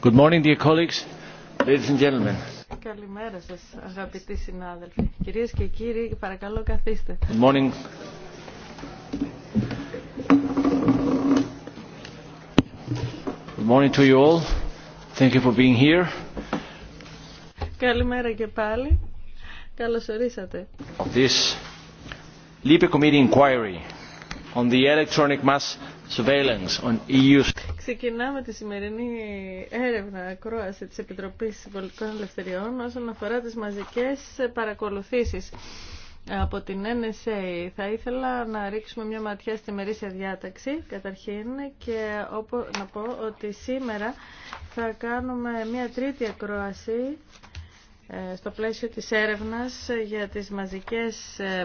Good morning, dear colleagues, ladies and gentlemen. Καλημέρα σας, αγαπητοί συνάδελφοι. Κυρίες και κύριοι, παρακαλώ καθίστε. Good morning. Good morning to you all. Thank you for being here. Καλημέρα και πάλι. Καλώς ορίσατε. Of this Committee Inquiry on the electronic mass surveillance on EU. Ξεκινάμε τη σημερινή έρευνα ακρόαση της Επιτροπής Πολιτικών Ελευθεριών όσον αφορά τις μαζικές παρακολουθήσεις από την NSA. Θα ήθελα να ρίξουμε μια ματιά στη μερίσια διάταξη καταρχήν και να πω ότι σήμερα θα κάνουμε μια τρίτη ακρόαση ε, στο πλαίσιο της έρευνας για τις μαζικές ε,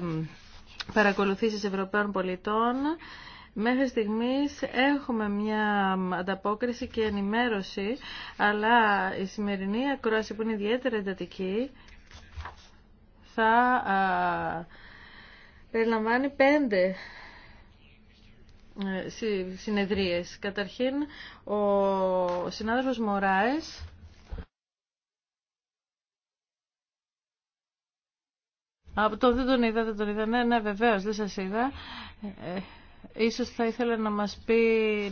παρακολουθήσεις Ευρωπαίων πολιτών. Μέχρι στιγμής έχουμε μια ανταπόκριση και ενημέρωση, αλλά η σημερινή ακρόαση που είναι ιδιαίτερα εντατική θα περιλαμβάνει πέντε ε, συνεδρίες. Καταρχήν, ο συνάδελφος Μωράης Από το δεν τον είδα, δεν τον είδα. Ναι, ναι, βεβαίως, δεν σα είδα. Ε, ε, ίσως θα ήθελα να μας πει,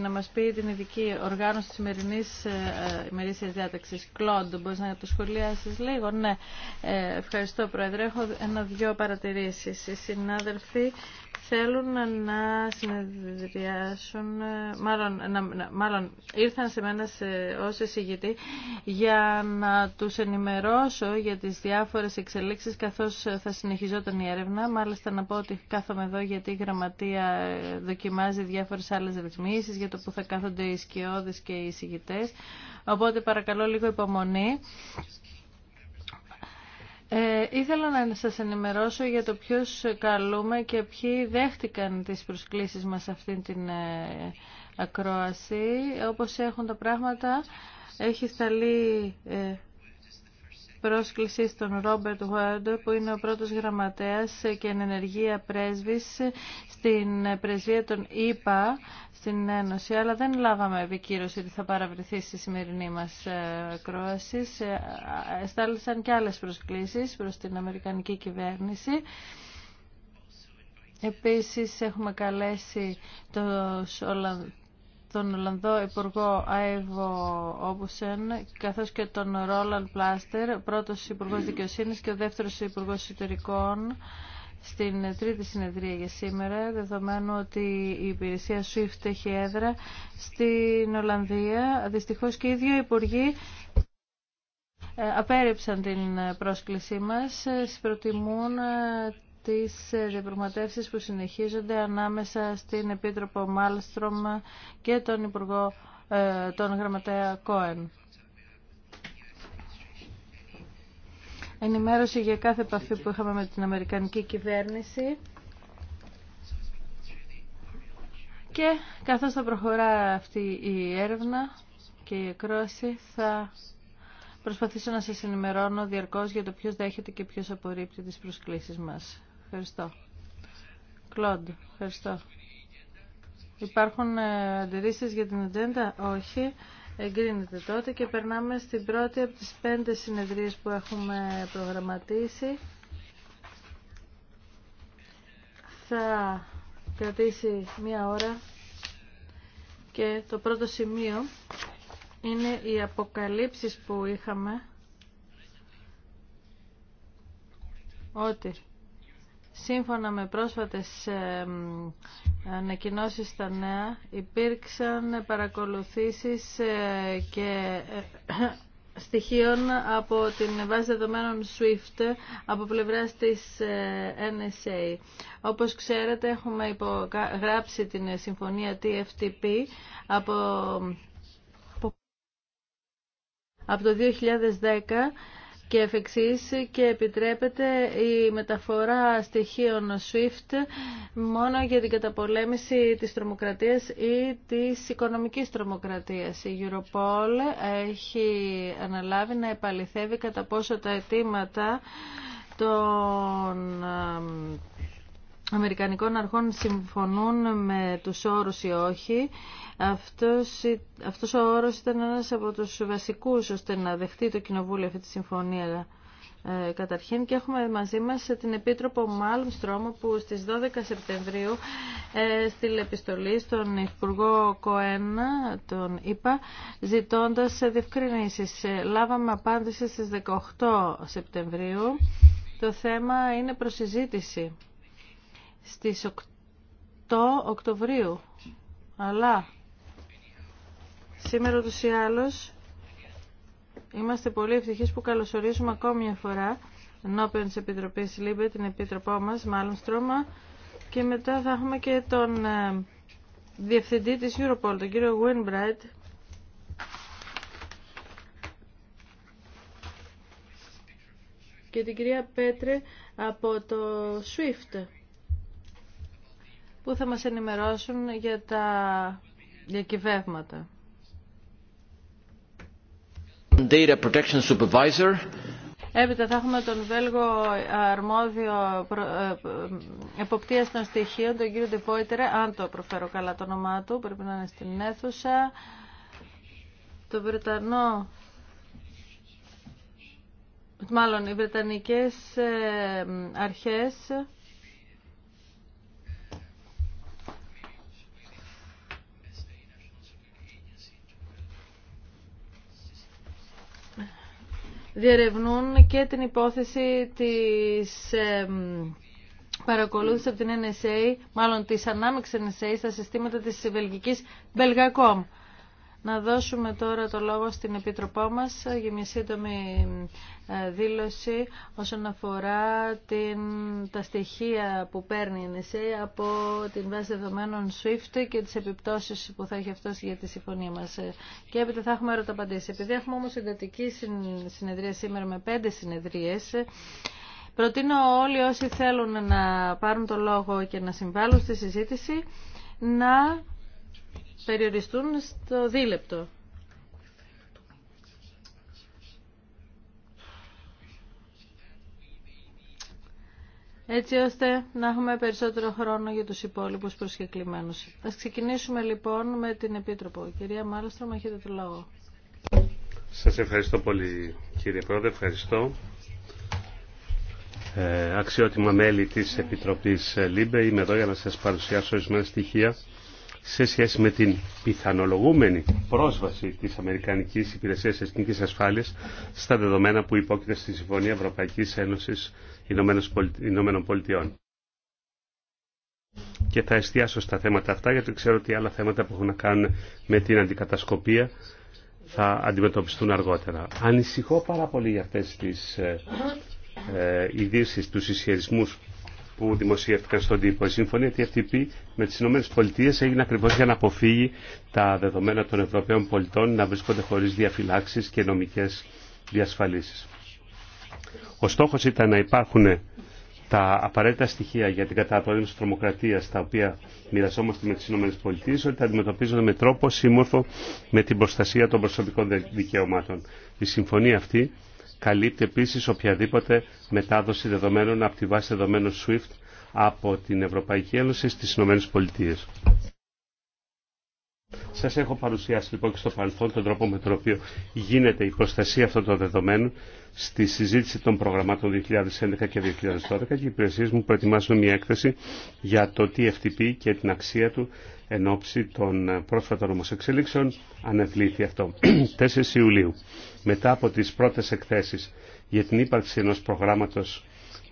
να μας πει την ειδική οργάνωση της σημερινής ε, ε ημερήσιας διάταξης. Κλόντ, μπορείς να το σχολιάσεις λίγο. Ναι, ε, ευχαριστώ Πρόεδρε. Έχω ένα-δυο παρατηρήσεις. Οι συνάδελφοι θέλουν να συνεδριάσουν, μάλλον, να, μάλλον ήρθαν σε μένα σε, ως εισηγητή για να τους ενημερώσω για τις διάφορες εξελίξεις καθώς θα συνεχιζόταν η έρευνα. Μάλιστα να πω ότι κάθομαι εδώ γιατί η γραμματεία δοκιμάζει διάφορες άλλες ρυθμίσεις για το που θα κάθονται οι σκιώδες και οι εισηγητές. Οπότε παρακαλώ λίγο υπομονή. Ε, ήθελα να σας ενημερώσω για το ποιος καλούμε και ποιοι δέχτηκαν τις προσκλήσεις μας σε αυτήν την ε, ακρόαση. Όπως έχουν τα πράγματα, έχει σταλεί ε, πρόσκληση στον Ρόμπερτ Γουάρντορ που είναι ο πρώτος γραμματέας και εν ενεργεία πρέσβης στην πρεσβεία των ΙΠΑ στην Ένωση, αλλά δεν λάβαμε επικύρωση ότι θα παραβρεθεί στη σημερινή μας ε, κρόαση. Ε, εστάλησαν και άλλες προσκλήσεις προς την Αμερικανική κυβέρνηση. Επίσης έχουμε καλέσει τους τον Ολλανδό Υπουργό Άιβο Όμπουσεν, καθώς και τον Ρόλαν Πλάστερ, πρώτος Υπουργό Δικαιοσύνη και ο δεύτερος Υπουργό Εσωτερικών, στην τρίτη συνεδρία για σήμερα, δεδομένου ότι η υπηρεσία SWIFT έχει έδρα στην Ολλανδία. Δυστυχώς και οι δύο υπουργοί ε, απέρριψαν την πρόσκλησή μας, ε, προτιμούν ε, τις ε, διαπραγματεύσεις που συνεχίζονται ανάμεσα στην Επίτροπο Μάλστρομ και τον Υπουργό, ε, τον Γραμματέα Κόεν. Ενημέρωση για κάθε επαφή που είχαμε με την Αμερικανική κυβέρνηση. Και καθώς θα προχωρά αυτή η έρευνα και η εκρόση θα προσπαθήσω να σας ενημερώνω διαρκώς για το ποιος δέχεται και ποιος απορρίπτει τις προσκλήσεις μας. Ευχαριστώ. Κλοντ, ευχαριστώ. Υπάρχουν ε, αντιρρήσεις για την ατζέντα. Όχι. Εγκρίνεται τότε και περνάμε στην πρώτη από τις πέντε συνεδρίες που έχουμε προγραμματίσει. Θα κρατήσει μία ώρα και το πρώτο σημείο είναι οι αποκαλύψεις που είχαμε ότι Σύμφωνα με πρόσφατες ανακοινώσει στα νέα, υπήρξαν παρακολουθήσεις ε, και ε, στοιχείων από την βάση δεδομένων SWIFT από πλευράς της ε, NSA. Όπως ξέρετε, έχουμε γράψει την συμφωνία TFTP από, από το 2010 και εφεξής και επιτρέπεται η μεταφορά στοιχείων SWIFT μόνο για την καταπολέμηση της τρομοκρατίας ή της οικονομικής τρομοκρατίας. Η Europol έχει αναλάβει να επαληθεύει κατά πόσο τα αιτήματα των Αμερικανικών αρχών συμφωνούν με τους όρους ή όχι. Αυτός, αυτός ο όρος ήταν ένας από τους βασικούς ώστε να δεχτεί το Κοινοβούλιο αυτή τη συμφωνία ε, καταρχήν και έχουμε μαζί μας την Επίτροπο Μάλμστρομ που στις 12 Σεπτεμβρίου ε, στείλε επιστολή στον Υπουργό Κοένα, τον είπα, ζητώντας διευκρινήσεις. Ε, λάβαμε απάντηση στις 18 Σεπτεμβρίου. Το θέμα είναι προσυζήτηση στις 8 Οκτωβρίου. Αλλά σήμερα τους ή άλλως είμαστε πολύ ευτυχείς που καλωσορίζουμε ακόμη μια φορά ενώπιον της Επιτροπής Λίμπε την Επίτροπό μας, στρώμα και μετά θα έχουμε και τον ε, Διευθυντή της Europol, τον κύριο Winbright, και την κυρία Πέτρε από το SWIFT που θα μας ενημερώσουν για τα διακυβεύματα. Data Protection Supervisor. Έπειτα θα έχουμε τον Βέλγο αρμόδιο ε, ε, εποπτεία των στοιχείων, τον κύριο Ντεπόιτερε, αν το προφέρω καλά το όνομά του, πρέπει να είναι στην αίθουσα. Το Βρετανό μάλλον οι Βρετανικές ε, αρχές διερευνούν και την υπόθεση της παρακολούθησης από την NSA, μάλλον της ανάμειξης NSA στα συστήματα της βελγικής Belgacom. Να δώσουμε τώρα το λόγο στην Επίτροπό μας για μια σύντομη ε, δήλωση όσον αφορά την, τα στοιχεία που παίρνει η από την βάση δεδομένων SWIFT και τις επιπτώσεις που θα έχει αυτός για τη συμφωνία μας. Και έπειτα θα έχουμε ερωταπαντήσει. Επειδή έχουμε όμως εντατική συνεδρία σήμερα με πέντε συνεδρίες, προτείνω όλοι όσοι θέλουν να πάρουν το λόγο και να συμβάλλουν στη συζήτηση να περιοριστούν στο δίλεπτο. έτσι ώστε να έχουμε περισσότερο χρόνο για τους υπόλοιπους προσκεκλημένους. Ας ξεκινήσουμε λοιπόν με την Επίτροπο. Κυρία Μάλαστρο, έχετε το λόγο. Σας ευχαριστώ πολύ κύριε Πρόεδρε, ευχαριστώ. Ε, αξιότιμα μέλη της Επιτροπής ΛΥΜΠΕ, είμαι εδώ για να σας παρουσιάσω ορισμένα στοιχεία σε σχέση με την πιθανολογούμενη πρόσβαση της Αμερικανικής Υπηρεσίας Εθνική Ασφάλειας στα δεδομένα που υπόκειται στη Συμφωνία Ευρωπαϊκή Ένωση Ηνωμένων Πολιτειών. Και θα εστιάσω στα θέματα αυτά γιατί ξέρω ότι άλλα θέματα που έχουν να κάνουν με την αντικατασκοπία θα αντιμετωπιστούν αργότερα. Ανησυχώ πάρα πολύ για αυτές τις ε, ε ειδήσει, τους ισχυρισμού που δημοσιεύτηκαν στον τύπο. Η συμφωνία TFTP με τις ΗΠΑ έγινε ακριβώ για να αποφύγει τα δεδομένα των Ευρωπαίων πολιτών να βρίσκονται χωρί διαφυλάξει και νομικέ διασφαλίσεις. Ο στόχο ήταν να υπάρχουν τα απαραίτητα στοιχεία για την καταπολέμηση της τρομοκρατίας τα οποία μοιραζόμαστε με τι ΗΠΑ ότι τα αντιμετωπίζονται με τρόπο σύμμορφο με την προστασία των προσωπικών δικαιωμάτων. Η συμφωνία αυτή καλύπτει επίση οποιαδήποτε μετάδοση δεδομένων από τη βάση δεδομένων SWIFT από την Ευρωπαϊκή Ένωση στις Ηνωμένες Πολιτείες. Σας έχω παρουσιάσει λοιπόν και στο παρελθόν τον τρόπο με τον οποίο γίνεται η προστασία αυτών των δεδομένων στη συζήτηση των προγραμμάτων 2011 και 2012 και οι υπηρεσίε μου προετοιμάζουν μια έκθεση για το TFTP και την αξία του εν ώψη των πρόσφατων ομοσεξελίξεων ανεβλήθη αυτό 4 Ιουλίου. Μετά από τις πρώτες εκθέσεις για την ύπαρξη ενός προγράμματος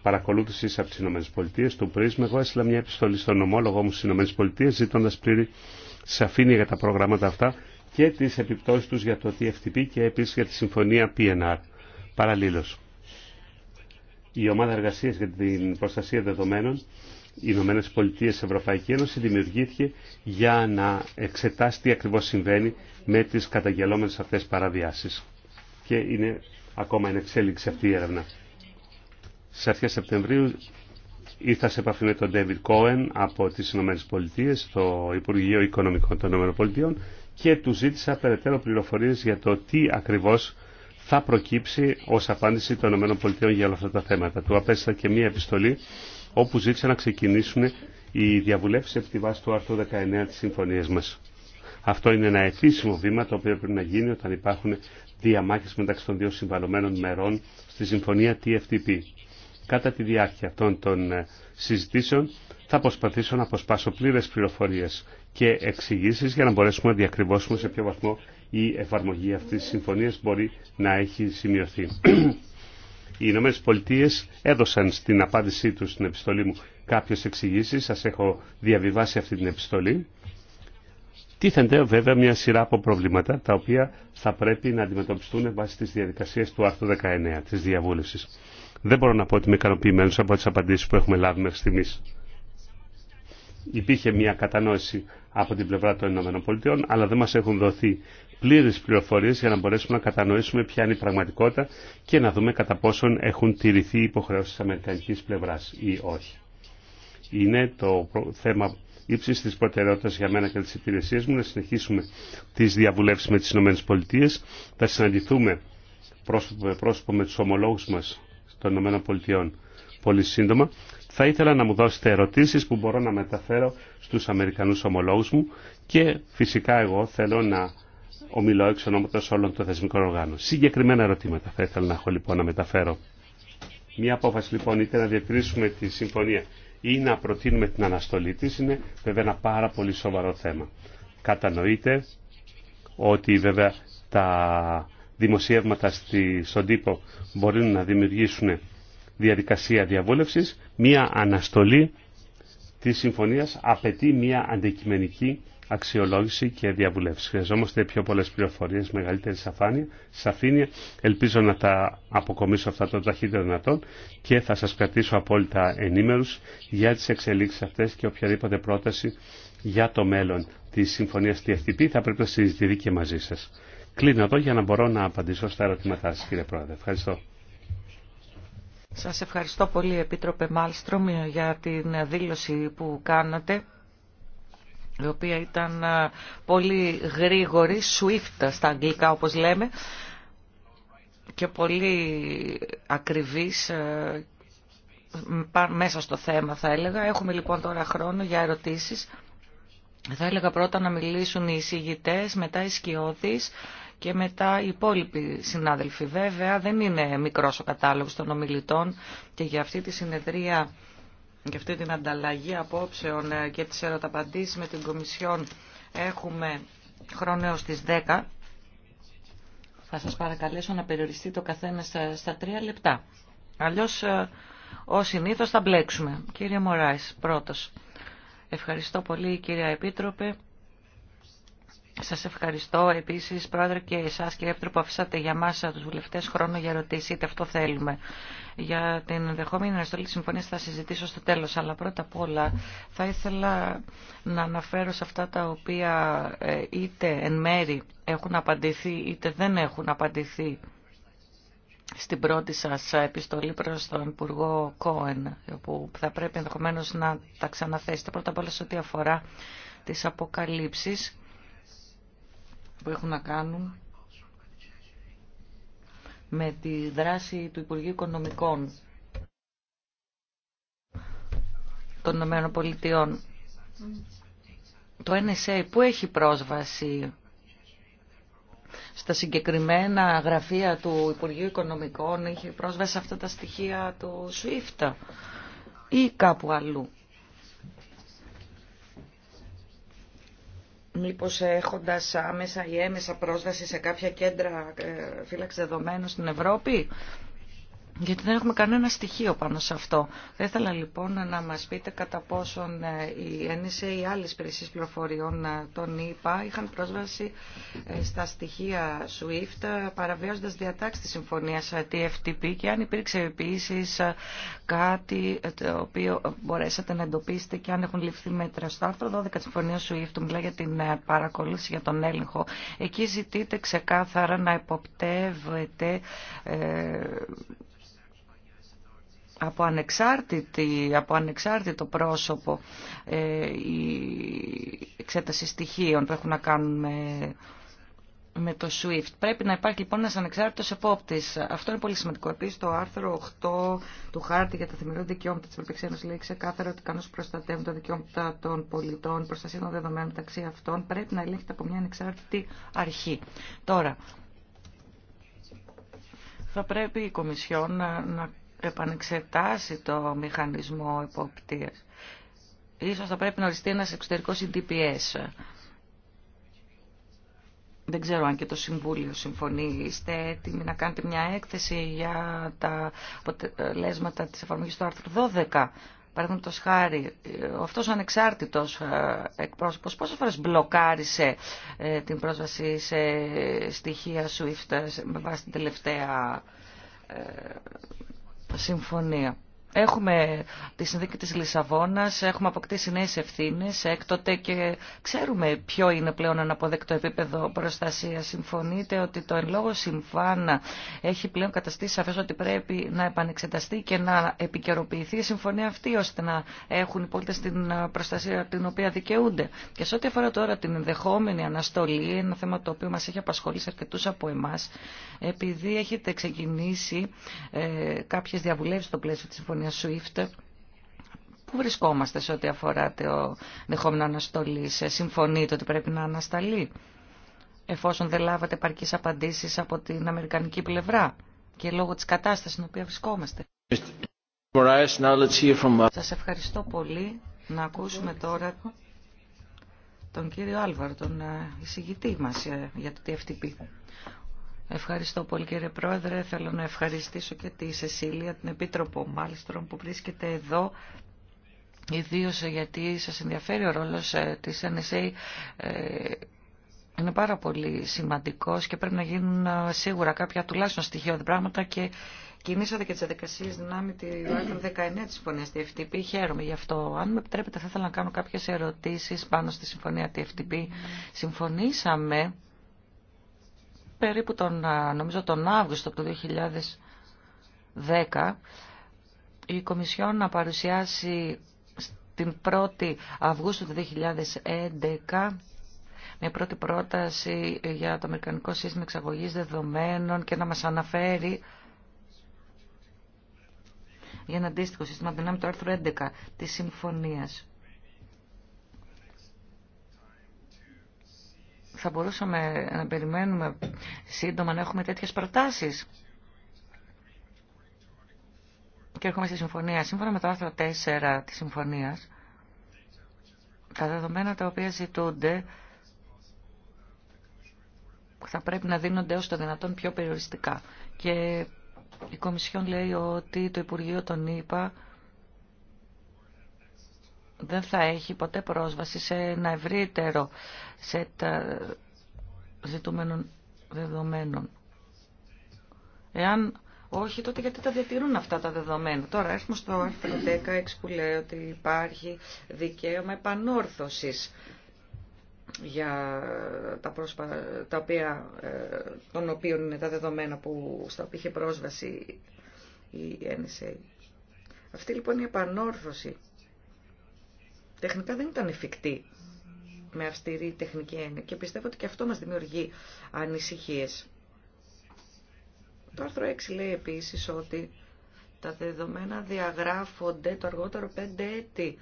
Παρακολούθηση από τι ΗΠΑ του πρίσμα. Εγώ έστειλα μια επιστολή στον ομόλογο μου στι ΗΠΑ ζητώντα πλήρη σαφήνεια για τα προγράμματα αυτά και τι επιπτώσει του για το TFTP και επίση για τη συμφωνία PNR. Παραλίλω. η ομάδα εργασία για την προστασία δεδομένων οι Ηνωμένε Πολιτείε Ευρωπαϊκή Ένωση δημιουργήθηκε για να εξετάσει τι ακριβώ συμβαίνει με τι καταγγελόμενε αυτέ παραβιάσει. Και είναι, ακόμα εν εξέλιξη αυτή η έρευνα. Στι αρχές Σεπτεμβρίου ήρθα σε επαφή με τον David Cohen από τις ΗΠΑ, το Υπουργείο Οικονομικών των ΗΠΑ και του ζήτησα περαιτέρω πληροφορίες για το τι ακριβώς θα προκύψει ως απάντηση των ΗΠΑ για όλα αυτά τα θέματα. Του απέστησα και μία επιστολή όπου ζήτησα να ξεκινήσουν οι διαβουλεύσεις επί τη βάση του άρθρου 19 της συμφωνίας μας. Αυτό είναι ένα επίσημο βήμα το οποίο πρέπει να γίνει όταν υπάρχουν διαμάχες μεταξύ των δύο συμβαλωμένων μερών στη συμφωνία TFTP. Κατά τη διάρκεια αυτών των ε, συζητήσεων θα προσπαθήσω να αποσπάσω πλήρες πληροφορίες και εξηγήσεις για να μπορέσουμε να διακριβώσουμε σε ποιο βαθμό η εφαρμογή αυτής της συμφωνίας μπορεί να έχει σημειωθεί. Οι Ηνωμένε Πολιτείε έδωσαν στην απάντησή του στην επιστολή μου κάποιε εξηγήσει. Σας έχω διαβιβάσει αυτή την επιστολή. Τίθενται βέβαια μια σειρά από προβλήματα τα οποία θα πρέπει να αντιμετωπιστούν βάσει τις διαδικασίες του άρθρου 19 τη διαβούλευση. Δεν μπορώ να πω ότι είμαι ικανοποιημένο από τι απαντήσει που έχουμε λάβει μέχρι στιγμή. Υπήρχε μια κατανόηση από την πλευρά των ΗΠΑ, αλλά δεν μα έχουν δοθεί πλήρε πληροφορίε για να μπορέσουμε να κατανοήσουμε ποια είναι η πραγματικότητα και να δούμε κατά πόσον έχουν τηρηθεί οι υποχρεώσει τη Αμερικανική πλευρά ή όχι. Είναι το θέμα ύψη τη προτεραιότητα για μένα και τι υπηρεσίε μου να συνεχίσουμε τι διαβουλεύσει με τι ΗΠΑ. Θα συναντηθούμε πρόσωπο με πρόσωπο με του ομολόγου μα των ΗΠΑ πολύ σύντομα. Θα ήθελα να μου δώσετε ερωτήσεις που μπορώ να μεταφέρω στους Αμερικανούς ομολόγους μου και φυσικά εγώ θέλω να ομιλώ εξ ονόματος όλων των θεσμικών οργάνων. Συγκεκριμένα ερωτήματα θα ήθελα να έχω λοιπόν να μεταφέρω. Μία απόφαση λοιπόν είτε να διατηρήσουμε τη συμφωνία ή να προτείνουμε την αναστολή της είναι βέβαια ένα πάρα πολύ σοβαρό θέμα. Κατανοείτε ότι βέβαια τα δημοσιεύματα στη, στον τύπο μπορεί να δημιουργήσουν διαδικασία διαβούλευσης, μία αναστολή της συμφωνίας απαιτεί μία αντικειμενική αξιολόγηση και διαβουλευση. Χρειαζόμαστε πιο πολλές πληροφορίες, μεγαλύτερη σαφάνεια, σαφήνεια. Ελπίζω να τα αποκομίσω αυτά το ταχύτερο δυνατόν και θα σας κρατήσω απόλυτα ενήμερους για τις εξελίξεις αυτές και οποιαδήποτε πρόταση για το μέλλον της συμφωνίας TFTP θα πρέπει να συζητηθεί και μαζί σας. Κλείνω εδώ για να μπορώ να απαντήσω στα ερωτήματά σας κύριε Πρόεδρε. Ευχαριστώ. Σας ευχαριστώ πολύ Επίτροπε Μάλστρομ για την δήλωση που κάνατε η οποία ήταν ε, πολύ γρήγορη, swift στα αγγλικά όπως λέμε και πολύ ακριβής ε, μέσα στο θέμα θα έλεγα. Έχουμε λοιπόν τώρα χρόνο για ερωτήσεις. Θα έλεγα πρώτα να μιλήσουν οι εισηγητές, μετά οι σκιώδεις και μετά οι υπόλοιποι συνάδελφοι. Βέβαια δεν είναι μικρός ο κατάλογος των ομιλητών και για αυτή τη συνεδρία, για αυτή την ανταλλαγή απόψεων ε, και τις ερωταπαντήσεις με την Κομισιόν έχουμε χρόνο έως τις 10. Θα σας παρακαλέσω να περιοριστεί το καθένα στα τρία λεπτά. Αλλιώς, ε, ως συνήθως, θα μπλέξουμε. Κύριε Μωράης, πρώτος. Ευχαριστώ πολύ, κυρία Επίτροπε. Σας ευχαριστώ επίσης πρόεδρε και εσάς κύριε Εύτρου που αφήσατε για μας τους βουλευτές χρόνο για ερωτήσει, είτε αυτό θέλουμε. Για την ενδεχόμενη αναστολή της συμφωνίας θα συζητήσω στο τέλος, αλλά πρώτα απ' όλα θα ήθελα να αναφέρω σε αυτά τα οποία ε, είτε εν μέρη έχουν απαντηθεί είτε δεν έχουν απαντηθεί στην πρώτη σας επιστολή προς τον Υπουργό Κόεν, που θα πρέπει ενδεχομένως να τα ξαναθέσετε πρώτα απ' όλα σε ό,τι αφορά τις αποκαλύψεις που έχουν να κάνουν με τη δράση του Υπουργείου Οικονομικών των Πολιτειών. Το NSA που έχει πρόσβαση στα συγκεκριμένα γραφεία του Υπουργείου Οικονομικών, έχει πρόσβαση σε αυτά τα στοιχεία του SWIFT ή κάπου αλλού. μήπως έχοντας άμεσα ή έμεσα πρόσβαση σε κάποια κέντρα ε, φύλαξη δεδομένων στην Ευρώπη γιατί δεν έχουμε κανένα στοιχείο πάνω σε αυτό. Θα ήθελα λοιπόν να μας πείτε κατά πόσον ε, η NSA ή άλλες υπηρεσίες πληροφοριών ε, των ΗΠΑ είχαν πρόσβαση ε, στα στοιχεία SWIFT παραβιάζοντας διατάξεις της συμφωνίας TFTP και αν υπήρξε επίσης κάτι το οποίο μπορέσατε να εντοπίσετε και αν έχουν ληφθεί μέτρα. Στο άρθρο 12 της συμφωνίας SWIFT μιλά για την παρακολούθηση, για τον έλεγχο. Εκεί ζητείτε ξεκάθαρα να υποπτεύετε από, ανεξάρτητη, από ανεξάρτητο πρόσωπο ε, η εξέταση στοιχείων που έχουν να κάνουν με, με το SWIFT. Πρέπει να υπάρχει λοιπόν ένας ανεξάρτητος επόπτης. Αυτό είναι πολύ σημαντικό. Επίσης το άρθρο 8 του χάρτη για τα θεμελιώδη δικαιώματα της Ευρωπαϊκής Ένωσης λέει ξεκάθαρα ότι κανείς προστατεύουν τα δικαιώματα των πολιτών, προστασία των δεδομένων μεταξύ αυτών, πρέπει να ελέγχεται από μια ανεξάρτητη αρχή. Τώρα, θα πρέπει η Κομισιόν να, να επανεξετάσει το μηχανισμό υποπτίας. Ίσως θα πρέπει να οριστεί ένας εξωτερικός EDPS. Δεν ξέρω αν και το Συμβούλιο συμφωνεί. Είστε έτοιμοι να κάνετε μια έκθεση για τα αποτελέσματα της εφαρμογής του άρθρου 12. Παραδείγματο χάρη, αυτό ο ανεξάρτητο ε, εκπρόσωπο πόσε φορέ μπλοκάρισε ε, την πρόσβαση σε στοιχεία SWIFT ε, με βάση την τελευταία συμφωνία. Έχουμε τη συνθήκη της Λισαβόνας, έχουμε αποκτήσει νέες ευθύνες έκτοτε και ξέρουμε ποιο είναι πλέον ένα αποδεκτό επίπεδο προστασίας. Συμφωνείτε ότι το εν λόγω συμφάνα έχει πλέον καταστήσει σαφές ότι πρέπει να επανεξεταστεί και να επικαιροποιηθεί η συμφωνία αυτή ώστε να έχουν οι πολίτες την προστασία την οποία δικαιούνται. Και σε ό,τι αφορά τώρα την ενδεχόμενη αναστολή, ένα θέμα το οποίο μας έχει απασχολήσει αρκετούς από εμάς, επειδή έχετε ξεκινήσει ε, κάποιες διαβουλεύσεις στο πλαίσιο της συμφωνίας συμφωνία SWIFT. Πού βρισκόμαστε σε ό,τι αφορά το δεχόμενο αναστολή. σε Συμφωνείτε ότι πρέπει να ανασταλεί εφόσον δεν λάβατε επαρκή απαντήσεις από την Αμερικανική πλευρά και λόγω της κατάστασης στην οποία βρισκόμαστε. Σας ευχαριστώ πολύ. Να ακούσουμε τώρα τον κύριο Άλβαρ, τον ε, εισηγητή μας ε, για το TFTP. Ευχαριστώ πολύ κύριε Πρόεδρε. Θέλω να ευχαριστήσω και τη Σεσίλια, την Επίτροπο Μάλστρομ που βρίσκεται εδώ ιδίω γιατί σας ενδιαφέρει ο ρόλος ε, της NSA ε, είναι πάρα πολύ σημαντικός και πρέπει να γίνουν ε, σίγουρα κάποια τουλάχιστον στοιχειώδη πράγματα και κινήσατε και τις διαδικασίε δυνάμει του 19 της συμφωνίας τη FTP. Χαίρομαι γι' αυτό. Αν με επιτρέπετε θα ήθελα να κάνω κάποιες ερωτήσεις πάνω στη συμφωνία τη FTP. Συμφωνήσαμε περίπου τον, νομίζω τον Αύγουστο του 2010 η Κομισιόν να παρουσιάσει την 1η Αυγούστου του 2011 μια πρώτη πρόταση για το Αμερικανικό Σύστημα Εξαγωγής Δεδομένων και να μας αναφέρει για ένα αντίστοιχο σύστημα δυνάμει του άρθρο 11 της Συμφωνίας. θα μπορούσαμε να περιμένουμε σύντομα να έχουμε τέτοιες προτάσεις. Και έρχομαι στη συμφωνία. Σύμφωνα με το άρθρο 4 της συμφωνίας, τα δεδομένα τα οποία ζητούνται θα πρέπει να δίνονται όσο το δυνατόν πιο περιοριστικά. Και η Κομισιόν λέει ότι το Υπουργείο των ΗΠΑ δεν θα έχει ποτέ πρόσβαση σε ένα ευρύτερο σε τα ε, ζητούμενων δεδομένων. Εάν όχι, τότε γιατί τα διατηρούν αυτά τα δεδομένα. Τώρα έρχομαι στο άρθρο 16 που λέει ότι υπάρχει δικαίωμα επανόρθωσης για τα, πρόσπα, τα οποία, ε, των οποίων είναι τα δεδομένα που, στα οποία είχε πρόσβαση η NSA. Αυτή λοιπόν η επανόρθωση τεχνικά δεν ήταν εφικτή με αυστηρή τεχνική έννοια και πιστεύω ότι και αυτό μας δημιουργεί ανησυχίες. Το άρθρο 6 λέει επίσης ότι τα δεδομένα διαγράφονται το αργότερο 5 έτη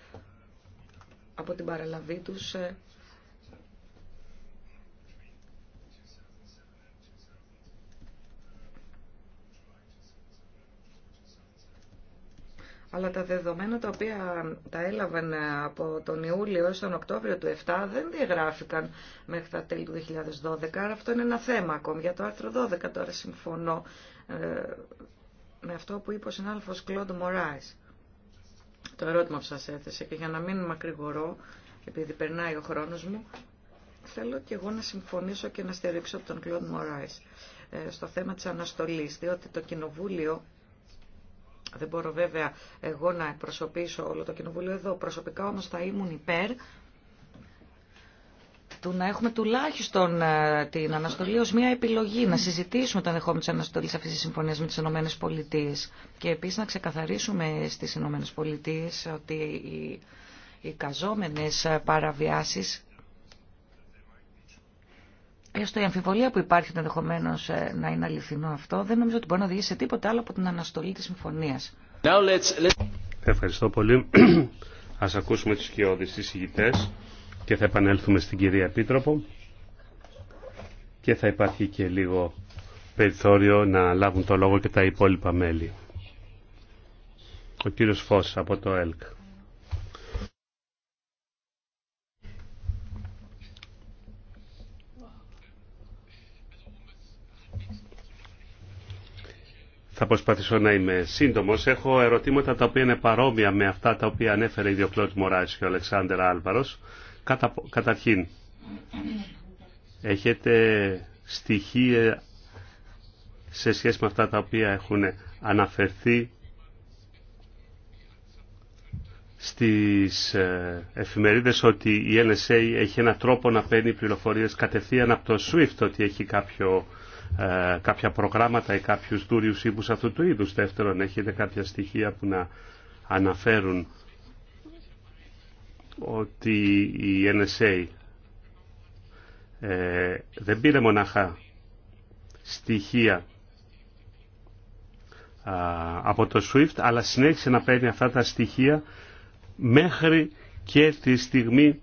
από την παραλαβή τους ε, αλλά τα δεδομένα τα οποία τα έλαβαν ε, από τον Ιούλιο έως τον Οκτώβριο του 7 δεν διαγράφηκαν μέχρι τα τέλη του 2012, άρα αυτό είναι ένα θέμα ακόμη. Για το άρθρο 12 τώρα συμφωνώ ε, με αυτό που είπε ο συνάδελφος Κλόντ Μωράης. Το ερώτημα που σας έθεσε και για να μην μακρηγορώ, επειδή περνάει ο χρόνος μου, θέλω και εγώ να συμφωνήσω και να στηρίξω τον Κλόντ Μωράης ε, στο θέμα της αναστολής, διότι το Κοινοβούλιο δεν μπορώ βέβαια εγώ να εκπροσωπήσω όλο το κοινοβούλιο εδώ. Προσωπικά όμως θα ήμουν υπέρ του να έχουμε τουλάχιστον ε, την αναστολή ως μια επιλογή, να συζητήσουμε το ενδεχόμενο της αναστολής αυτής της συμφωνίας με τις Ηνωμένες Πολιτείες και επίσης να ξεκαθαρίσουμε στις Ηνωμένες Πολιτείες ότι οι, οι καζόμενες παραβιάσεις Έστω η αμφιβολία που υπάρχει ενδεχομένω ε, να είναι αληθινό αυτό, δεν νομίζω ότι μπορεί να οδηγήσει σε τίποτα άλλο από την αναστολή τη συμφωνία. Ευχαριστώ πολύ. Α ακούσουμε του κοιόδης εισηγητές και θα επανέλθουμε στην κυρία Επίτροπο και θα υπάρχει και λίγο περιθώριο να λάβουν το λόγο και τα υπόλοιπα μέλη. Ο κύριος Φως από το ΕΛΚ. Θα προσπαθήσω να είμαι σύντομο. Έχω ερωτήματα τα οποία είναι παρόμοια με αυτά τα οποία ανέφερε η Διοκλώτη Μωράη και ο Αλεξάνδρ Άλβαρος. Κατα... Καταρχήν, έχετε στοιχεία σε σχέση με αυτά τα οποία έχουν αναφερθεί στις ε, εφημερίδες ότι η NSA έχει ένα τρόπο να παίρνει πληροφορίες κατευθείαν από το SWIFT ότι έχει κάποιο ε, κάποια προγράμματα ή κάποιους δούριους ύπους αυτού του είδους. Δεύτερον, έχετε κάποια στοιχεία που να αναφέρουν ότι η NSA ε, δεν πήρε μονάχα στοιχεία από το SWIFT, αλλά συνέχισε να παίρνει αυτά τα στοιχεία μέχρι και τη στιγμή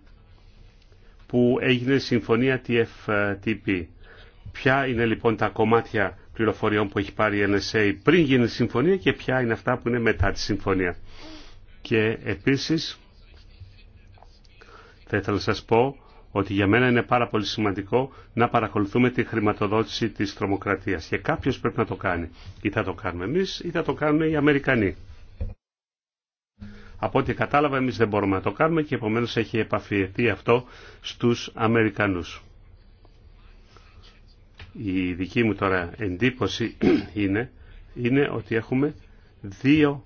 που έγινε συμφωνία TFTP. Ποια είναι λοιπόν τα κομμάτια πληροφοριών που έχει πάρει η NSA πριν γίνει η συμφωνία και ποια είναι αυτά που είναι μετά τη συμφωνία. Και επίσης θα ήθελα να σας πω ότι για μένα είναι πάρα πολύ σημαντικό να παρακολουθούμε τη χρηματοδότηση της τρομοκρατίας και κάποιος πρέπει να το κάνει. Ή θα το κάνουμε εμείς ή θα το κάνουν οι Αμερικανοί. Από ό,τι κατάλαβα εμείς δεν μπορούμε να το κάνουμε και επομένως έχει επαφιεθεί αυτό στους Αμερικανούς. Η δική μου τώρα εντύπωση είναι, είναι ότι έχουμε δύο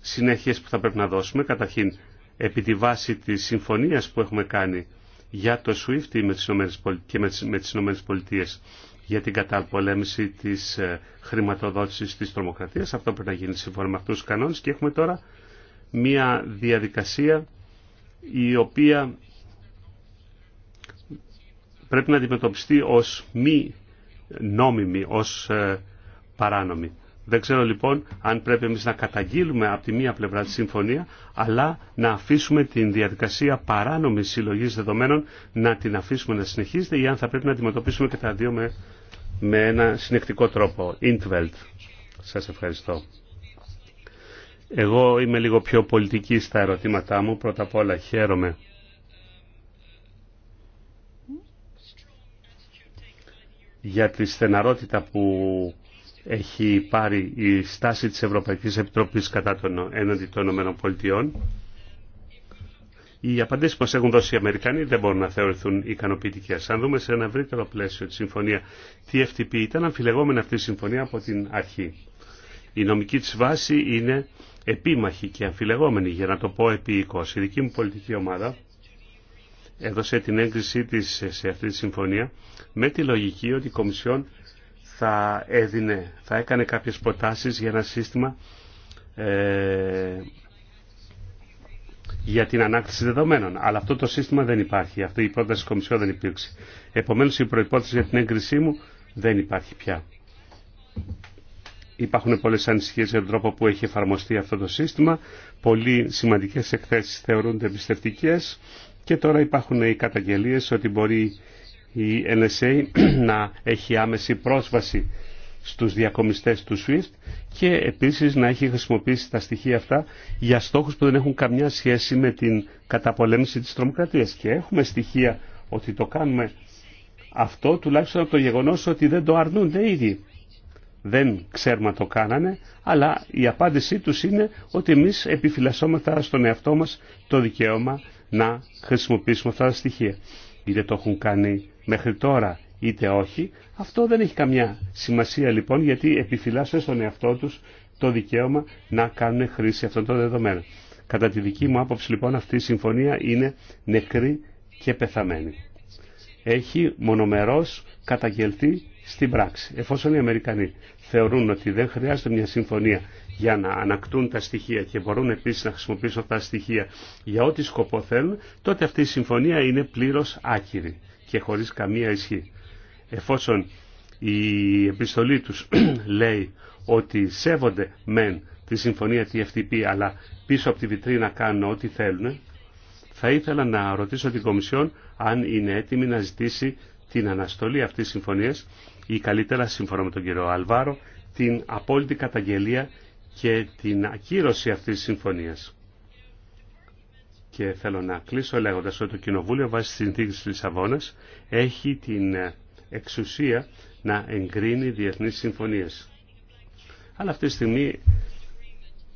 συνέχειες που θα πρέπει να δώσουμε. Καταρχήν, επί τη βάση της συμφωνίας που έχουμε κάνει για το SWIFT και με τις Ηνωμένες Πολιτείες για την καταπολέμηση της ε, χρηματοδότησης της τρομοκρατίας. Αυτό πρέπει να γίνει σύμφωνα με αυτούς τους κανόνες και έχουμε τώρα μια διαδικασία η οποία πρέπει να αντιμετωπιστεί ως μη νόμιμη, ως ε, παράνομη. Δεν ξέρω λοιπόν αν πρέπει εμείς να καταγγείλουμε από τη μία πλευρά τη συμφωνία, αλλά να αφήσουμε την διαδικασία παράνομης συλλογής δεδομένων να την αφήσουμε να συνεχίζεται ή αν θα πρέπει να αντιμετωπίσουμε και τα δύο με, με ένα συνεκτικό τρόπο. Intveld. Σας ευχαριστώ. Εγώ είμαι λίγο πιο πολιτική στα ερωτήματά μου. Πρώτα απ' όλα χαίρομαι για τη στεναρότητα που έχει πάρει η στάση της Ευρωπαϊκής Επιτροπής κατά τον έναντι των ΗΠΑ. Οι απαντήσει που μας έχουν δώσει οι Αμερικανοί δεν μπορούν να θεωρηθούν ικανοποιητικέ. Αν δούμε σε ένα ευρύτερο πλαίσιο τη συμφωνία TFTP, ήταν αμφιλεγόμενη αυτή η συμφωνία από την αρχή. Η νομική της βάση είναι επίμαχη και αμφιλεγόμενη, για να το πω επί οίκος. Η δική μου πολιτική ομάδα έδωσε την έγκρισή της σε αυτή τη συμφωνία με τη λογική ότι η Κομισιόν θα έδινε, θα έκανε κάποιες προτάσεις για ένα σύστημα ε, για την ανάκτηση δεδομένων. Αλλά αυτό το σύστημα δεν υπάρχει. Αυτή η πρόταση της Κομισιόν δεν υπήρξε. Επομένως η προϋπόθεση για την έγκρισή μου δεν υπάρχει πια. Υπάρχουν πολλές ανησυχίες για τον τρόπο που έχει εφαρμοστεί αυτό το σύστημα. Πολύ σημαντικές εκθέσεις θεωρούνται εμπιστευτικέ και τώρα υπάρχουν οι καταγγελίες ότι μπορεί η NSA να έχει άμεση πρόσβαση στους διακομιστές του SWIFT και επίσης να έχει χρησιμοποιήσει τα στοιχεία αυτά για στόχους που δεν έχουν καμιά σχέση με την καταπολέμηση της τρομοκρατίας. Και έχουμε στοιχεία ότι το κάνουμε αυτό τουλάχιστον από το γεγονός ότι δεν το αρνούνται ήδη. Δεν ξέρουμε το κάνανε, αλλά η απάντησή τους είναι ότι εμείς επιφυλασσόμεθα στον εαυτό μας το δικαίωμα να χρησιμοποιήσουμε αυτά τα στοιχεία. Είτε το έχουν κάνει μέχρι τώρα είτε όχι. Αυτό δεν έχει καμιά σημασία λοιπόν γιατί επιφυλάσσουν στον εαυτό τους το δικαίωμα να κάνουν χρήση αυτών των δεδομένων. Κατά τη δική μου άποψη λοιπόν αυτή η συμφωνία είναι νεκρή και πεθαμένη. Έχει μονομερός καταγγελθεί στην πράξη. Εφόσον οι Αμερικανοί θεωρούν ότι δεν χρειάζεται μια συμφωνία για να ανακτούν τα στοιχεία και μπορούν επίσης να χρησιμοποιήσουν αυτά τα στοιχεία για ό,τι σκοπό θέλουν, τότε αυτή η συμφωνία είναι πλήρως άκυρη και χωρίς καμία ισχύ. Εφόσον η επιστολή τους λέει ότι σέβονται μεν τη συμφωνία TFTP αλλά πίσω από τη βιτρίνα κάνουν ό,τι θέλουν, θα ήθελα να ρωτήσω την Κομισιόν αν είναι έτοιμη να ζητήσει την αναστολή αυτής της συμφωνίας ή καλύτερα σύμφωνα με τον κύριο Αλβάρο την απόλυτη καταγγελία και την ακύρωση αυτής της συμφωνίας. Και θέλω να κλείσω λέγοντας ότι το Κοινοβούλιο βάσει της συνθήκης της Λισαβόνας έχει την ε, εξουσία να εγκρίνει διεθνείς συμφωνίες. Αλλά αυτή τη στιγμή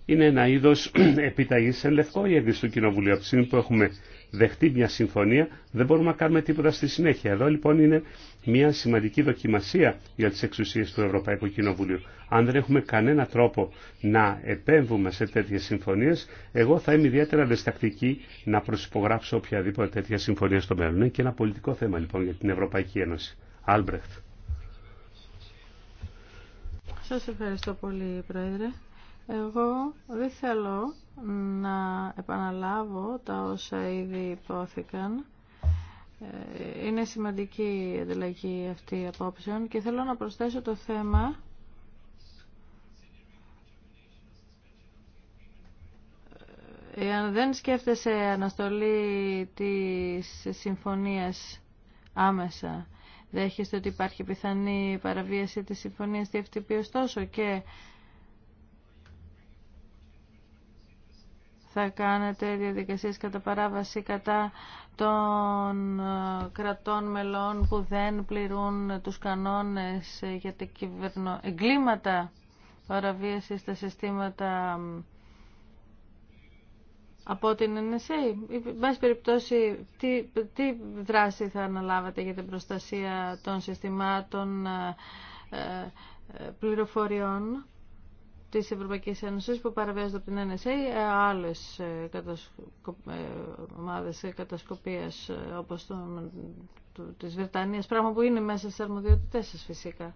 είναι ένα είδος επιταγής σε λευκό η του Κοινοβουλίου. Από τη στιγμή που έχουμε δεχτεί μια συμφωνία, δεν μπορούμε να κάνουμε τίποτα στη συνέχεια. Εδώ λοιπόν είναι μια σημαντική δοκιμασία για τις εξουσίες του Ευρωπαϊκού Κοινοβουλίου. Αν δεν έχουμε κανένα τρόπο να επέμβουμε σε τέτοιες συμφωνίες, εγώ θα είμαι ιδιαίτερα δεστακτική να προσυπογράψω οποιαδήποτε τέτοια συμφωνία στο μέλλον. Είναι και ένα πολιτικό θέμα λοιπόν για την Ευρωπαϊκή Ένωση. Άλμπρεχτ. Σας ευχαριστώ πολύ, Πρόεδρε. Εγώ δεν θέλω επαναλάβω τα όσα ήδη υπόθηκαν. Ε, είναι σημαντική η ανταλλαγή αυτή απόψεων και θέλω να προσθέσω το θέμα Εάν δεν σκέφτεσαι αναστολή της συμφωνίας άμεσα, δέχεστε ότι υπάρχει πιθανή παραβίαση της συμφωνίας FTP, ωστόσο και θα κάνετε διαδικασίες κατά παράβαση κατά των ε, κρατών μελών που δεν πληρούν τους κανόνες για τα κυβερνο... εγκλήματα παραβίαση στα συστήματα από την NSA. Μπας περιπτώσει, τι, τι δράση θα αναλάβατε για την προστασία των συστημάτων ε, ε, πληροφοριών Τη Ευρωπαϊκή Ένωση που παραβιάζεται από την NSA ε, άλλες ε, ε, ομάδε κατασκοπίας όπως τη της πράγμα που είναι μέσα στι αρμοδιότητές σας φυσικά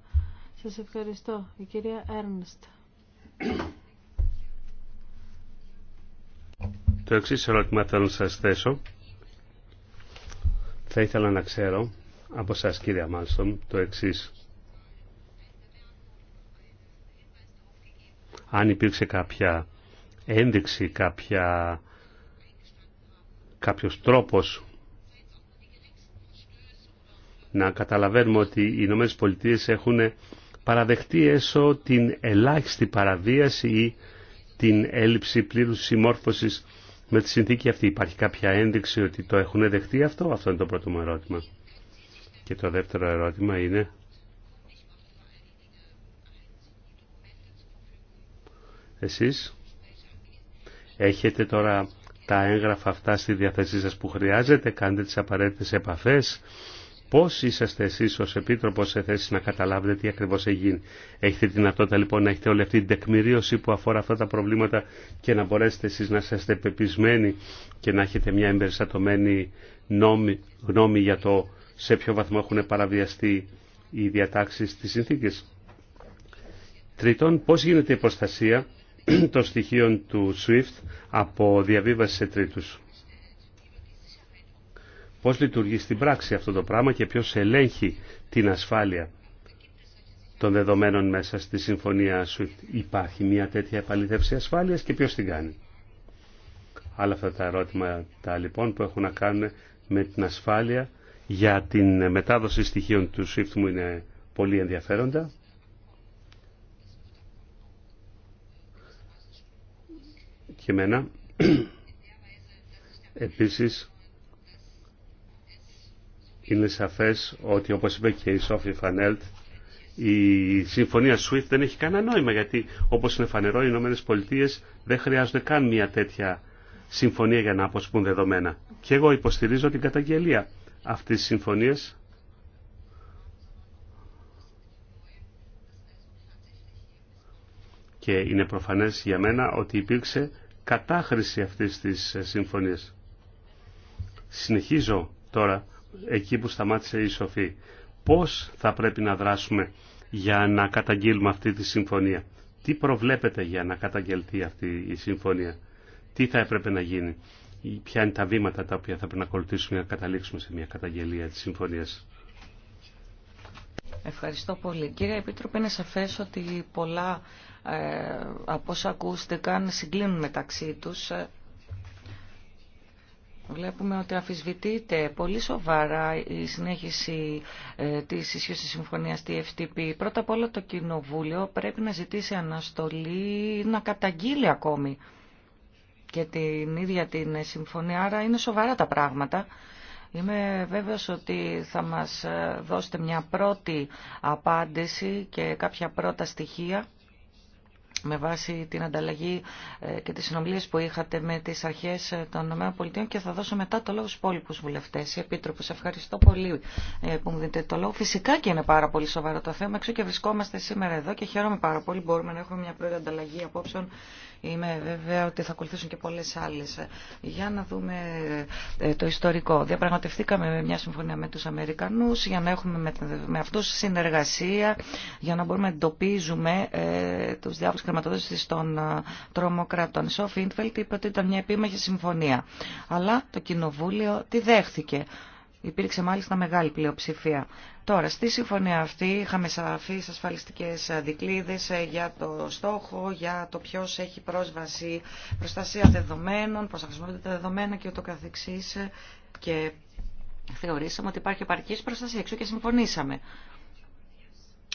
Σα ευχαριστώ η κυρία Έρνστ Το εξή ερώτημα θέλω να σα θέσω θα ήθελα να ξέρω από εσά, κυρία Μάλστον το εξή. αν υπήρξε κάποια ένδειξη, κάποια, κάποιος τρόπος να καταλαβαίνουμε ότι οι Ηνωμένε Πολιτείες έχουν παραδεχτεί έσω την ελάχιστη παραβίαση ή την έλλειψη πλήρους συμμόρφωσης με τη συνθήκη αυτή. Υπάρχει κάποια ένδειξη ότι το έχουν δεχτεί αυτό. Αυτό είναι το πρώτο μου ερώτημα. Και το δεύτερο ερώτημα είναι Εσείς έχετε τώρα τα έγγραφα αυτά στη διαθέσή σας που χρειάζεται, κάντε τις απαραίτητες επαφές. Πώς είσαστε εσείς ως Επίτροπος σε θέση να καταλάβετε τι ακριβώς έχει γίνει. Έχετε δυνατότητα λοιπόν να έχετε όλη αυτή την τεκμηρίωση που αφορά αυτά τα προβλήματα και να μπορέσετε εσείς να είστε πεπισμένοι και να έχετε μια εμπεριστατωμένη γνώμη για το σε ποιο βαθμό έχουν παραβιαστεί οι διατάξεις της συνθήκης. Τρίτον, πώς γίνεται η προστασία των στοιχείων του SWIFT από διαβίβαση σε τρίτους. Πώς λειτουργεί στην πράξη αυτό το πράγμα και ποιος ελέγχει την ασφάλεια των δεδομένων μέσα στη συμφωνία SWIFT. Υπάρχει μια τέτοια επαλήθευση ασφάλειας και ποιος την κάνει. Άλλα αυτά τα ερώτηματα λοιπόν που έχουν να κάνουν με την ασφάλεια για την μετάδοση στοιχείων του SWIFT μου είναι πολύ ενδιαφέροντα. εμένα. Επίσης, είναι σαφές ότι όπως είπε και η Σόφη Φανέλτ, η συμφωνία SWIFT δεν έχει κανένα νόημα γιατί όπως είναι φανερό οι Ηνωμένες Πολιτείες δεν χρειάζονται καν μια τέτοια συμφωνία για να αποσπούν δεδομένα. Και εγώ υποστηρίζω την καταγγελία αυτής της συμφωνίας. Και είναι προφανές για μένα ότι υπήρξε κατάχρηση αυτής της ε, συμφωνίας. Συνεχίζω τώρα εκεί που σταμάτησε η Σοφή. Πώς θα πρέπει να δράσουμε για να καταγγείλουμε αυτή τη συμφωνία. Τι προβλέπετε για να καταγγελθεί αυτή η συμφωνία. Τι θα έπρεπε να γίνει. Ποια είναι τα βήματα τα οποία θα πρέπει να ακολουθήσουμε για να καταλήξουμε σε μια καταγγελία της συμφωνίας. Ευχαριστώ πολύ. Κύριε Επίτροπε, είναι σαφές ότι πολλά ε, από όσα ακούστηκαν συγκλίνουν μεταξύ τους. Βλέπουμε ότι αφισβητείται πολύ σοβαρά η συνέχιση ε, της ισχύωσης της συμφωνίας FTP. Πρώτα απ' όλα το Κοινοβούλιο πρέπει να ζητήσει αναστολή, να καταγγείλει ακόμη και την ίδια την συμφωνία, άρα είναι σοβαρά τα πράγματα. Είμαι βέβαιος ότι θα μας ε, δώσετε μια πρώτη απάντηση και κάποια πρώτα στοιχεία με βάση την ανταλλαγή ε, και τις συνομιλίες που είχατε με τις αρχές ε, των ΗΠΑ και θα δώσω μετά το λόγο στους υπόλοιπους βουλευτές. επίτροπους. ευχαριστώ πολύ ε, που μου δίνετε το λόγο. Φυσικά και είναι πάρα πολύ σοβαρό το θέμα, εξού και βρισκόμαστε σήμερα εδώ και χαίρομαι πάρα πολύ. Μπορούμε να έχουμε μια πρώτη ανταλλαγή απόψεων Είμαι βέβαια ότι θα ακολουθήσουν και πολλές άλλες. Για να δούμε ε, το ιστορικό. Διαπραγματευτήκαμε με μια συμφωνία με τους Αμερικανούς για να έχουμε με, με αυτούς συνεργασία, για να μπορούμε να εντοπίζουμε ε, τους διάφορους χρηματοδότησης των ε, τρομοκρατών. Σοφ Ιντφελτ είπε ότι ήταν μια επίμαχη συμφωνία. Αλλά το Κοινοβούλιο τη δέχθηκε. Υπήρξε μάλιστα μεγάλη πλειοψηφία. Τώρα, στη συμφωνία αυτή είχαμε σαφεί ασφαλιστικέ δικλείδε ε, για το στόχο, για το ποιο έχει πρόσβαση προστασία δεδομένων, πώ θα χρησιμοποιούνται τα δεδομένα και ούτω καθεξής. Ε, και θεωρήσαμε ότι υπάρχει επαρκή προστασία, εξού και συμφωνήσαμε.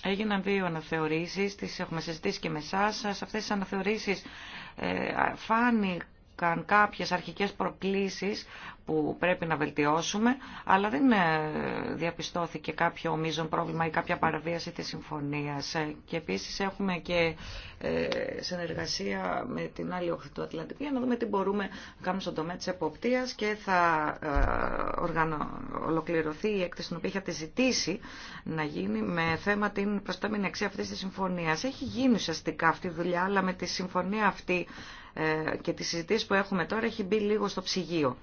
Έγιναν δύο αναθεωρήσεις, τις έχουμε συζητήσει και με εσά. Σε αυτές τις αναθεωρήσεις ε, φάνηκε υπήρχαν κάποιες αρχικές προκλήσεις που πρέπει να βελτιώσουμε, αλλά δεν ε, διαπιστώθηκε κάποιο ομίζον πρόβλημα ή κάποια παραβίαση της συμφωνίας. Ε, και επίσης έχουμε και ε, συνεργασία με την άλλη όχθη του Ατλαντικού για να δούμε τι μπορούμε να κάνουμε στον τομέα της εποπτείας και θα ολοκληρωθεί η έκθεση την οποία είχατε ζητήσει να γίνει με θέμα την προστάμενη αξία αυτής της συμφωνίας. Έχει γίνει ουσιαστικά αυτή η δουλειά, αλλά με τη συμφωνία αυτή ε, και τις συζητήσεις που έχουμε τώρα έχει μπει λίγο στο ψυγείο.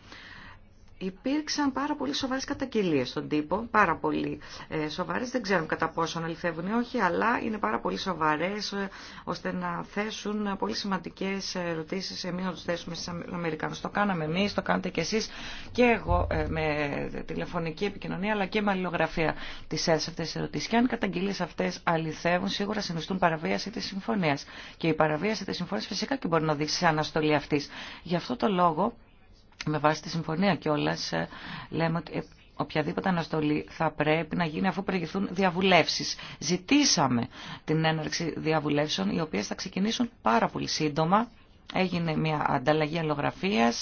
Υπήρξαν πάρα πολύ σοβαρές καταγγελίες στον τύπο, πάρα πολύ ε, σοβαρές, δεν ξέρουμε κατά πόσο αληθεύουν ή όχι, αλλά είναι πάρα πολύ σοβαρές ε, ώστε να θέσουν πολύ σημαντικές ερωτήσεις εμείς να τους θέσουμε στους Αμερικανούς. Το κάναμε εμείς, το κάνετε κι εσείς και εγώ ε, με τηλεφωνική επικοινωνία αλλά και με αλληλογραφία τις ΕΡΣ αυτές τις ερωτήσεις. Και αν οι καταγγελίες αυτές αληθεύουν, σίγουρα συνιστούν παραβίαση της συμφωνίας. Και η παραβίαση της συμφωνίας φυσικά και μπορεί να οδηγήσει σε αναστολή αυτή. Γι' αυτό το λόγο με βάση τη συμφωνία κιόλα ε, λέμε ότι ε, οποιαδήποτε αναστολή θα πρέπει να γίνει αφού προηγηθούν διαβουλεύσεις. Ζητήσαμε την έναρξη διαβουλεύσεων, οι οποίε θα ξεκινήσουν πάρα πολύ σύντομα. Έγινε μια ανταλλαγή αλλογραφία,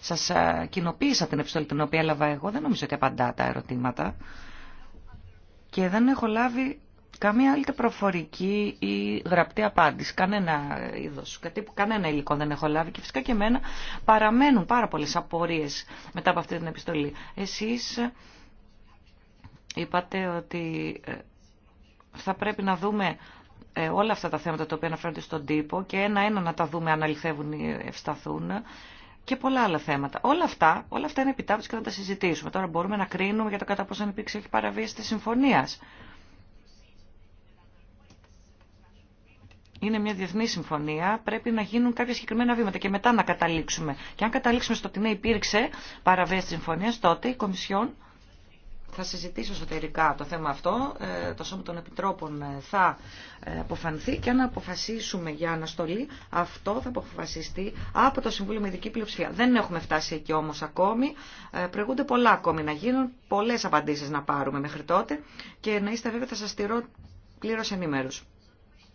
σας ε, κοινοποίησα την επιστολή την οποία έλαβα εγώ, δεν νομίζω ότι απαντά τα ερωτήματα. Και δεν έχω λάβει Καμία άλλη προφορική ή γραπτή απάντηση. Κανένα είδο. κανένα υλικό δεν έχω λάβει. Και φυσικά και εμένα παραμένουν πάρα πολλέ απορίε μετά από αυτή την επιστολή. Εσεί είπατε ότι ε, θα πρέπει να δούμε ε, όλα αυτά τα θέματα τα οποία αναφέρονται στον τύπο και ένα-ένα να τα δούμε αν αληθεύουν ή ευσταθούν και πολλά άλλα θέματα. Όλα αυτά, όλα αυτά είναι επιτάπτωση και θα τα συζητήσουμε. Τώρα μπορούμε να κρίνουμε για το κατά πόσο υπήρξε έχει παραβίαση τη συμφωνία. είναι μια διεθνή συμφωνία, πρέπει να γίνουν κάποια συγκεκριμένα βήματα και μετά να καταλήξουμε. Και αν καταλήξουμε στο ότι ναι υπήρξε παραβίαση της τότε η Κομισιόν θα συζητήσει εσωτερικά το θέμα αυτό, ε, το Σώμα των Επιτρόπων ε, θα ε, αποφανθεί και αν αποφασίσουμε για αναστολή, αυτό θα αποφασιστεί από το Συμβούλιο με ειδική πλειοψηφία. Δεν έχουμε φτάσει εκεί όμω ακόμη, προηγούνται πολλά ακόμη να γίνουν, πολλέ απαντήσει να πάρουμε μέχρι τότε και να είστε βέβαια θα σα στηρώ πλήρως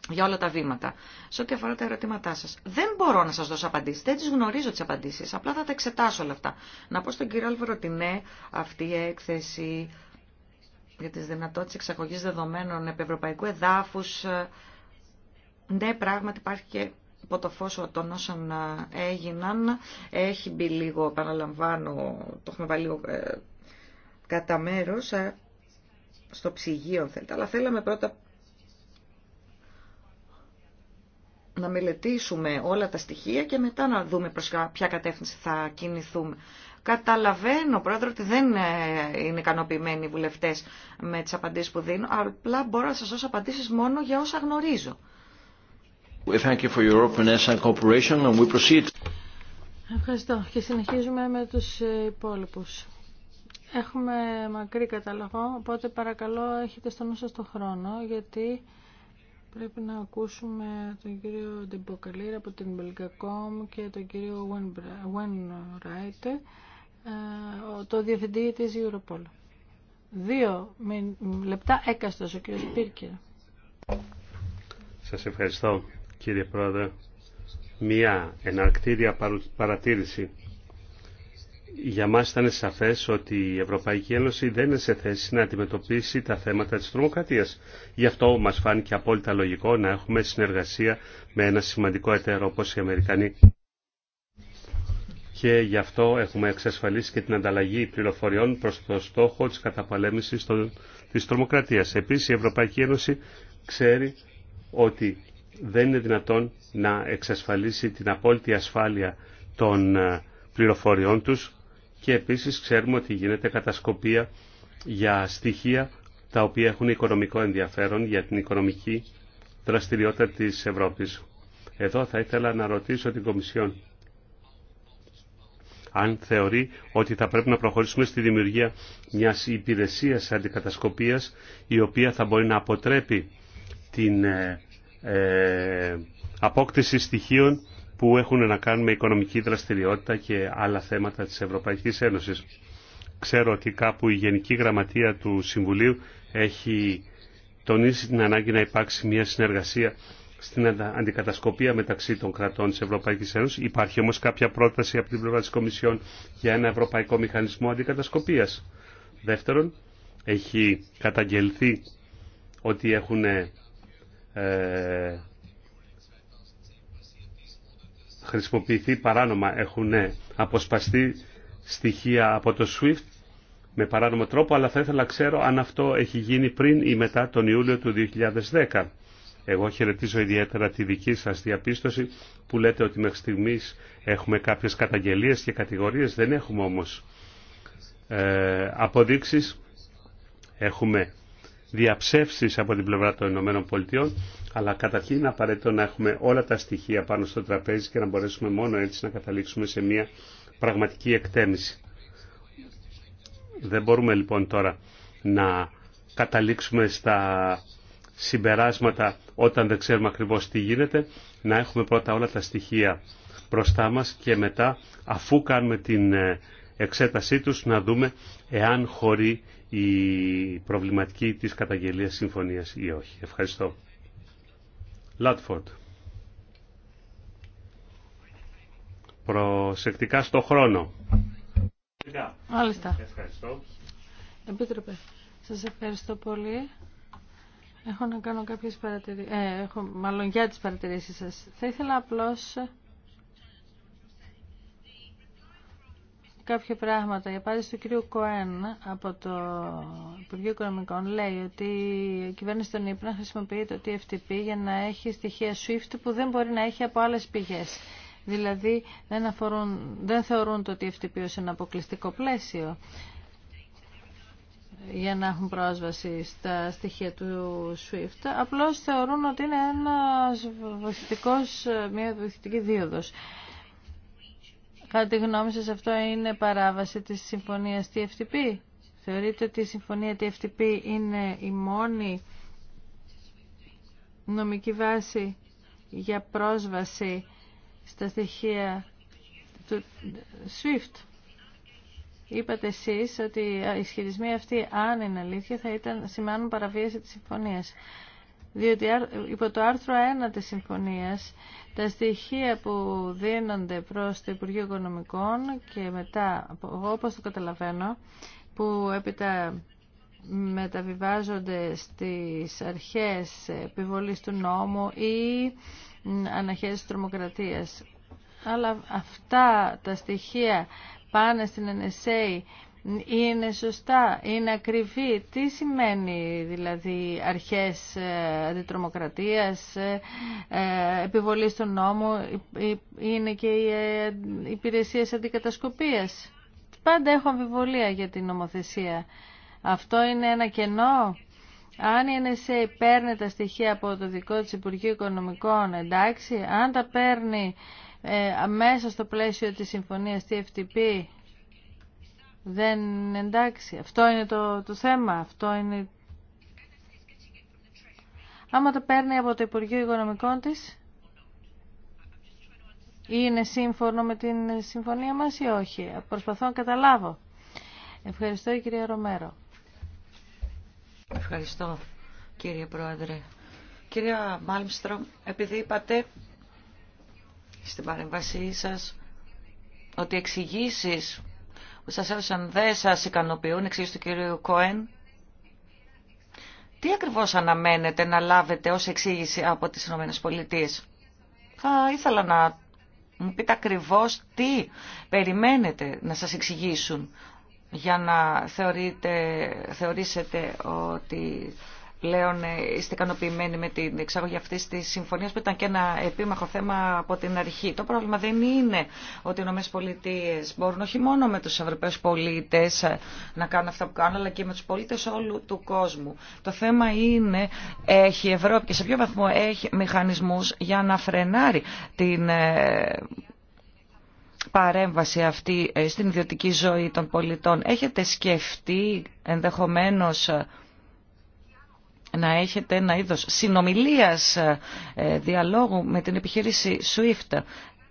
για όλα τα βήματα. Σε ό,τι αφορά τα ερωτήματά σα, δεν μπορώ να σα δώσω απαντήσει. Δεν τι γνωρίζω τι απαντήσει. Απλά θα τα εξετάσω όλα αυτά. Να πω στον κύριο Άλβαρο ότι ναι, αυτή η έκθεση για τι δυνατότητε εξαγωγή δεδομένων επί ευρωπαϊκού εδάφου. Ναι, πράγματι υπάρχει και υπό το φως των όσων ε, έγιναν. Έχει μπει λίγο, επαναλαμβάνω, το έχουμε βάλει λίγο ε, κατά μέρο ε, στο ψυγείο, θέλετε. Αλλά θέλαμε πρώτα να μελετήσουμε όλα τα στοιχεία και μετά να δούμε προς ποια κατεύθυνση θα κινηθούμε. Καταλαβαίνω, πρόεδρο, ότι δεν ε, είναι ικανοποιημένοι οι βουλευτές με τις απαντήσεις που δίνω, απλά μπορώ να σας δώσω απαντήσεις μόνο για όσα γνωρίζω. Ευχαριστώ και συνεχίζουμε με τους ε, υπόλοιπους. Έχουμε μακρύ καταλογό, οπότε παρακαλώ έχετε στο νου το χρόνο, γιατί πρέπει να ακούσουμε τον κύριο Ντεμποκαλίρ από την Belgacom και τον κύριο ε, το διευθυντή της Europol. Δύο λεπτά έκαστος ο κύριος Πίρκερ. Σας ευχαριστώ κύριε Πρόεδρε. Μια εναρκτήρια παρατήρηση για μας ήταν σαφές ότι η Ευρωπαϊκή Ένωση δεν είναι σε θέση να αντιμετωπίσει τα θέματα της τρομοκρατίας. Γι' αυτό μας φάνηκε απόλυτα λογικό να έχουμε συνεργασία με ένα σημαντικό εταίρο όπως οι Αμερικανοί. Και γι' αυτό έχουμε εξασφαλίσει και την ανταλλαγή πληροφοριών προς το στόχο της καταπολέμησης της τρομοκρατίας. Επίσης η Ευρωπαϊκή Ένωση ξέρει ότι δεν είναι δυνατόν να εξασφαλίσει την απόλυτη ασφάλεια των ε, πληροφοριών τους και επίσης ξέρουμε ότι γίνεται κατασκοπία για στοιχεία τα οποία έχουν οικονομικό ενδιαφέρον για την οικονομική δραστηριότητα της Ευρώπης. Εδώ θα ήθελα να ρωτήσω την Κομισιόν αν θεωρεί ότι θα πρέπει να προχωρήσουμε στη δημιουργία μιας υπηρεσίας αντικατασκοπίας η οποία θα μπορεί να αποτρέπει την ε, ε, απόκτηση στοιχείων που έχουν να κάνουν με οικονομική δραστηριότητα και άλλα θέματα της Ευρωπαϊκής Ένωσης. Ξέρω ότι κάπου η Γενική Γραμματεία του Συμβουλίου έχει τονίσει την ανάγκη να υπάρξει μια συνεργασία στην αντικατασκοπία μεταξύ των κρατών της Ευρωπαϊκής Ένωσης. Υπάρχει όμως κάποια πρόταση από την πλευρά της Κομισιόν για ένα ευρωπαϊκό μηχανισμό αντικατασκοπίας. Δεύτερον, έχει καταγγελθεί ότι έχουν ε, χρησιμοποιηθεί παράνομα. Έχουν ναι, αποσπαστεί στοιχεία από το SWIFT με παράνομο τρόπο, αλλά θα ήθελα να ξέρω αν αυτό έχει γίνει πριν ή μετά τον Ιούλιο του 2010. Εγώ χαιρετίζω ιδιαίτερα τη δική σας διαπίστωση που λέτε ότι μέχρι στιγμής έχουμε κάποιες καταγγελίες και κατηγορίες, δεν έχουμε όμως ε, αποδείξεις. Έχουμε διαψεύσεις από την πλευρά των Ηνωμένων Πολιτειών, αλλά καταρχήν είναι απαραίτητο να έχουμε όλα τα στοιχεία πάνω στο τραπέζι και να μπορέσουμε μόνο έτσι να καταλήξουμε σε μια πραγματική εκτέμηση. Δεν μπορούμε λοιπόν τώρα να καταλήξουμε στα συμπεράσματα όταν δεν ξέρουμε ακριβώς τι γίνεται, να έχουμε πρώτα όλα τα στοιχεία μπροστά μας και μετά αφού κάνουμε την ε, εξέτασή τους να δούμε εάν χωρεί η προβληματική της καταγγελίας συμφωνίας ή όχι. Ευχαριστώ. Λάτφορντ. Προσεκτικά στο χρόνο. Μάλιστα. Ευχαριστώ. Επίτροπε, σας ευχαριστώ πολύ. Έχω να κάνω κάποιες παρατηρήσεις, έχω μάλλον για τις παρατηρήσεις σας. Θα ήθελα απλώς κάποια πράγματα. Η απάντηση του κυρίου Κοέν από το Υπουργείο Οικονομικών λέει ότι η κυβέρνηση των ΗΠΑ χρησιμοποιεί το TFTP για να έχει στοιχεία SWIFT που δεν μπορεί να έχει από άλλες πηγές. Δηλαδή δεν, αφορούν, δεν θεωρούν το TFTP ως ένα αποκλειστικό πλαίσιο για να έχουν πρόσβαση στα στοιχεία του SWIFT. Απλώς θεωρούν ότι είναι ένας βοηθητικός, μια βοηθητική δίωδος. Κατά τη γνώμη σας αυτό είναι παράβαση της συμφωνίας TFTP. Θεωρείτε ότι η συμφωνία TFTP είναι η μόνη νομική βάση για πρόσβαση στα στοιχεία του SWIFT. Είπατε εσείς ότι οι ισχυρισμοί αυτοί, αν είναι αλήθεια, θα ήταν, σημάνουν παραβίαση της συμφωνίας διότι υπό το άρθρο 1 της συμφωνίας τα στοιχεία που δίνονται προς το Υπουργείο Οικονομικών και μετά, όπως το καταλαβαίνω, που έπειτα μεταβιβάζονται στις αρχές επιβολής του νόμου ή αναχές τρομοκρατίας. Αλλά αυτά τα στοιχεία πάνε στην NSA είναι σωστά, είναι ακριβή. Τι σημαίνει δηλαδή αρχές ε, αντιτρομοκρατίας, ε, ε, επιβολή του νόμου, είναι και οι υπηρεσίες αντικατασκοπίας. Πάντα έχω αμφιβολία για την νομοθεσία. Αυτό είναι ένα κενό. Αν η NSA παίρνει τα στοιχεία από το δικό της Υπουργείου Οικονομικών, εντάξει. Αν τα παίρνει μέσα στο πλαίσιο της συμφωνίας TFTP, δεν εντάξει. Αυτό είναι το, το θέμα. Αυτό είναι... Άμα το παίρνει από το Υπουργείο Οικονομικών της, είναι σύμφωνο με την συμφωνία μας ή όχι. Προσπαθώ να καταλάβω. Ευχαριστώ κυρία Ρομέρο. Ευχαριστώ κύριε Πρόεδρε. Κυρία Μάλμστρομ, επειδή είπατε στην παρέμβασή σας ότι εξηγήσει σας έδωσαν δεν σας ικανοποιούν, εξήγησε του κυρίου Κόεν. Τι ακριβώς αναμένετε να λάβετε ως εξήγηση από τις ΗΠΑ. Θα ήθελα να μου πείτε ακριβώς τι περιμένετε να σας εξηγήσουν για να θεωρείτε, θεωρήσετε ότι πλέον ε, είστε ικανοποιημένοι με την εξαγωγή αυτή τη συμφωνία που ήταν και ένα επίμαχο θέμα από την αρχή. Το πρόβλημα δεν είναι ότι οι ΗΠΑ μπορούν όχι μόνο με του Ευρωπαίου πολίτε ε, να κάνουν αυτά που κάνουν, αλλά και με του πολίτε όλου του κόσμου. Το θέμα είναι, έχει η Ευρώπη και σε ποιο βαθμό έχει μηχανισμού για να φρενάρει την ε, παρέμβαση αυτή στην ιδιωτική ζωή των πολιτών. Έχετε σκεφτεί ενδεχομένως να έχετε ένα είδος συνομιλίας ε, διαλόγου με την επιχείρηση SWIFT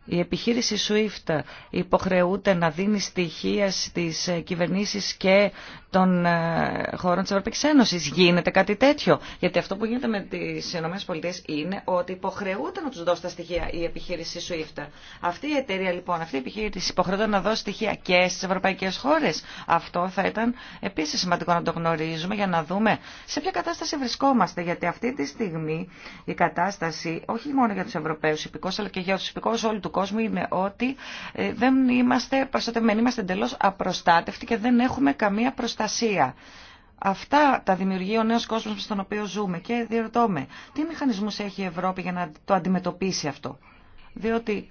η επιχείρηση SWIFT υποχρεούται να δίνει στοιχεία στις κυβερνήσεις και των ε, χωρών της Ευρωπαϊκής Ένωσης. Γίνεται κάτι τέτοιο. Γιατί αυτό που γίνεται με τις ΗΠΑ είναι ότι υποχρεούται να τους δώσει τα στοιχεία η επιχείρηση SWIFT. Αυτή η εταιρεία λοιπόν, αυτή η επιχείρηση υποχρεούται να δώσει στοιχεία και στις ευρωπαϊκές χώρες. Αυτό θα ήταν επίσης σημαντικό να το γνωρίζουμε για να δούμε σε ποια κατάσταση βρισκόμαστε. Γιατί αυτή τη στιγμή η κατάσταση όχι μόνο για τους Ευρωπαίους υπηκός αλλά και για τους υπηκός όλου του κόσμο είναι ότι ε, δεν είμαστε προστατευμένοι, είμαστε εντελώς απροστάτευτοι και δεν έχουμε καμία προστασία. Αυτά τα δημιουργεί ο νέος κόσμος στον οποίο ζούμε και διερωτώ με, τι μηχανισμούς έχει η Ευρώπη για να το αντιμετωπίσει αυτό. Διότι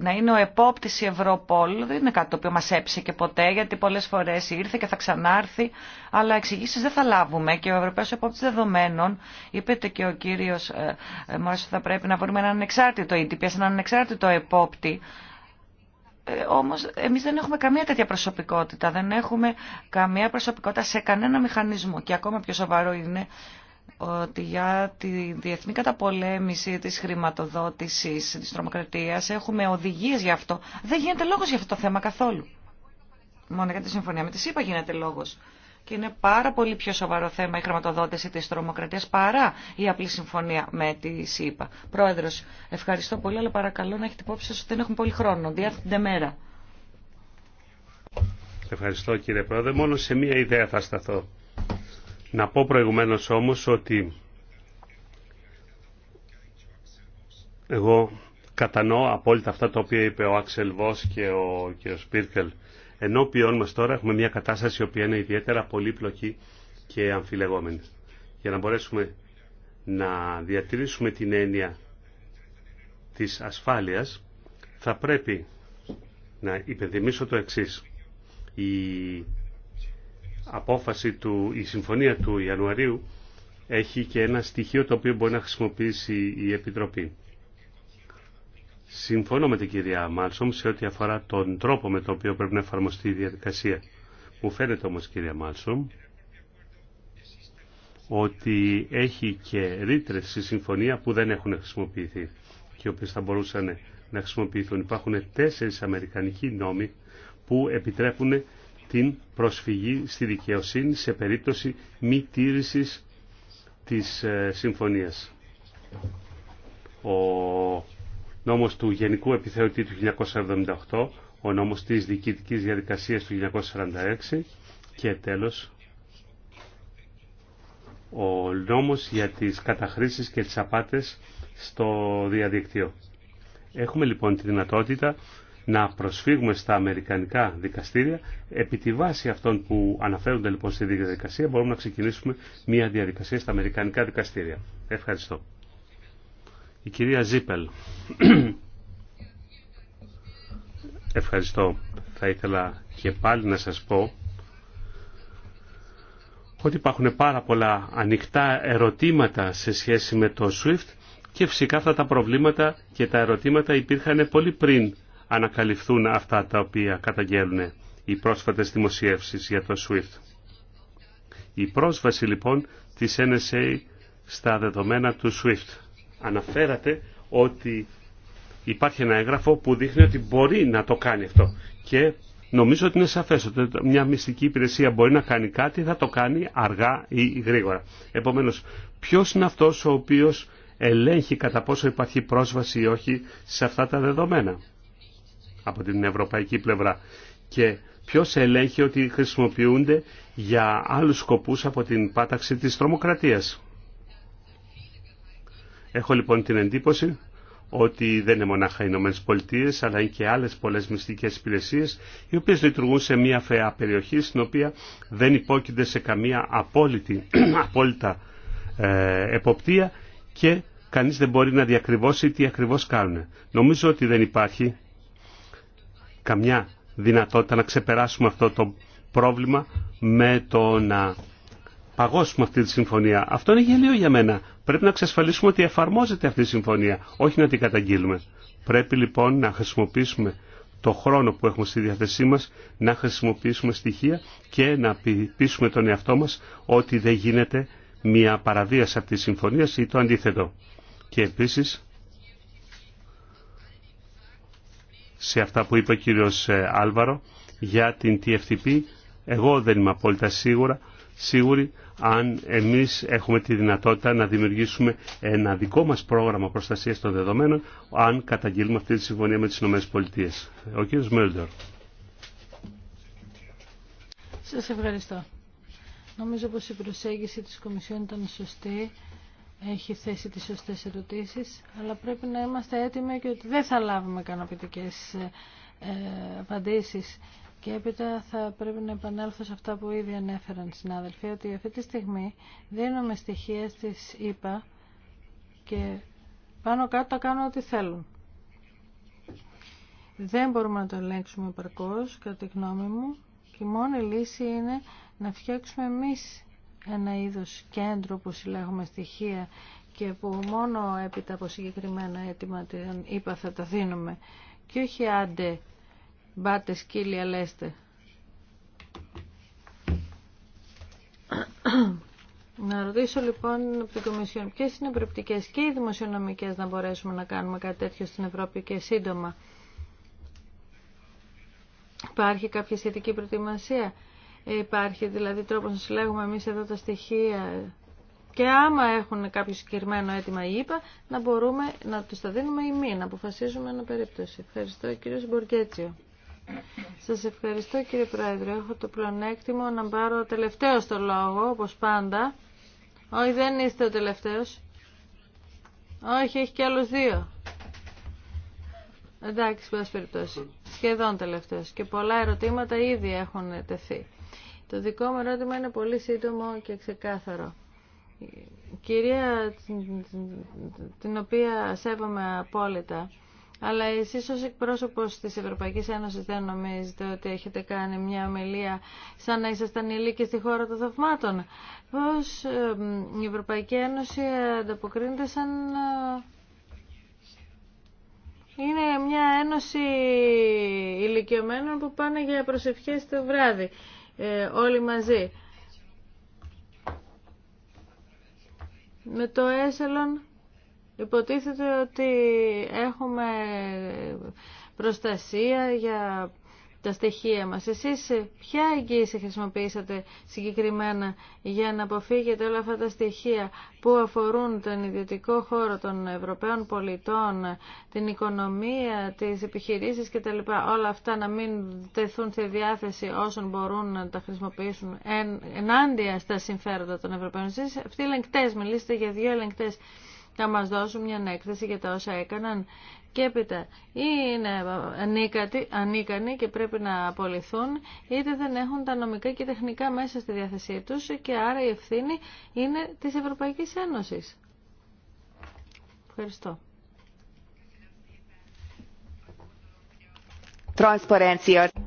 να είναι ο επόπτης η Ευρωπόλ δεν είναι κάτι το οποίο μας έψε και ποτέ γιατί πολλές φορές ήρθε και θα ξανάρθει αλλά εξηγήσει δεν θα λάβουμε και ο Ευρωπαίος Επόπτης Δεδομένων είπε και ο κύριος ε, ε, ότι θα πρέπει να βρούμε έναν ανεξάρτητο ETPS, έναν ανεξάρτητο επόπτη Όμω ε, όμως εμείς δεν έχουμε καμία τέτοια προσωπικότητα, δεν έχουμε καμία προσωπικότητα σε κανένα μηχανισμό και ακόμα πιο σοβαρό είναι ότι για τη διεθνή καταπολέμηση της χρηματοδότησης της τρομοκρατίας έχουμε οδηγίες για αυτό. Δεν γίνεται λόγος για αυτό το θέμα καθόλου. Μόνο για τη συμφωνία με τη ΣΥΠΑ γίνεται λόγος. Και είναι πάρα πολύ πιο σοβαρό θέμα η χρηματοδότηση της τρομοκρατίας παρά η απλή συμφωνία με τη ΣΥΠΑ. Πρόεδρος, ευχαριστώ πολύ, αλλά παρακαλώ να έχετε υπόψη σας ότι δεν έχουμε πολύ χρόνο. Διάθετε μέρα. Ευχαριστώ κύριε Πρόεδρε. Μόνο σε μία ιδέα θα σταθώ. Να πω προηγουμένως όμως ότι εγώ κατανοώ απόλυτα αυτά τα οποία είπε ο Άξελ Βος και ο, και ενώ Σπίρκελ. Ενώπιόν μας τώρα έχουμε μια κατάσταση η οποία είναι ιδιαίτερα πολύπλοκη και αμφιλεγόμενη. Για να μπορέσουμε να διατηρήσουμε την έννοια της ασφάλειας θα πρέπει να υπενθυμίσω το εξής. Η απόφαση του, η συμφωνία του Ιανουαρίου έχει και ένα στοιχείο το οποίο μπορεί να χρησιμοποιήσει η Επιτροπή. Συμφωνώ με την κυρία Μάλσομ σε ό,τι αφορά τον τρόπο με τον οποίο πρέπει να εφαρμοστεί η διαδικασία. Μου φαίνεται όμως κυρία Μάλσομ ότι έχει και ρήτρε στη συμφωνία που δεν έχουν χρησιμοποιηθεί και οι οποίες θα μπορούσαν να χρησιμοποιηθούν. Υπάρχουν τέσσερις αμερικανικοί νόμοι που επιτρέπουν την προσφυγή στη δικαιοσύνη σε περίπτωση μη τήρησης της ε, συμφωνίας. Ο νόμος του Γενικού Επιθεωτή του 1978, ο νόμος της διοικητικής διαδικασίας του 1946 και τέλος ο νόμος για τις καταχρήσεις και τις απάτες στο διαδικτύο. Έχουμε λοιπόν τη δυνατότητα να προσφύγουμε στα αμερικανικά δικαστήρια. Επί τη βάση αυτών που αναφέρονται λοιπόν στη διαδικασία μπορούμε να ξεκινήσουμε μια διαδικασία στα αμερικανικά δικαστήρια. Ευχαριστώ. Η κυρία Ζίπελ. Ευχαριστώ. Θα ήθελα και πάλι να σας πω ότι υπάρχουν πάρα πολλά ανοιχτά ερωτήματα σε σχέση με το SWIFT και φυσικά αυτά τα προβλήματα και τα ερωτήματα υπήρχαν πολύ πριν ανακαλυφθούν αυτά τα οποία καταγγέλνουν οι πρόσφατες δημοσιεύσεις για το SWIFT. Η πρόσβαση λοιπόν της NSA στα δεδομένα του SWIFT. Αναφέρατε ότι υπάρχει ένα έγγραφο που δείχνει ότι μπορεί να το κάνει αυτό και νομίζω ότι είναι σαφές ότι μια μυστική υπηρεσία μπορεί να κάνει κάτι, θα το κάνει αργά ή γρήγορα. Επομένως, ποιος είναι αυτός ο οποίος ελέγχει κατά πόσο υπάρχει πρόσβαση ή όχι σε αυτά τα δεδομένα από την ευρωπαϊκή πλευρά και ποιος ελέγχει ότι χρησιμοποιούνται για άλλους σκοπούς από την πάταξη της τρομοκρατίας. Έχω λοιπόν την εντύπωση ότι δεν είναι μονάχα οι Ηνωμένες Πολιτείες, αλλά είναι και άλλες πολλές μυστικές υπηρεσίες, οι οποίες λειτουργούν σε μια φαιά περιοχή, στην οποία δεν υπόκεινται σε καμία απόλυτη, απόλυτα ε, εποπτεία και κανείς δεν μπορεί να διακριβώσει τι ακριβώς κάνουν. Νομίζω ότι δεν υπάρχει καμιά δυνατότητα να ξεπεράσουμε αυτό το πρόβλημα με το να παγώσουμε αυτή τη συμφωνία. Αυτό είναι γελίο για μένα. Πρέπει να εξασφαλίσουμε ότι εφαρμόζεται αυτή η συμφωνία, όχι να την καταγγείλουμε. Πρέπει λοιπόν να χρησιμοποιήσουμε το χρόνο που έχουμε στη διάθεσή μας, να χρησιμοποιήσουμε στοιχεία και να πείσουμε τον εαυτό μας ότι δεν γίνεται μια παραβίαση αυτής της συμφωνίας ή το αντίθετο. Και επίσης σε αυτά που είπε ο κύριος ε, Άλβαρο για την TFTP. Εγώ δεν είμαι απόλυτα σίγουρα, σίγουρη αν εμείς έχουμε τη δυνατότητα να δημιουργήσουμε ένα δικό μας πρόγραμμα προστασίας των δεδομένων αν καταγγείλουμε αυτή τη συμφωνία με τις ΗΠΑ. Ο κύριος Μέλντορ. Σας ευχαριστώ. Νομίζω πως η προσέγγιση της Κομισιόν ήταν σωστή έχει θέσει τις σωστές ερωτήσεις, αλλά πρέπει να είμαστε έτοιμοι και ότι δεν θα λάβουμε ικανοποιητικές ε, ε, απαντήσεις. Και έπειτα θα πρέπει να επανέλθω σε αυτά που ήδη ανέφεραν συνάδελφοι, ότι αυτή τη στιγμή δίνουμε στοιχεία στις ΕΠΑ και πάνω κάτω τα κάνουν ό,τι θέλουν. Δεν μπορούμε να το ελέγξουμε παρκώς, κατά τη γνώμη μου, και η μόνη λύση είναι να φτιάξουμε εμείς ένα είδος κέντρο που συλλέγουμε στοιχεία και που μόνο έπειτα από συγκεκριμένα αίτημα την είπα θα τα δίνουμε και όχι άντε μπάτε σκύλια λέστε να ρωτήσω λοιπόν από την Κομισιόν ποιες είναι οι προπτικές και οι δημοσιονομικέ να μπορέσουμε να κάνουμε κάτι τέτοιο στην Ευρώπη και σύντομα υπάρχει κάποια σχετική προετοιμασία Υπάρχει δηλαδή τρόπο να συλλέγουμε εμεί εδώ τα στοιχεία και άμα έχουν κάποιο συγκεκριμένο αίτημα ή είπα, να μπορούμε να του τα δίνουμε ή μη, να αποφασίζουμε ένα περίπτωση. Ευχαριστώ κύριο Μπορκέτσιο. Σα ευχαριστώ κύριε Πρόεδρε. Έχω το πλεονέκτημα να πάρω τελευταίο το λόγο, όπω πάντα. Όχι, δεν είστε ο τελευταίο. Όχι, έχει και άλλου δύο. Εντάξει, πάση περιπτώσει. Σχεδόν τελευταίο. Και πολλά ερωτήματα ήδη έχουν τεθεί. Το δικό μου ερώτημα είναι πολύ σύντομο και ξεκάθαρο. Κυρία, την οποία σέβομαι απόλυτα, αλλά εσείς ως εκπρόσωπος της Ευρωπαϊκής Ένωσης δεν νομίζετε ότι έχετε κάνει μια ομιλία σαν να ήσασταν ηλίκοι στη χώρα των θαυμάτων. Πώς η Ευρωπαϊκή Ένωση ανταποκρίνεται σαν... Ε, είναι μια ένωση ηλικιωμένων που πάνε για προσευχές το βράδυ. Ε, όλοι μαζί. Με το έσελον υποτίθεται ότι έχουμε προστασία για τα στοιχεία μας. Εσείς ποια εγγύηση χρησιμοποιήσατε συγκεκριμένα για να αποφύγετε όλα αυτά τα στοιχεία που αφορούν τον ιδιωτικό χώρο των Ευρωπαίων πολιτών, την οικονομία, τις επιχειρήσεις κτλ. Όλα αυτά να μην τεθούν σε διάθεση όσων μπορούν να τα χρησιμοποιήσουν ενάντια στα συμφέροντα των Ευρωπαίων. Εσείς αυτοί οι ελεγκτές, μιλήσετε για δύο ελεγκτές να μας δώσουν μια έκθεση για τα όσα έκαναν και έπειτα ή είναι ανίκατοι, ανίκανοι και πρέπει να απολυθούν είτε δεν έχουν τα νομικά και τεχνικά μέσα στη διάθεσή τους και άρα η ευθύνη είναι της Ευρωπαϊκής Ένωσης. Ευχαριστώ.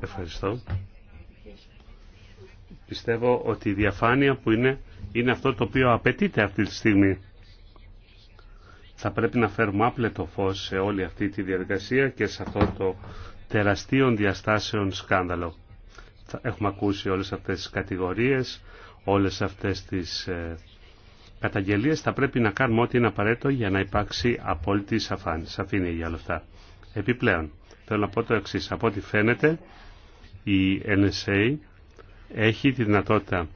Ευχαριστώ. Πιστεύω ότι η διαφάνεια που είναι, είναι αυτό το οποίο απαιτείται αυτή τη στιγμή θα πρέπει να φέρουμε άπλετο φως σε όλη αυτή τη διαδικασία και σε αυτό το τεραστίων διαστάσεων σκάνδαλο. Έχουμε ακούσει όλες αυτές τις κατηγορίες, όλες αυτές τις ε, καταγγελίες. Θα πρέπει να κάνουμε ό,τι είναι απαραίτητο για να υπάρξει απόλυτη σαφήνεια για όλα αυτά. Επιπλέον, θέλω να πω το εξή. Από ό,τι φαίνεται, η NSA έχει τη δυνατότητα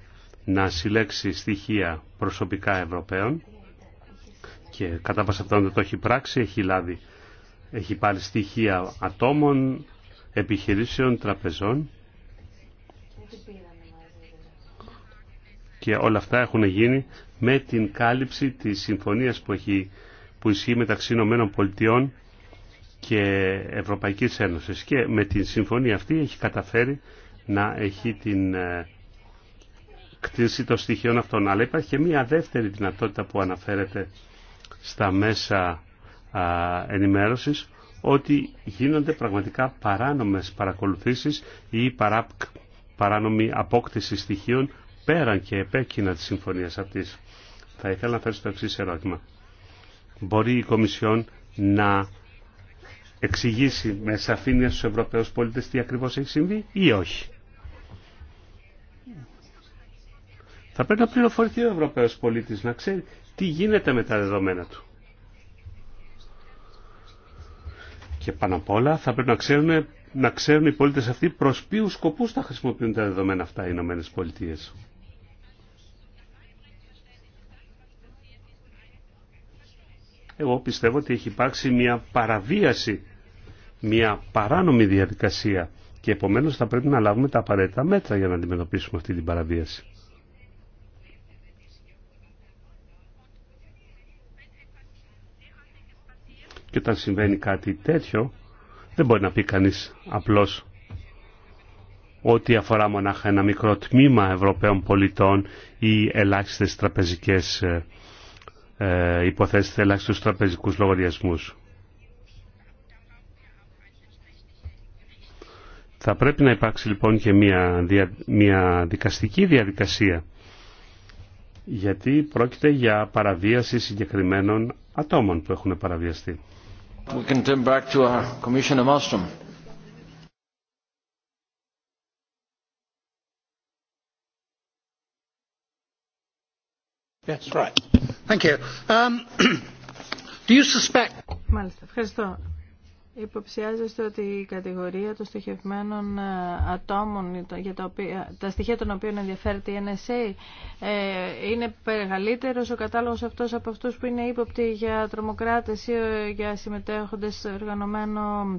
να συλλέξει στοιχεία προσωπικά Ευρωπαίων και κατά πάσα πιθανότητα το έχει πράξει, έχει λάβει, έχει πάρει στοιχεία ατόμων, επιχειρήσεων, τραπεζών και όλα αυτά έχουν γίνει με την κάλυψη της συμφωνίας που, έχει, που ισχύει μεταξύ Ηνωμένων Πολιτειών και Ευρωπαϊκής Ένωσης και με την συμφωνία αυτή έχει καταφέρει να έχει την ε, κτίση των στοιχείων αυτών. Αλλά υπάρχει και μία δεύτερη δυνατότητα που αναφέρεται στα μέσα ενημέρωσης ότι γίνονται πραγματικά παράνομες παρακολουθήσεις ή παράνομη απόκτηση στοιχείων πέραν και επέκεινα της συμφωνίας αυτής. Θα ήθελα να φέρω στο εξή ερώτημα. Μπορεί η Κομισιόν να εξηγήσει με σαφήνεια στους Ευρωπαίους πολίτες τι ακριβώς έχει συμβεί ή όχι. Θα πρέπει να φερω το ο Ευρωπαίος πολίτης να ξέρει τι γίνεται με τα δεδομένα του. Και πάνω απ' όλα θα πρέπει να ξέρουν, να ξέρουν οι πολίτες αυτοί προς ποιους σκοπούς θα χρησιμοποιούν τα δεδομένα αυτά οι Ηνωμένε Πολιτείε. Εγώ πιστεύω ότι έχει υπάρξει μια παραβίαση, μια παράνομη διαδικασία και επομένως θα πρέπει να λάβουμε τα απαραίτητα μέτρα για να αντιμετωπίσουμε αυτή την παραβίαση. Και όταν συμβαίνει κάτι τέτοιο, δεν μπορεί να πει κανείς απλώς ότι αφορά μονάχα ένα μικρό τμήμα Ευρωπαίων πολιτών ή ελάχιστες τραπεζικές ε, ε υποθέσεις, ελάχιστους τραπεζικούς λογαριασμούς. Θα πρέπει να υπάρξει λοιπόν και μια, μια δικαστική διαδικασία γιατί πρόκειται για παραβίαση συγκεκριμένων ατόμων που έχουν παραβιαστεί. We can turn back to our Commissioner Malmström. Yes, right. Thank you. Um, do you suspect... Μάλιστα, ευχαριστώ. Υποψιάζεστε ότι η κατηγορία των στοχευμένων ε, ατόμων για τα, οποία, τα στοιχεία των οποίων ενδιαφέρεται η NSA ε, είναι μεγαλύτερος ο κατάλογος αυτός από αυτούς που είναι ύποπτοι για τρομοκράτες ή ε, για συμμετέχοντες σε οργανωμένο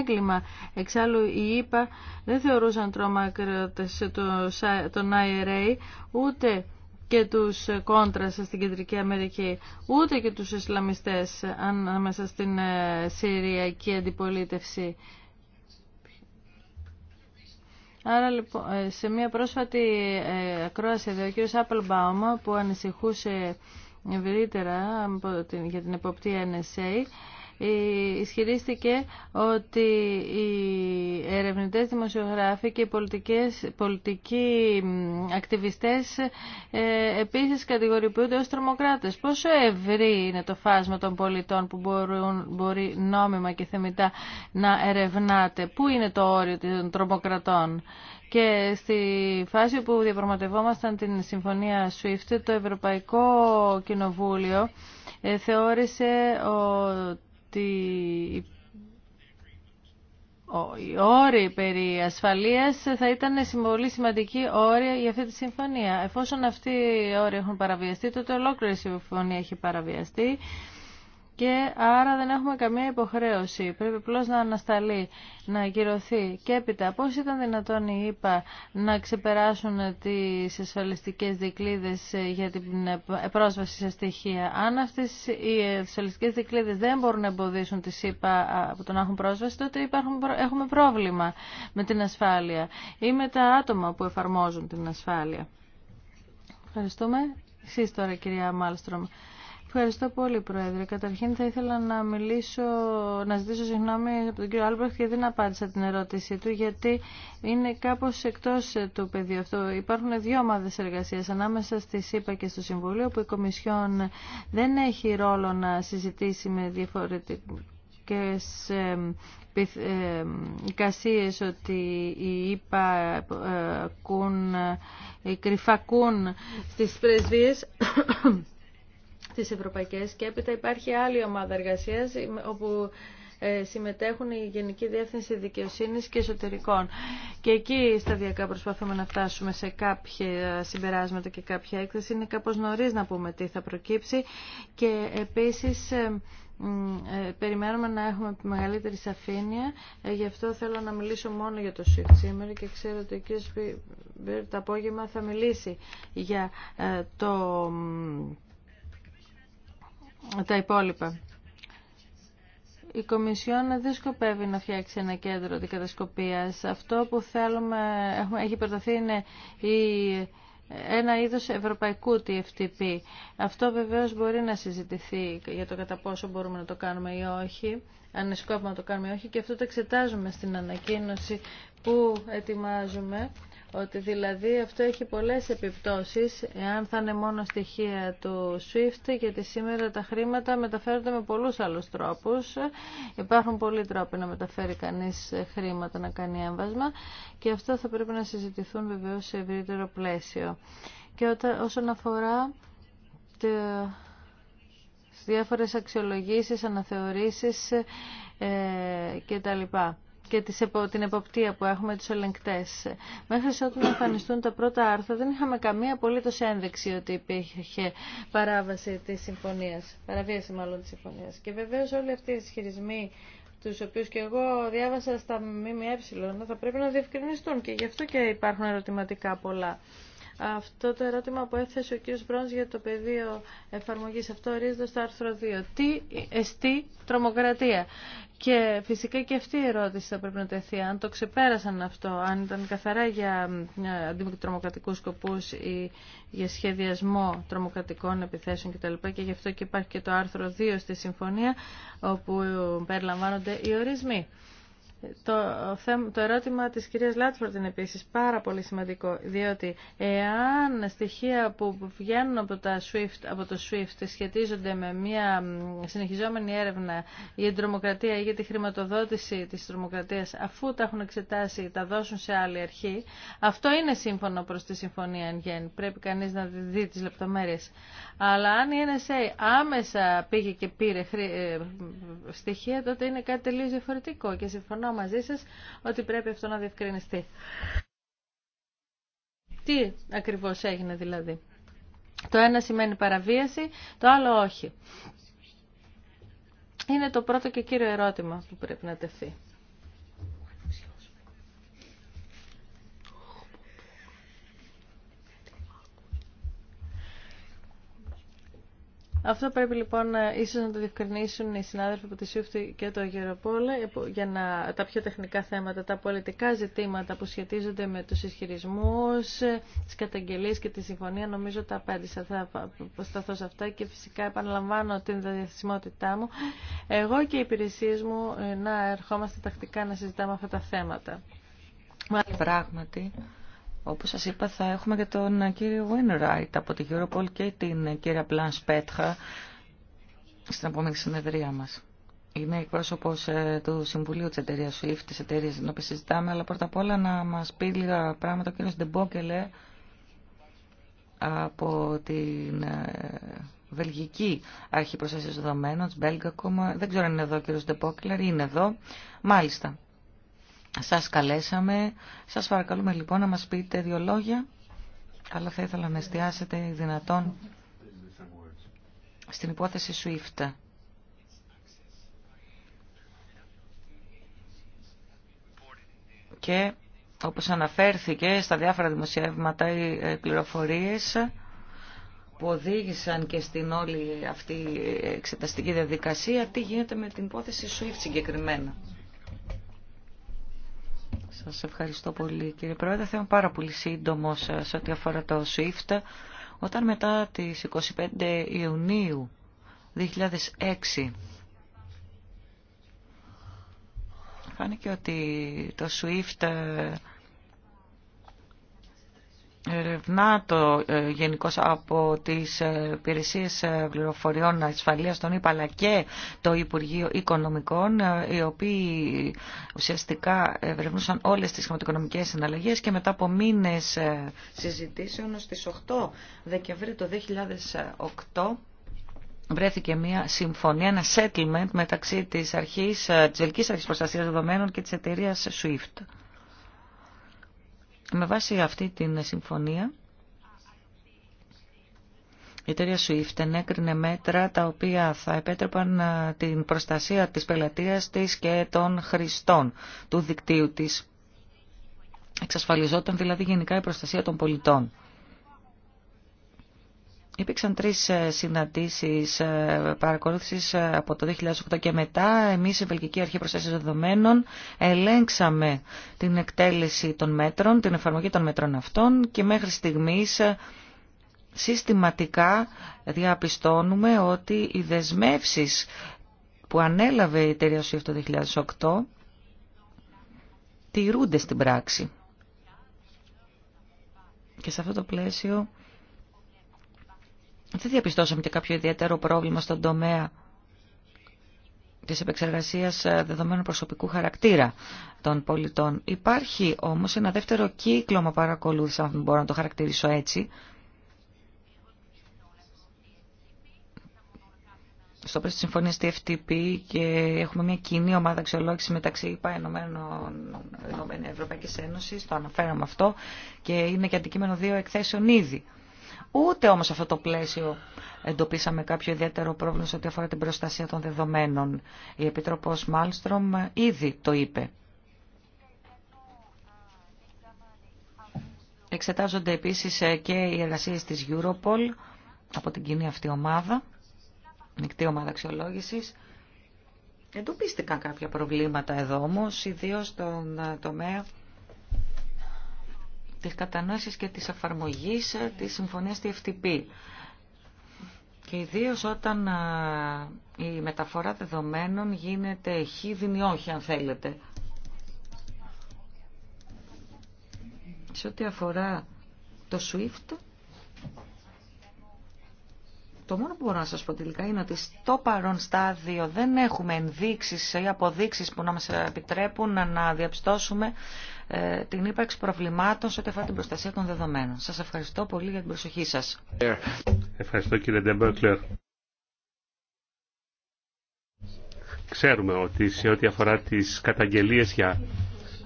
έγκλημα. Εξάλλου η ΙΠΑ δεν θεωρούσαν τρομοκράτες τον IRA ούτε και τους κόντρας στην Κεντρική Αμερική, ούτε και τους Ισλαμιστές ανάμεσα στην ε, Συριακή αντιπολίτευση. Άρα λοιπόν, ε, σε μια πρόσφατη ε, ακρόαση εδώ, ο κ. Applebaum, που ανησυχούσε ευρύτερα για την εποπτεία NSA, ισχυρίστηκε ότι οι ερευνητές δημοσιογράφοι και οι πολιτικοί ακτιβιστές ε, επίσης κατηγοριοποιούνται ως τρομοκράτες. Πόσο ευρύ είναι το φάσμα των πολιτών που μπορούν, μπορεί νόμιμα και θεμητά να ερευνάται. Πού είναι το όριο των τρομοκρατών. Και στη φάση που διαπραγματευόμασταν την συμφωνία SWIFT, το Ευρωπαϊκό Κοινοβούλιο ε, θεώρησε ότι ότι οι όροι περί ασφαλείας θα ήταν πολύ σημαντική όρια για αυτή τη συμφωνία. Εφόσον αυτοί οι όροι έχουν παραβιαστεί, τότε ολόκληρη η συμφωνία έχει παραβιαστεί και άρα δεν έχουμε καμία υποχρέωση. Πρέπει απλώ να ανασταλεί, να ακυρωθεί. Και έπειτα, πώ ήταν δυνατόν οι ΗΠΑ να ξεπεράσουν τι ασφαλιστικέ δικλείδε ε, για την πρόσβαση σε στοιχεία. Αν αυτέ οι ασφαλιστικέ δικλείδε δεν μπορούν να εμποδίσουν τι ΙΠΑ από το να έχουν πρόσβαση, τότε έχουμε πρόβλημα με την ασφάλεια ή με τα άτομα που εφαρμόζουν την ασφάλεια. Ευχαριστούμε. Εσεί τώρα, κυρία Μάλστρομ. Ευχαριστώ πολύ, Πρόεδρε. Καταρχήν θα ήθελα να μιλήσω, να ζητήσω συγγνώμη από τον κύριο Άλμπρεχτ γιατί δεν απάντησα την ερώτησή του, γιατί είναι κάπως εκτός του πεδίου αυτό. Υπάρχουν δύο ομάδε εργασία, ανάμεσα στη ΣΥΠΑ και στο Συμβουλίο, που η Κομισιόν δεν έχει ρόλο να συζητήσει με διαφορετικές εικασίες ότι οι ΙΠΑ ε, ε, κρυφακούν στι πρεσβείε τις ευρωπαϊκές και έπειτα υπάρχει άλλη ομάδα εργασίας όπου ε, συμμετέχουν η Γενική Διεύθυνση Δικαιοσύνης και Εσωτερικών. Και εκεί σταδιακά προσπαθούμε να φτάσουμε σε κάποια συμπεράσματα και κάποια έκθεση. Είναι κάπως νωρίς να πούμε τι θα προκύψει και επίσης ε, ε, περιμένουμε να έχουμε μεγαλύτερη σαφήνεια. γι' αυτό θέλω να μιλήσω μόνο για το shift σήμερα και ξέρω ότι ο κ. το απόγευμα θα μιλήσει για το τα υπόλοιπα. Η Κομισιόν δεν σκοπεύει να φτιάξει ένα κέντρο δικατασκοπίας. Αυτό που θέλουμε, έχει προταθεί είναι η ένα είδος ευρωπαϊκού TFTP. Αυτό βεβαίως μπορεί να συζητηθεί για το κατά πόσο μπορούμε να το κάνουμε ή όχι, αν να το κάνουμε ή όχι και αυτό το εξετάζουμε στην ανακοίνωση που ετοιμάζουμε ότι δηλαδή αυτό έχει πολλές επιπτώσεις εάν θα είναι μόνο στοιχεία του SWIFT γιατί σήμερα τα χρήματα μεταφέρονται με πολλούς άλλους τρόπους υπάρχουν πολλοί τρόποι να μεταφέρει κανείς χρήματα να κάνει έμβασμα και αυτό θα πρέπει να συζητηθούν βεβαίως σε ευρύτερο πλαίσιο και όσον αφορά τι διάφορες αξιολογήσεις, αναθεωρήσεις ε, και τα λοιπά και την εποπτεία που έχουμε τους ελεγκτές. Μέχρι σε εμφανιστούν τα πρώτα άρθρα δεν είχαμε καμία απολύτως ένδειξη ότι υπήρχε παράβαση της συμφωνίας, παραβίαση μάλλον της συμφωνίας. Και βεβαίως όλοι αυτοί οι ισχυρισμοί τους οποίους και εγώ διάβασα στα ΜΜΕ θα πρέπει να διευκρινιστούν και γι' αυτό και υπάρχουν ερωτηματικά πολλά αυτό το ερώτημα που έθεσε ο κ. Μπρόνς για το πεδίο εφαρμογής αυτό ορίζοντα το άρθρο 2. Τι εστί τρομοκρατία. Και φυσικά και αυτή η ερώτηση θα πρέπει να τεθεί. Αν το ξεπέρασαν αυτό, αν ήταν καθαρά για ε, αντιτρομοκρατικούς σκοπούς ή για σχεδιασμό τρομοκρατικών επιθέσεων κτλ. Και γι' αυτό και υπάρχει και το άρθρο 2 στη συμφωνία όπου περιλαμβάνονται οι ορισμοί. Το, το ερώτημα της κυρίας Λάτφορντ είναι επίσης πάρα πολύ σημαντικό, διότι εάν στοιχεία που βγαίνουν από, τα SWIFT, από το SWIFT σχετίζονται με μια συνεχιζόμενη έρευνα για την τρομοκρατία ή για τη χρηματοδότηση της τρομοκρατίας, αφού τα έχουν εξετάσει τα δώσουν σε άλλη αρχή, αυτό είναι σύμφωνο προς τη συμφωνία εν Πρέπει κανείς να δει τις λεπτομέρειες. Αλλά αν η NSA άμεσα πήγε και πήρε ε, στοιχεία, τότε είναι κάτι τελείως διαφορετικό και συμφωνώ μαζί σας ότι πρέπει αυτό να διευκρινιστεί. Τι ακριβώς έγινε δηλαδή. Το ένα σημαίνει παραβίαση, το άλλο όχι. Είναι το πρώτο και κύριο ερώτημα που πρέπει να τεθεί. Αυτό πρέπει λοιπόν ε, ίσως να το διευκρινίσουν οι συνάδελφοι από τη ΣΥΟΥΦΤΗ και το Γεροπόλε για να, τα πιο τεχνικά θέματα, τα πολιτικά ζητήματα που σχετίζονται με τους ισχυρισμούς, ε, τις καταγγελίες και τη συμφωνία. Νομίζω τα απάντησα, θα σταθώ σε αυτά και φυσικά επαναλαμβάνω την διαθεσιμότητά μου. Εγώ και οι υπηρεσίες μου ε, να ερχόμαστε τακτικά να συζητάμε αυτά τα θέματα. Πράγματι, όπως σας είπα θα έχουμε και τον κύριο Wainwright από την Europol και την κυρία Πλάνς Πέτχα στην επόμενη συνεδρία μας. Είναι εκπρόσωπο ε, του Συμβουλίου τη εταιρεία SWIFT, τη εταιρεία την οποία συζητάμε, αλλά πρώτα απ' όλα να μα πει λίγα πράγματα ο κ. Ντεμπόκελε από την ε, Βελγική Αρχή Προστασία Δεδομένων, τη Belgacom. Δεν ξέρω αν είναι εδώ ο κ. Ντεμπόκελερ, είναι εδώ. Μάλιστα. Σας καλέσαμε. Σας παρακαλούμε λοιπόν να μας πείτε δύο λόγια, αλλά θα ήθελα να εστιάσετε δυνατόν στην υπόθεση SWIFT. Και όπως αναφέρθηκε στα διάφορα δημοσιεύματα οι ε, πληροφορίες που οδήγησαν και στην όλη αυτή εξεταστική διαδικασία, τι γίνεται με την υπόθεση SWIFT συγκεκριμένα. Σας ευχαριστώ πολύ κύριε Πρόεδρε. Θα είμαι πάρα πολύ σύντομο ε, σε ό,τι αφορά το SWIFT. Όταν μετά τις 25 Ιουνίου 2006 φάνηκε ότι το SWIFT ε, ερευνά το ε, γενικώ από τις ε, υπηρεσίε ε, πληροφοριών ασφαλείας των ΙΠΑ αλλά και το Υπουργείο Οικονομικών ε, οι οποίοι ουσιαστικά ερευνούσαν όλες τις χρηματοοικονομικές συναλλαγές και μετά από μήνες συζητήσεων στις 8 Δεκεμβρίου του 2008 βρέθηκε μια συμφωνία, ένα settlement μεταξύ της αρχής, της Προστασία Αρχής Προστασίας Δεδομένων και της εταιρείας SWIFT. Με βάση αυτή την συμφωνία, η εταιρεία SWIFT ενέκρινε μέτρα τα οποία θα επέτρεπαν την προστασία της πελατείας της και των χρηστών του δικτύου της. Εξασφαλιζόταν δηλαδή γενικά η προστασία των πολιτών. Υπήρξαν τρεις ε, συναντήσεις ε, παρακολούθησης ε, από το 2008 και μετά. Εμείς, η Βελγική Αρχή Προστασίας Δεδομένων, ελέγξαμε την εκτέλεση των μέτρων, την εφαρμογή των μέτρων αυτών και μέχρι στιγμής συστηματικά διαπιστώνουμε ότι οι δεσμεύσεις που ανέλαβε η εταιρεία ΣΥΕΦ το 2008 τηρούνται στην πράξη. Και σε αυτό το πλαίσιο δεν διαπιστώσαμε και κάποιο ιδιαίτερο πρόβλημα στον τομέα της επεξεργασίας ε, δεδομένων προσωπικού χαρακτήρα των πολιτών. Υπάρχει όμως ένα δεύτερο κύκλωμα παρακολούθηση, αν μπορώ να το χαρακτηρίσω έτσι, στο πλαίσιο της συμφωνίας τη FTP και έχουμε μια κοινή ομάδα αξιολόγηση μεταξύ ΙΠΑ ΕΕ, το αναφέραμε αυτό, και είναι και αντικείμενο δύο εκθέσεων ήδη. Ούτε όμως αυτό το πλαίσιο εντοπίσαμε κάποιο ιδιαίτερο πρόβλημα σε ό,τι αφορά την προστασία των δεδομένων. Η Επιτροπός Μάλστρομ ήδη το είπε. Εξετάζονται επίσης ε, και οι εργασίε της Europol από την κοινή αυτή ομάδα, νυχτή ομάδα αξιολόγηση. Εντοπίστηκαν κάποια προβλήματα εδώ όμως, ιδίως στον ε, τομέα της κατανόησης και της εφαρμογής ε, της συμφωνίας τη FTP. Και ιδίως όταν ε, η μεταφορά δεδομένων γίνεται χίδινη όχι αν θέλετε. Σε ό,τι αφορά το SWIFT, το μόνο που μπορώ να σας πω τελικά είναι ότι στο παρόν στάδιο δεν έχουμε ενδείξεις ή αποδείξεις που να μας επιτρέπουν να διαπιστώσουμε ε, την ύπαρξη προβλημάτων σε ό,τι αφορά την προστασία των δεδομένων. Σας ευχαριστώ πολύ για την προσοχή σας. Ευχαριστώ κύριε Ντεμπερκλερ. Ξέρουμε ότι σε ό,τι αφορά τις καταγγελίες για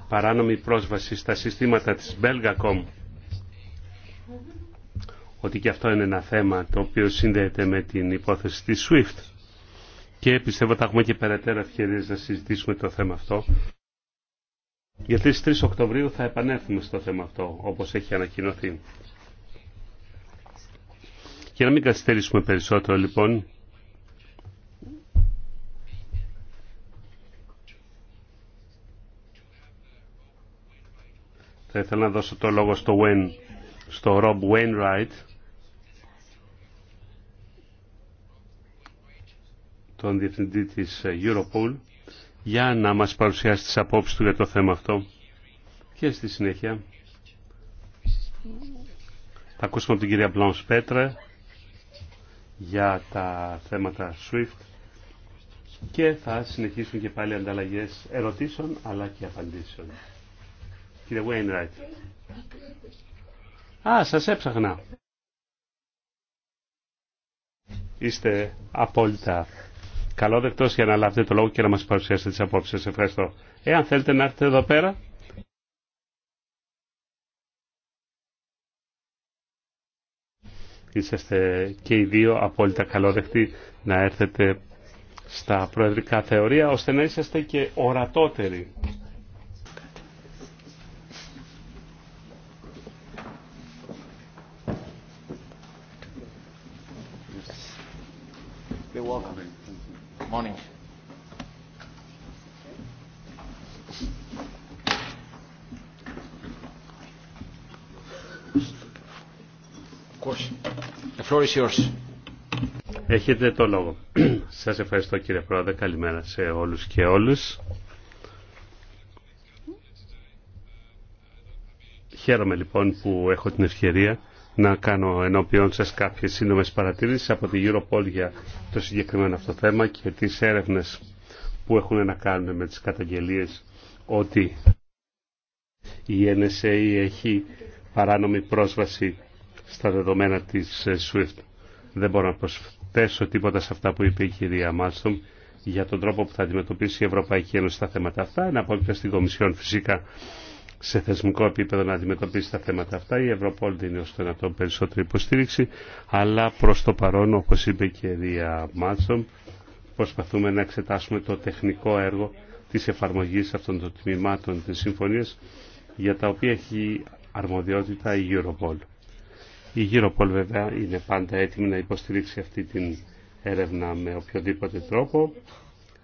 παράνομη πρόσβαση στα συστήματα της Belgacom ότι και αυτό είναι ένα θέμα το οποίο συνδέεται με την υπόθεση της SWIFT και πιστεύω ότι θα έχουμε και περαιτέρω ευκαιρίες να συζητήσουμε το θέμα αυτό γιατί τις 3 Οκτωβρίου θα επανέλθουμε στο θέμα αυτό, όπως έχει ανακοινωθεί. Και να μην καθυστερήσουμε περισσότερο, λοιπόν, θα ήθελα να δώσω το λόγο στο, Wayne, στο Rob Wainwright, τον διευθυντή της Europol, για να μας παρουσιάσει τις απόψεις του για το θέμα αυτό. Και στη συνέχεια θα ακούσουμε από την κυρία Μπλόνς Πέτρε για τα θέματα SWIFT και θα συνεχίσουν και πάλι ανταλλαγές ερωτήσεων αλλά και απαντήσεων. Κύριε Wainwright. Α, σας έψαχνα. Είστε απόλυτα καλό δεκτός για να λάβετε το λόγο και να μας παρουσιάσετε τις απόψει. σας. Ευχαριστώ. Εάν θέλετε να έρθετε εδώ πέρα. Είσαστε και οι δύο απόλυτα καλόδεκτοι να έρθετε στα προεδρικά θεωρία, ώστε να είσαστε και ορατότεροι morning. Of course. The floor is yours. Έχετε το λόγο. Σας ευχαριστώ κύριε Πρόεδρε. Καλημέρα σε όλους και όλους. Χαίρομαι λοιπόν που έχω την ευκαιρία να κάνω ενώπιον σας κάποιες σύντομες παρατηρήσεις από τη Europol για το συγκεκριμένο αυτό θέμα και τις έρευνες που έχουν να κάνουν με τις καταγγελίες ότι η NSA έχει παράνομη πρόσβαση στα δεδομένα της ε, SWIFT. Δεν μπορώ να προσθέσω τίποτα σε αυτά που είπε η κυρία Μάλστομ για τον τρόπο που θα αντιμετωπίσει η Ευρωπαϊκή Ένωση στα θέματα αυτά. Είναι απόλυτα στην Κομισιόν φυσικά σε θεσμικό επίπεδο να αντιμετωπίσει τα θέματα αυτά. Η Ευρωπόλ δίνει ως το περισσότερη υποστήριξη, αλλά προς το παρόν, όπως είπε και η κυρία Μάτσομ, προσπαθούμε να εξετάσουμε το τεχνικό έργο της εφαρμογής αυτών των τμήματων της συμφωνίας, για τα οποία έχει αρμοδιότητα η Europol. Η Europol βέβαια είναι πάντα έτοιμη να υποστηρίξει αυτή την έρευνα με οποιοδήποτε τρόπο.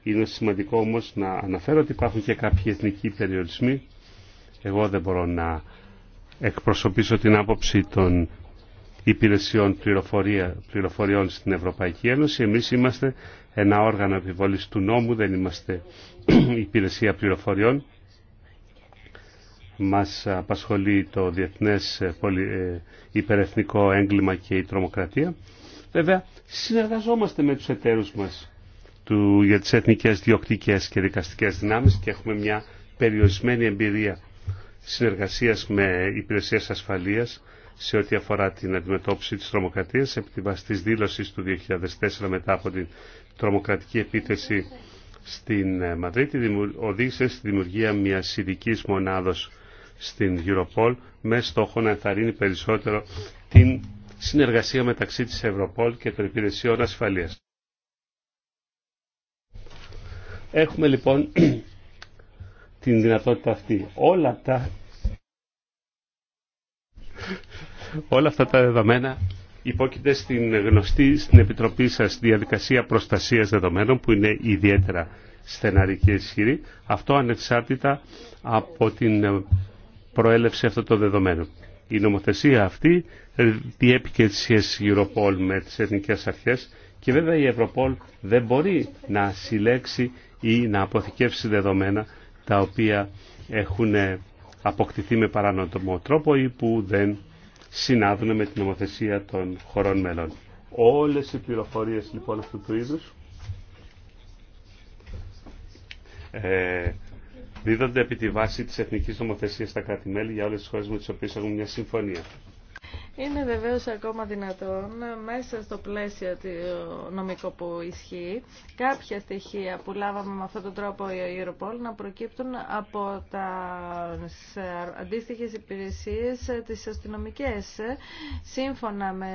Είναι σημαντικό όμως να αναφέρω ότι υπάρχουν και κάποιοι εθνικοί περιορισμοί εγώ δεν μπορώ να εκπροσωπήσω την άποψη των υπηρεσιών πληροφοριών στην Ευρωπαϊκή Ένωση. Εμείς είμαστε ένα όργανο επιβολής του νόμου, δεν είμαστε υπηρεσία πληροφοριών. Μας απασχολεί το διεθνές ε, ε, υπερεθνικό έγκλημα και η τρομοκρατία. Βέβαια, συνεργαζόμαστε με τους εταίρους μας για τις εθνικές διοκτικές και δικαστικές δυνάμεις και έχουμε μια περιορισμένη εμπειρία συνεργασίας με υπηρεσίες ασφαλείας σε ό,τι αφορά την αντιμετώπιση της τρομοκρατίας επί τη βάση δήλωσης του 2004 μετά από την τρομοκρατική επίθεση στην ε, Μαδρίτη οδήγησε στη δημιουργία μιας ειδική μονάδος στην Europol με στόχο να ενθαρρύνει περισσότερο την συνεργασία μεταξύ της Ευρωπόλ και των υπηρεσιών ασφαλείας. Έχουμε λοιπόν την δυνατότητα αυτή. Όλα τα... Όλα αυτά τα δεδομένα υπόκειται στην γνωστή στην Επιτροπή σας διαδικασία προστασίας δεδομένων που είναι ιδιαίτερα στεναρή και ισχυρή. Αυτό ανεξάρτητα από την ε, προέλευση αυτών των δεδομένων. Η νομοθεσία αυτή ε, διέπει και τις σχέσεις Europol με τις εθνικές αρχές και βέβαια η Ευρωπόλ δεν μπορεί να συλλέξει ή να αποθηκεύσει δεδομένα τα οποία έχουν αποκτηθεί με παράνομο τρόπο ή που δεν συνάδουν με την νομοθεσία των χωρών μελών. Όλες οι πληροφορίες λοιπόν αυτού του είδους ε, δίδονται επί τη βάση της εθνικής νομοθεσίας στα κράτη-μέλη για όλες τις χώρες με τις οποίες έχουμε μια συμφωνία. Είναι βεβαίω ακόμα δυνατόν μέσα στο πλαίσιο νομικό που ισχύει κάποια στοιχεία που λάβαμε με αυτόν τον τρόπο η Europol να προκύπτουν από τα αντίστοιχε υπηρεσίες τι αστυνομικέ σύμφωνα με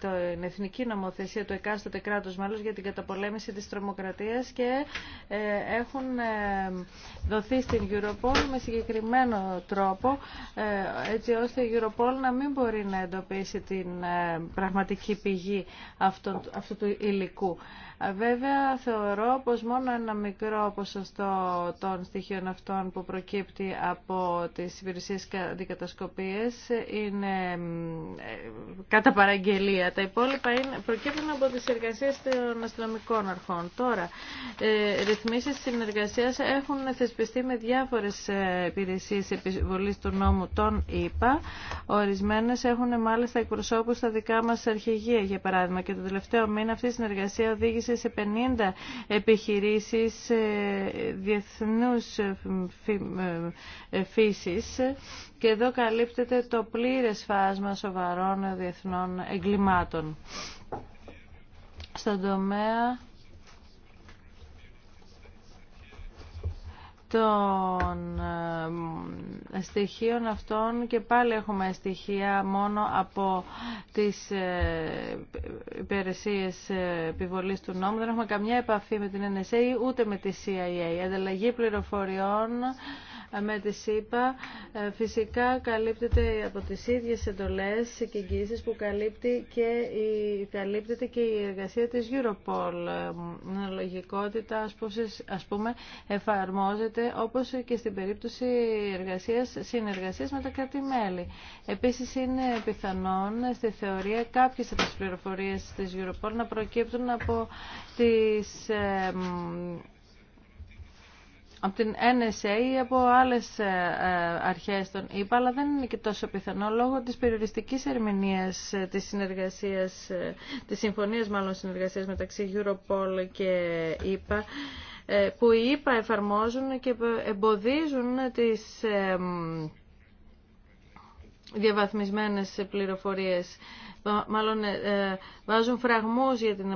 την εθνική νομοθεσία του εκάστοτε κράτους μέλου για την καταπολέμηση της τρομοκρατίας και ε, έχουν ε, δοθεί στην Europol με συγκεκριμένο τρόπο ε, έτσι ώστε η Europol να μην μπορεί να εντοπίσει την ε, πραγματική πηγή αυτού του υλικού. Βέβαια θεωρώ πως μόνο ένα μικρό ποσοστό των στοιχείων αυτών που προκύπτει από τις υπηρεσίες αντικατασκοπίες είναι ε, κατά παραγγελία. Τα υπόλοιπα προκύπτουν από τις εργασίες των αστυνομικών αρχών. Τώρα, ε, ρυθμίσεις συνεργασίας έχουν θεσπιστεί με διάφορες ε, υπηρεσίες επιβολής του νόμου των ΙΠΑ. Ορισμένες έχουν μάλιστα εκπροσώπους στα δικά μας αρχηγεία, για παράδειγμα. Και το τελευταίο μήνα αυτή η συνεργασία οδήγησε σε 50 επιχειρήσει διεθνούς ε, ε, φύση. και εδώ καλύπτεται το πλήρε φάσμα σοβαρών διεθνών εγκλημάτων. Στον τομέα των ε, στοιχείων αυτών και πάλι έχουμε στοιχεία μόνο από τις ε, υπηρεσίες ε, επιβολής του νόμου. Δεν έχουμε καμιά επαφή με την NSA ούτε με τη CIA. Ανταλλαγή πληροφοριών με τη ΣΥΠΑ ε, φυσικά καλύπτεται από τις ίδιες εντολές και εγγύησεις που καλύπτει και η, καλύπτεται και η εργασία της Europol. Ε, λογικότητα ας πούμε εφαρμόζεται όπως και στην περίπτωση εργασίας, συνεργασίας με τα κράτη-μέλη. Επίσης είναι πιθανόν στη θεωρία κάποιες από τις πληροφορίες της Europol να προκύπτουν από τις ε, από την NSA ή από άλλες ε, ε, αρχές των ΙΠΑ, αλλά δεν είναι και τόσο πιθανό λόγω της περιοριστικής ερμηνείας ε, της συνεργασίας, της συμφωνίας μάλλον συνεργασίας μεταξύ Europol και ΙΠΑ, που οι ΙΠΑ εφαρμόζουν και εμποδίζουν τις διαβαθμισμένες πληροφορίες. Μάλλον ε, ε, βάζουν φραγμούς για την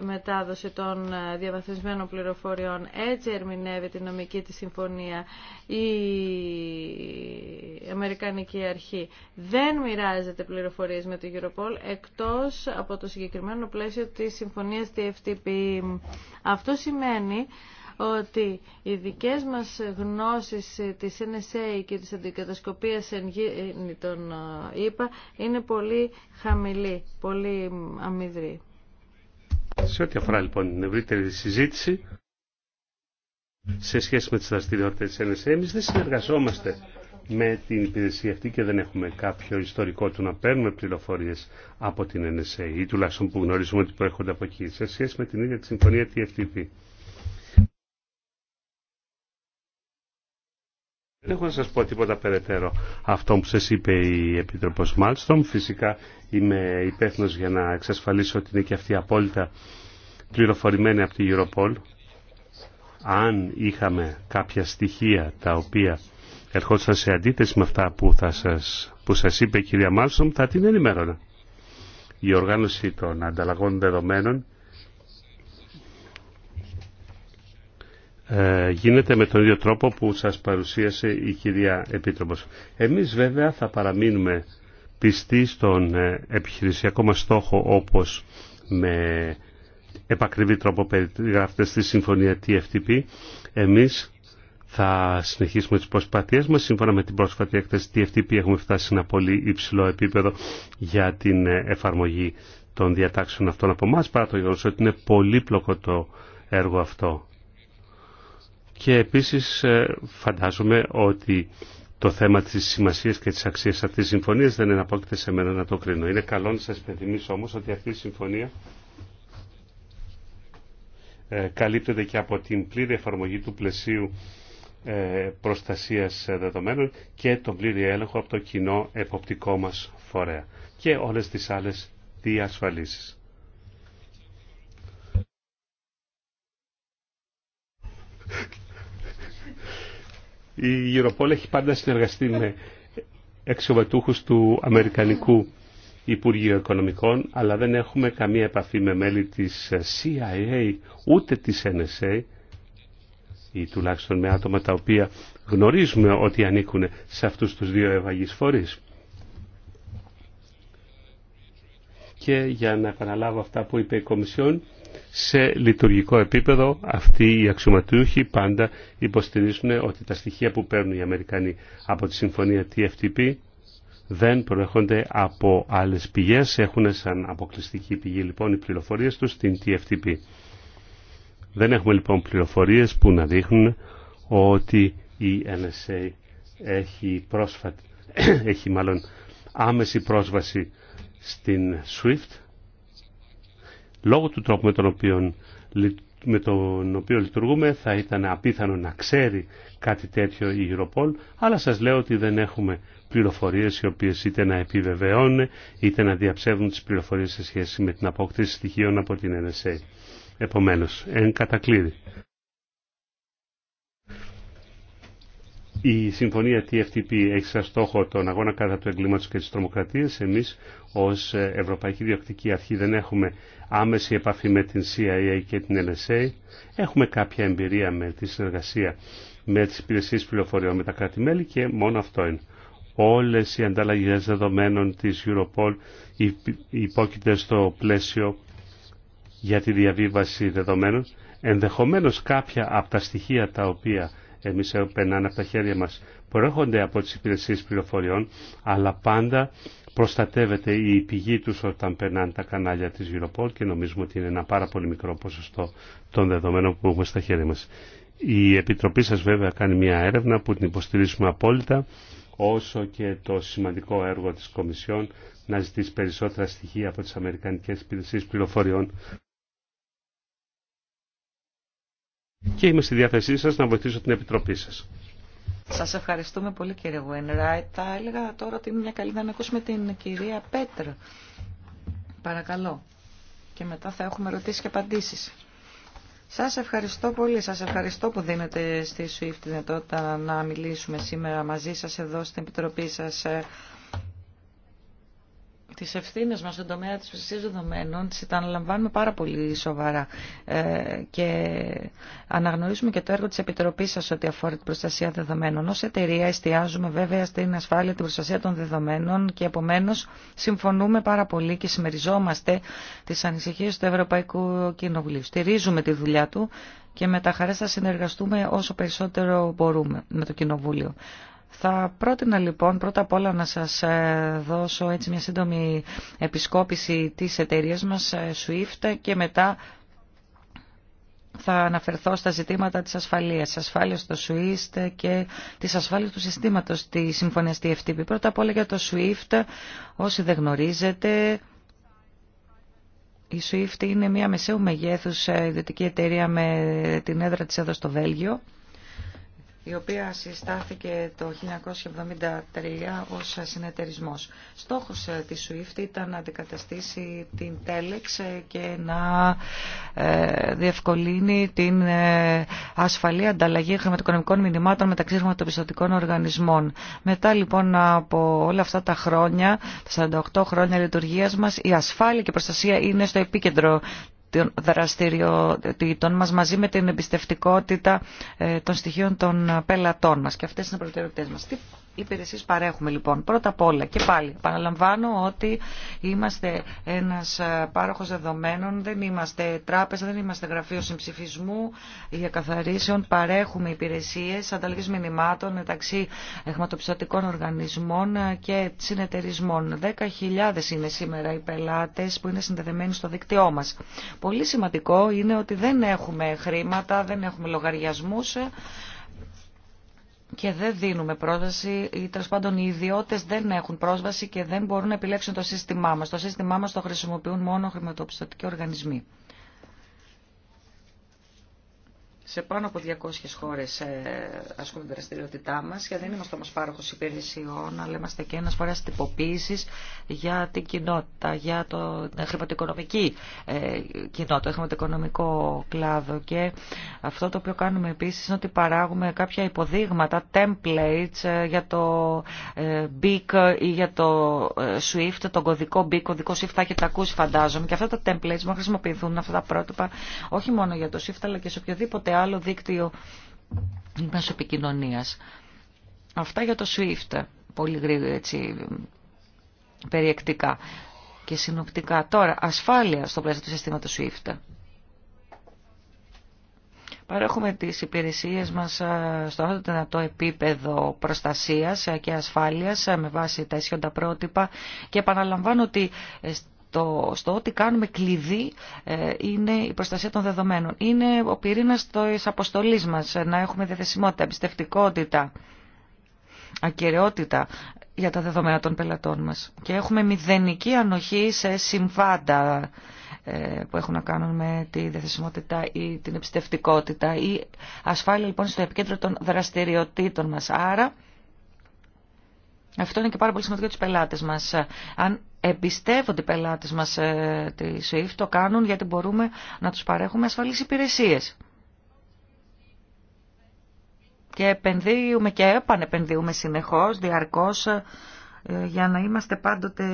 μετάδοση των ε, διαβαθμισμένων πληροφοριών. Έτσι ερμηνεύει την νομική τη συμφωνία η Αμερικανική Αρχή. Δεν μοιράζεται πληροφορίες με το Europol εκτός από το συγκεκριμένο πλαίσιο της συμφωνίας TFTP. Αυτό σημαίνει ότι οι δικές μας γνώσεις της NSA και της αντικατασκοπίας των ΙΠΑ ε, είναι πολύ χαμηλή, πολύ αμυδρή. Σε ό,τι αφορά λοιπόν την ευρύτερη συζήτηση, σε σχέση με τις δραστηριότητε της NSA, εμείς δεν συνεργαζόμαστε με την υπηρεσία αυτή και δεν έχουμε κάποιο ιστορικό του να παίρνουμε πληροφορίες από την NSA ή τουλάχιστον που γνωρίζουμε ότι προέρχονται από εκεί σε σχέση με την ίδια τη συμφωνία TFTP. Δεν έχω να σας πω τίποτα περαιτέρω αυτό που σας είπε η Επίτροπος Μάλστρομ. Φυσικά είμαι υπεύθυνος για να εξασφαλίσω ότι είναι και αυτή απόλυτα πληροφορημένη από την Europol. Αν είχαμε κάποια στοιχεία τα οποία ερχόντουσαν σε αντίθεση με αυτά που, θα σας, που σας είπε η κυρία Μάλστρομ, θα την ενημέρωνα. Η οργάνωση των ανταλλαγών δεδομένων Ε, γίνεται με τον ίδιο τρόπο που σας παρουσίασε η κυρία Επίτροπος. Εμείς βέβαια θα παραμείνουμε πιστοί στον ε, επιχειρησιακό μας στόχο όπως με επακριβή τρόπο περιγράφεται στη συμφωνία TFTP. Εμείς θα συνεχίσουμε τις προσπάθειές μας. Σύμφωνα με την πρόσφατη έκθεση TFTP έχουμε φτάσει σε ένα πολύ υψηλό επίπεδο για την ε, εφαρμογή των διατάξεων αυτών από εμά, παρά το γεγονό ότι είναι πολύπλοκο το έργο αυτό και επίσης ε, φαντάζομαι ότι το θέμα της σημασίας και της αξίας αυτής της συμφωνίας δεν είναι απόκειται σε μένα να το κρίνω. Είναι καλό να σας πενθυμίσω όμως ότι αυτή η συμφωνία ε, καλύπτεται και από την πλήρη εφαρμογή του πλαισίου ε, προστασίας δεδομένων και τον πλήρη έλεγχο από το κοινό εποπτικό μας φορέα και όλες τις άλλες διασφαλίσεις. Η Europol έχει πάντα συνεργαστεί με του Αμερικανικού Υπουργείου Οικονομικών, αλλά δεν έχουμε καμία επαφή με μέλη της CIA ούτε της NSA ή τουλάχιστον με άτομα τα οποία γνωρίζουμε ότι ανήκουν σε αυτούς τους δύο ευαγείς φορείς. Και για να επαναλάβω αυτά που είπε η Κομισιόν, σε λειτουργικό επίπεδο αυτοί οι αξιωματούχοι πάντα υποστηρίζουν ότι τα στοιχεία που παίρνουν οι Αμερικανοί από τη συμφωνία TFTP δεν προέρχονται από άλλες πηγές, έχουν σαν αποκλειστική πηγή λοιπόν οι πληροφορίες τους στην TFTP. Δεν έχουμε λοιπόν πληροφορίες που να δείχνουν ότι η NSA έχει, πρόσφατη, έχει μάλλον άμεση πρόσβαση στην SWIFT λόγω του τρόπου με τον οποίο, με τον οποίο λειτουργούμε θα ήταν απίθανο να ξέρει κάτι τέτοιο η Europol, αλλά σας λέω ότι δεν έχουμε πληροφορίες οι οποίες είτε να επιβεβαιώνουν είτε να διαψεύδουν τις πληροφορίες σε σχέση με την αποκτήση στοιχείων από την NSA. Επομένως, εν κατακλείδη. Η συμφωνία TFTP έχει σαν στόχο τον αγώνα κατά του εγκλήματος και της τρομοκρατίας. Εμείς ως Ευρωπαϊκή Διοκτική Αρχή δεν έχουμε άμεση επαφή με την CIA και την NSA. Έχουμε κάποια εμπειρία με τη συνεργασία με τις υπηρεσίες πληροφοριών με τα κράτη-μέλη και μόνο αυτό είναι. Όλες οι ανταλλαγές δεδομένων της Europol υπόκειται στο πλαίσιο για τη διαβίβαση δεδομένων. Ενδεχομένως κάποια από τα στοιχεία τα οποία Εμεί ε, περνάνε από τα χέρια μας, προέρχονται από τι υπηρεσίε πληροφοριών, αλλά πάντα προστατεύεται η πηγή του όταν περνάνε τα κανάλια τη Europol και νομίζουμε ότι είναι ένα πάρα πολύ μικρό ποσοστό των δεδομένων που έχουμε στα χέρια μα. Η Επιτροπή σας βέβαια κάνει μια έρευνα που την υποστηρίζουμε απόλυτα, όσο και το σημαντικό έργο της Κομισιόν να ζητήσει περισσότερα στοιχεία από τις Αμερικανικές Υπηρεσίες Πληροφοριών και είμαι στη διάθεσή σας να βοηθήσω την Επιτροπή σας. Σας ευχαριστούμε πολύ κύριε Γουένραιτ. Θα έλεγα τώρα ότι είναι μια καλή να ακούσουμε την κυρία Πέτρα. Παρακαλώ. Και μετά θα έχουμε ρωτήσει και απαντήσεις. Σας ευχαριστώ πολύ. Σας ευχαριστώ που δίνετε στη σου τη δυνατότητα να μιλήσουμε σήμερα μαζί σας εδώ στην Επιτροπή σας τις ευθύνε μα στον τομέα τη φυσική δεδομένων τις αναλαμβάνουμε πάρα πολύ σοβαρά ε, και αναγνωρίζουμε και το έργο τη επιτροπή σα ότι αφορά την προστασία δεδομένων. Ω εταιρεία εστιάζουμε βέβαια στην ασφάλεια την προστασία των δεδομένων και επομένω συμφωνούμε πάρα πολύ και συμμεριζόμαστε τι ανησυχίε του Ευρωπαϊκού Κοινοβουλίου. Στηρίζουμε τη δουλειά του και με τα χαρά θα συνεργαστούμε όσο περισσότερο μπορούμε με το Κοινοβούλιο. Θα πρότεινα λοιπόν πρώτα απ' όλα να σας ε, δώσω έτσι μια σύντομη επισκόπηση της εταιρείας μας ε, SWIFT και μετά θα αναφερθώ στα ζητήματα της ασφαλείας, της ασφάλειας στο SWIFT και της ασφάλειας του συστήματος τη Συμφωνία TFTP. Πρώτα απ' όλα για το SWIFT, όσοι δεν γνωρίζετε, η SWIFT είναι μια μεσαίου μεγέθους ε, ιδιωτική εταιρεία με την έδρα της εδώ στο Βέλγιο η οποία συστάθηκε το 1973 ως συνεταιρισμός. Στόχος ε, της SWIFT ήταν να αντικαταστήσει την Telex ε, και να ε, διευκολύνει την ασφαλή ανταλλαγή χρηματοοικονομικών μηνυμάτων μεταξύ χρηματοπιστωτικών οργανισμών. Μετά λοιπόν από όλα αυτά τα χρόνια, τα 48 χρόνια λειτουργίας μας, η ασφάλεια και η προστασία είναι στο επίκεντρο των δραστηριοτήτων μας μαζί με την εμπιστευτικότητα ε, των στοιχείων των πελατών μας. Και αυτές είναι οι προτεραιότητες μας υπηρεσίες παρέχουμε λοιπόν. Πρώτα απ' όλα και πάλι παραλαμβάνω ότι είμαστε ένας ε, πάροχος δεδομένων, δεν είμαστε τράπεζα, δεν είμαστε γραφείο συμψηφισμού για καθαρίσεων, παρέχουμε υπηρεσίες ανταλλαγής μηνυμάτων μεταξύ εχματοπιστωτικών οργανισμών ε, και συνεταιρισμών. 10.000 είναι σήμερα οι πελάτες που είναι συνδεδεμένοι στο δίκτυό μας. Πολύ σημαντικό είναι ότι δεν έχουμε χρήματα, δεν έχουμε λογαριασμούς ε, και δεν δίνουμε πρόσβαση ή τέλο πάντων οι ιδιώτε δεν έχουν πρόσβαση και δεν μπορούν να επιλέξουν το σύστημά μα. Το σύστημά μα το χρησιμοποιούν μόνο χρηματοπιστωτικοί οργανισμοί σε πάνω από 200 χώρες ε, ασκούμε την δραστηριότητά μα και δεν είμαστε όμω πάροχος υπηρεσιών, αλλά είμαστε και ένα φορέα τυποποίηση για την κοινότητα, για το χρηματοοικονομική ε, κοινότητα, το χρηματοοικονομικό κλάδο και αυτό το οποίο κάνουμε επίση είναι ότι παράγουμε κάποια υποδείγματα, templates ε, για το BIC ή για το SWIFT, τον κωδικό BIC, κωδικό SWIFT θα έχετε ακούσει φαντάζομαι και αυτά τα templates μπορούν να χρησιμοποιηθούν αυτά τα πρότυπα όχι μόνο για το SWIFT αλλά και σε οποιοδήποτε άλλο δίκτυο μέσω επικοινωνία. Αυτά για το SWIFT, πολύ γρήγορα έτσι περιεκτικά και συνοπτικά. Τώρα, ασφάλεια στο πλαίσιο του συστήματος SWIFT. Παρέχουμε τις υπηρεσίες μας ε, στο άλλο δυνατό επίπεδο προστασίας ε, και ασφάλειας ε, με βάση τα ισχυρά πρότυπα και επαναλαμβάνω ότι το, στο ότι κάνουμε κλειδί ε, είναι η προστασία των δεδομένων. Είναι ο πυρήνας της αποστολής μας ε, να έχουμε διαθεσιμότητα, εμπιστευτικότητα, ακαιρεότητα για τα δεδομένα των πελατών μας. Και έχουμε μηδενική ανοχή σε συμβάντα ε, που έχουν να κάνουν με τη διαθεσιμότητα ή την εμπιστευτικότητα ή ασφάλεια λοιπόν στο επικέντρο των δραστηριοτήτων μας. Άρα αυτό είναι και πάρα πολύ σημαντικό για τους πελάτες μας. Αν εμπιστεύονται οι πελάτες μας ε, τη SWIFT, το κάνουν γιατί μπορούμε να τους παρέχουμε ασφαλείς υπηρεσίες. Και επενδύουμε και επανεπενδύουμε συνεχώς, διαρκώς, ε, για να είμαστε πάντοτε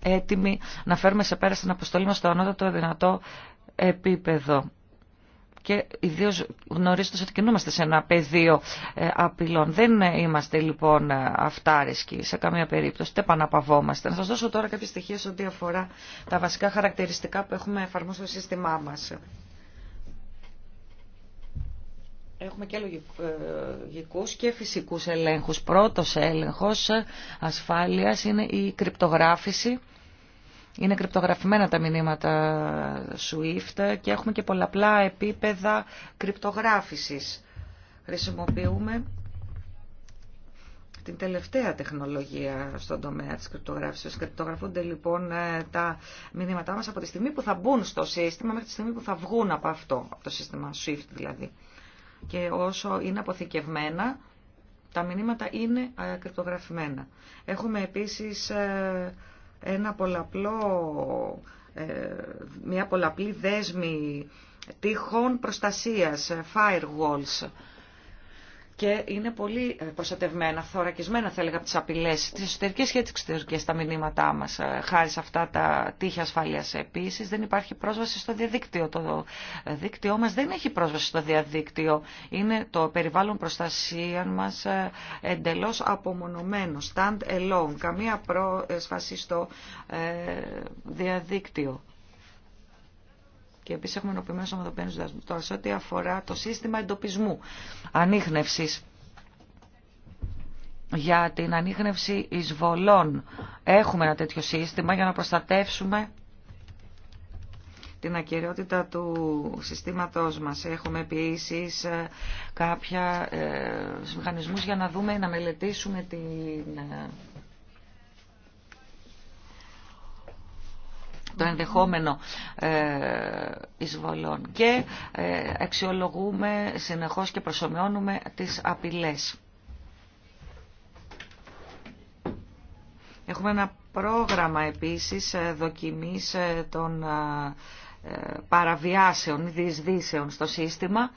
ε, έτοιμοι να φέρουμε σε πέρα στην αποστολή μας το ανώτατο δυνατό επίπεδο και ιδίω γνωρίζοντα ότι κινούμαστε σε ένα πεδίο ε, απειλών. Δεν είμαστε λοιπόν ε, αυτάρισκοι σε καμία περίπτωση, δεν επαναπαυόμαστε. Να σα δώσω τώρα κάποια στοιχεία ό,τι αφορά τα βασικά χαρακτηριστικά που έχουμε εφαρμόσει στο σύστημά μα. Έχουμε και λογικούς και φυσικούς ελέγχους. Πρώτος έλεγχος ασφάλειας είναι η κρυπτογράφηση είναι κρυπτογραφημένα τα μηνύματα SWIFT και έχουμε και πολλαπλά επίπεδα κρυπτογράφησης. Χρησιμοποιούμε την τελευταία τεχνολογία στον τομέα της κρυπτογράφησης. Κρυπτογραφούνται λοιπόν ε, τα μηνύματά μας από τη στιγμή που θα μπουν στο σύστημα μέχρι τη στιγμή που θα βγουν από αυτό, από το σύστημα SWIFT δηλαδή. Και όσο είναι αποθηκευμένα, τα μηνύματα είναι ε, κρυπτογραφημένα. Έχουμε επίσης ε, ένα πολλαπλό, ε, μια πολλαπλή δέσμη τείχων προστασίας, ε, firewalls, και είναι πολύ ε, προστατευμένα, θωρακισμένα θα έλεγα από τις απειλές της εσωτερικής και της τα μηνύματά μας ε, χάρη σε αυτά τα τείχη ασφαλείας. Επίσης δεν υπάρχει πρόσβαση στο διαδίκτυο. Το ε, δίκτυό μας δεν έχει πρόσβαση στο διαδίκτυο. Είναι το περιβάλλον προστασία μας εντελώς απομονωμένο, stand alone, καμία πρόσβαση στο διαδίκτυο. Και επίση έχουμε ενωπημένο σωματοποιημένου δασμού. Τώρα, σε ό,τι αφορά το σύστημα εντοπισμού ανείχνευση για την ανείχνευση εισβολών. Έχουμε ένα τέτοιο σύστημα για να προστατεύσουμε την ακυριότητα του συστήματός μας. Έχουμε επίσης ε, κάποια ε, μηχανισμούς για να δούμε, να μελετήσουμε την ε, το ενδεχόμενο ε, εισβολών και ε, αξιολογούμε συνεχώς και προσωμιώνουμε τις απειλές. Έχουμε ένα πρόγραμμα επίσης ε, δοκιμής των παραβιάσεων, ή διεισδύσεων στο σύστημα,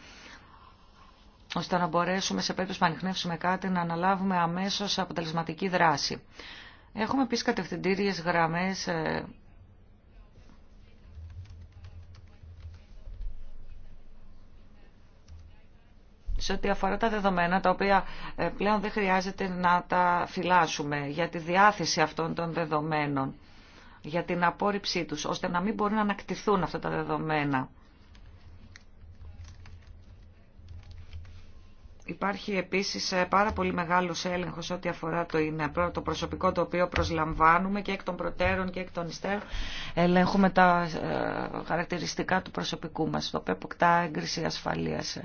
ώστε να μπορέσουμε σε περίπτωση που ανοιχνεύσουμε κάτι να αναλάβουμε αμέσως αποτελεσματική δράση. Έχουμε επίσης κατευθυντήριες γραμμές σε ό,τι αφορά τα δεδομένα τα οποία ε, πλέον δεν χρειάζεται να τα φυλάσσουμε για τη διάθεση αυτών των δεδομένων, για την απόρριψή τους, ώστε να μην μπορούν να ανακτηθούν αυτά τα δεδομένα. Υπάρχει επίσης ε, πάρα πολύ μεγάλος έλεγχος ό,τι αφορά το, το προσωπικό το οποίο προσλαμβάνουμε και εκ των προτέρων και εκ των υστέρων ελέγχουμε τα ε, χαρακτηριστικά του προσωπικού μας, το οποίο αποκτά έγκριση ασφαλείας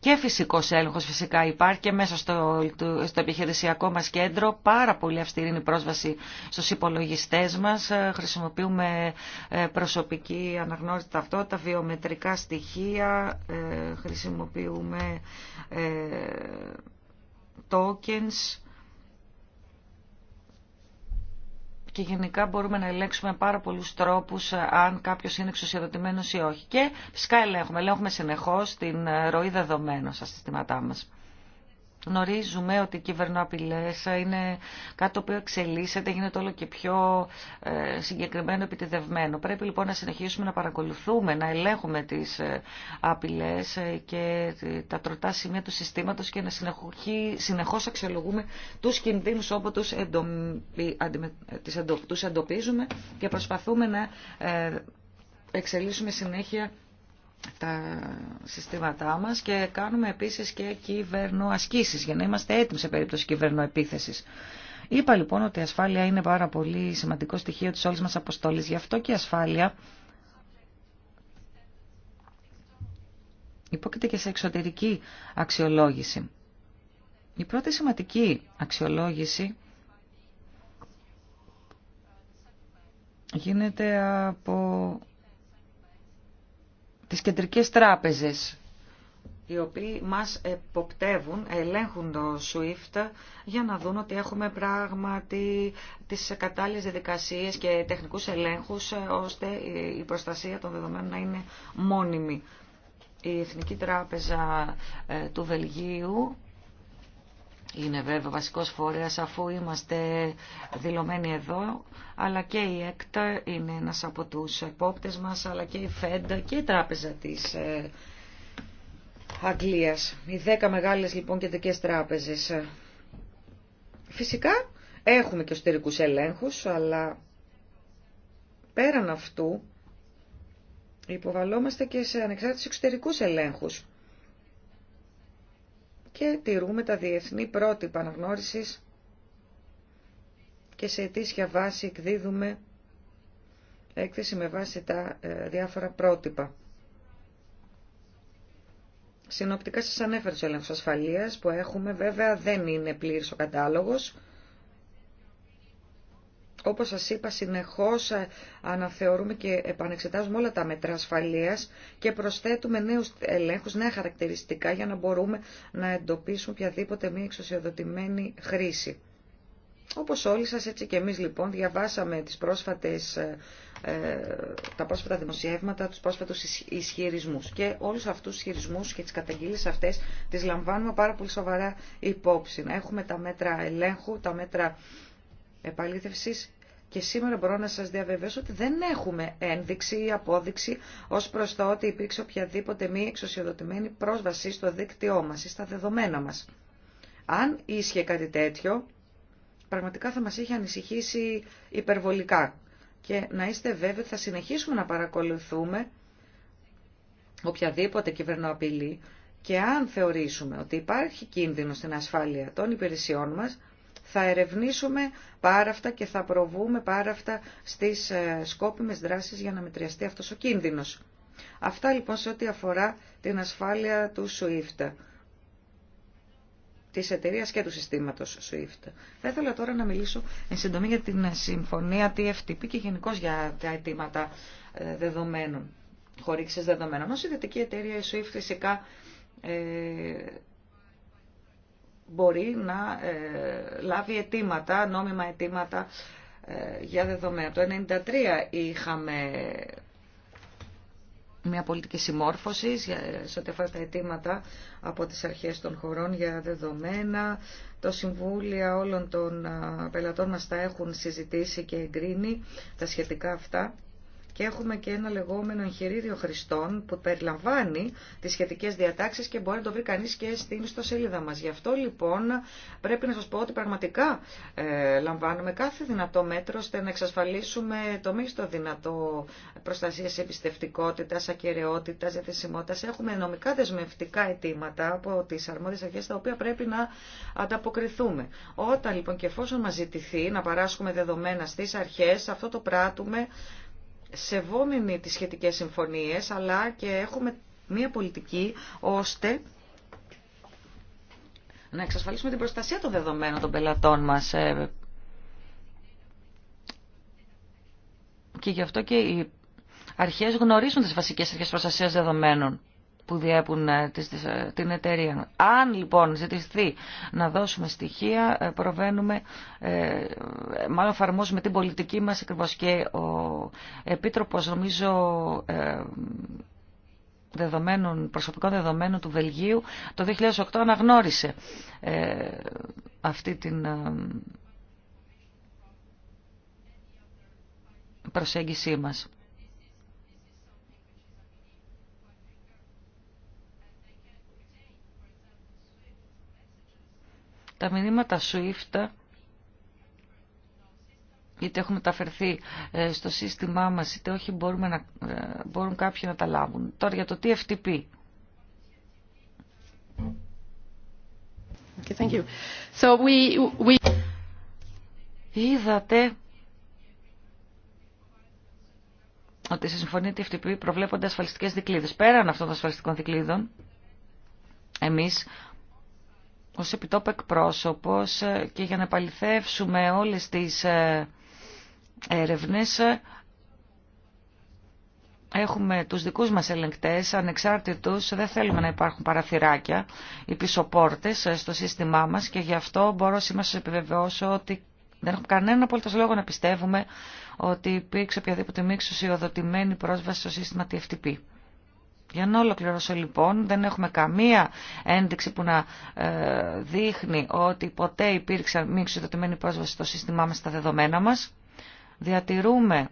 και φυσικό έλεγχο, φυσικά υπάρχει και μέσα στο, στο επιχειρησιακό μας κέντρο πάρα πολύ αυστηρή είναι η πρόσβαση στους υπολογιστές μας. Ε, χρησιμοποιούμε ε, προσωπική αναγνώριση ταυτότητα, βιομετρικά στοιχεία, ε, χρησιμοποιούμε tokens και γενικά μπορούμε να ελέγξουμε πάρα πολλού τρόπου ε, αν κάποιο είναι εξουσιοδοτημένο ή όχι. Και φυσικά ελέγχουμε. Ελέγχουμε συνεχώ την ε, ροή δεδομένων στα συστήματά μα. Γνωρίζουμε ότι η κυβερνοαπειλές είναι κάτι το οποίο εξελίσσεται, γίνεται όλο και πιο ε, συγκεκριμένο, επιτεδευμένο. Πρέπει λοιπόν να συνεχίσουμε να παρακολουθούμε, να ελέγχουμε τις ε, απειλές ε, και τα τροτά σημεία του συστήματος και να συνεχώς αξιολογούμε τους κινδύνους όπου τους, εντοπίζουμε και προσπαθούμε να εξελίσσουμε συνέχεια τα συστήματά μας και κάνουμε επίσης και κυβερνοασκήσεις για να είμαστε έτοιμοι σε περίπτωση κυβερνοεπίθεσης. Είπα λοιπόν ότι η ασφάλεια είναι πάρα πολύ σημαντικό στοιχείο της όλης μας αποστολής. Γι' αυτό και η ασφάλεια υπόκειται και σε εξωτερική αξιολόγηση. Η πρώτη σημαντική αξιολόγηση γίνεται από Τις κεντρικές τράπεζες οι οποίοι μας εποπτεύουν, ελέγχουν το SWIFT για να δουν ότι έχουμε πράγματι τις κατάλληλες διαδικασίες και τεχνικούς ελέγχους ε, ώστε η προστασία των δεδομένων να είναι μόνιμη. Η Εθνική Τράπεζα ε, του Βελγίου είναι βέβαια βασικός φορέας αφού είμαστε δηλωμένοι εδώ, αλλά και η ΕΚΤΑ είναι ένας από τους επόπτες μας, αλλά και η ΦΕΝΤΑ και η Τράπεζα της ε, Αγγλίας. Οι δέκα μεγάλες λοιπόν κεντρικές τράπεζες. Φυσικά έχουμε και εσωτερικούς ελέγχους, αλλά πέραν αυτού υποβαλόμαστε και σε ανεξάρτητους εξωτερικούς ελέγχους και τηρούμε τα διεθνή πρότυπα αναγνώρισης και σε αιτήσια βάση εκδίδουμε έκθεση με βάση τα ε, διάφορα πρότυπα. Συνοπτικά σας ανέφερα του έλεγχου ασφαλείας που έχουμε. Βέβαια δεν είναι πλήρης ο κατάλογος. Όπως σας είπα, συνεχώς ε, αναθεωρούμε και επανεξετάζουμε όλα τα μέτρα ασφαλείας και προσθέτουμε νέους ελέγχους, νέα χαρακτηριστικά για να μπορούμε να εντοπίσουμε οποιαδήποτε μη εξωσιοδοτημένη χρήση. Όπως όλοι σας, έτσι και εμείς λοιπόν, διαβάσαμε τις πρόσφατες, ε, ε, τα πρόσφατα δημοσιεύματα, τους πρόσφατους ισχυρισμού. Και όλους αυτούς τους ισχυρισμού και τις καταγγείλεις αυτές τις λαμβάνουμε πάρα πολύ σοβαρά υπόψη. Έχουμε τα μέτρα ελέγχου, τα μέτρα επαλήθευση. και σήμερα μπορώ να σας διαβεβαιώσω ότι δεν έχουμε ένδειξη ή απόδειξη ως προς το ότι υπήρξε οποιαδήποτε μη εξουσιοδοτημένη πρόσβαση στο δίκτυό μας ή στα δεδομένα μας. Αν ίσχυε κάτι τέτοιο, πραγματικά θα μας είχε ανησυχήσει υπερβολικά. Και να είστε βέβαιοι ότι θα συνεχίσουμε να παρακολουθούμε οποιαδήποτε κυβερνοαπειλή και αν θεωρήσουμε ότι υπάρχει κίνδυνο στην ασφάλεια των υπηρεσιών μας, θα ερευνήσουμε πάρα αυτά και θα προβούμε πάρα αυτά στις ε, σκόπιμες δράσεις για να μετριαστεί αυτός ο κίνδυνος. Αυτά λοιπόν σε ό,τι αφορά την ασφάλεια του SWIFT, της εταιρεία και του συστήματος SWIFT. Θα ήθελα τώρα να μιλήσω εν συντομή για την ε, συμφωνία TFTP και γενικώ για τα αιτήματα ε, δεδομένων, χωρίξης δεδομένων. Ως η δυτική εταιρεία SWIFT φυσικά μπορεί να ε, λάβει αιτήματα, νόμιμα αιτήματα ε, για δεδομένα. Το 1993 είχαμε μια πολιτική συμμόρφωση σε ό,τι αφορά τα αιτήματα από τις αρχές των χωρών για δεδομένα. Το Συμβούλια όλων των ε, πελατών μας τα έχουν συζητήσει και εγκρίνει τα σχετικά αυτά και έχουμε και ένα λεγόμενο εγχειρίδιο χρηστών που περιλαμβάνει τις σχετικές διατάξεις και μπορεί να το βρει κανείς και στην ιστοσελίδα μας. Γι' αυτό λοιπόν πρέπει να σας πω ότι πραγματικά ε, λαμβάνουμε κάθε δυνατό μέτρο ώστε να εξασφαλίσουμε το μίστο δυνατό προστασίας εμπιστευτικότητας, ακαιρεότητας, διαθεσιμότητας. Έχουμε νομικά δεσμευτικά αιτήματα από τις αρμόδιες αρχές τα οποία πρέπει να ανταποκριθούμε. Όταν λοιπόν και εφόσον μας ζητηθεί να παράσχουμε δεδομένα στις αρχές, αυτό το πράττουμε σεβόμενοι τις σχετικές συμφωνίες, αλλά και έχουμε μια πολιτική ώστε να εξασφαλίσουμε την προστασία των δεδομένων των πελατών μας. Ε, και γι' αυτό και οι αρχές γνωρίζουν τις βασικές αρχές προστασίας δεδομένων που διέπουν ε, ε, την εταιρεία. Αν λοιπόν ζητηθεί να δώσουμε στοιχεία, ε, προβαίνουμε, μάλλον εφαρμόζουμε την πολιτική μας ακριβώ και ο Επίτροπος νομίζω δεδομένων, προσωπικών δεδομένων του Βελγίου το 2008 αναγνώρισε αυτή την προσέγγισή μας. Τα μηνύματα SWIFT είτε έχουν μεταφερθεί ε, στο σύστημά μας, είτε όχι μπορούμε να, ε, μπορούν κάποιοι να τα λάβουν. Τώρα για το TFTP. Okay, thank you. So we, we... Είδατε ότι στη συμφωνία TFTP προβλέπονται ασφαλιστικές δικλείδες. Πέραν αυτών των ασφαλιστικών δικλείδων, εμείς ως επιτόπου εκπρόσωπος ε, και για να επαληθεύσουμε όλες τις ε, έρευνες ε, έχουμε τους δικούς μας ελεγκτές ανεξάρτητους, δεν θέλουμε να υπάρχουν παραθυράκια ή πισωπόρτες στο σύστημά μας και γι' αυτό μπορώ σήμερα να σας επιβεβαιώσω ότι δεν έχουμε κανένα απολύτως λόγο να πιστεύουμε ότι υπήρξε οποιαδήποτε μίξωση οδοτημένη πρόσβαση στο σύστημα TFTP. Για να ολοκληρώσω λοιπόν, δεν έχουμε καμία ένδειξη που να ε, δείχνει ότι ποτέ υπήρξε μη εξοδοτημένη πρόσβαση στο σύστημά μας στα δεδομένα μας. Διατηρούμε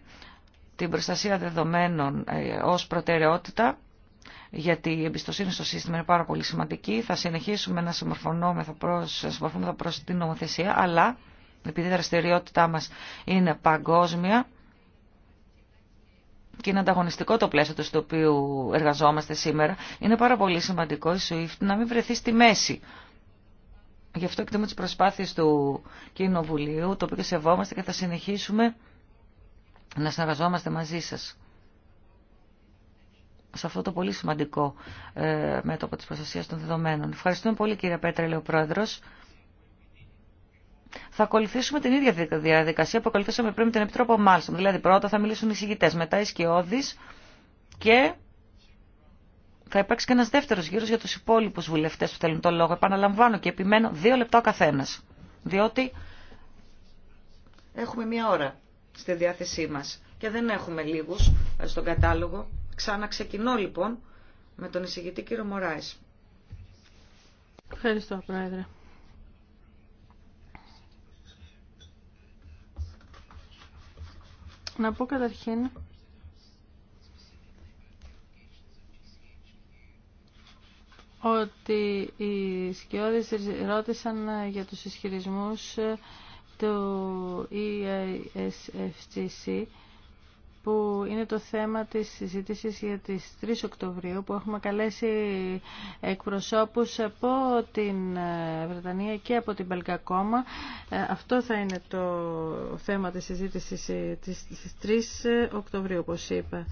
την προστασία δεδομένων ε, ως προτεραιότητα, γιατί η εμπιστοσύνη στο σύστημα είναι πάρα πολύ σημαντική. Θα συνεχίσουμε να συμμορφωνόμεθα προς, προς την νομοθεσία, αλλά επειδή η δραστηριότητά μας είναι παγκόσμια, και είναι ανταγωνιστικό το πλαίσιο στο οποίο εργαζόμαστε σήμερα, είναι πάρα πολύ σημαντικό η SWIFT να μην βρεθεί στη μέση. Γι' αυτό εκτιμώ τι προσπάθειε του Κοινοβουλίου, το οποίο σεβόμαστε και θα συνεχίσουμε να συνεργαζόμαστε μαζί σας σε αυτό το πολύ σημαντικό ε, μέτωπο της προστασίας των δεδομένων. Ευχαριστούμε πολύ κύριε Πέτρα, λέει ο Πρόεδρος θα ακολουθήσουμε την ίδια διαδικασία που ακολουθήσαμε πριν με την Επιτρόπο Μάλσον. Δηλαδή πρώτα θα μιλήσουν οι συγητές, μετά οι σκιώδεις και θα υπάρξει και ένας δεύτερος γύρος για τους υπόλοιπους βουλευτές που θέλουν τον λόγο. Επαναλαμβάνω και επιμένω δύο λεπτά ο καθένας. Διότι έχουμε μία ώρα στη διάθεσή μας και δεν έχουμε λίγους στον κατάλογο. Ξαναξεκινώ λοιπόν με τον εισηγητή κύριο Μωράης. Ευχαριστώ, Πρόεδρε. Να πω καταρχήν ότι οι σκιώδεις ρώτησαν για τους ισχυρισμούς του EASFGC που είναι το θέμα της συζήτησης για τις 3 Οκτωβρίου που έχουμε καλέσει εκπροσώπους από την ε, Βρετανία και από την Κόμμα. Ε, αυτό θα είναι το θέμα της συζήτησης ε, της 3 Οκτωβρίου όπως είπα.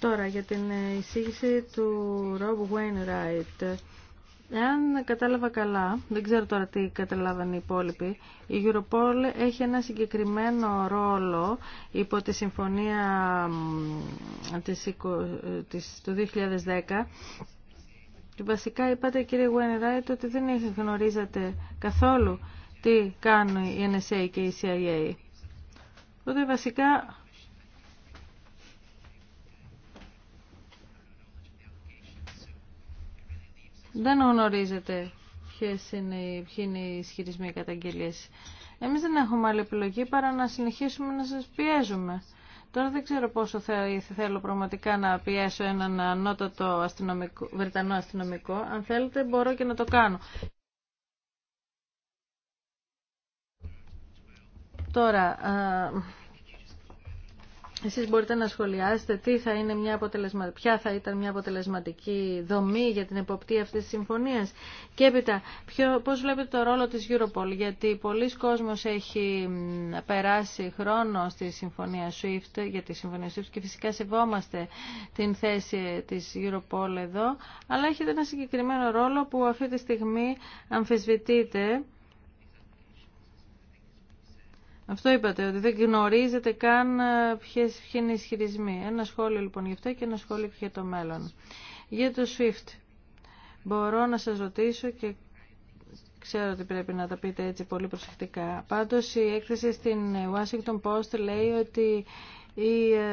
Τώρα για την εισήγηση του Rob Wainwright. Εάν κατάλαβα καλά, δεν ξέρω τώρα τι καταλάβανε οι υπόλοιποι, η Europol έχει ένα συγκεκριμένο ρόλο υπό τη συμφωνία του 2010 και βασικά είπατε κύριε Γουένιράιτ ότι δεν γνωρίζατε καθόλου τι κάνουν η NSA και η CIA. Οπότε βασικά δεν γνωρίζετε ποιες είναι, ποιοι είναι οι ισχυρισμοί καταγγελίες. Εμείς δεν έχουμε άλλη επιλογή παρά να συνεχίσουμε να σας πιέζουμε. Τώρα δεν ξέρω πόσο θέλω πραγματικά να πιέσω έναν ανώτατο αστυνομικό, Βρετανό αστυνομικό. Αν θέλετε μπορώ και να το κάνω. Τώρα, εσείς μπορείτε να σχολιάσετε τι θα είναι μια αποτελεσμα... ποια θα ήταν μια αποτελεσματική δομή για την εποπτεία αυτής της συμφωνίας και έπειτα ποιο... πώς βλέπετε το ρόλο της Europol γιατί πολλοί κόσμος έχει περάσει χρόνο στη συμφωνία SWIFT για τη συμφωνία SWIFT και φυσικά σεβόμαστε την θέση της Europol εδώ αλλά έχετε ένα συγκεκριμένο ρόλο που αυτή τη στιγμή αμφισβητείται αυτό είπατε, ότι δεν γνωρίζετε καν ε, ποιες, είναι οι ισχυρισμοί. Ένα σχόλιο λοιπόν γι' αυτό και ένα σχόλιο για το μέλλον. Για το SWIFT, μπορώ να σας ρωτήσω και ξέρω ότι πρέπει να τα πείτε έτσι πολύ προσεκτικά. Πάντως η έκθεση στην Washington Post λέει ότι η ε,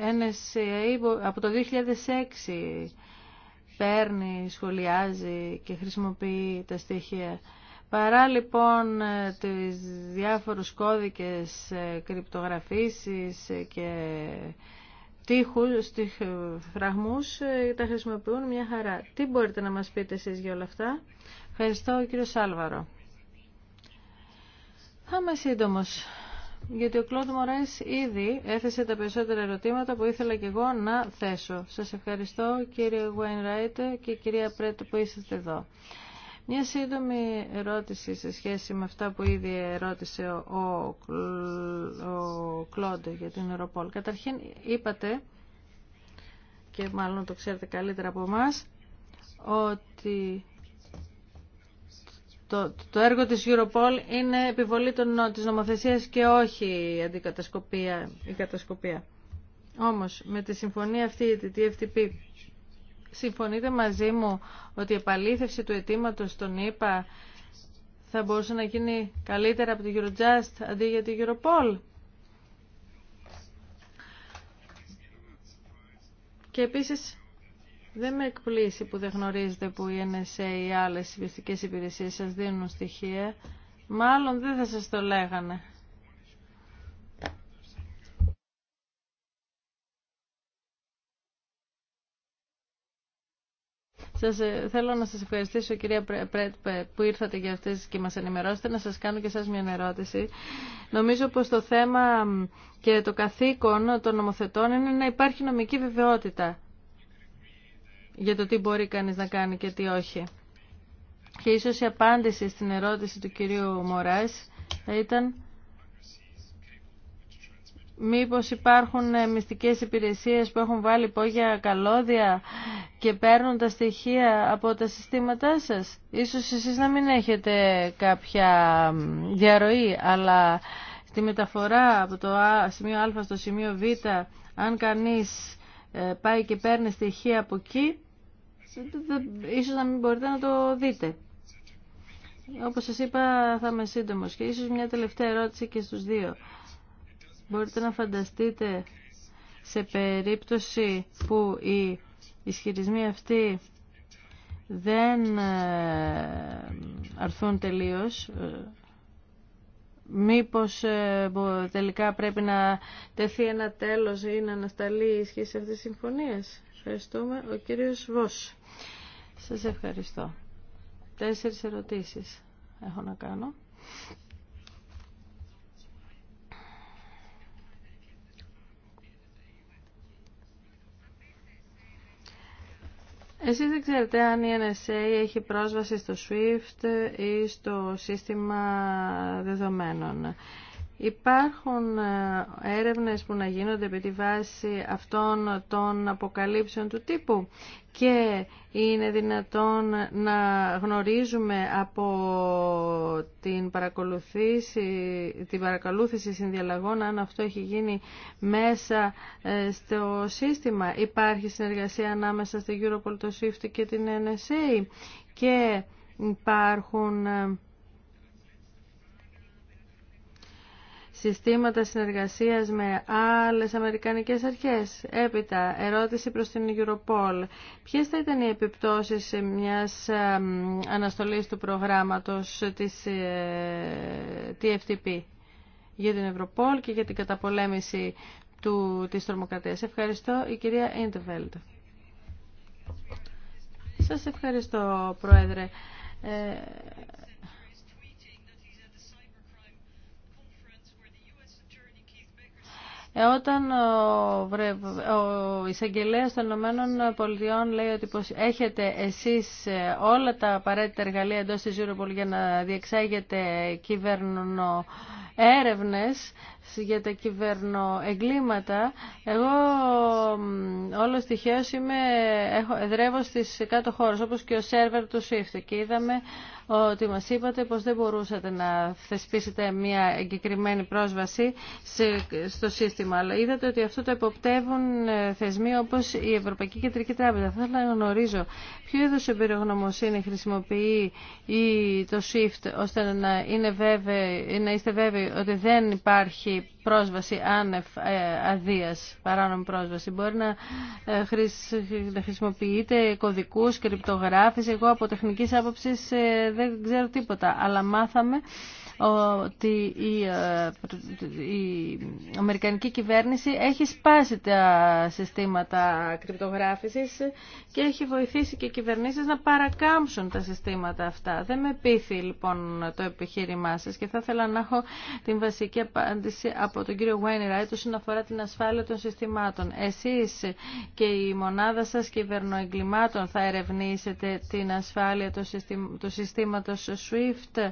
NSA από το 2006 παίρνει, σχολιάζει και χρησιμοποιεί τα στοιχεία Παρά λοιπόν ε, τις διάφορους κώδικες ε, κρυπτογραφήσεις ε, και τείχους, φραγμούς, τα χρησιμοποιούν μια χαρά. Τι μπορείτε να μας πείτε εσείς για όλα αυτά. Ευχαριστώ κύριο Σάλβαρο. Θα είμαι σύντομο. Γιατί ο Κλόντ Μωρές ήδη έθεσε τα περισσότερα ερωτήματα που ήθελα και εγώ να θέσω. Σας ευχαριστώ κύριε Γουάιν και κυρία Πρέτ που είσαστε εδώ. Μια σύντομη ερώτηση σε σχέση με αυτά που ήδη ερώτησε ο, ο Κλόντε για την Ευρωπόλ. Καταρχήν είπατε, και μάλλον το ξέρετε καλύτερα από εμά, ότι το, το έργο της Europol είναι επιβολή των, της νομοθεσίας και όχι αντικατασκοπία, η κατασκοπία. Όμως με τη συμφωνία αυτή, τη TFTP, Συμφωνείτε μαζί μου ότι η επαλήθευση του αιτήματο στον ΗΠΑ θα μπορούσε να γίνει καλύτερα από το Eurojust αντί για τη Europol. Και επίσης δεν με εκπλήσει που δεν γνωρίζετε που η NSA ή άλλες υπηρεσίες σας δίνουν στοιχεία. Μάλλον δεν θα σας το λέγανε. Σας, ε, θέλω να σας ευχαριστήσω κυρία Πρέτπε που ήρθατε για αυτές και μας ενημερώσετε. Να σας κάνω και σας μια ερώτηση. Νομίζω πως το θέμα και το καθήκον των νομοθετών είναι να υπάρχει νομική βεβαιότητα για το τι μπορεί κανείς να κάνει και τι όχι. Και ίσως η απάντηση στην ερώτηση του κυρίου Μωράς θα ήταν Μήπως υπάρχουν ε, μυστικές υπηρεσίες που έχουν βάλει πόγια καλώδια και παίρνουν τα στοιχεία από τα συστήματά σας. Ίσως εσείς να μην έχετε κάποια διαρροή, αλλά στη μεταφορά από το σημείο Α στο σημείο Β, αν κανείς ε, πάει και παίρνει στοιχεία από εκεί, ίσως να μην μπορείτε να το δείτε. Όπως σας είπα θα είμαι σύντομος και ίσως μια τελευταία ερώτηση και στους δύο. Μπορείτε να φανταστείτε σε περίπτωση που οι ισχυρισμοί αυτοί δεν ε, αρθούν τελείως, ε, μήπως ε, τελικά πρέπει να τεθεί ένα τέλος ή να ανασταλεί η ισχύ σε αυτές τις Ευχαριστούμε. Ο κύριος Βος. Σας ευχαριστώ. Τέσσερις ερωτήσεις έχω να κάνω. Εσείς δεν ξέρετε αν η NSA έχει πρόσβαση στο SWIFT ή στο σύστημα δεδομένων. Υπάρχουν ε, έρευνες που να γίνονται επί τη βάση αυτών των αποκαλύψεων του τύπου και είναι δυνατόν να γνωρίζουμε από την, παρακολούθηση την παρακολούθηση συνδιαλλαγών αν αυτό έχει γίνει μέσα ε, στο σύστημα. Υπάρχει συνεργασία ανάμεσα στην Europol, το SWIFT και την NSA και υπάρχουν ε, συστήματα συνεργασίας με άλλες αμερικανικές αρχές. Έπειτα, ερώτηση προς την Europol. Ποιες θα ήταν οι επιπτώσεις μιας ε, αναστολής του προγράμματος της ε, TFTP για την Europol και για την καταπολέμηση του, της τρομοκρατίας. Ευχαριστώ, η κυρία Ιντεβέλτ. Σας ευχαριστώ, Πρόεδρε. Ε, Ε, όταν ο, ο εισαγγελέας των Ηνωμένων λέει ότι πως έχετε εσείς ε, όλα τα απαραίτητα εργαλεία εντός της Europol για να διεξάγετε κυβερνού έρευνες για τα κυβερνοεγκλήματα. Εγώ όλο τυχαίως είμαι, έχω, εδρεύω στις κάτω χώρες, όπως και ο σερβερ του SWIFT. Και είδαμε ότι μας είπατε πως δεν μπορούσατε να θεσπίσετε μια εγκεκριμένη πρόσβαση στο σύστημα. Αλλά είδατε ότι αυτό το εποπτεύουν ε, θεσμοί όπως η Ευρωπαϊκή Κεντρική Τράπεζα. Θα ήθελα να γνωρίζω ποιο είδο εμπειρογνωμοσύνη χρησιμοποιεί το SWIFT ώστε να, είναι βέβαι, να είστε βέβαιοι ότι δεν υπάρχει πρόσβαση άνευ ε, αδείας, παράνομη πρόσβαση. Μπορεί να, ε, χρησιμοποιείται κωδικούς, κρυπτογράφηση. Εγώ από τεχνικής άποψης ε, δεν ξέρω τίποτα, αλλά μάθαμε ότι ε, η Αμερικανική κυβέρνηση έχει σπάσει τα συστήματα κρυπτογράφησης και έχει βοηθήσει και οι κυβερνήσεις να παρακάμψουν τα συστήματα αυτά. Δεν με πείθει λοιπόν το επιχείρημά σας και θα ήθελα να έχω την βασική απάντηση από τον κύριο Wainwright όσον αφορά την ασφάλεια των συστημάτων. Εσείς και η μονάδα σας κυβερνοεγκλημάτων θα ερευνήσετε την ασφάλεια του συστήματος SWIFT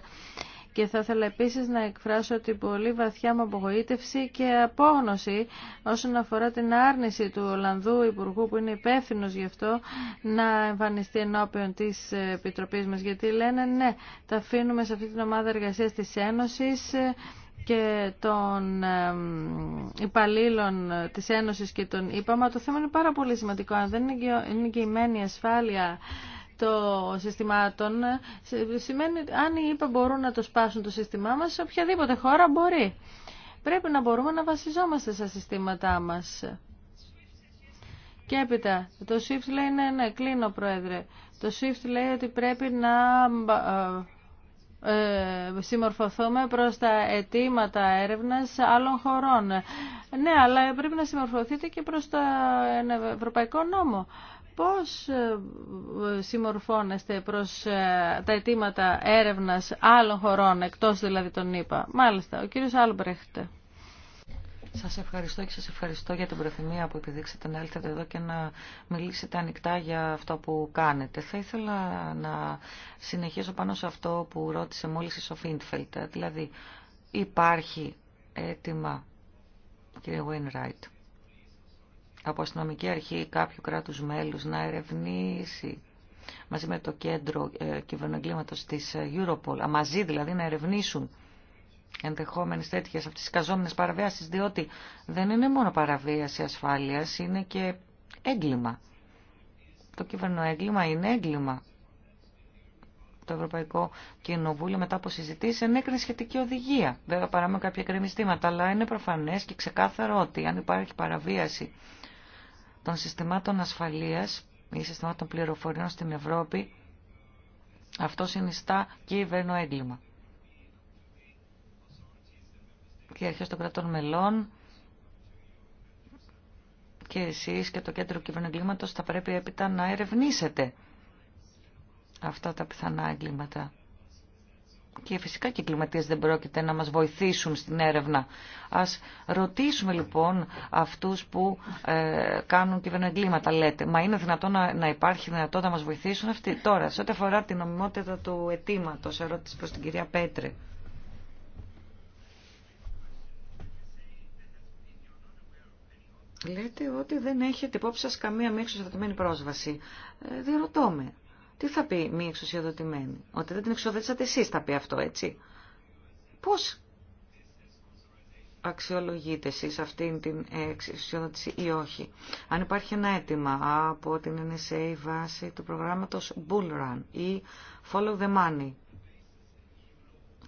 και θα ήθελα επίσης να εκφράσω την πολύ βαθιά μου απογοήτευση και απόγνωση όσον αφορά την άρνηση του Ολλανδού Υπουργού που είναι υπεύθυνο γι' αυτό να εμφανιστεί ενώπιον της Επιτροπής μας. Γιατί λένε ναι, τα αφήνουμε σε αυτή την ομάδα εργασίας της Ένωσης και των υπαλλήλων της Ένωσης και των ΥΠΑΜΑ. Το θέμα είναι πάρα πολύ σημαντικό. Αν δεν είναι εγγυημένη ασφάλεια το σύστημά των σημαίνει αν οι μπορούν να το σπάσουν το σύστημά μας, σε οποιαδήποτε χώρα μπορεί. Πρέπει να μπορούμε να βασιζόμαστε στα συστήματά μας. Και έπειτα, το SWIFT λέει ναι, ναι, κλείνω πρόεδρε. Το SWIFT λέει ότι πρέπει να ε, ε, συμμορφωθούμε προς τα αιτήματα έρευνας άλλων χωρών. Ναι, αλλά πρέπει να συμμορφωθείτε και προς το ευρωπαϊκό νόμο πώς ε, ε, συμμορφώνεστε προς ε, τα αιτήματα έρευνας άλλων χωρών, εκτός δηλαδή των ΗΠΑ. Μάλιστα, ο κύριος Άλμπρεχτ. Σας ευχαριστώ και σας ευχαριστώ για την προθυμία που επιδείξατε να έλθετε εδώ και να μιλήσετε ανοιχτά για αυτό που κάνετε. Θα ήθελα να συνεχίσω πάνω σε αυτό που ρώτησε μόλις η Σοφίντφελτ. Δηλαδή, υπάρχει αίτημα, κύριε Wainwright, από αστυνομική αρχή κάποιου κράτους μέλους να ερευνήσει μαζί με το κέντρο ε, κυβερνογκλήματος της ε, Europol, μαζί δηλαδή να ερευνήσουν ενδεχόμενες τέτοιες αυτές τις καζόμενες παραβιάσεις, διότι δεν είναι μόνο παραβίαση ασφάλειας, είναι και έγκλημα. Το κυβερνοέγκλημα είναι έγκλημα. Το Ευρωπαϊκό Κοινοβούλιο μετά από συζητήσει ενέκρινε σχετική οδηγία. Βέβαια παράμε κάποια κρεμιστήματα, αλλά είναι προφανές και ξεκάθαρο ότι αν υπάρχει παραβίαση των συστημάτων ασφαλείας ή συστημάτων πληροφοριών στην Ευρώπη, αυτό συνιστά κυβερνό έγκλημα. Και αρχές των κρατών μελών και εσείς και το κέντρο έγκληματος θα πρέπει έπειτα να ερευνήσετε αυτά τα πιθανά εγκλήματα. Και φυσικά και οι κλιματίες δεν πρόκειται να μας βοηθήσουν στην έρευνα. Ας ρωτήσουμε λοιπόν αυτούς που ε, κάνουν κυβερνοεγκλήματα, λέτε. Μα είναι δυνατόν να, υπάρχει δυνατότητα να μας βοηθήσουν αυτοί. Τώρα, σε ό,τι αφορά την νομιμότητα του αιτήματο, ερώτηση προς την κυρία Πέτρε. Λέτε ότι δεν έχετε υπόψη σας καμία μη εξωστατωμένη πρόσβαση. Ε, διερωτώ με. Τι θα πει μη εξουσιοδοτημένη. Ότι δεν την εξουσιοδοτήσατε εσείς θα πει αυτό, έτσι. Πώς αξιολογείτε εσείς αυτήν την εξουσιοδότηση ή όχι. Αν υπάρχει ένα αίτημα από την NSA βάση του προγράμματος Bull Run ή Follow the Money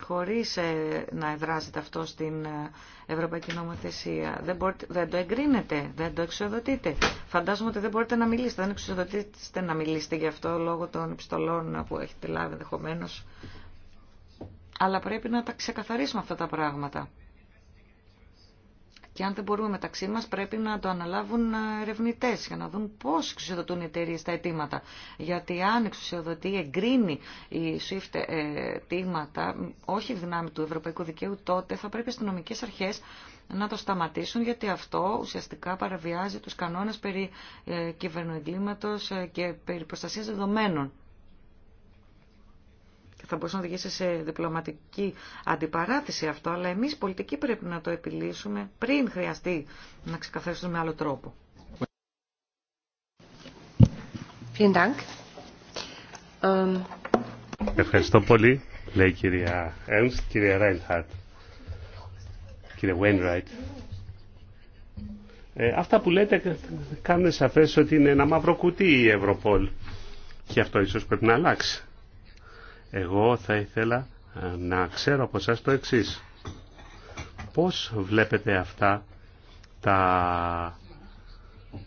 χωρίς ε, να εδράζεται αυτό στην ε, Ευρωπαϊκή Νομοθεσία. Δεν, δεν το εγκρίνετε, δεν το εξοδοτείτε. Φαντάζομαι ότι δεν μπορείτε να μιλήσετε, δεν εξοδοτείτε να μιλήσετε γι' αυτό λόγω των επιστολών που έχετε λάβει ενδεχομένω. Αλλά πρέπει να τα ξεκαθαρίσουμε αυτά τα πράγματα. Και αν δεν μπορούμε μεταξύ μας πρέπει να το αναλάβουν ε, ερευνητέ για να δουν πώς εξουσιοδοτούν οι εταιρείε τα αιτήματα. Γιατί αν εξουσιοδοτεί, εγκρίνει η SWIFT ε, αιτήματα, όχι δυνάμει του ευρωπαϊκού δικαίου, τότε θα πρέπει οι αστυνομικέ αρχές να το σταματήσουν γιατί αυτό ουσιαστικά παραβιάζει τους κανόνες περί ε, κυβερνοεγκλήματος και περί προστασίας δεδομένων θα μπορούσε να οδηγήσει σε διπλωματική αντιπαράθεση αυτό, αλλά εμείς πολιτικοί πρέπει να το επιλύσουμε πριν χρειαστεί να ξεκαθαρίσουμε άλλο τρόπο. Ähm, Ευχαριστώ πολύ, λέει η κυρία Ernst, κυρία Ράινχαρτ, κύριε Wainwright. Ε, αυτά που λέτε κάνουν σαφές ότι είναι ένα μαύρο κουτί η Ευρωπόλ και αυτό ίσως πρέπει να αλλάξει. Εγώ θα ήθελα ε, να ξέρω από εσά το εξή. Πώς βλέπετε αυτά τα,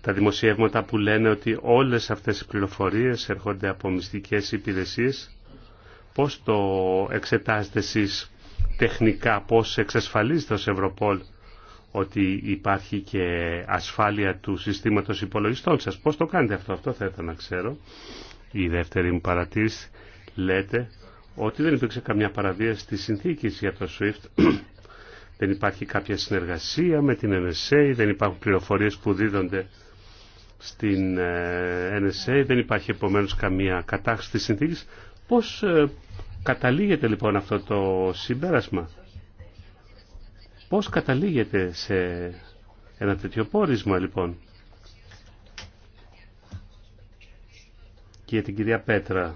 τα δημοσιεύματα που λένε ότι όλες αυτές οι πληροφορίες έρχονται από μυστικές υπηρεσίες. Πώς το εξετάζετε εσείς τεχνικά, πώς εξασφαλίζετε ως Ευρωπόλ ότι υπάρχει και ασφάλεια του συστήματος υπολογιστών σας. Πώς το κάνετε αυτό, αυτό θα ήθελα να ξέρω. Η δεύτερη μου παρατήρηση λέτε ότι δεν υπήρξε καμιά παραβίαση της συνθήκης για το SWIFT. δεν υπάρχει κάποια συνεργασία με την NSA, δεν υπάρχουν πληροφορίες που δίδονται στην ε, NSA, δεν υπάρχει επομένως καμία κατάχρηση της συνθήκης. Πώς ε, καταλήγεται λοιπόν αυτό το συμπέρασμα. Πώς καταλήγεται σε ένα τέτοιο πόρισμα λοιπόν. Και για την κυρία Πέτρα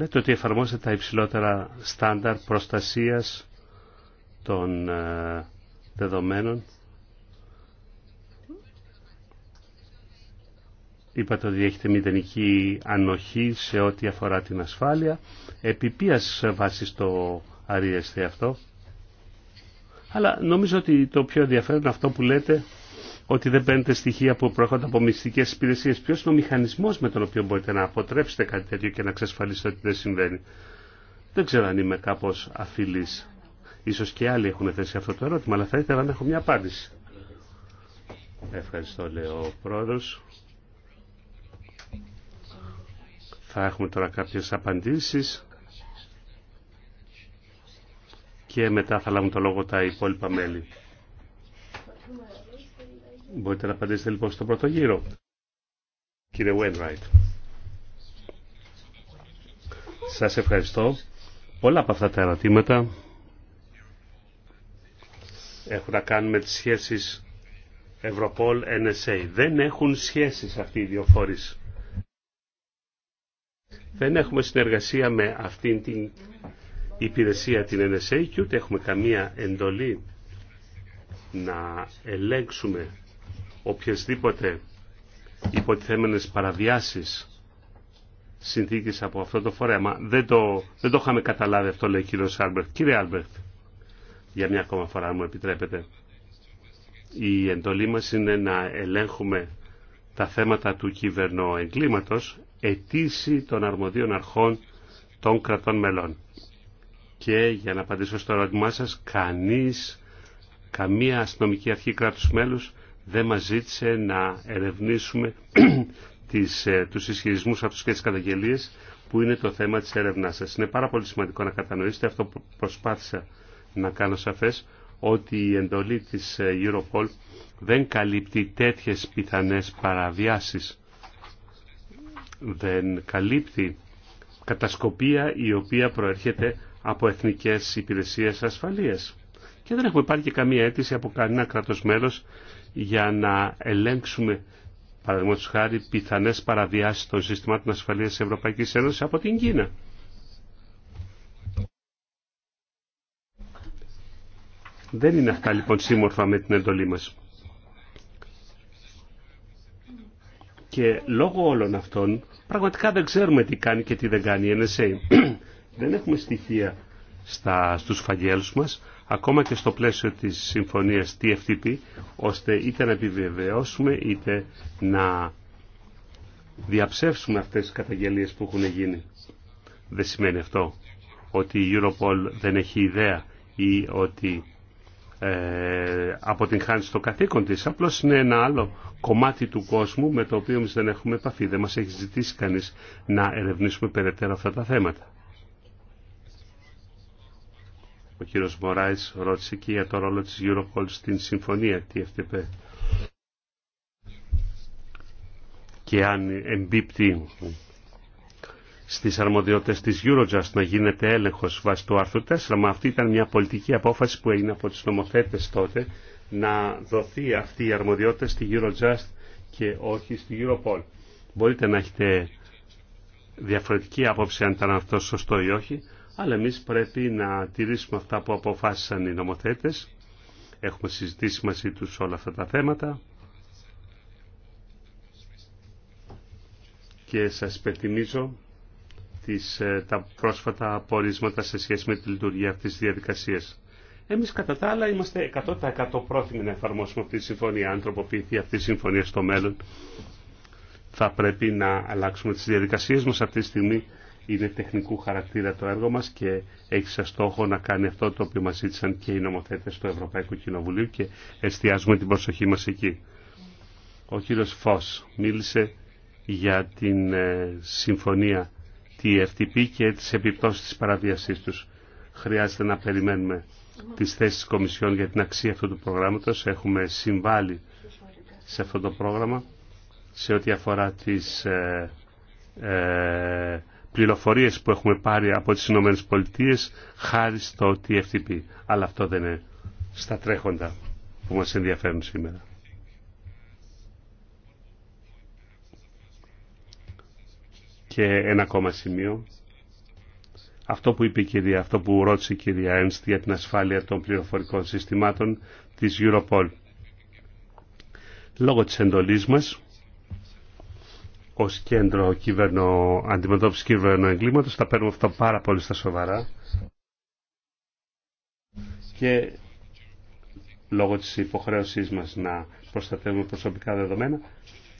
Λέτε ναι, ότι εφαρμόζετε τα υψηλότερα στάνταρ προστασίας των ε, δεδομένων. Είπατε ότι έχετε μηδενική ανοχή σε ό,τι αφορά την ασφάλεια. Επί ποιας βάσης το αρίεστε αυτό. Αλλά νομίζω ότι το πιο ενδιαφέρον αυτό που λέτε ότι δεν παίρνετε στοιχεία που προέρχονται από μυστικέ υπηρεσίε. Ποιο είναι ο μηχανισμό με τον οποίο μπορείτε να αποτρέψετε κάτι τέτοιο και να εξασφαλίσετε ότι δεν συμβαίνει. Δεν ξέρω αν είμαι κάπω αφιλή. Ίσως και άλλοι έχουν θέσει αυτό το ερώτημα, αλλά θα ήθελα να έχω μια απάντηση. Ευχαριστώ, λέει ο πρόεδρο. Θα έχουμε τώρα κάποιες απαντήσεις και μετά θα λάβουν το λόγο τα υπόλοιπα μέλη. Μπορείτε να απαντήσετε λοιπόν στον πρώτο γύρο. Κύριε Wainwright. Σας ευχαριστώ. Πολλά από αυτά τα ερωτήματα έχουν να κάνουν με τις σχέσεις Ευρωπόλ NSA. Δεν έχουν σχέσεις αυτοί οι δύο φορείς. Δεν έχουμε συνεργασία με αυτήν την υπηρεσία την NSA και ούτε έχουμε καμία εντολή να ελέγξουμε οποιασδήποτε υποτιθέμενες παραβιάσεις συνθήκες από αυτό το φορέμα. Δεν το, δεν το είχαμε καταλάβει αυτό, λέει ο κύριος Άλμπερτ. Κύριε Άλμπερτ, για μια ακόμα φορά, μου επιτρέπετε, η εντολή μας είναι να ελέγχουμε τα θέματα του κυβερνοεγκλήματος ετήσι των αρμοδίων αρχών των κρατών μελών. Και για να απαντήσω στο ερώτημά σας, κανείς, καμία αστυνομική αρχή κράτους μέλους δεν μας ζήτησε να ερευνήσουμε τις, ε, τους ισχυρισμούς αυτούς και τις καταγγελίες που είναι το θέμα της έρευνάς σας. Είναι πάρα πολύ σημαντικό να κατανοήσετε αυτό που προσπάθησα να κάνω σαφές ότι η εντολή της ε, Europol δεν καλύπτει τέτοιες πιθανές παραβιάσεις. Δεν καλύπτει κατασκοπία η οποία προέρχεται από εθνικές υπηρεσίες ασφαλείας. Και δεν έχουμε πάρει και καμία αίτηση από κανένα κράτος μέλος για να ελέγξουμε παραδείγματος χάρη πιθανές παραβιάσεις των συστημάτων ασφαλείας της Ευρωπαϊκής Ένωσης από την Κίνα. Δεν είναι αυτά λοιπόν σύμμορφα με την εντολή μας. Και λόγω όλων αυτών, πραγματικά δεν ξέρουμε τι κάνει και τι δεν κάνει η NSA. δεν έχουμε στοιχεία στα, στους φαγγέλους μας, ακόμα και στο πλαίσιο της συμφωνίας TFTP, ώστε είτε να επιβεβαιώσουμε είτε να διαψεύσουμε αυτές τις καταγγελίες που έχουν γίνει. Δεν σημαίνει αυτό ότι η Europol δεν έχει ιδέα ή ότι ε, αποτυγχάνει στο καθήκον της. Απλώς είναι ένα άλλο κομμάτι του κόσμου με το οποίο εμείς δεν έχουμε επαφή. Δεν μας έχει ζητήσει κανείς να ερευνήσουμε περαιτέρω αυτά τα θέματα. Ο κύριος Μωράης ρώτησε και για το ρόλο της Europol στην συμφωνία TFTP και αν εμπίπτει στις αρμοδιότητες της Eurojust να γίνεται έλεγχος βάσει του άρθρου 4, μα αυτή ήταν μια πολιτική απόφαση που έγινε από τους νομοθέτες τότε να δοθεί αυτή η αρμοδιότητα στη Eurojust και όχι στη Europol. Μπορείτε να έχετε διαφορετική άποψη αν ήταν αυτό σωστό ή όχι, αλλά εμείς πρέπει να τηρήσουμε αυτά που αποφάσισαν οι νομοθέτες. Έχουμε συζητήσει μαζί τους όλα αυτά τα θέματα. Και σας υπενθυμίζω τις, ε, τα πρόσφατα απορίσματα σε σχέση με τη λειτουργία αυτής της διαδικασίας. Εμείς κατά τα άλλα είμαστε 100% πρόθυμοι να εφαρμόσουμε αυτή τη συμφωνία. Αν τροποποιηθεί αυτή η συμφωνία στο μέλλον, θα πρέπει να αλλάξουμε τις διαδικασίες μας αυτή τη στιγμή είναι τεχνικού χαρακτήρα το έργο μας και έχει σαν στόχο να κάνει αυτό το οποίο μας ζήτησαν και οι νομοθέτες του Ευρωπαϊκού Κοινοβουλίου και εστιάζουμε την προσοχή μας εκεί. Ο κύριος Φως μίλησε για την ε, συμφωνία TFTP και τις επιπτώσεις της παραβίασής τους. Χρειάζεται να περιμένουμε τις θέσεις της Κομισιόν για την αξία αυτού του προγράμματος. Έχουμε συμβάλει σε αυτό το πρόγραμμα σε ό,τι αφορά τις ε, ε πληροφορίες που έχουμε πάρει από τις Ηνωμένες Πολιτείες χάρη στο TFTP. Αλλά αυτό δεν είναι στα τρέχοντα που μας ενδιαφέρουν σήμερα. Και ένα ακόμα σημείο. Αυτό που είπε η κυρία, αυτό που ρώτησε η κυρία Ένστ για την ασφάλεια των πληροφορικών συστημάτων της Europol. Λόγω της εντολής μας, ως κέντρο κυβερνο, αντιμετώπισης κυβερνο εγκλήματος. Τα παίρνουμε αυτό πάρα πολύ στα σοβαρά. Και λόγω της υποχρέωσής μας να προστατεύουμε προσωπικά δεδομένα,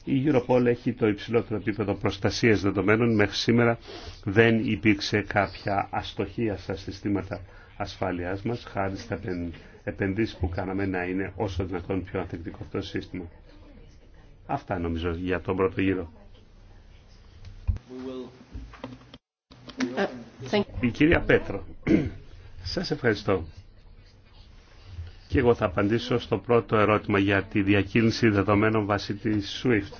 η Europol έχει το υψηλότερο επίπεδο προστασίας δεδομένων. Μέχρι σήμερα δεν υπήρξε κάποια αστοχία στα συστήματα ασφάλειάς μας, χάρη στα επενδύσεις που κάναμε να είναι όσο δυνατόν πιο ανθεκτικό αυτό το σύστημα. Αυτά νομίζω για τον πρώτο γύρο. Η ε, κυρία Πέτρο, σας ευχαριστώ. Και εγώ θα απαντήσω στο πρώτο ερώτημα για τη διακίνηση δεδομένων βάσει τη SWIFT.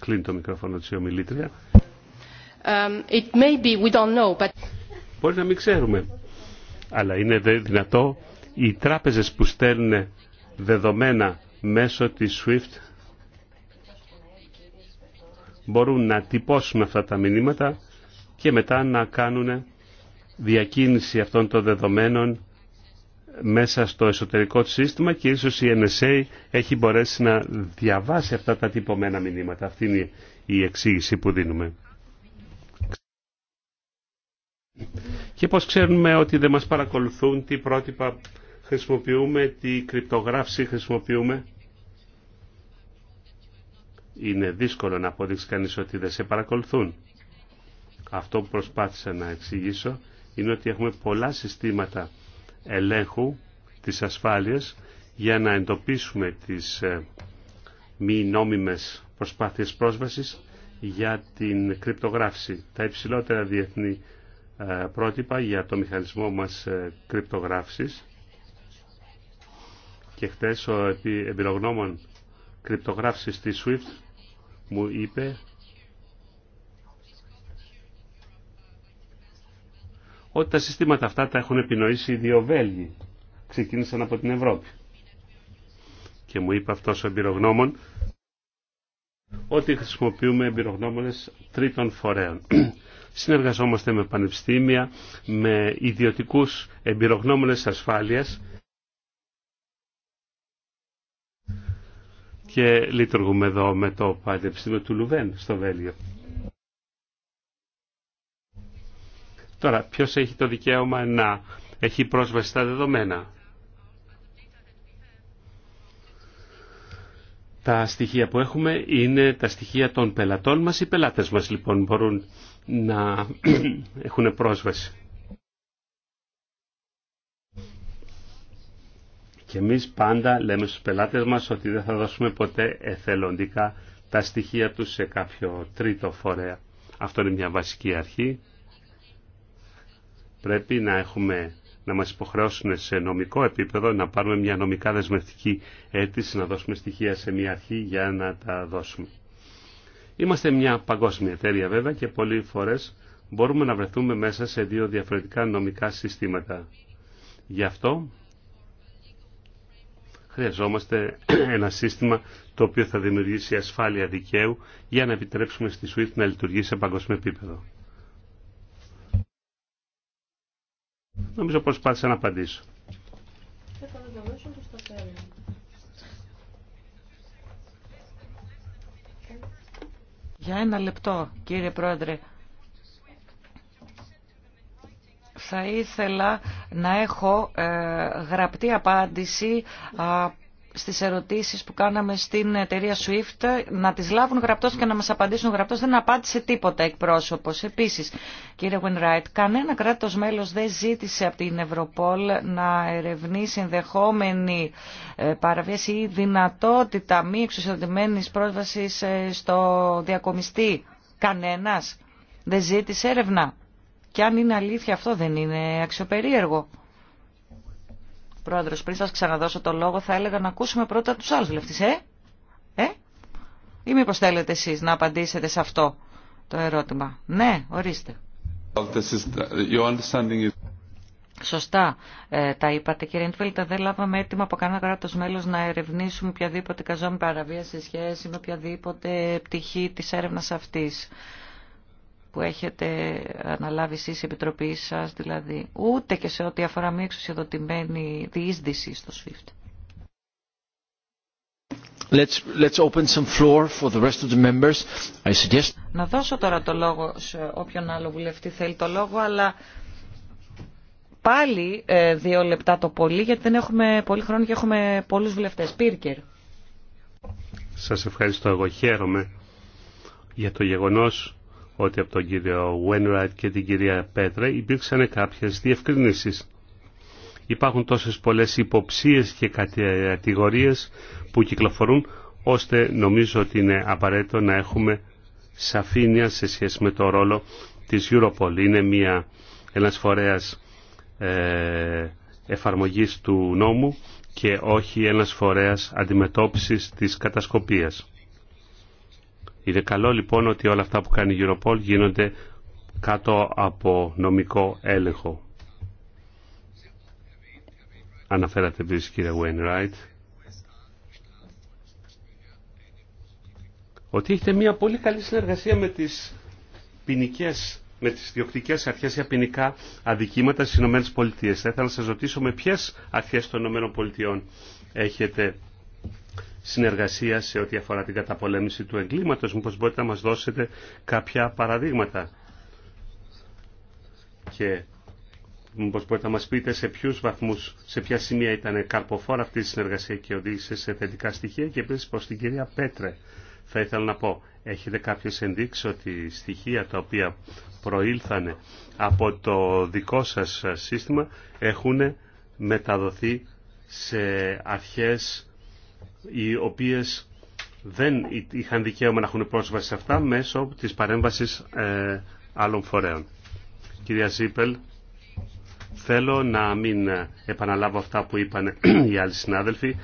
Κλείνει το μικρόφωνο της ομιλήτρια. Um, Μπορεί να μην ξέρουμε, αλλά είναι δυνατό οι τράπεζες που στέλνουν δεδομένα μέσω της SWIFT μπορούν να τυπώσουν αυτά τα μηνύματα και μετά να κάνουν διακίνηση αυτών των δεδομένων μέσα στο εσωτερικό του σύστημα και ίσως η NSA έχει μπορέσει να διαβάσει αυτά τα τυπωμένα μηνύματα. Αυτή είναι η εξήγηση που δίνουμε. Και πώς ξέρουμε ότι δεν μας παρακολουθούν, τι πρότυπα χρησιμοποιούμε, τι κρυπτογράφηση χρησιμοποιούμε είναι δύσκολο να αποδείξει κανείς ότι δεν σε παρακολουθούν. Αυτό που προσπάθησα να εξηγήσω είναι ότι έχουμε πολλά συστήματα ελέγχου της ασφάλειας για να εντοπίσουμε τις ε, μη νόμιμες προσπάθειες πρόσβασης για την κρυπτογράφηση. Τα υψηλότερα διεθνή ε, πρότυπα για το μηχανισμό μας ε, κρυπτογράφησης και χτες ο κρυπτογράφηση κρυπτογράφησης της SWIFT μου είπε ότι τα συστήματα αυτά τα έχουν επινοήσει οι δύο Βέλγοι. Ξεκίνησαν από την Ευρώπη. Και μου είπε αυτός ο εμπειρογνώμων ότι χρησιμοποιούμε εμπειρογνώμονες τρίτων φορέων. Συνεργαζόμαστε με πανεπιστήμια, με ιδιωτικούς εμπειρογνώμονες ασφάλειας και λειτουργούμε εδώ με το Πανεπιστήμιο του Λουβέν στο Βέλιο. Τώρα, ποιος έχει το δικαίωμα να έχει πρόσβαση στα δεδομένα. Τα στοιχεία που έχουμε είναι τα στοιχεία των πελατών μας. Οι πελάτες μας λοιπόν μπορούν να έχουν πρόσβαση. Και εμείς πάντα λέμε στους πελάτες μας ότι δεν θα δώσουμε ποτέ εθελοντικά τα στοιχεία τους σε κάποιο τρίτο φορέα. Αυτό είναι μια βασική αρχή. Πρέπει να έχουμε να μας υποχρεώσουν σε νομικό επίπεδο να πάρουμε μια νομικά δεσμευτική αίτηση, να δώσουμε στοιχεία σε μια αρχή για να τα δώσουμε. Είμαστε μια παγκόσμια εταιρεία βέβαια και πολλοί φορές μπορούμε να βρεθούμε μέσα σε δύο διαφορετικά νομικά συστήματα. Γι' αυτό χρειαζόμαστε ένα σύστημα το οποίο θα δημιουργήσει ασφάλεια δικαίου για να επιτρέψουμε στη SWIFT να λειτουργήσει σε παγκόσμιο επίπεδο. Νομίζω πάρεις να απαντήσω. Για ένα λεπτό, κύριε Πρόεδρε. Θα ήθελα να έχω ε, γραπτή απάντηση στις ερωτήσεις που κάναμε στην εταιρεία SWIFT να τις λάβουν γραπτός και να μας απαντήσουν γραπτός. Δεν απάντησε τίποτα εκπρόσωπος. Επίσης, κύριε Winwright κανένα κράτος μέλος δεν ζήτησε από την Ευρωπόλ να ερευνήσει ενδεχόμενη ε, παραβίαση ή δυνατότητα μη εξουσιοδοτημένης πρόσβασης ε, στο διακομιστή. Κανένας δεν ζήτησε έρευνα. Και αν είναι αλήθεια αυτό δεν είναι αξιοπερίεργο. Πρόεδρος, πριν σας ξαναδώσω το λόγο θα έλεγα να ακούσουμε πρώτα τους άλλους βουλευτές. Ε, ε, ή μήπως θέλετε εσείς να απαντήσετε σε αυτό το ερώτημα. Ναι, ορίστε. Σωστά ε, τα είπατε κύριε τα δεν λάβαμε έτοιμα από κανένα κράτο μέλο να ερευνήσουμε οποιαδήποτε καζόμενη παραβίαση σε σχέση με οποιαδήποτε πτυχή τη έρευνα αυτή που έχετε αναλάβει εσείς η Επιτροπή σας, δηλαδή, ούτε και σε ό,τι αφορά μια εξουσιοδοτημένη διείσδυση στο SWIFT. Let's, let's open some floor for the rest of the members. I suggest... Να δώσω τώρα το λόγο σε όποιον άλλο βουλευτή θέλει το λόγο, αλλά πάλι ε, δύο λεπτά το πολύ, γιατί δεν έχουμε πολύ χρόνο και έχουμε πολλούς βουλευτές. Πίρκερ. Σας ευχαριστώ. Εγώ χαίρομαι για το γεγονός ότι από τον κύριο Wainwright και την κυρία Πέτρα υπήρξαν κάποιες διευκρινήσεις. Υπάρχουν τόσες πολλές υποψίες και κατηγορίες που κυκλοφορούν ώστε νομίζω ότι είναι απαραίτητο να έχουμε σαφήνεια σε σχέση με το ρόλο της Europol. Είναι μια, ένας φορέας ε, εφαρμογής του νόμου και όχι ένας φορέας αντιμετώπισης της κατασκοπίας. Είναι καλό λοιπόν ότι όλα αυτά που κάνει η Europol γίνονται κάτω από νομικό έλεγχο. Αναφέρατε επίσης κύριε Wainwright ότι έχετε μια πολύ καλή συνεργασία με τις ποινικές με τις διοκτικές αρχές για ποινικά αδικήματα στις ΗΠΑ. Θα ήθελα να σας ρωτήσω με ποιες αρχές των ΗΠΑ έχετε συνεργασία σε ό,τι αφορά την καταπολέμηση του εγκλήματος. Μήπως μπορείτε να μας δώσετε κάποια παραδείγματα και μήπως μπορείτε να μας πείτε σε ποιους βαθμούς, σε ποια σημεία ήταν καρποφόρα αυτή η συνεργασία και οδήγησε σε θετικά στοιχεία και επίσης προς την κυρία Πέτρε. Θα ήθελα να πω, έχετε κάποιες ενδείξεις ότι στοιχεία τα οποία προήλθαν από το δικό σας σύστημα έχουν μεταδοθεί σε αρχές οι οποίες δεν είχαν δικαίωμα να έχουν πρόσβαση σε αυτά μέσω της παρέμβασης ε, άλλων φορέων. Κυρία Ζίπελ, θέλω να μην επαναλάβω αυτά που είπαν οι άλλοι συνάδελφοι.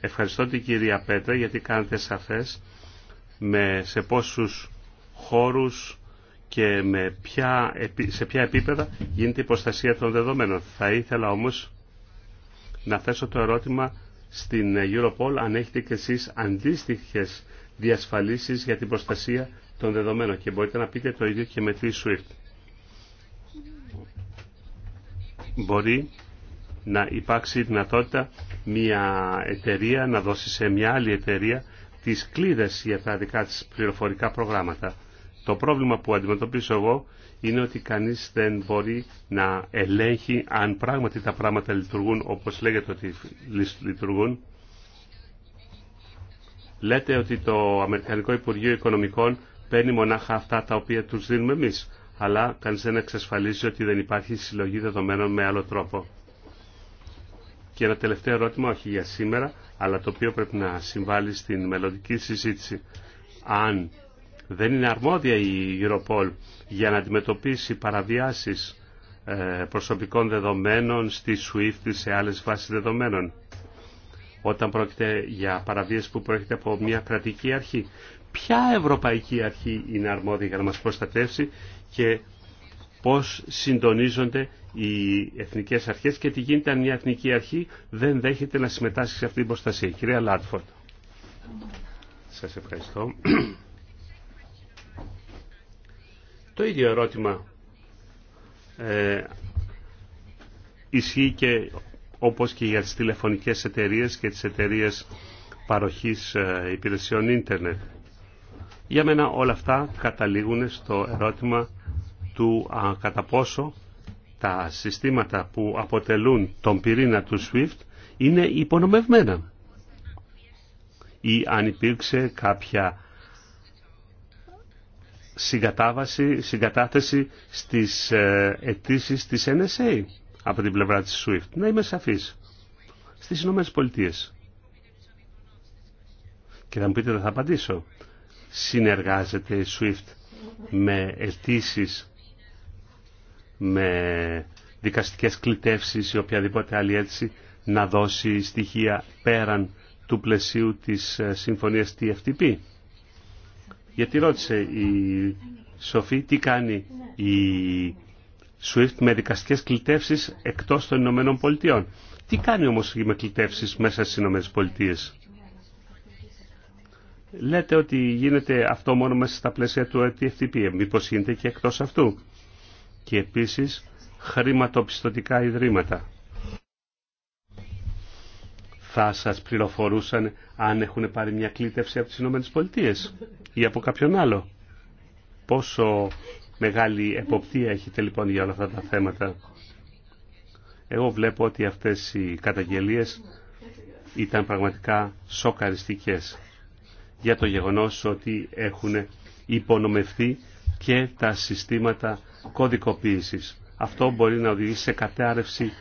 Ευχαριστώ την κυρία Πέτρα γιατί κάνετε σαφές με σε πόσους χώρους και με ποια, σε ποια επίπεδα γίνεται η προστασία των δεδομένων. Θα ήθελα όμως να θέσω το ερώτημα στην Europol αν έχετε και εσείς αντίστοιχες διασφαλίσεις για την προστασία των δεδομένων και μπορείτε να πείτε το ίδιο και με τη SWIFT. Μπορεί να υπάρξει η δυνατότητα μια εταιρεία να δώσει σε μια άλλη εταιρεία τις κλίδες για τα δικά της πληροφορικά προγράμματα. Το πρόβλημα που αντιμετωπίσω εγώ είναι ότι κανείς δεν μπορεί να ελέγχει αν πράγματι τα πράγματα λειτουργούν όπως λέγεται ότι λειτουργούν. Λέτε ότι το Αμερικανικό Υπουργείο Οικονομικών παίρνει μονάχα αυτά τα οποία τους δίνουμε εμείς, αλλά κανείς δεν εξασφαλίζει ότι δεν υπάρχει συλλογή δεδομένων με άλλο τρόπο. Και ένα τελευταίο ερώτημα, όχι για σήμερα, αλλά το οποίο πρέπει να συμβάλλει στην μελλοντική συζήτηση. Αν δεν είναι αρμόδια η Europol για να αντιμετωπίσει παραβιάσεις ε, προσωπικών δεδομένων στη SWIFT σε άλλες βάσεις δεδομένων. Όταν πρόκειται για παραβίαση που προέρχεται από μια κρατική αρχή. Ποια ευρωπαϊκή αρχή είναι αρμόδια για να μας προστατεύσει και πώς συντονίζονται οι εθνικές αρχές και τι γίνεται αν μια εθνική αρχή δεν δέχεται να συμμετάσχει σε αυτή την προστασία. Κυρία Λάτφορντ. Σας ευχαριστώ. Το ίδιο ερώτημα ε, ισχύει και όπως και για τις τηλεφωνικές εταιρείες και τις εταιρείες παροχής ε, υπηρεσιών ίντερνετ. Για μένα όλα αυτά καταλήγουν στο ερώτημα του κατά πόσο τα συστήματα που αποτελούν τον πυρήνα του SWIFT είναι υπονομευμένα ή αν υπήρξε κάποια συγκατάβαση, συγκατάθεση στις ε, αιτήσει της NSA από την πλευρά της SWIFT. Να είμαι σαφής. Στις Ηνωμένες Πολιτείες. Και θα μου πείτε, δεν θα απαντήσω. Συνεργάζεται η SWIFT με αιτήσει, με δικαστικές κλητεύσεις ή οποιαδήποτε άλλη αίτηση να δώσει στοιχεία πέραν του πλαισίου της ε, συμφωνίας TFTP. Γιατί ρώτησε η Σοφή τι κάνει η SWIFT με δικαστικές κλητεύσεις εκτός των Ηνωμένων Πολιτειών. Τι κάνει όμως με κλητεύσεις μέσα στις Ηνωμένες Πολιτείες. Λέτε ότι γίνεται αυτό μόνο μέσα στα πλαίσια του TFTP. Ε, μήπως γίνεται και εκτός αυτού. Και επίσης χρηματοπιστωτικά ιδρύματα. Θα σας πληροφορούσαν αν έχουν πάρει μια κλήτευση από τις Ηνωμένες Πολιτείες ή από κάποιον άλλο. Πόσο μεγάλη εποπτεία έχετε λοιπόν για όλα αυτά τα θέματα. Εγώ βλέπω ότι αυτές οι καταγγελίες ήταν πραγματικά σοκαριστικές για το γεγονός ότι έχουν υπονομευθεί και τα συστήματα κωδικοποίησης. Αυτό μπορεί να οδηγήσει σε κατάρρευση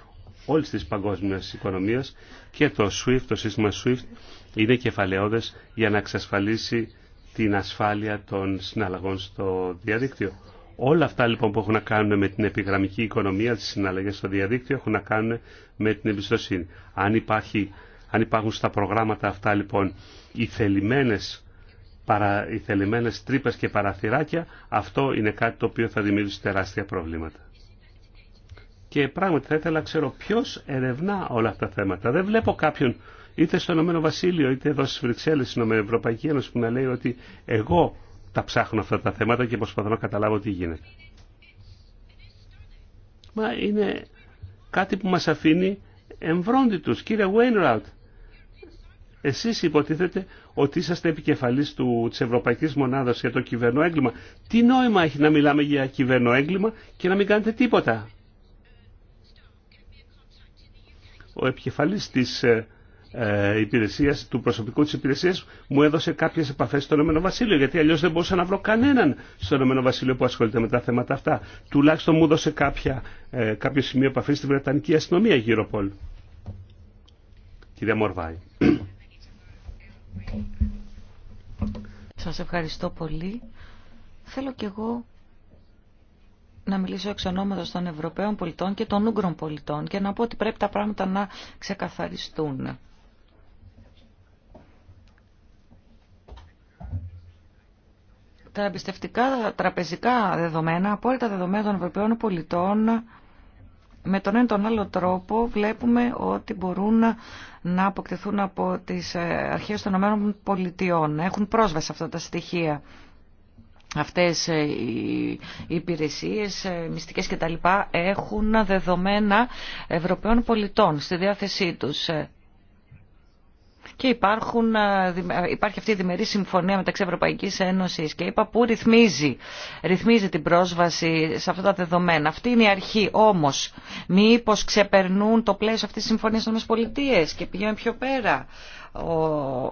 όλης της παγκόσμιας οικονομίας και το SWIFT, το σύστημα SWIFT είναι κεφαλαιόδες για να εξασφαλίσει την ασφάλεια των συναλλαγών στο διαδίκτυο. Όλα αυτά λοιπόν που έχουν να κάνουν με την επιγραμμική οικονομία, της συναλλαγής στο διαδίκτυο, έχουν να κάνουν με την εμπιστοσύνη. Αν, υπάρχει, αν υπάρχουν στα προγράμματα αυτά λοιπόν οι θελημένες παρα, οι θελημένες τρύπες και παραθυράκια, αυτό είναι κάτι το οποίο θα δημιουργήσει τεράστια προβλήματα. Και πράγματι θα ήθελα να ξέρω ποιο ερευνά όλα αυτά τα θέματα. Δεν βλέπω κάποιον είτε στο Ηνωμένο Βασίλειο, είτε εδώ στι Βρυξέλλε, στην Ευρωπαϊκή Ένωση, που να λέει ότι εγώ τα ψάχνω αυτά τα θέματα και προσπαθώ να καταλάβω τι γίνεται. Μα είναι κάτι που μας αφήνει εμβρόντιτους. Κύριε Wainwright, εσείς υποτίθετε ότι είσαστε επικεφαλής του, της Ευρωπαϊκής Μονάδας για το έγκλημα. Τι νόημα έχει να μιλάμε για κυβερνό έγκλημα και να μην κάνετε τίποτα. Ο επικεφαλής της ε, ε, του προσωπικού της υπηρεσίας μου έδωσε κάποιες επαφές στο Ηνωμένο Βασίλειο γιατί αλλιώς δεν μπορούσα να βρω κανέναν στο Ηνωμένο Βασίλειο που ασχολείται με τα θέματα αυτά. Τουλάχιστον μου έδωσε κάποια, ε, κάποιο σημείο επαφή στη Βρετανική αστυνομία γύρω πόλ. Κυρία Μορβάη. Σας ευχαριστώ πολύ. Θέλω κι εγώ να μιλήσω εξ ονόματος των Ευρωπαίων πολιτών και των Ούγκρων πολιτών και να πω ότι πρέπει τα πράγματα να ξεκαθαριστούν. τα εμπιστευτικά τραπεζικά δεδομένα, απόλυτα δεδομένα των Ευρωπαίων πολιτών, με τον ένα τον άλλο τρόπο βλέπουμε ότι μπορούν να αποκτηθούν από τις ε, αρχές των ΗΠΑ. Έχουν πρόσβαση σε αυτά τα στοιχεία. Αυτές ε, οι υπηρεσίες, ε, μυστικές κτλ. έχουν δεδομένα Ευρωπαίων πολιτών στη διάθεσή τους και υπάρχουν, ε, ε, υπάρχει αυτή η διμερή συμφωνία μεταξύ Ευρωπαϊκής Ένωσης και είπα που ρυθμίζει, ρυθμίζει την πρόσβαση σε αυτά τα δεδομένα. Αυτή είναι η αρχή όμως. Μήπως ξεπερνούν το πλαίσιο αυτής της συμφωνίας των Πολιτείες και πηγαίνουν πιο πέρα. Ο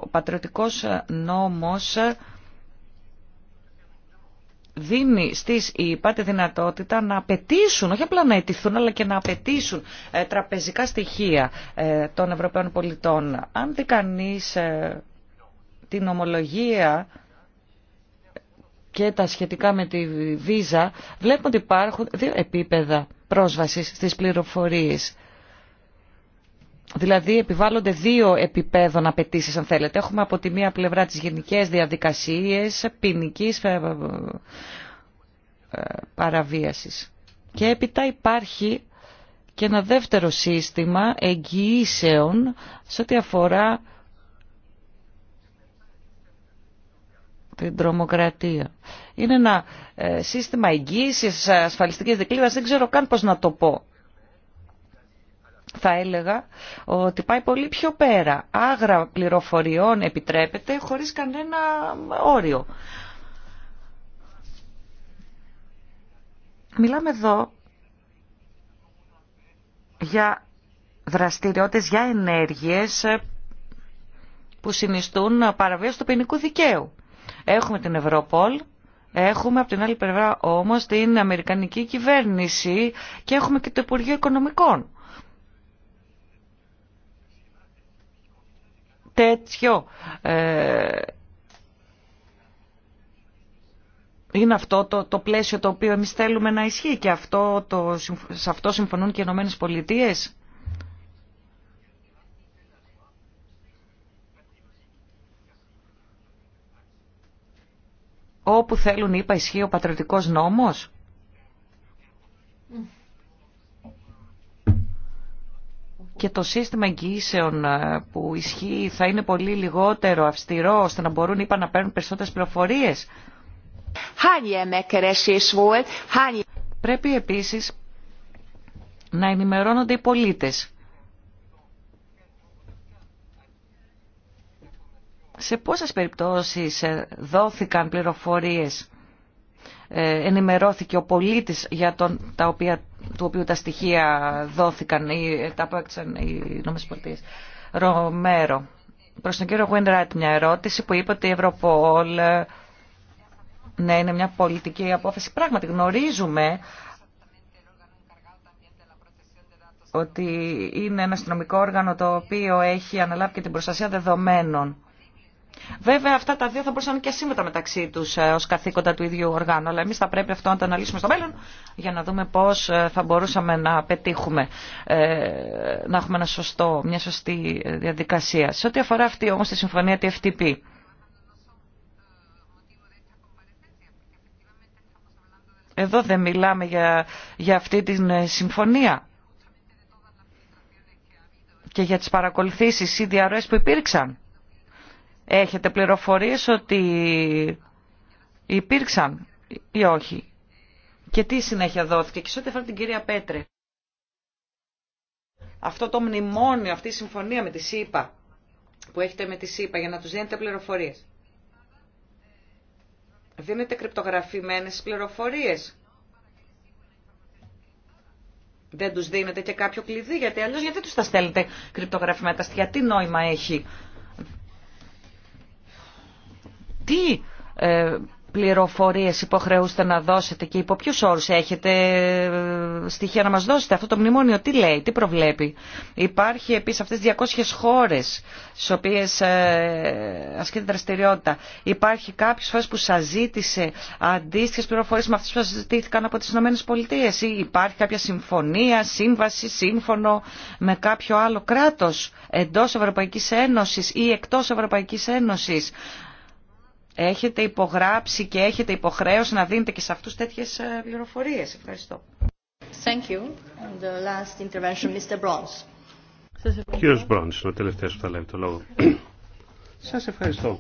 πατριωτικός νόμος δίνει στις ΙΠΑ τη δυνατότητα να απαιτήσουν, όχι απλά να αιτηθούν, αλλά και να απαιτήσουν ε, τραπεζικά στοιχεία ε, των Ευρωπαίων πολιτών. Αν δει κανεί ε, την ομολογία και τα σχετικά με τη βίζα, βλέπουμε ότι υπάρχουν δύο επίπεδα πρόσβασης στις πληροφορίες. Δηλαδή επιβάλλονται δύο επιπέδων απαιτήσει, αν θέλετε. Έχουμε από τη μία πλευρά τις γενικές διαδικασίες ποινική ε, ε, ε, παραβίασης. Και έπειτα υπάρχει και ένα δεύτερο σύστημα εγγυήσεων σε ό,τι αφορά την τρομοκρατία. Είναι ένα σύστημα εγγύησης ασφαλιστικής δικλίδας, δεν ξέρω καν πώς να το πω θα έλεγα ότι πάει πολύ πιο πέρα. Άγρα πληροφοριών επιτρέπεται χωρίς κανένα όριο. Μιλάμε εδώ για δραστηριότητες, για ενέργειες που συνιστούν παραβίαση του ποινικού δικαίου. Έχουμε την Ευρωπόλ, έχουμε από την άλλη πλευρά όμως την Αμερικανική κυβέρνηση και έχουμε και το Υπουργείο Οικονομικών τέτοιο ε, είναι αυτό το, το πλαίσιο το οποίο εμείς θέλουμε να ισχύει και αυτό το, σε αυτό συμφωνούν και οι Ηνωμένε Πολιτείες. Όπου θέλουν, είπα, ισχύει ο πατριωτικός νόμος. και το σύστημα εγγύησεων ε, που ισχύει θα είναι πολύ λιγότερο αυστηρό ώστε να μπορούν είπα να παίρνουν περισσότερες πληροφορίες. Πρέπει επίσης να ενημερώνονται οι πολίτες. Σε πόσες περιπτώσεις ε, δόθηκαν πληροφορίες, ε, ενημερώθηκε ο πολίτης για τον, τα οποία του οποίου τα στοιχεία δόθηκαν ή τα απέκτησαν οι νόμες πολιτείες. Ρομέρο. Προς τον κύριο μια ερώτηση που είπε ότι η Ευρωπόλ ναι, είναι μια πολιτική απόφαση. Πράγματι γνωρίζουμε ότι είναι ένα αστυνομικό όργανο το οποίο έχει αναλάβει και την προστασία δεδομένων. Βέβαια, αυτά τα δύο θα μπορούσαν και σήμερα μεταξύ του ε, ω καθήκοντα του ίδιου οργάνου. Αλλά εμεί θα πρέπει αυτό να το αναλύσουμε στο μέλλον για να δούμε πώ ε, θα μπορούσαμε να πετύχουμε ε, να έχουμε ένα μια σωστή διαδικασία. Σε ό,τι αφορά αυτή όμω τη συμφωνία τη FTP. Εδώ δεν μιλάμε για, για αυτή τη συμφωνία και για τις παρακολουθήσεις ή διαρροές που υπήρξαν. Έχετε πληροφορίες ότι υπήρξαν ή όχι. Και τι συνέχεια δόθηκε. Και σε ό,τι αφορά την κυρία Πέτρε. Αυτό το μνημόνιο, αυτή η συμφωνία με τη ΣΥΠΑ που έχετε με τη ΣΥΠΑ για να τους δίνετε πληροφορίες. Δίνετε κρυπτογραφημένες πληροφορίες. Δεν τους δίνετε και κάποιο κλειδί, γιατί αλλιώς γιατί τους τα στέλνετε κρυπτογραφημένα, Γιατί νόημα έχει τι ε, πληροφορίες υποχρεούστε να δώσετε και υπό ποιους όρους έχετε ε, στοιχεία να μας δώσετε. Αυτό το μνημόνιο τι λέει, τι προβλέπει. Υπάρχει επίσης αυτές 200 χώρες στις οποίες ε, ασκείται δραστηριότητα. Υπάρχει κάποιες φορές που σας ζήτησε αντίστοιχες πληροφορίες με αυτές που σας ζητήθηκαν από τις ΗΠΑ ή υπάρχει κάποια συμφωνία, σύμβαση, σύμφωνο με κάποιο άλλο κράτος εντός Ευρωπαϊκής Ένωσης ή εκτός Ευρωπαϊκής Ένωσης έχετε υπογράψει και έχετε υποχρέωση να δίνετε και σε αυτούς τέτοιες ε, πληροφορίες. Ευχαριστώ. Thank you. the last intervention, Mr. Bronze. Κύριος Μπρόντς, ο τελευταίος που θα το λόγο. Σας ευχαριστώ.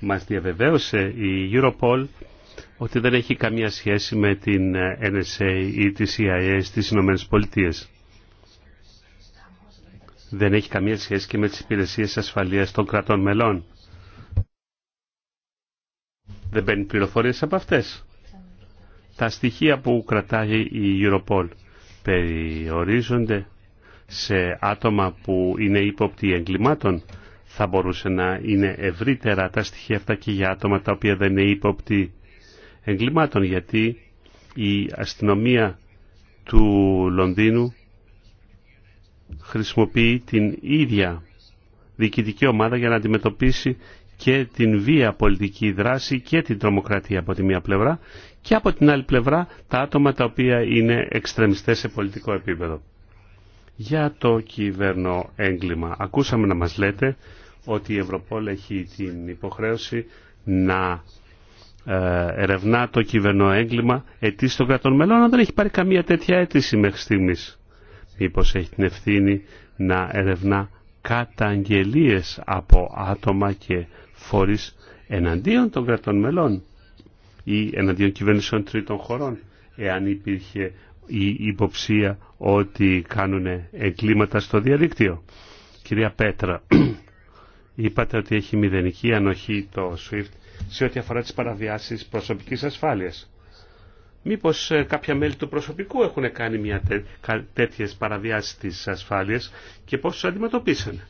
Μας διαβεβαίωσε η Europol ότι δεν έχει καμία σχέση με την ε, NSA ή τη CIA στις Ηνωμένες Πολιτείες. Δεν έχει καμία σχέση και με τις υπηρεσίες ασφαλείας των κρατών μελών δεν παίρνει πληροφορίες από αυτές. Τα στοιχεία που κρατάει η Europol περιορίζονται σε άτομα που είναι ύποπτοι εγκλημάτων. Θα μπορούσε να είναι ευρύτερα τα στοιχεία αυτά και για άτομα τα οποία δεν είναι ύποπτοι εγκλημάτων γιατί η αστυνομία του Λονδίνου χρησιμοποιεί την ίδια διοικητική ομάδα για να αντιμετωπίσει και την βία πολιτική δράση και την τρομοκρατία από τη μία πλευρά και από την άλλη πλευρά τα άτομα τα οποία είναι εξτρεμιστές σε πολιτικό επίπεδο. Για το κυβερνό έγκλημα. Ακούσαμε να μας λέτε ότι η Ευρωπόλ έχει την υποχρέωση να ε, ερευνά το κυβερνό έγκλημα αιτήσει των κρατών μελών, αλλά δεν έχει πάρει καμία τέτοια αίτηση μέχρι στιγμής. Μήπως έχει την ευθύνη να ερευνά καταγγελίες από άτομα και Φόρης εναντίον των κρατών μελών ή εναντίον κυβέρνησεων τρίτων χωρών εάν υπήρχε η υποψία ότι κάνουν εγκλήματα στο διαδίκτυο. Κυρία Πέτρα, είπατε ότι έχει μηδενική ανοχή το SWIFT σε ό,τι αφορά τις παραβιάσεις προσωπικής ασφάλειας. Μήπως ε, κάποια μέλη του προσωπικού έχουν κάνει μια τέ, τέτοιες παραβιάσεις της ασφάλειας και πώς τους αντιμετωπίσανε.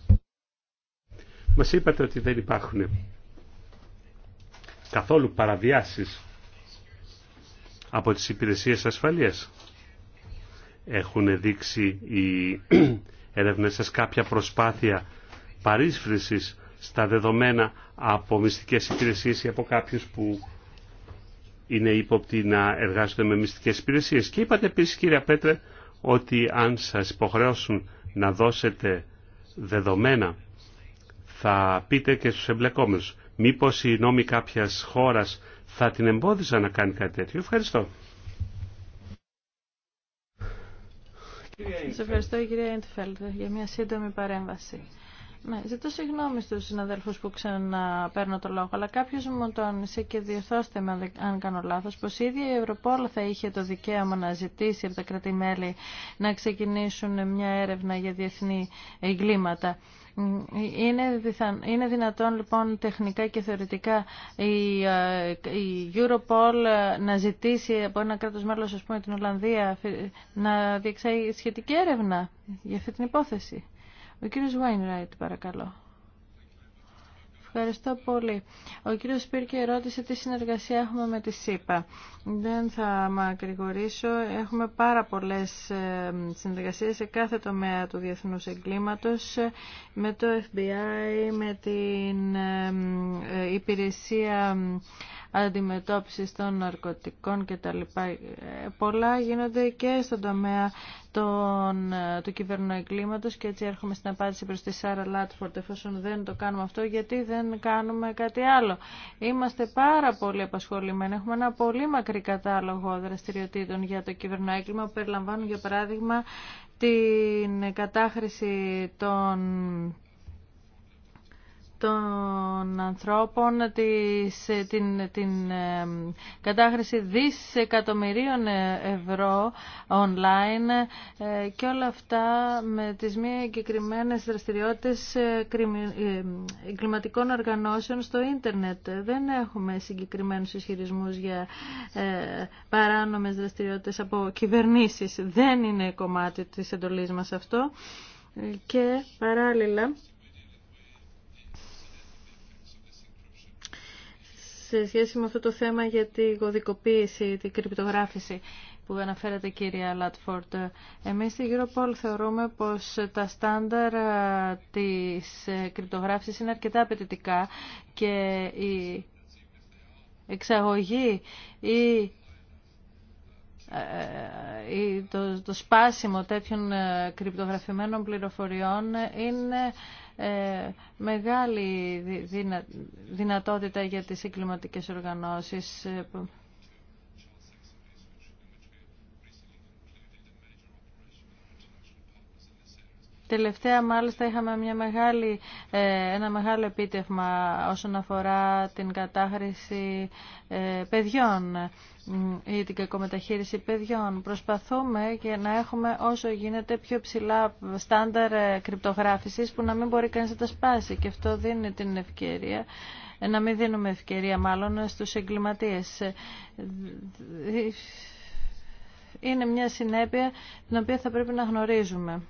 Μας είπατε ότι δεν υπάρχουν καθόλου παραβιάσεις από τις υπηρεσίες ασφαλείας. Έχουν δείξει οι έρευνες σας κάποια προσπάθεια παρίσφρησης στα δεδομένα από μυστικές υπηρεσίες ή από κάποιους που είναι ύποπτοι να εργάζονται με μυστικές υπηρεσίες. Και είπατε επίσης κύριε Πέτρε ότι αν σας υποχρεώσουν να δώσετε δεδομένα θα πείτε και στους εμπλεκόμενους μήπως οι νόμοι κάποιας χώρας θα την εμπόδιζαν να κάνει κάτι τέτοιο. Ευχαριστώ. Σας ευχαριστώ κυρία Ιντφέλτ για μια σύντομη παρέμβαση. Ναι, ζητώ συγγνώμη στους συναδέλφους που ξαναπαίρνω το λόγο, αλλά κάποιος μου τόνισε και διορθώστε με αν κάνω λάθος, πως η ίδια η Ευρωπόλ θα είχε το δικαίωμα να ζητήσει από τα κρατημέλη να ξεκινήσουν μια έρευνα για διεθνή εγκλήματα. Είναι, δυνατόν λοιπόν τεχνικά και θεωρητικά η, ε, Europol ε, να ζητήσει από ένα κράτος μέλος, ας πούμε την Ολλανδία, να διεξάγει σχετική έρευνα για αυτή την υπόθεση. Ο κύριος Βάινραιτ, παρακαλώ. Ευχαριστώ πολύ. Ο κύριος Σπίρκε ρώτησε τι συνεργασία έχουμε με τη ΣΥΠΑ. Δεν θα μακρηγορήσω. Έχουμε πάρα πολλές ε, συνεργασίες σε κάθε τομέα του διεθνούς εγκλήματος, με το FBI, με την ε, ε, υπηρεσία αντιμετώπισης των ναρκωτικών κτλ. Πολλά γίνονται και στον τομέα τον ε, του κυβερνοεγκλήματος και έτσι έρχομαι στην απάντηση προς τη Σάρα Λάτφορντ εφόσον δεν το κάνουμε αυτό γιατί δεν κάνουμε κάτι άλλο. Είμαστε πάρα πολύ απασχολημένοι. Έχουμε ένα πολύ μακρύ κατάλογο δραστηριοτήτων για το έγκλημα που περιλαμβάνουν για παράδειγμα την κατάχρηση των των ανθρώπων, της, την, την κατάχρηση δισεκατομμυρίων ε, ευρώ online ε, και όλα αυτά με τις μη εγκεκριμένε δραστηριότητες ε, εγκληματικών οργανώσεων στο ίντερνετ. Δεν έχουμε συγκεκριμένους ισχυρισμού για παράνομες δραστηριότητες από κυβερνήσεις. Δεν είναι κομμάτι της εντολής μας αυτό. Και παράλληλα, σε σχέση με αυτό το θέμα για την κωδικοποίηση, την κρυπτογράφηση που αναφέρατε κύριε Λάτφορτ, Εμείς στη Europol θεωρούμε πως τα στάνταρ ε, της ε, κρυπτογράφησης είναι αρκετά απαιτητικά και η εξαγωγή ή ε, ε, ε, το, το σπάσιμο τέτοιων κρυπτογραφημένων πληροφοριών είναι μεγάλη δυνατότητα για τις εγκληματικές οργανώσεις Τελευταία μάλιστα είχαμε μια μεγάλη, ένα μεγάλο επίτευγμα όσον αφορά την κατάχρηση παιδιών ή την κακομεταχείριση παιδιών. Προσπαθούμε και να έχουμε όσο γίνεται πιο ψηλά στάνταρ κρυπτογράφησης που να μην μπορεί κανείς να τα σπάσει και αυτό δίνει την ευκαιρία να μην δίνουμε ευκαιρία μάλλον στους εγκληματίες. Είναι μια συνέπεια την οποία θα πρέπει να γνωρίζουμε.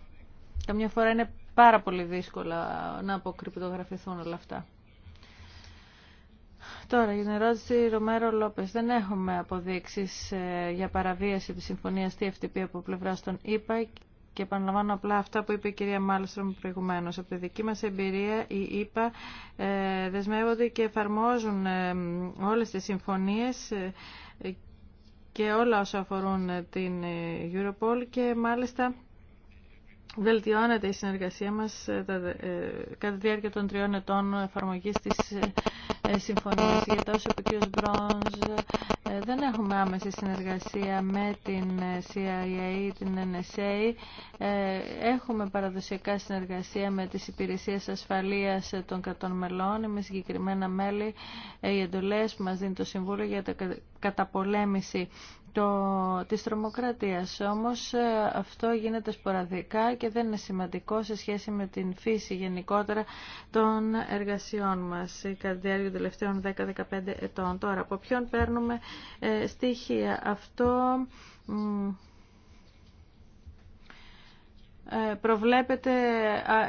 Καμιά φορά είναι πάρα πολύ δύσκολα να αποκρυπτογραφηθούν όλα αυτά. Τώρα, για την ερώτηση Ρομέρο Λόπες. Δεν έχουμε αποδείξεις ε, για παραβίαση της συμφωνίας TFTP από πλευρά των ΗΠΑ και επαναλαμβάνω απλά αυτά που είπε η κυρία Μάλστρομ προηγουμένω. Από τη δική μα εμπειρία, οι ΗΠΑ ε, δεσμεύονται και εφαρμόζουν ε, όλε τι συμφωνίε και όλα όσα αφορούν την Europol και μάλιστα βελτιώνεται η συνεργασία μας ε, ε, κατά τη διάρκεια των τριών ετών εφαρμογής της ε, συμφωνίας. Γιατί όσο είπε ο κ. Μπρόνζ, δεν έχουμε άμεση συνεργασία με την CIA ή την NSA. Έχουμε παραδοσιακά συνεργασία με τις υπηρεσίες ασφαλείας των κρατών μελών. Είμαι συγκεκριμένα μέλη οι εντολές που μας δίνει το Συμβούλιο για τα καταπολέμηση το, της τρομοκρατίας. Όμως ε, αυτό γίνεται σποραδικά και δεν είναι σημαντικό σε σχέση με την φύση γενικότερα των εργασιών μας κατά τη διάρκεια των τελευταίων 10-15 ετών. Τώρα, από ποιον παίρνουμε ε, στοιχεία. Αυτό ε, προβλέπεται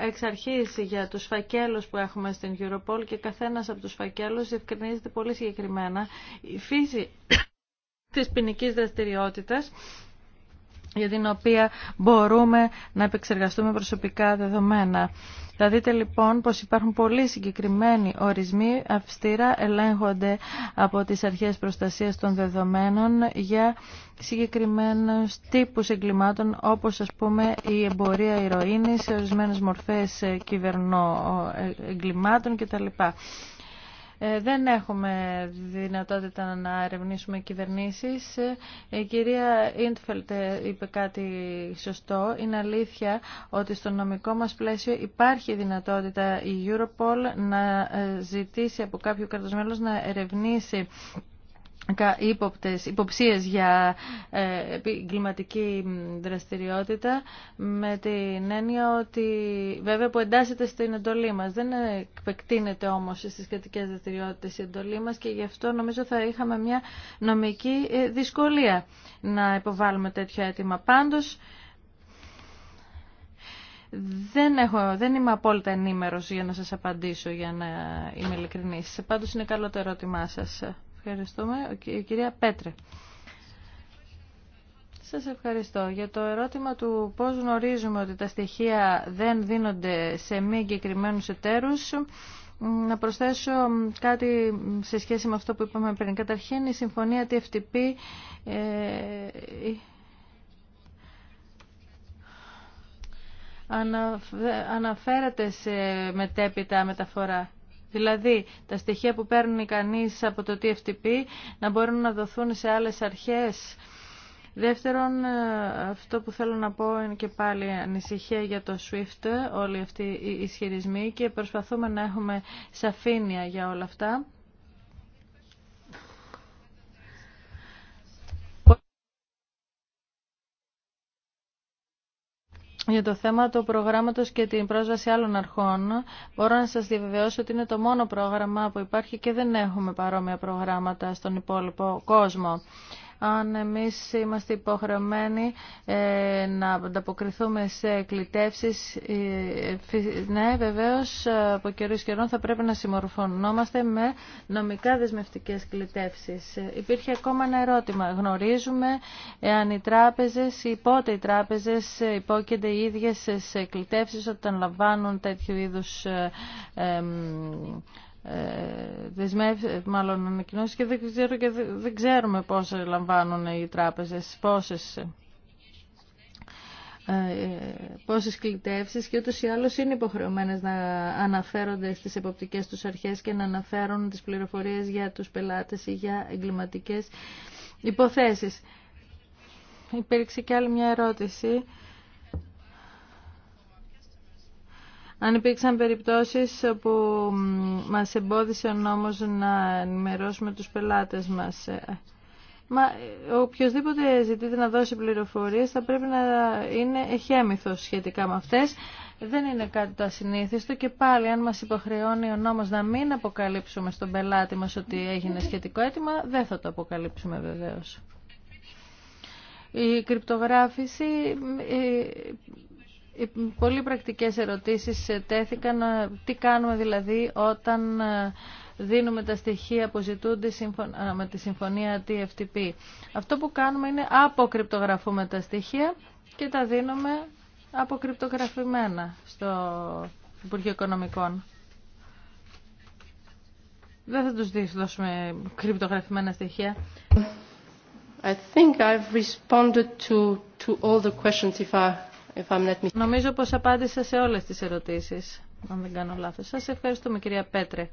εξ αρχής για τους φακέλους που έχουμε στην Europol και καθένας από τους φακέλους ευκρινίζεται πολύ συγκεκριμένα η φύση της ποινική δραστηριότητας για την οποία μπορούμε να επεξεργαστούμε προσωπικά δεδομένα. Θα δείτε λοιπόν πως υπάρχουν πολύ συγκεκριμένοι ορισμοί, αυστήρα ελέγχονται από τις αρχές προστασίας των δεδομένων για συγκεκριμένους τύπους εγκλημάτων όπως ας πούμε η εμπορία ηρωίνης, ορισμένες μορφές κυβερνό εγκλημάτων κτλ. Ε, δεν έχουμε δυνατότητα να ερευνήσουμε κυβερνήσεις. Ε, η κυρία Ίντφελτ ε, είπε κάτι σωστό. Είναι αλήθεια ότι στο νομικό μας πλαίσιο υπάρχει δυνατότητα η Europol να ζητήσει από κάποιο κράτος να ερευνήσει ύποπτες, υποψίες για εγκληματική δραστηριότητα με την έννοια ότι βέβαια που εντάσσεται στην εντολή μας. Δεν επεκτείνεται όμως στις κρατικές δραστηριότητες η εντολή μας και γι' αυτό νομίζω θα είχαμε μια νομική ε, δυσκολία να υποβάλουμε τέτοιο αίτημα. Πάντως, δεν, έχω, δεν είμαι απόλυτα ενήμερος για να σας απαντήσω, για να είμαι ειλικρινής. Πάντως είναι καλό το ερώτημά σας. Ευχαριστούμε. Η κυρία Πέτρε. Σας ευχαριστώ. Για το ερώτημα του πώς γνωρίζουμε ότι τα στοιχεία δεν δίνονται σε μη εγκεκριμένου εταίρου. να προσθέσω κάτι σε σχέση με αυτό που είπαμε πριν. Καταρχήν η συμφωνία TFTP ε, αναφέρεται σε μετέπειτα μεταφορά. Δηλαδή, τα στοιχεία που παίρνει κανείς από το TFTP να μπορούν να δοθούν σε άλλες αρχές. Δεύτερον, ε, αυτό που θέλω να πω είναι και πάλι ανησυχία για το SWIFT, όλοι αυτοί οι ισχυρισμοί και προσπαθούμε να έχουμε σαφήνεια για όλα αυτά. για το θέμα του προγράμματος και την πρόσβαση άλλων αρχών, μπορώ να σας διαβεβαιώσω ότι είναι το μόνο πρόγραμμα που υπάρχει και δεν έχουμε παρόμοια προγράμματα στον υπόλοιπο κόσμο αν εμείς είμαστε υποχρεωμένοι ε, να ανταποκριθούμε σε κλητεύσεις. Ε, ναι, βεβαίως ε, από καιρούς καιρών θα πρέπει να συμμορφωνόμαστε με νομικά δεσμευτικές κλητεύσεις. Υπήρχε ακόμα ένα ερώτημα. Γνωρίζουμε εάν οι τράπεζες ή πότε οι τράπεζες υπόκεινται οι ίδιες σε κλητεύσεις όταν λαμβάνουν τέτοιου είδους ε, δεσμεύσει, μάλλον ανακοινώσει και δεν, ξέρω και δεν ξέρουμε πόσε λαμβάνουν οι τράπεζε, πόσε ε, πόσες κλητεύσεις και ούτω ή άλλω είναι υποχρεωμένε να αναφέρονται στις εποπτικές του αρχές και να αναφέρουν τι πληροφορίες για τους πελάτες ή για εγκληματικές υποθέσεις. Υπήρξε και άλλη μια ερώτηση Αν υπήρξαν περιπτώσεις που μας εμπόδισε ο νόμος να ενημερώσουμε τους πελάτες μας. Ε, μα ε, οποιοδήποτε ζητείτε να δώσει πληροφορίες θα πρέπει να είναι εχέμηθος σχετικά με αυτές. Δεν είναι κάτι το ασυνήθιστο και πάλι αν μας υποχρεώνει ο νόμος να μην αποκαλύψουμε στον πελάτη μας ότι έγινε σχετικό αίτημα, δεν θα το αποκαλύψουμε βεβαίως. Η κρυπτογράφηση ε, Πολύ πρακτικές ερωτήσεις ε, τέθηκαν. Ε, τι κάνουμε δηλαδή όταν ε, δίνουμε τα στοιχεία που ζητούνται με τη συμφωνία TFTP. Αυτό που κάνουμε είναι αποκρυπτογραφούμε τα στοιχεία και τα δίνουμε αποκρυπτογραφημένα στο Υπουργείο Οικονομικών. Δεν θα τους δώσουμε κρυπτογραφημένα στοιχεία. I think I've responded to, to all the questions if I... Νομίζω πως απάντησα σε όλες τις ερωτήσεις, αν δεν κάνω λάθος. Σας ευχαριστούμε κυρία Πέτρε.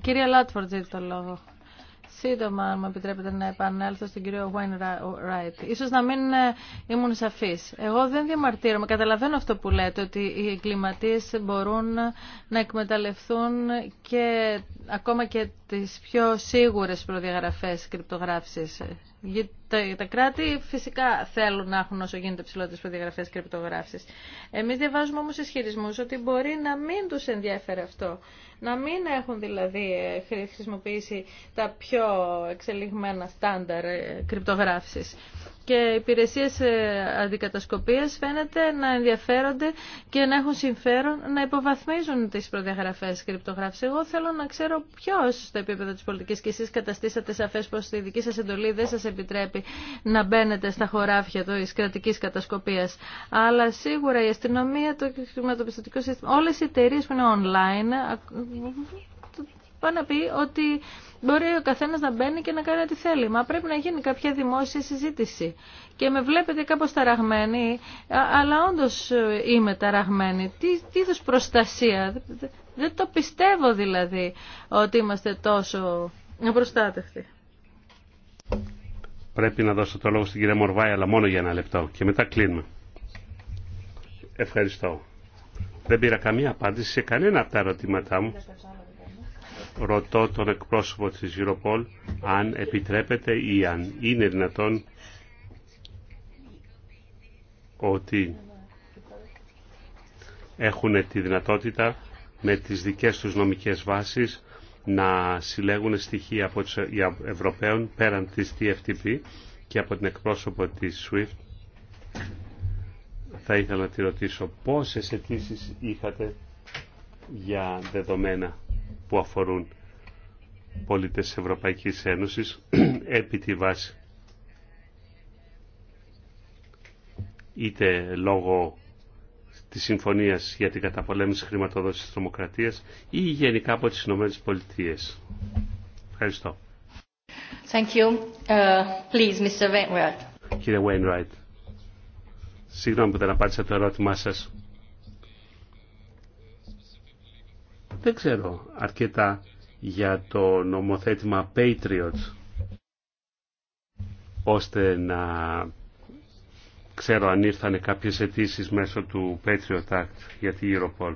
κυρία Λάτφορτ ζήτησε το λόγο. Σύντομα, αν μου επιτρέπετε να επανέλθω στον κύριο Βάιν Ράιτ. Ίσως να μην ε, ήμουν σαφής. Εγώ δεν διαμαρτύρομαι. Καταλαβαίνω αυτό που λέτε, ότι οι εγκληματίες μπορούν να εκμεταλλευθούν και ακόμα και τις πιο σίγουρες προδιαγραφές κρυπτογράφησης. Τα κράτη φυσικά θέλουν να έχουν όσο γίνεται ψηλότερε προδιαγραφέ κρυπτογράφηση. Εμεί διαβάζουμε όμω ισχυρισμού ότι μπορεί να μην του ενδιαφέρει αυτό. Να μην έχουν δηλαδή ε, χρησιμοποιήσει τα πιο εξελιγμένα στάνταρ ε, κρυπτογράφηση και υπηρεσίες ε, αντικατασκοπίας φαίνεται να ενδιαφέρονται και να έχουν συμφέρον να υποβαθμίζουν τις προδιαγραφές κρυπτογράφηση. Εγώ θέλω να ξέρω ποιος στο επίπεδο της πολιτικής και εσείς καταστήσατε σαφές πως η δική σας εντολή δεν σας επιτρέπει να μπαίνετε στα χωράφια τη κρατική κατασκοπία. Αλλά σίγουρα η αστυνομία, το χρηματοπιστωτικό σύστημα, όλες οι εταιρείε που είναι online πάει να πει ότι μπορεί ο καθένα να μπαίνει και να κάνει ό,τι θέλει. Μα πρέπει να γίνει κάποια δημόσια συζήτηση. Και με βλέπετε κάπω ταραγμένη, αλλά όντω ε, είμαι ταραγμένη. Τι, τι είδου προστασία. Δεν το πιστεύω δηλαδή ότι είμαστε τόσο απροστάτευτοι. Πρέπει να δώσω το λόγο στην κυρία Μορβάη, αλλά μόνο για ένα λεπτό. Και μετά κλείνουμε. Ευχαριστώ. Δεν πήρα καμία απάντηση σε κανένα από τα ερωτήματά μου ρωτώ τον εκπρόσωπο της Europol αν επιτρέπεται ή αν είναι δυνατόν ότι έχουν τη δυνατότητα με τις δικές τους νομικές βάσεις να συλλέγουν στοιχεία από τους ε, Ευρωπαίων πέραν της TFTP και από την εκπρόσωπο της SWIFT. Θα ήθελα να τη ρωτήσω πόσες αιτήσει είχατε για δεδομένα που αφορούν πολίτες της Ευρωπαϊκής Ένωσης επί τη βάση είτε λόγω τη συμφωνίας για την καταπολέμηση χρηματοδότησης τη τρομοκρατία ή γενικά από τις Ηνωμένε Πολιτείε. Ευχαριστώ. Thank you. Uh, please, Mr. Wainwright. Κύριε Wainwright, συγγνώμη που δεν απάντησα το ερώτημά σας. Δεν ξέρω αρκετά για το νομοθέτημα Patriots ώστε να ξέρω αν ήρθανε κάποιες αιτήσει μέσω του Patriot Act για τη Europol.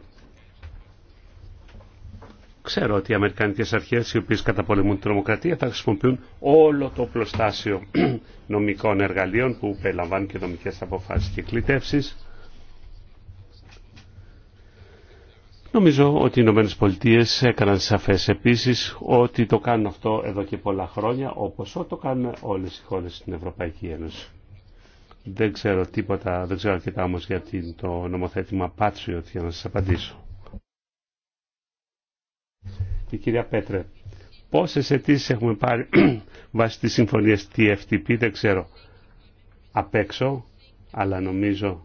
Ξέρω ότι οι Αμερικανικές αρχές οι οποίες καταπολεμούν την τρομοκρατία θα χρησιμοποιούν όλο το πλωστάσιο νομικών εργαλείων που περιλαμβάνουν και νομικές αποφάσεις και κλητεύσεις. Νομίζω ότι οι Ηνωμένε Πολιτείε έκαναν σαφέ επίση ότι το κάνουν αυτό εδώ και πολλά χρόνια, όπω το κάνουν όλε οι χώρε στην Ευρωπαϊκή Ένωση. Δεν ξέρω τίποτα, δεν ξέρω αρκετά όμω για το νομοθέτημα Patriot για να σα απαντήσω. Η κυρία Πέτρε, πόσε αιτήσει έχουμε πάρει βάσει τη συμφωνία TFTP, δεν ξέρω απ' έξω, αλλά νομίζω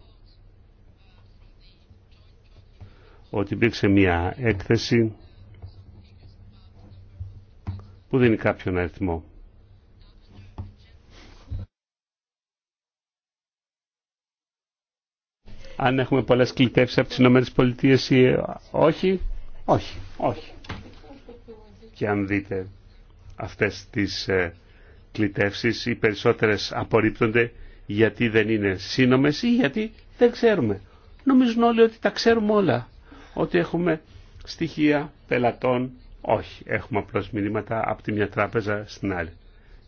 ότι υπήρξε μια έκθεση που δίνει κάποιον αριθμό. Αν έχουμε πολλές κλητεύσεις από τις Ηνωμένες Πολιτείες ή όχι, όχι, όχι. Και αν δείτε αυτές τις ε, κλητεύσεις, οι περισσότερες απορρίπτονται γιατί δεν είναι σύνομες ή γιατί δεν ξέρουμε. Νομίζουν όλοι ότι τα ξέρουμε όλα ότι έχουμε στοιχεία πελατών. Όχι, έχουμε απλώς μηνύματα από τη μια τράπεζα στην άλλη.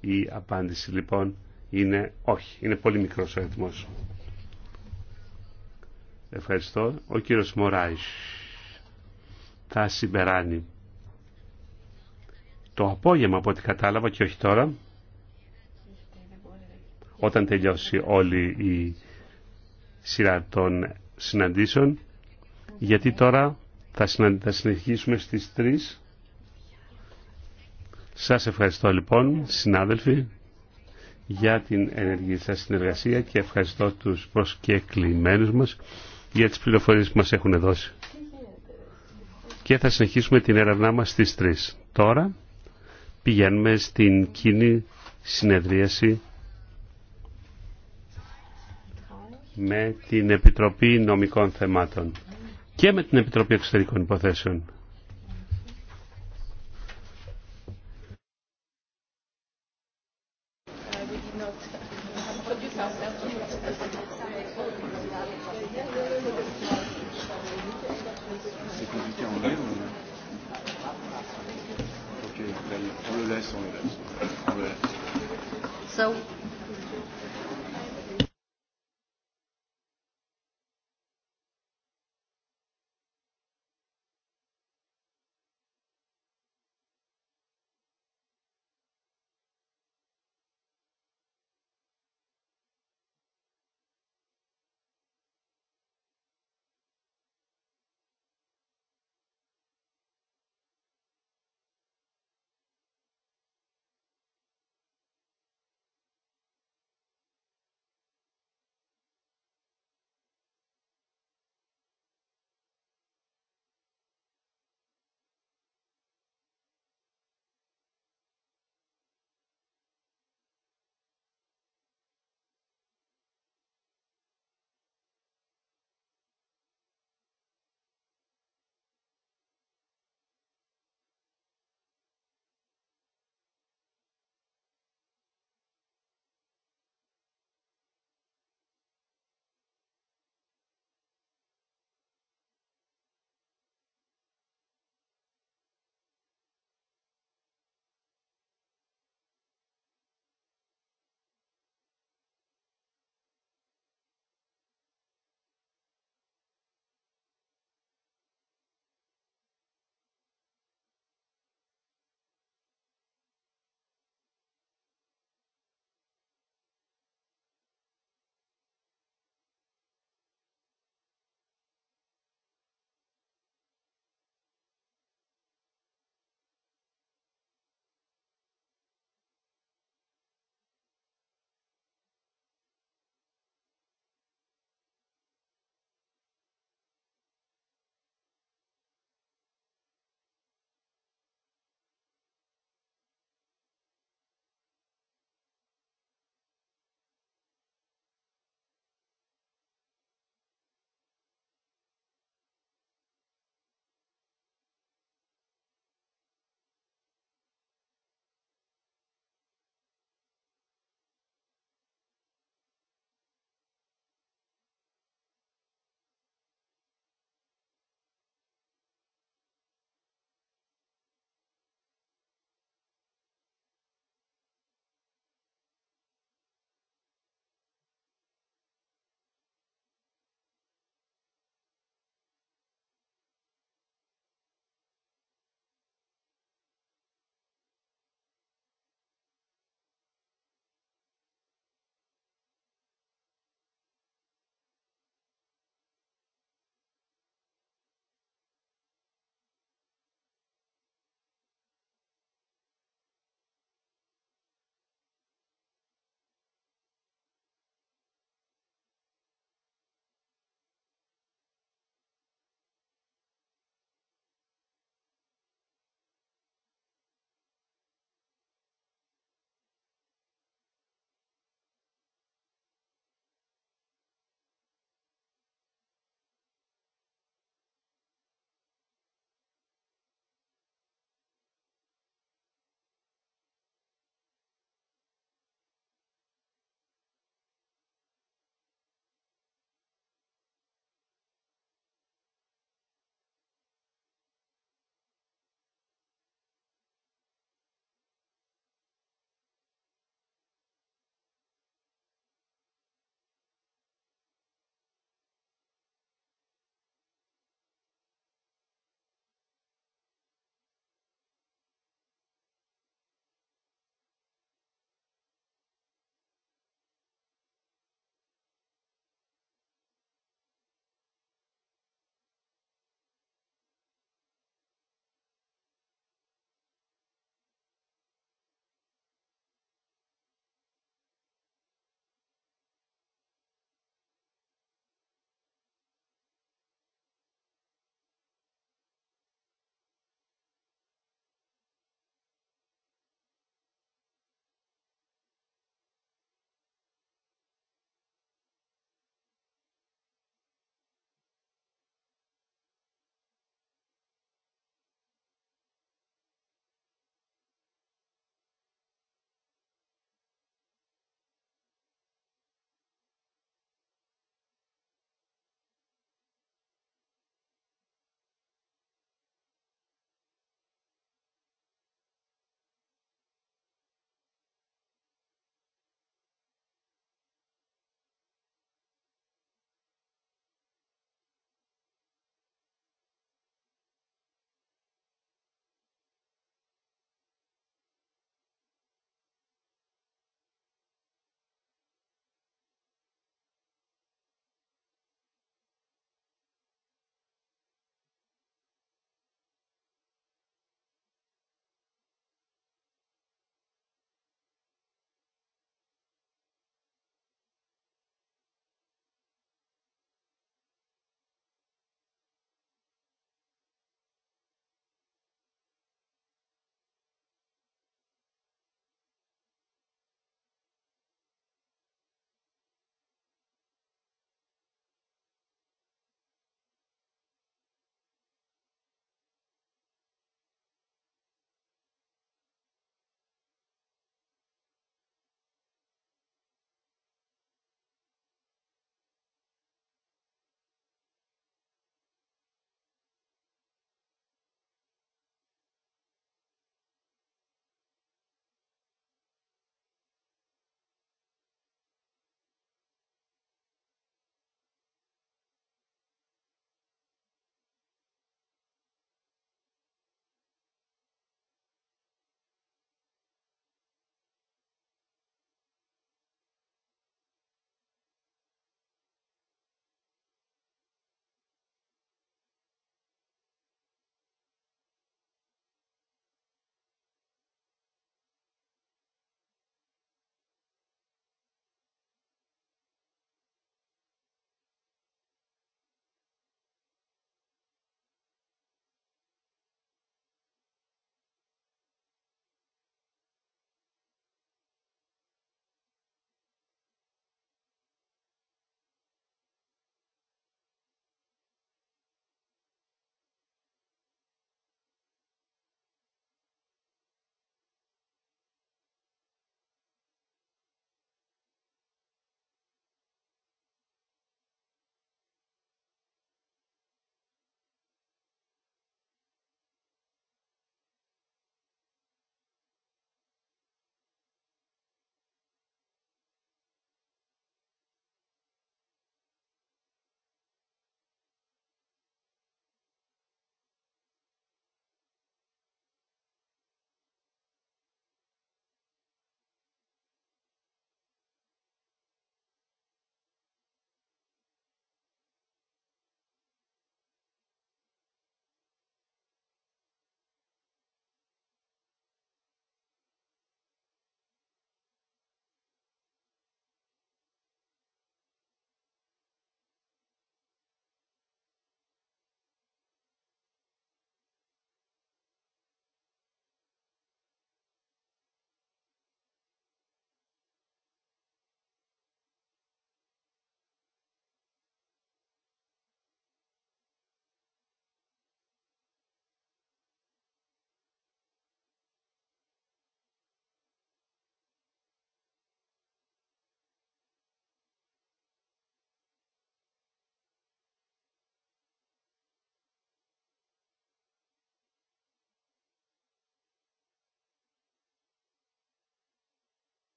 Η απάντηση λοιπόν είναι όχι. Είναι πολύ μικρός ο αριθμός. Ευχαριστώ. Ο κύριος Μωράης θα συμπεράνει το απόγευμα από ό,τι κατάλαβα και όχι τώρα όταν τελειώσει όλη η σειρά των συναντήσεων γιατί τώρα θα, συνεχίσουμε στις 3. Σας ευχαριστώ λοιπόν συνάδελφοι για την ενεργή σας συνεργασία και ευχαριστώ τους προσκεκλημένους μας για τις πληροφορίες που μας έχουν δώσει. Και θα συνεχίσουμε την έρευνά μας στις 3. Τώρα πηγαίνουμε στην κοινή συνεδρίαση με την Επιτροπή Νομικών Θεμάτων και με την Επιτροπή Εξωτερικών Υποθέσεων.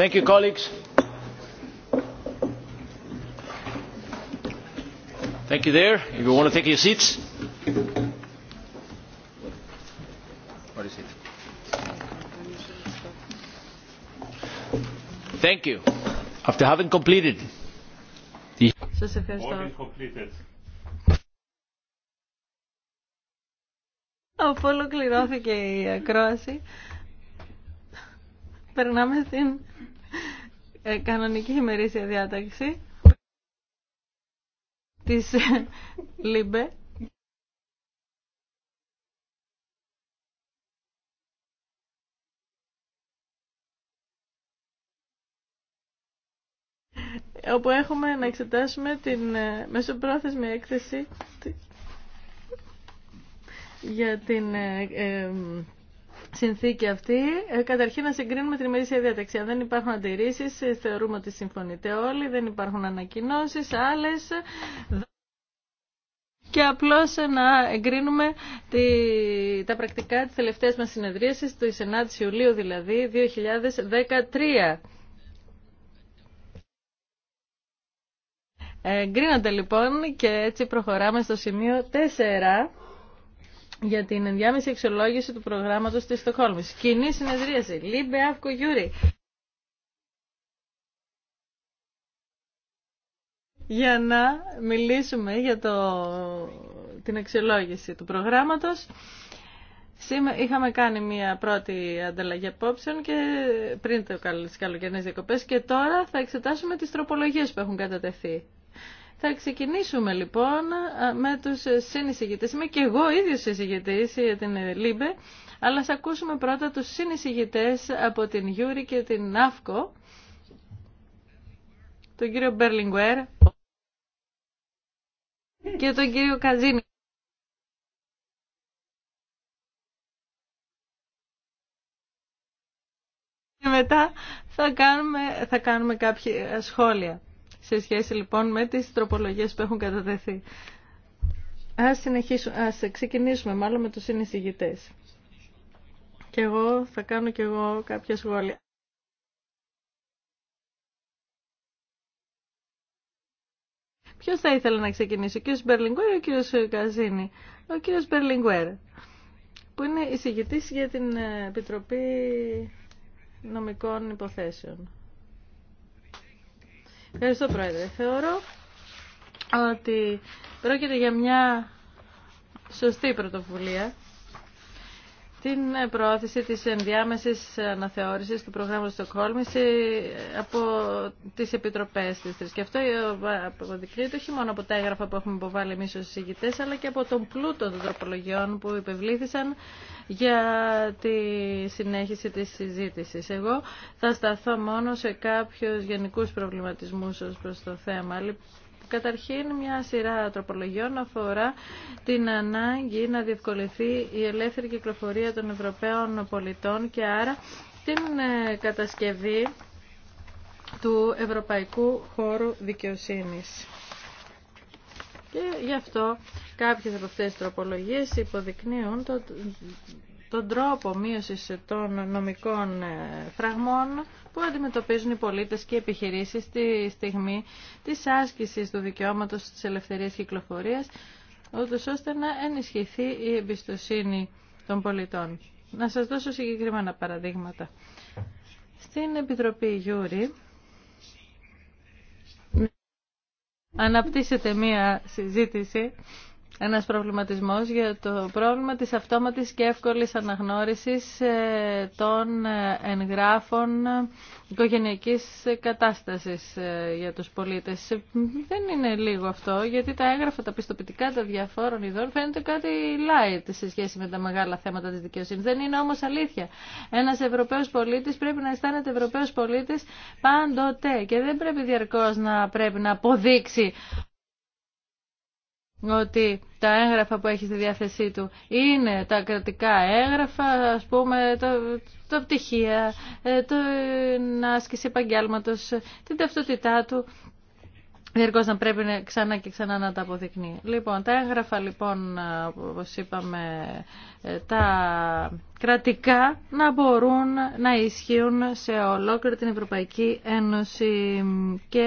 Thank you, colleagues. Thank you there. If you want to take your seats. What is it? Thank you. After having completed. the Αφού ολοκληρώθηκε η ακρόαση, περνάμε στην ε, κανονική ημερήσια διάταξη της ε, ΛΥΜΠΕ. όπου έχουμε να εξετάσουμε την ε, μεσοπρόθεσμη έκθεση για την συνθήκη αυτή, ε, καταρχήν να συγκρίνουμε την ημερήσια διαταξία. δεν υπάρχουν αντιρρήσει, ε, θεωρούμε ότι συμφωνείτε όλοι, δεν υπάρχουν ανακοινώσει, άλλε. Και απλώς ε, να εγκρίνουμε τη, τα πρακτικά τη τελευταία μα συνεδρίασης, του 9 Ιουλίου δηλαδή, 2013. Εγκρίνονται λοιπόν και έτσι προχωράμε στο σημείο 4 για την ενδιάμεση αξιολόγηση του προγράμματος τη Στοχόλμη. Κοινή συνεδρίαση. Λίμπε Αύκο Γιούρι. Για να μιλήσουμε για το, την αξιολόγηση του προγράμματος. Σήμερα είχαμε κάνει μια πρώτη ανταλλαγή απόψεων και πριν το καλοκαιρινέ διακοπές και τώρα θα εξετάσουμε τις τροπολογίες που έχουν κατατεθεί. Θα ξεκινήσουμε λοιπόν με τους συνεισηγητές. Είμαι και εγώ ίδιος συνεισηγητής για την ε, ΛΥΜΠΕ, αλλά θα ακούσουμε πρώτα τους συνεισηγητές από την Γιούρη και την Νάφκο. τον κύριο Μπερλιγκουέρ και τον κύριο Καζίνη. Και μετά θα κάνουμε, θα κάνουμε κάποια σχόλια σε σχέση λοιπόν με τις τροπολογίες που έχουν κατατεθεί. Ας, συνεχίσουμε, ας ξεκινήσουμε μάλλον με τους συνεισηγητές. Και εγώ θα κάνω και εγώ κάποια σχόλια. Ποιο θα ήθελε να ξεκινήσει, ο κύριο Μπερλιγκουέρ ή ο κύριο Καζίνη. Ο κύριος Μπερλιγκουέρ, που είναι εισηγητής για την ε, Επιτροπή Νομικών Υποθέσεων. Ευχαριστώ, Πρόεδρε. Θεωρώ ότι πρόκειται για μια σωστή πρωτοβουλία την προώθηση της ενδιάμεσης αναθεώρησης του προγράμματος Στοκχόλμης από τις επιτροπές της Και αυτό αποδεικνύεται όχι μόνο από τα έγγραφα που έχουμε υποβάλει εμείς ως συζητητές, αλλά και από τον πλούτο των τροπολογιών που υπευλήθησαν για τη συνέχιση της συζήτησης. Εγώ θα σταθώ μόνο σε κάποιους γενικούς προβληματισμούς ως προς το θέμα. Καταρχήν, μια σειρά τροπολογιών αφορά την ανάγκη να διευκολυνθεί η ελεύθερη κυκλοφορία των Ευρωπαίων πολιτών και άρα την ε, κατασκευή του Ευρωπαϊκού Χώρου Δικαιοσύνης. Και γι' αυτό κάποιες από αυτές τις τροπολογίες υποδεικνύουν το, τον τρόπο μείωσης των νομικών ε, φραγμών που αντιμετωπίζουν οι πολίτες και οι επιχειρήσεις στη στιγμή της άσκησης του δικαιώματος της ελευθερίας κυκλοφορίας, ούτως ώστε να ενισχυθεί η εμπιστοσύνη των πολιτών. Να σας δώσω συγκεκριμένα παραδείγματα. Στην Επιτροπή Γιούρη αναπτύσσεται μία συζήτηση ένας προβληματισμός για το πρόβλημα της αυτόματης και εύκολης αναγνώρισης ε, των ε, εγγράφων οικογενειακής κατάστασης ε, για τους πολίτες. Δεν είναι λίγο αυτό, γιατί τα έγγραφα, τα πιστοποιητικά τα διαφόρων ειδών φαίνεται κάτι light σε σχέση με τα μεγάλα θέματα της δικαιοσύνης. Δεν είναι όμως αλήθεια. Ένας Ευρωπαίος πολίτης πρέπει να αισθάνεται Ευρωπαίος πολίτης πάντοτε και δεν πρέπει διαρκώς να πρέπει να αποδείξει ότι τα έγγραφα που έχει στη διάθεσή του είναι τα κρατικά έγγραφα, ας πούμε, τα, πτυχία, ε, την άσκηση επαγγέλματο, την ταυτότητά του. Διαρκώς να πρέπει ξανά και ξανά να τα αποδεικνύει. Λοιπόν, τα έγγραφα, λοιπόν, ε, όπως είπαμε, ε, τα κρατικά να μπορούν να ισχύουν σε ολόκληρη την Ευρωπαϊκή Ένωση και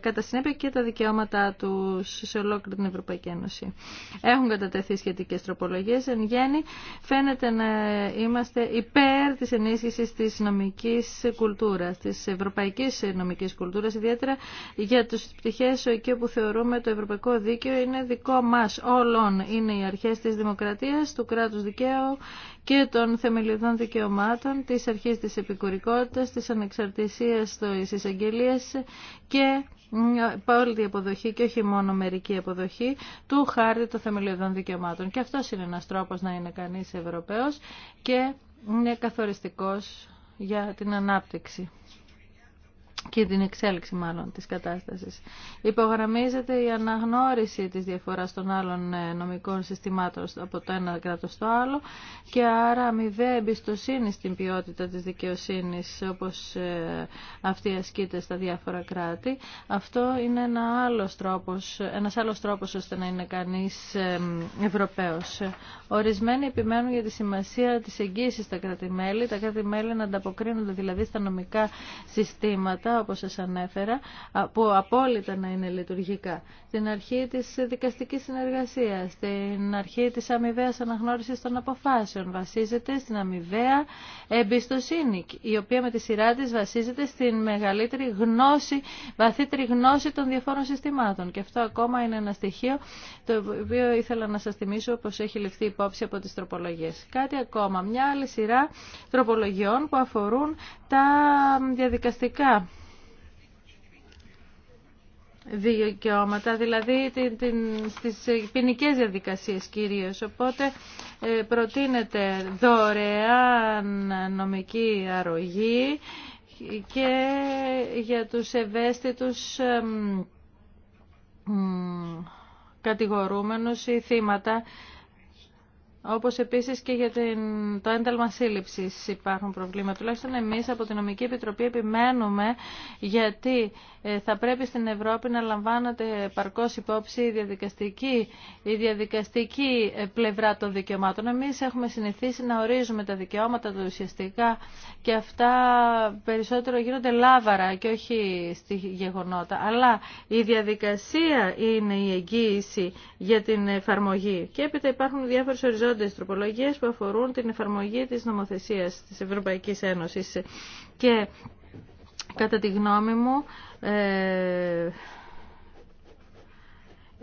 κατά συνέπεια και τα δικαιώματά του σε ολόκληρη την Ευρωπαϊκή Ένωση. Έχουν κατατεθεί σχετικές τροπολογίες. Εν γέννη φαίνεται να είμαστε υπέρ της ενίσχυσης της νομικής κουλτούρας, της ευρωπαϊκής νομικής κουλτούρας, ιδιαίτερα για τους πτυχές εκεί όπου θεωρούμε το ευρωπαϊκό δίκαιο είναι δικό μας όλων. Είναι οι αρχές της δημοκρατίας, του κράτους δικαίου και των θεμελιωδών δικαιωμάτων, της αρχής της επικουρικότητας, της ανεξαρτησίας της εισαγγελίας και όλη αποδοχή και όχι μόνο μερική αποδοχή του χάρτη των θεμελιωδών δικαιωμάτων. Και αυτός είναι ένας τρόπος να είναι κανείς Ευρωπαίος και είναι καθοριστικός για την ανάπτυξη και την εξέλιξη μάλλον της κατάστασης. Υπογραμμίζεται η αναγνώριση της διαφοράς των άλλων ε, νομικών συστημάτων από το ένα κράτος στο άλλο και άρα αμοιβαία εμπιστοσύνη στην ποιότητα της δικαιοσύνης όπως ε, αυτή ασκείται στα διάφορα κράτη. Αυτό είναι ένα άλλος τρόπος, ένας άλλος τρόπος ώστε να είναι κανείς ε, Ευρωπαίος. Ορισμένοι επιμένουν για τη σημασία της εγγύησης στα κράτη-μέλη, τα κράτη-μέλη να ανταποκρίνονται δηλαδή στα νομικά συστήματα αυτά όπως σας ανέφερα, που απόλυτα να είναι λειτουργικά. Την αρχή της δικαστικής συνεργασίας, την αρχή της αμοιβαίας αναγνώρισης των αποφάσεων βασίζεται στην αμοιβαία εμπιστοσύνη, η οποία με τη σειρά τη βασίζεται στην μεγαλύτερη γνώση, βαθύτερη γνώση των διαφόρων συστημάτων. Και αυτό ακόμα είναι ένα στοιχείο το οποίο ήθελα να σας θυμίσω πως έχει ληφθεί υπόψη από τις τροπολογίες. Κάτι ακόμα, μια άλλη σειρά τροπολογιών που αφορούν τα διαδικαστικά δικαιώματα, δηλαδή την, στις ποινικέ διαδικασίες κυρίως. Οπότε ε, προτείνεται δωρεάν νομική αρρωγή και για τους ευαίσθητους κατηγορούμενους ή θύματα όπως επίσης και για την, το ένταλμα σύλληψης υπάρχουν προβλήματα. Τουλάχιστον εμείς από την Νομική Επιτροπή επιμένουμε γιατί ε, θα πρέπει στην Ευρώπη να λαμβάνεται παρκώς υπόψη η διαδικαστική, η διαδικαστική ε, πλευρά των δικαιωμάτων. Εμείς έχουμε συνηθίσει να ορίζουμε τα δικαιώματα του ουσιαστικά και αυτά περισσότερο γίνονται λάβαρα και όχι στη γεγονότα. Αλλά η διαδικασία είναι η εγγύηση για την εφαρμογή. Και έπειτα υπάρχουν διάφορες οριζόντες ενδιαφέροντες τροπολογίες που αφορούν την εφαρμογή της νομοθεσίας της Ευρωπαϊκής Ένωσης. Και κατά τη γνώμη μου ε,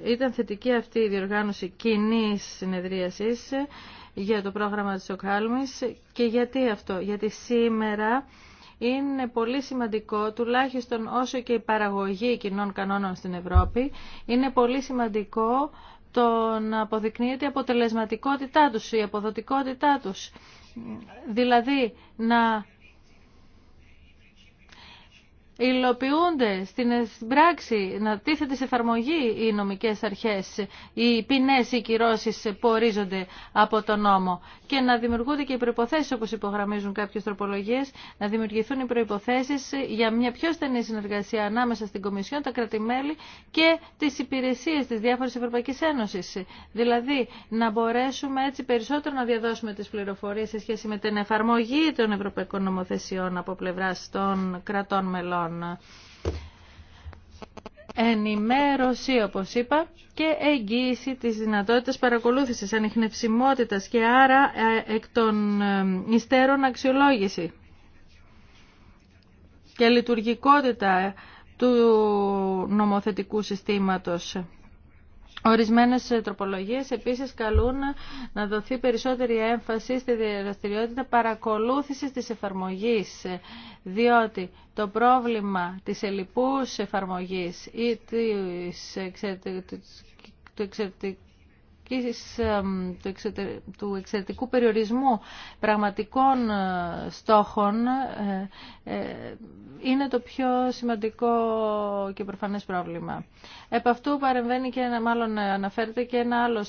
ήταν θετική αυτή η διοργάνωση κοινή συνεδρίασης για το πρόγραμμα της Οκάλμης και γιατί αυτό, γιατί σήμερα είναι πολύ σημαντικό, τουλάχιστον όσο και η παραγωγή κοινών κανόνων στην Ευρώπη, είναι πολύ σημαντικό το να αποδεικνύεται η αποτελεσματικότητά τους, η αποδοτικότητά τους. Δηλαδή να υλοποιούνται στην πράξη, να τίθεται σε εφαρμογή οι νομικές αρχές, οι ποινές, οι κυρώσει που ορίζονται από τον νόμο και να δημιουργούνται και οι προϋποθέσεις όπως υπογραμμίζουν κάποιες τροπολογίες, να δημιουργηθούν οι προϋποθέσεις για μια πιο στενή συνεργασία ανάμεσα στην Κομισιόν, τα κρατημέλη και τις υπηρεσίες της διάφορης Ευρωπαϊκής Ένωσης. Δηλαδή να μπορέσουμε έτσι περισσότερο να διαδώσουμε τις πληροφορίες σε σχέση με την εφαρμογή των ευρωπαϊκών νομοθεσιών από πλευράς των κρατών μελών. Λοιπόν, ενημέρωση, όπως είπα, και εγγύηση της δυνατότητας παρακολούθησης, ανιχνευσιμότητας και άρα ε, εκ των ε, υστέρων αξιολόγηση και λειτουργικότητα του νομοθετικού συστήματος. Ορισμένες ε, τροπολογίες επίσης καλούν να δοθεί περισσότερη έμφαση στη δραστηριότητα παρακολούθησης της εφαρμογής, διότι το πρόβλημα της ελλειπούς εφαρμογής ή της του του, εξαιρετικού περιορισμού πραγματικών ε, στόχων ε, ε, είναι το πιο σημαντικό και προφανές πρόβλημα. Επ' αυτού παρεμβαίνει και ένα, μάλλον αναφέρεται και ένα άλλο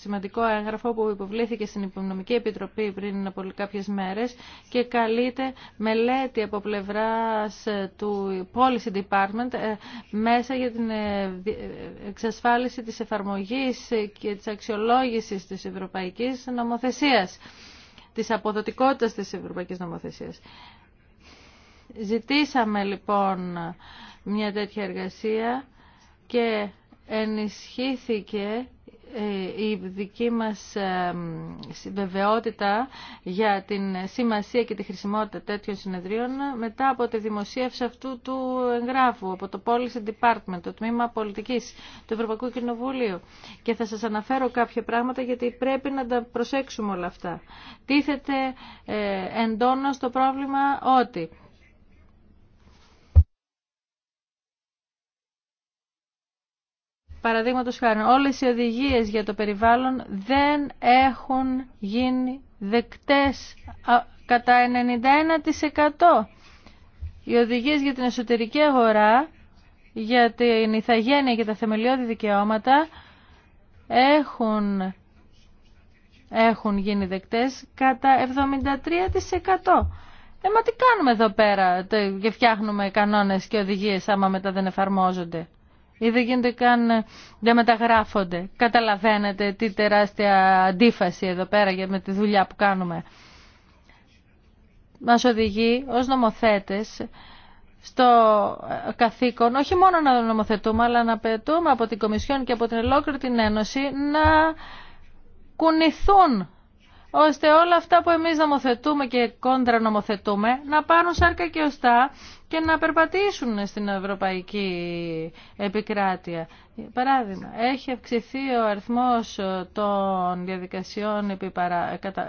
σημαντικό έγγραφο που υποβλήθηκε στην Υπονομική Επιτροπή πριν από κάποιες μέρες και καλείται μελέτη από πλευράς του Policy Department μέσα για την εξασφάλιση της εφαρμογής και της αξιολόγησης της ευρωπαϊκής νομοθεσίας, της αποδοτικότητας της ευρωπαϊκής νομοθεσίας. Ζητήσαμε λοιπόν μια τέτοια εργασία και ενισχύθηκε ε, η δική μας ε, βεβαιότητα για την σημασία και τη χρησιμότητα τέτοιων συνεδρίων μετά από τη δημοσίευση αυτού του εγγράφου από το Policy Department, το Τμήμα Πολιτικής του Ευρωπαϊκού Κοινοβουλίου. Και θα σας αναφέρω κάποια πράγματα γιατί πρέπει να τα προσέξουμε όλα αυτά. Τίθεται ε, εντόνως το πρόβλημα ότι Παραδείγματο χάρη, όλε οι οδηγίε για το περιβάλλον δεν έχουν γίνει δεκτέ κατά 91%. Οι οδηγίες για την εσωτερική αγορά, για την ηθαγένεια και τα θεμελιώδη δικαιώματα έχουν, έχουν γίνει δεκτές κατά 73%. Ε, μα τι κάνουμε εδώ πέρα και φτιάχνουμε κανόνες και οδηγίες άμα μετά δεν εφαρμόζονται ή δεν καν, ε, δεν μεταγράφονται. Καταλαβαίνετε τι τεράστια αντίφαση εδώ πέρα για με τη δουλειά που κάνουμε. Μας οδηγεί ως νομοθέτες στο ε, καθήκον, όχι μόνο να νομοθετούμε, αλλά να πετούμε από την Κομισιόν και από την ολόκληρη την Ένωση να κουνηθούν ώστε όλα αυτά που εμείς νομοθετούμε και κόντρα νομοθετούμε να πάρουν σάρκα και οστά και να περπατήσουν στην ευρωπαϊκή επικράτεια. Παράδειγμα, έχει αυξηθεί ο αριθμός των διαδικασιών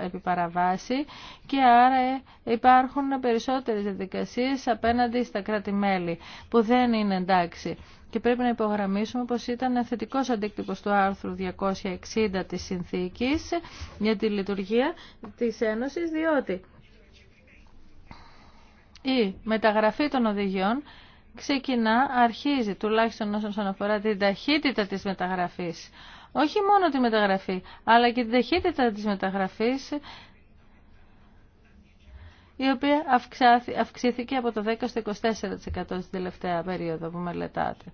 επί παραβάση και άρα υπάρχουν περισσότερες διαδικασίες απέναντι στα κράτη-μέλη που δεν είναι εντάξει. Και πρέπει να υπογραμμίσουμε πως ήταν θετικός αντίκτυπος του άρθρου 260 της Συνθήκης για τη λειτουργία της Ένωσης, διότι η μεταγραφή των οδηγιών ξεκινά, αρχίζει τουλάχιστον όσον αφορά την ταχύτητα της μεταγραφής. Όχι μόνο τη μεταγραφή, αλλά και την ταχύτητα της μεταγραφής η οποία αυξήθηκε από το 10% στο 24% στην τελευταία περίοδο που μελετάτε.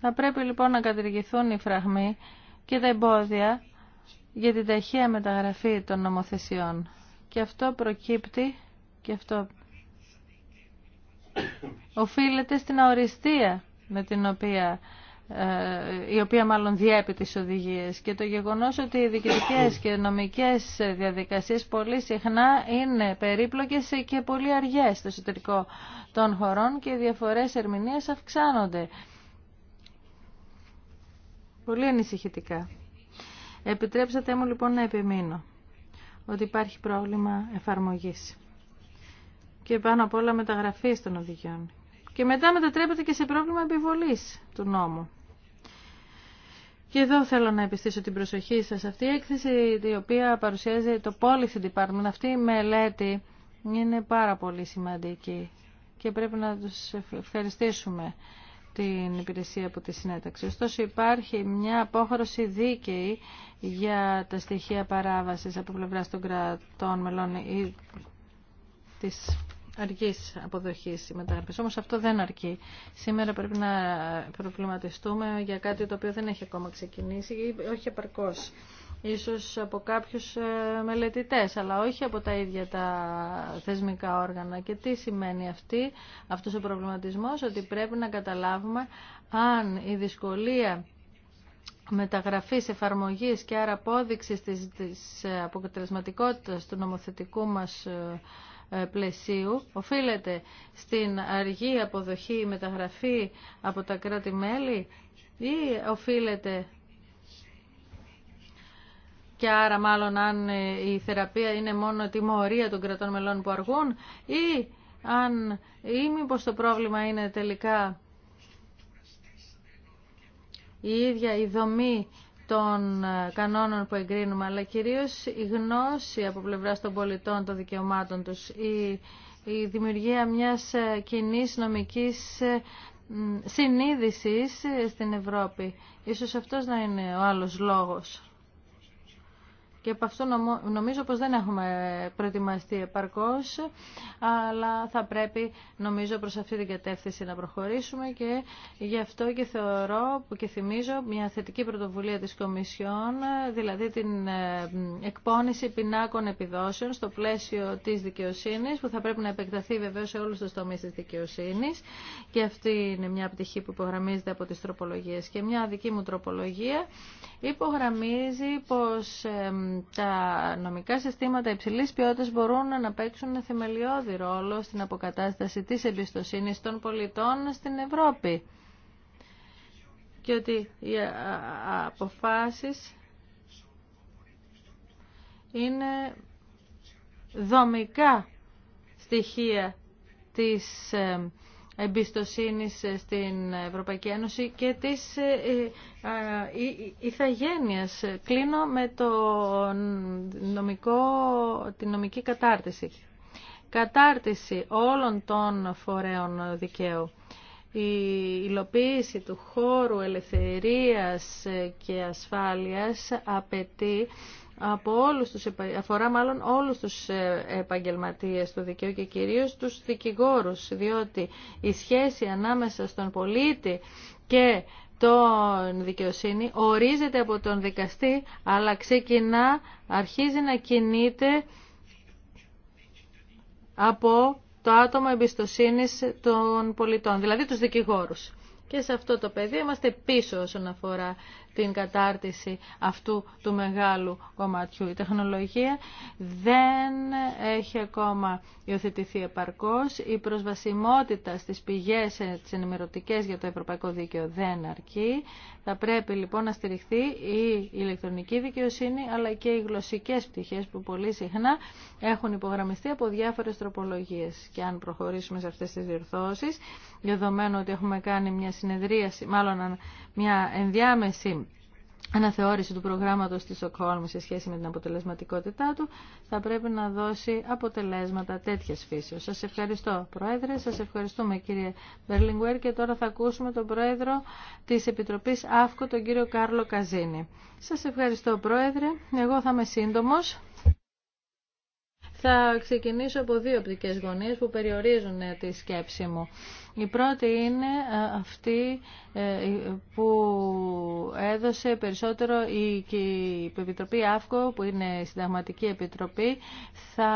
Θα πρέπει λοιπόν να κατηργηθούν οι φραγμοί και τα εμπόδια για την ταχεία μεταγραφή των νομοθεσιών. Και αυτό προκύπτει και αυτό οφείλεται στην αοριστία με την οποία ε, η οποία μάλλον διέπει τις οδηγίες και το γεγονός ότι οι διοικητικές και νομικές διαδικασίες πολύ συχνά είναι περίπλοκες και πολύ αργές στο εσωτερικό των χωρών και οι διαφορές ερμηνείας αυξάνονται. Πολύ ανησυχητικά. Επιτρέψατε μου λοιπόν να επιμείνω ότι υπάρχει πρόβλημα εφαρμογής και πάνω απ' όλα μεταγραφής των οδηγιών. Και μετά μετατρέπεται και σε πρόβλημα επιβολής του νόμου. Και εδώ θέλω να επιστήσω την προσοχή σας. Αυτή η έκθεση η οποία παρουσιάζει το Policy Department, αυτή η μελέτη είναι πάρα πολύ σημαντική και πρέπει να τους ευχαριστήσουμε την υπηρεσία από τη συνέταξη. Ωστόσο υπάρχει μια απόχρωση δίκαιη για τα στοιχεία παράβασης από πλευρά των κρατών μελών ή της αργής αποδοχής μεταγραφής. Όμως αυτό δεν αρκεί. Σήμερα πρέπει να προβληματιστούμε για κάτι το οποίο δεν έχει ακόμα ξεκινήσει ή όχι επαρκώς ίσως από κάποιους ε, μελετητές, αλλά όχι από τα ίδια τα θεσμικά όργανα. Και τι σημαίνει αυτή, αυτός ο προβληματισμός, ότι πρέπει να καταλάβουμε αν η δυσκολία μεταγραφής εφαρμογής και άρα απόδειξης της, της ε, του νομοθετικού μας ε, πλαισίου οφείλεται στην αργή αποδοχή μεταγραφή από τα κράτη-μέλη ή οφείλεται και άρα μάλλον αν η θεραπεία είναι μόνο τιμωρία των κρατών μελών που αργούν ή, αν, ή μήπως το πρόβλημα είναι τελικά η ίδια η δομή των κανόνων που εγκρίνουμε, αλλά κυρίως η γνώση από πλευράς των πολιτών των δικαιωμάτων τους, η, δημιουργία μιας κοινή νομικής συνείδησης στην Ευρώπη. Ίσως αυτός να είναι ο άλλος λόγος. Και από αυτό νομίζω πως δεν έχουμε προετοιμαστεί επαρκώς, αλλά θα πρέπει νομίζω προς αυτή την κατεύθυνση να προχωρήσουμε και γι' αυτό και θεωρώ και θυμίζω μια θετική πρωτοβουλία της Κομισιόν, δηλαδή την ε, εκπόνηση πινάκων επιδόσεων στο πλαίσιο της δικαιοσύνης, που θα πρέπει να επεκταθεί βεβαίως σε όλους τους τομείς της δικαιοσύνης και αυτή είναι μια πτυχή που υπογραμμίζεται από τις τροπολογίες. Και μια δική μου τροπολογία υπογραμμίζει πως τα νομικά συστήματα υψηλής ποιότητας μπορούν να παίξουν θεμελιώδη ρόλο στην αποκατάσταση της εμπιστοσύνης των πολιτών στην Ευρώπη και ότι οι αποφάσεις είναι δομικά στοιχεία της ε, εμπιστοσύνης ε, στην Ευρωπαϊκή Ένωση και της ε, ε, ηθαγένειας. Κλείνω με το νομικό, την νομική κατάρτιση. Κατάρτιση όλων των φορέων δικαίου. Η υλοποίηση του χώρου ελευθερίας και ασφάλειας απαιτεί από όλους τους, αφορά μάλλον όλους τους ε, επαγγελματίες του δικαίου και κυρίως τους δικηγόρους, διότι η σχέση ανάμεσα στον πολίτη και τον δικαιοσύνη ορίζεται από τον δικαστή, αλλά ξεκινά, αρχίζει να κινείται από το άτομο εμπιστοσύνης των πολιτών, δηλαδή τους δικηγόρους. Και σε αυτό το πεδίο είμαστε πίσω όσον αφορά την κατάρτιση αυτού του μεγάλου κομματιού. Η τεχνολογία δεν έχει ακόμα υιοθετηθεί επαρκώς. Η προσβασιμότητα στις πηγές ε, τις ενημερωτικές για το Ευρωπαϊκό Δίκαιο δεν αρκεί. Θα πρέπει λοιπόν να στηριχθεί η ηλεκτρονική δικαιοσύνη αλλά και οι γλωσσικές πτυχές που πολύ συχνά έχουν υπογραμμιστεί από διάφορες τροπολογίες. Και αν προχωρήσουμε σε αυτές τις διορθώσεις, δεδομένου ότι έχουμε κάνει μια συνεδρίαση, μάλλον μια ενδιάμεση αναθεώρηση του προγράμματος της Οκχόλμης σε σχέση με την αποτελεσματικότητά του θα πρέπει να δώσει αποτελέσματα τέτοιας φύσεως. Σας ευχαριστώ Πρόεδρε, σας ευχαριστούμε κύριε Μπερλιγκουέρ και τώρα θα ακούσουμε τον Πρόεδρο της Επιτροπής ΑΦΚΟ, τον κύριο Κάρλο Καζίνη. Σας ευχαριστώ Πρόεδρε, εγώ θα είμαι σύντομος. Θα ξεκινήσω από δύο οπτικές γωνίες που περιορίζουν τη σκέψη μου. Η πρώτη είναι ε, αυτή ε, που έδωσε περισσότερο η Επιτροπή ΑΦΚΟ, που είναι η Συνταγματική Επιτροπή. Θα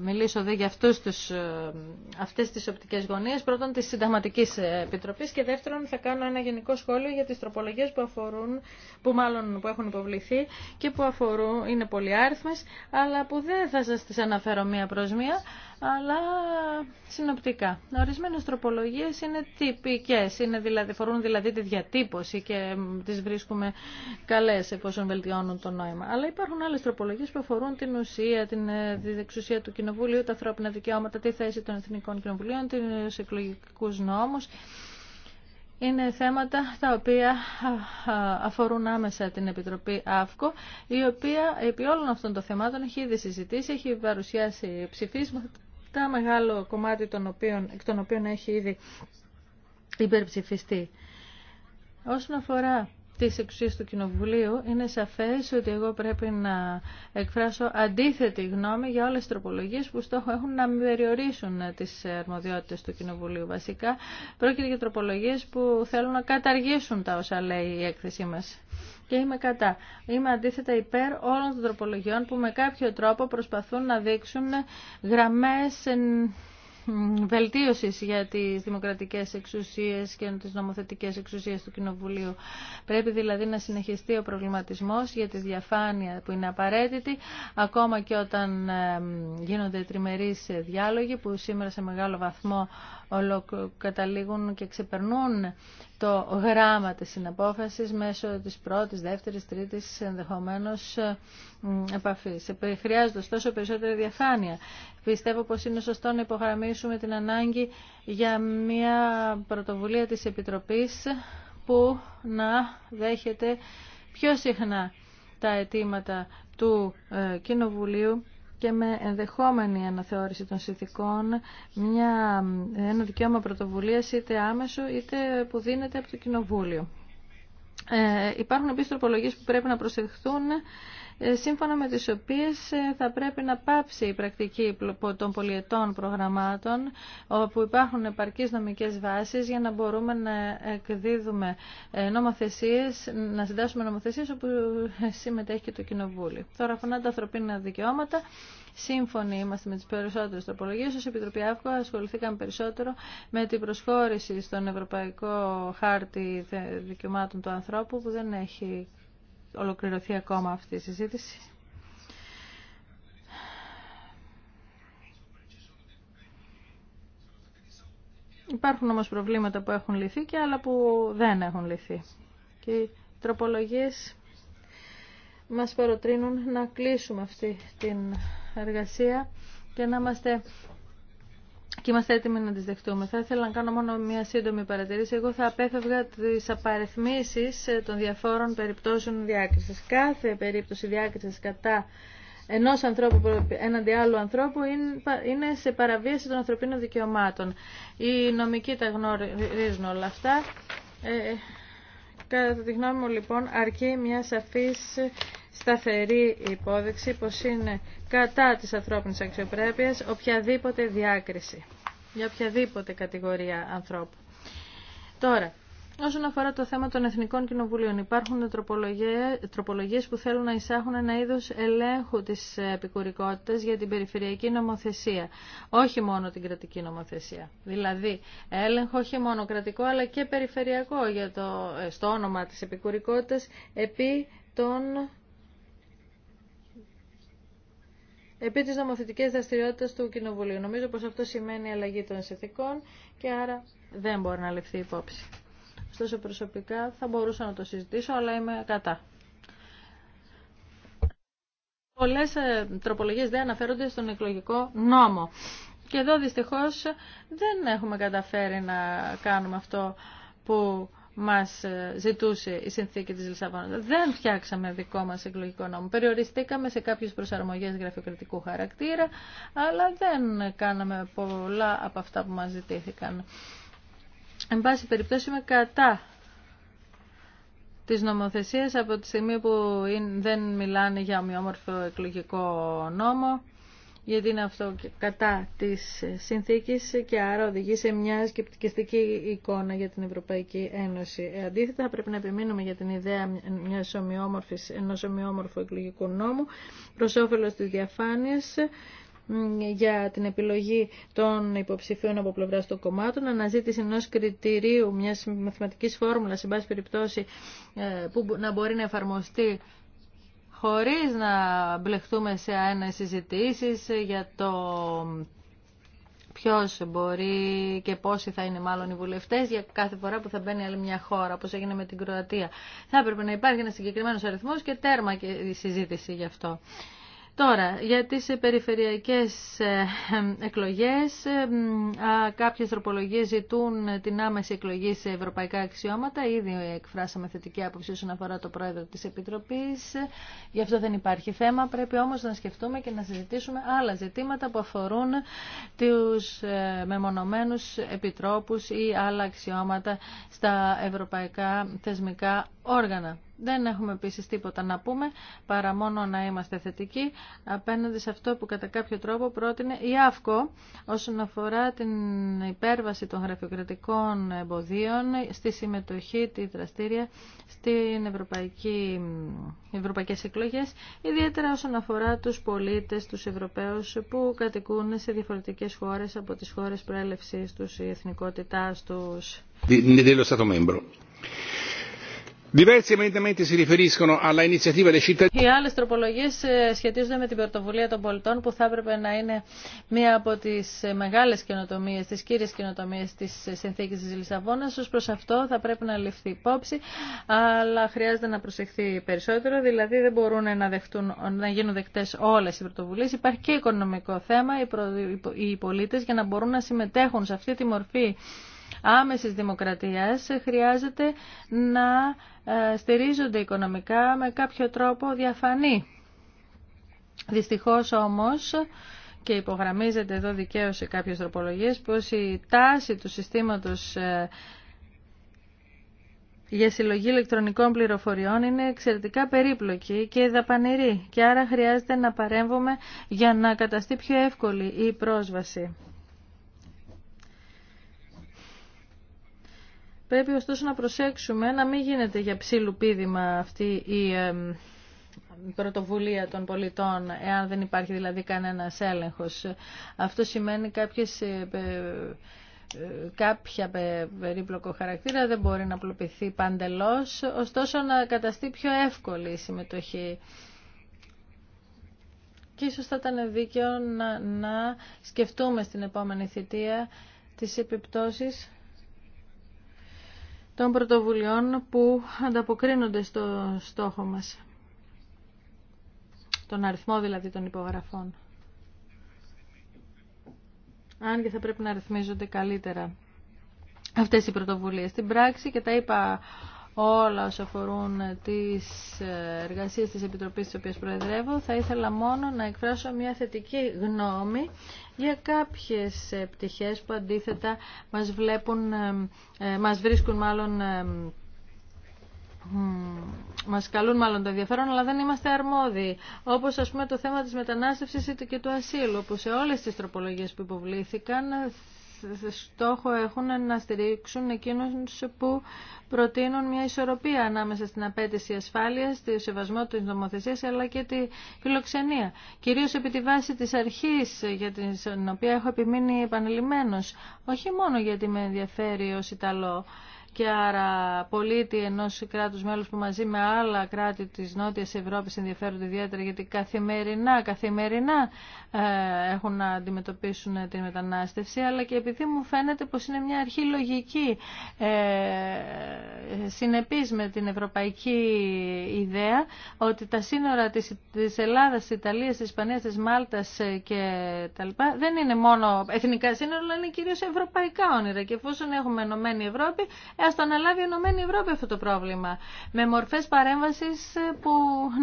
μιλήσω δε για αυτούς τους, ε, αυτές τις οπτικές γωνίες. Πρώτον, της Συνταγματικής Επιτροπής και δεύτερον θα κάνω ένα γενικό σχόλιο για τις τροπολογίες που αφορούν, που μάλλον που έχουν υποβληθεί και που αφορούν, είναι πολυάριθμες, αλλά που δεν θα σας τις αναφέρω μία προς μία αλλά συνοπτικά. Ορισμένε τροπολογίε είναι τυπικέ, δηλαδή, φορούν δηλαδή τη διατύπωση και τι βρίσκουμε καλέ εφόσον βελτιώνουν το νόημα. Αλλά υπάρχουν άλλε τροπολογίε που αφορούν την ουσία, την, διεξουσία ε, του Κοινοβουλίου, τα ανθρώπινα δικαιώματα, τη θέση των Εθνικών Κοινοβουλίων, του εκλογικού νόμου Είναι θέματα τα οποία αφορούν άμεσα την Επιτροπή ΑΦΚΟ, η οποία επί όλων αυτών των θεμάτων έχει ήδη συζητήσει, έχει παρουσιάσει ψηφίσματα τα μεγάλο κομμάτι των οποίων, εκ των οποίων έχει ήδη υπερψηφιστεί. Όσον αφορά της εξουσίας του Κοινοβουλίου, είναι σαφές ότι εγώ πρέπει να εκφράσω αντίθετη γνώμη για όλες τις τροπολογίες που στόχο έχουν να περιορίσουν ε, τις αρμοδιότητες του Κοινοβουλίου. Βασικά, πρόκειται για τροπολογίες που θέλουν να καταργήσουν τα όσα λέει η έκθεσή μας. Και είμαι κατά. Είμαι αντίθετα υπέρ όλων των τροπολογιών που με κάποιο τρόπο προσπαθούν να δείξουν ε, γραμμές βελτίωσης για τις δημοκρατικές εξουσίες και τις νομοθετικές εξουσίες του Κοινοβουλίου. Πρέπει δηλαδή να συνεχιστεί ο προβληματισμός για τη διαφάνεια που είναι απαραίτητη, ακόμα και όταν ε, γίνονται τριμερείς ε, διάλογοι που σήμερα σε μεγάλο βαθμό καταλήγουν και ξεπερνούν το γράμμα της συναπόφασης μέσω της πρώτης, δεύτερης, τρίτης ενδεχομένως επαφής. Ε, χρειάζεται ωστόσο περισσότερη διαφάνεια. Πιστεύω πως είναι σωστό να υπογραμμίσουμε την ανάγκη για μια πρωτοβουλία της Επιτροπής που να δέχεται πιο συχνά τα αιτήματα του ε, Κοινοβουλίου και με ενδεχόμενη αναθεώρηση των συνθηκών μια, ένα δικαίωμα πρωτοβουλίας είτε άμεσο είτε που δίνεται από το Κοινοβούλιο. Ε, υπάρχουν επίσης τροπολογίες που πρέπει να προσεχθούν ε, σύμφωνα με τις οποίες ε, θα πρέπει να πάψει η πρακτική των πολιετών προγραμμάτων όπου υπάρχουν επαρκείς νομικές βάσεις για να μπορούμε να εκδίδουμε ε, νομοθεσίες, να συντάσσουμε νομοθεσίες όπου συμμετέχει και το Κοινοβούλιο. Τώρα αφορά τα ανθρωπίνα δικαιώματα. Σύμφωνοι είμαστε με τις περισσότερες τροπολογίες. ω Επιτροπή ΑΦΚΟ ασχοληθήκαμε περισσότερο με την προσχώρηση στον Ευρωπαϊκό Χάρτη Δικαιωμάτων του Ανθρώπου που δεν έχει ολοκληρωθεί ακόμα αυτή η συζήτηση. Υπάρχουν όμως προβλήματα που έχουν λυθεί και άλλα που δεν έχουν λυθεί. Και οι τροπολογίες μας παροτρύνουν να κλείσουμε αυτή την εργασία και να είμαστε και είμαστε έτοιμοι να τις δεχτούμε. Θα ήθελα να κάνω μόνο μια σύντομη παρατηρήση. Εγώ θα απέφευγα τις απαριθμίσεις ε, των διαφόρων περιπτώσεων διάκρισης. Κάθε περίπτωση διάκρισης κατά ενό ανθρώπου έναντι άλλου ανθρώπου είναι σε παραβίαση των ανθρωπίνων δικαιωμάτων. Οι νομικοί τα γνωρίζουν όλα αυτά. Ε, ε, κατά τη γνώμη μου λοιπόν αρκεί μια σαφής σταθερή υπόδειξη πως είναι κατά της ανθρώπινης αξιοπρέπειας οποιαδήποτε διάκριση για οποιαδήποτε κατηγορία ανθρώπου. Τώρα, Όσον αφορά το θέμα των Εθνικών Κοινοβουλίων, υπάρχουν τροπολογίες που θέλουν να εισάχουν ένα είδος ελέγχου της επικουρικότητας για την περιφερειακή νομοθεσία, όχι μόνο την κρατική νομοθεσία. Δηλαδή, έλεγχο όχι μόνο κρατικό αλλά και περιφερειακό για το, ε, στο όνομα της επικουρικότητας επί των επί της νομοθετικής δραστηριότητας του Κοινοβουλίου. Νομίζω πως αυτό σημαίνει αλλαγή των συνθηκών και άρα δεν μπορεί να ληφθεί υπόψη. Ωστόσο προσωπικά θα μπορούσα να το συζητήσω, αλλά είμαι κατά. Πολλές ε, τροπολογίες δεν αναφέρονται στον εκλογικό νόμο. Και εδώ δυστυχώς δεν έχουμε καταφέρει να κάνουμε αυτό που μας ε, ζητούσε η συνθήκη της Λισαβόνας. Δεν φτιάξαμε δικό μας εκλογικό νόμο. Περιοριστήκαμε σε κάποιες προσαρμογές γραφειοκρατικού χαρακτήρα, αλλά δεν κάναμε πολλά από αυτά που μας ζητήθηκαν. Εν πάση περιπτώσει είμαι κατά της νομοθεσίας από τη στιγμή που δεν μιλάνε για ομοιόμορφο εκλογικό νόμο γιατί είναι αυτό κατά της συνθήκης και άρα οδηγεί σε μια σκεπτικιστική εικόνα για την Ευρωπαϊκή Ένωση. Ε, αντίθετα, θα πρέπει να επιμείνουμε για την ιδέα μιας ομοιόμορφης, ενός ομοιόμορφου εκλογικού νόμου προς όφελος της διαφάνειας για την επιλογή των υποψηφίων από πλευρά των κομμάτων, αναζήτηση ενό κριτηρίου, μια μαθηματική φόρμουλα, σε πάση περιπτώσει, ε, που να μπορεί να εφαρμοστεί χωρίς να μπλεχτούμε σε ένα συζητήσεις για το ποιος μπορεί και πόσοι θα είναι μάλλον οι βουλευτές για κάθε φορά που θα μπαίνει άλλη μια χώρα, όπως έγινε με την Κροατία. Θα έπρεπε να υπάρχει ένα συγκεκριμένος αριθμός και τέρμα και η συζήτηση γι' αυτό. Τώρα, για τις περιφερειακές ε, εκλογές, ε, κάποιες τροπολογίες ζητούν την άμεση εκλογή σε ευρωπαϊκά αξιώματα. Ήδη εκφράσαμε θετική άποψη όσον αφορά το πρόεδρο της Επιτροπής. Γι' αυτό δεν υπάρχει θέμα. Πρέπει όμως να σκεφτούμε και να συζητήσουμε άλλα ζητήματα που αφορούν τους ε, μεμονωμένους επιτρόπους ή άλλα αξιώματα στα ευρωπαϊκά θεσμικά όργανα. Δεν έχουμε επίση τίποτα να πούμε, παρά μόνο να είμαστε θετικοί απέναντι σε αυτό που κατά κάποιο τρόπο πρότεινε η ΑΦΚΟ όσον αφορά την υπέρβαση των γραφειοκρατικών εμποδίων στη συμμετοχή, τη δραστήρια στην Ευρωπαϊκή, Ευρωπαϊκές εκλογές, ιδιαίτερα όσον αφορά τους πολίτες, τους Ευρωπαίους που κατοικούν σε διαφορετικές χώρες από τις χώρες προέλευσής τους, η εθνικότητάς τους. το οι άλλε τροπολογίε ε, σχετίζονται με την πρωτοβουλία των πολιτών που θα έπρεπε να είναι μία από τι ε, μεγάλε καινοτομίε, τι κύριε καινοτομίε τη ε, συνθήκη τη Λισαβόνα. Ω προ αυτό θα πρέπει να ληφθεί υπόψη, αλλά χρειάζεται να προσεχθεί περισσότερο. Δηλαδή δεν μπορούν να, γίνουν δεκτέ όλε οι πρωτοβουλίε. Υπάρχει και οικονομικό θέμα οι πολίτε για να μπορούν να συμμετέχουν σε αυτή τη μορφή άμεσης δημοκρατίας χρειάζεται να ε, στηρίζονται οικονομικά με κάποιο τρόπο διαφανή. Δυστυχώς όμως και υπογραμμίζεται εδώ δικαίως σε κάποιες τροπολογίες πως η τάση του συστήματος ε, για συλλογή ηλεκτρονικών πληροφοριών είναι εξαιρετικά περίπλοκη και δαπανηρή και άρα χρειάζεται να παρέμβουμε για να καταστεί πιο εύκολη η πρόσβαση. Πρέπει ωστόσο να προσέξουμε να μην γίνεται για ψήλου πίδημα αυτή η πρωτοβουλία των πολιτών, εάν δεν υπάρχει δηλαδή κανένας έλεγχος. Αυτό σημαίνει κάποιες ε, ε, κάποια περίπλοκο χαρακτήρα δεν μπορεί να απλοποιηθεί παντελώς, ωστόσο να καταστεί πιο εύκολη η συμμετοχή. Και ίσως θα ήταν δίκαιο να, να σκεφτούμε στην επόμενη θητεία τις επιπτώσεις των πρωτοβουλειών που ανταποκρίνονται στο στόχο μας. Τον αριθμό δηλαδή των υπογραφών. Αν και θα πρέπει να αριθμίζονται καλύτερα αυτές οι πρωτοβουλίες. Στην πράξη, και τα είπα όλα όσα αφορούν τις εργασίες της Επιτροπής της οποίας προεδρεύω. Θα ήθελα μόνο να εκφράσω μια θετική γνώμη για κάποιες πτυχές που αντίθετα μας, βλέπουν, ε, ε, μας βρίσκουν μάλλον ε, μας καλούν μάλλον το ενδιαφέρον, αλλά δεν είμαστε αρμόδιοι. Όπως ας πούμε το θέμα της μετανάστευση και του ασύλου, που σε όλε τι τροπολογίε που υποβλήθηκαν στόχο έχουν να στηρίξουν εκείνους που προτείνουν μια ισορροπία ανάμεσα στην απέτηση ασφάλειας, τη σεβασμό της νομοθεσίας αλλά και τη φιλοξενία. Κυρίως επί τη βάση της αρχής για την οποία έχω επιμείνει επανειλημμένος, όχι μόνο γιατί με ενδιαφέρει ως Ιταλό, και άρα πολίτη ενό κράτου μέλου που μαζί με άλλα κράτη της Νότιας Ευρώπη ενδιαφέρονται ιδιαίτερα γιατί καθημερινά, καθημερινά ε, έχουν να αντιμετωπίσουν τη μετανάστευση αλλά και επειδή μου φαίνεται πω είναι μια αρχή λογική ε, συνεπή με την ευρωπαϊκή ιδέα ότι τα σύνορα της, Ελλάδα, τη Ιταλία, τη Ισπανία, τη Μάλτα Μάλτας ε, και τα λοιπά δεν είναι μόνο εθνικά σύνορα αλλά είναι κυρίω ευρωπαϊκά όνειρα και εφόσον έχουμε ενωμένη Ευρώπη Ας το αναλάβει η Ενωμένη Ευρώπη αυτό το πρόβλημα. Με μορφές παρέμβασης που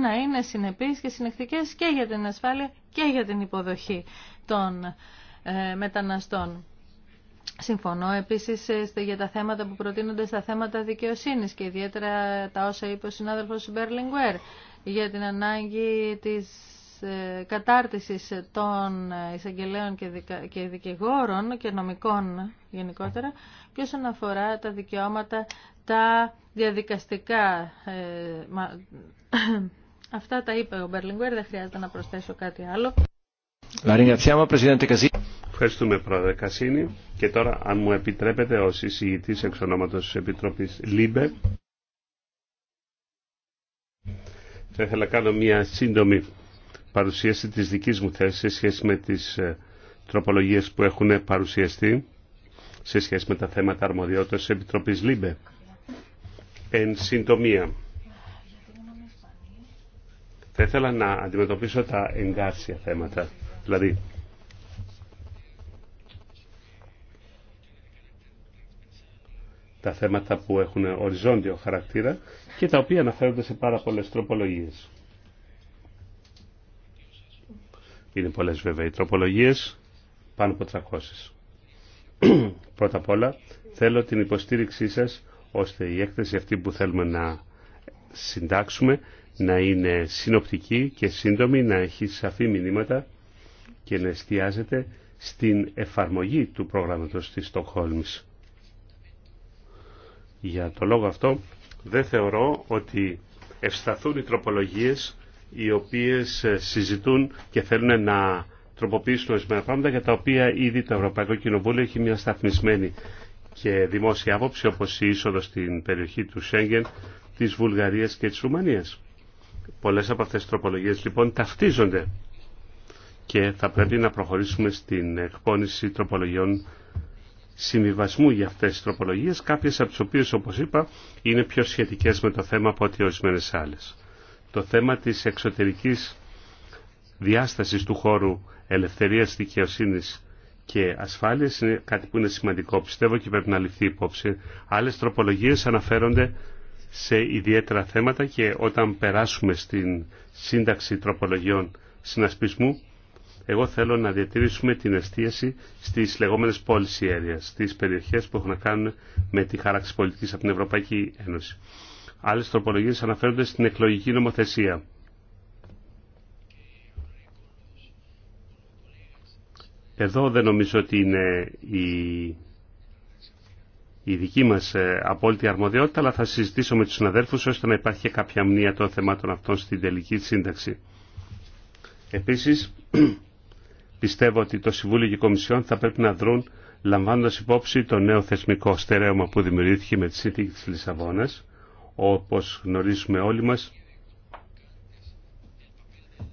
να είναι συνεπείς και συνεκτικές και για την ασφάλεια και για την υποδοχή των ε, μεταναστών. Συμφωνώ επίσης ε, για τα θέματα που προτείνονται στα θέματα δικαιοσύνης και ιδιαίτερα τα όσα είπε ο συνάδελφος Μπερλιγκουέρ για την ανάγκη της ε, κατάρτισης των εισαγγελέων και δικηγόρων και νομικών γενικότερα και όσον αφορά τα δικαιώματα τα διαδικαστικά. Ε, αυτά τα είπε ο Μπερλιγκουέρ, δεν χρειάζεται να προσθέσω κάτι άλλο. Ευχαριστούμε πρόεδρε Κασίνη και τώρα αν μου επιτρέπετε ως εισηγητής εξ ονόματος της Επιτροπής ΛΥΜΠΕ θα ήθελα να κάνω μια σύντομη παρουσίαση της δικής μου θέσης σε σχέση με τις ε, τροπολογίες που έχουν παρουσιαστεί σε σχέση με τα θέματα αρμοδιότητας της Επιτροπής ΛΥΜΠΕ. Εν συντομία, θα ήθελα να αντιμετωπίσω τα εγκάρσια θέματα. Δηλαδή, τα θέματα που έχουν οριζόντιο χαρακτήρα και τα οποία αναφέρονται σε πάρα πολλές τροπολογίες. Είναι πολλές βέβαια οι τροπολογίες, πάνω από 300. Πρώτα απ' όλα θέλω την υποστήριξή σας ώστε η έκθεση αυτή που θέλουμε να συντάξουμε να είναι συνοπτική και σύντομη, να έχει σαφή μηνύματα και να εστιάζεται στην εφαρμογή του προγράμματος της Στοκχόλμης. Για το λόγο αυτό δεν θεωρώ ότι ευσταθούν οι τροπολογίες οι οποίες ε, συζητούν και θέλουν να τροποποιήσουν ορισμένα πράγματα για τα οποία ήδη το Ευρωπαϊκό Κοινοβούλιο έχει μια σταθμισμένη και δημόσια άποψη όπως η είσοδος στην περιοχή του Σέγγεν της Βουλγαρίας και της Ρουμανίας. Πολλές από αυτές τις τροπολογίες λοιπόν ταυτίζονται και θα πρέπει να προχωρήσουμε στην εκπόνηση τροπολογιών συμβιβασμού για αυτές τις τροπολογίες, κάποιες από τις οποίες όπως είπα είναι πιο σχετικές με το θέμα από ότι ορισμένε άλλες το θέμα της εξωτερικής διάστασης του χώρου ελευθερίας, δικαιοσύνης και ασφάλειας είναι κάτι που είναι σημαντικό. Πιστεύω και πρέπει να ληφθεί υπόψη. Άλλες τροπολογίες αναφέρονται σε ιδιαίτερα θέματα και όταν περάσουμε στην σύνταξη τροπολογιών συνασπισμού, εγώ θέλω να διατηρήσουμε την εστίαση στις λεγόμενες πόλεις ιέρειας, στις περιοχές που έχουν να κάνουν με τη χάραξη πολιτικής από την Ευρωπαϊκή Ένωση. Άλλε τροπολογίε αναφέρονται στην εκλογική νομοθεσία. Εδώ δεν νομίζω ότι είναι η, η δική μας ε, απόλυτη αρμοδιότητα, αλλά θα συζητήσω με τους συναδέλφους ώστε να υπάρχει και κάποια μνήμα των θεμάτων αυτών στην τελική σύνταξη. Επίσης, πιστεύω ότι το Συμβούλιο και η Κομισιόν θα πρέπει να δρουν λαμβάνοντας υπόψη το νέο θεσμικό στερέωμα που δημιουργήθηκε με τη Σύνθηκη της Λισαβόνας όπως γνωρίζουμε όλοι μας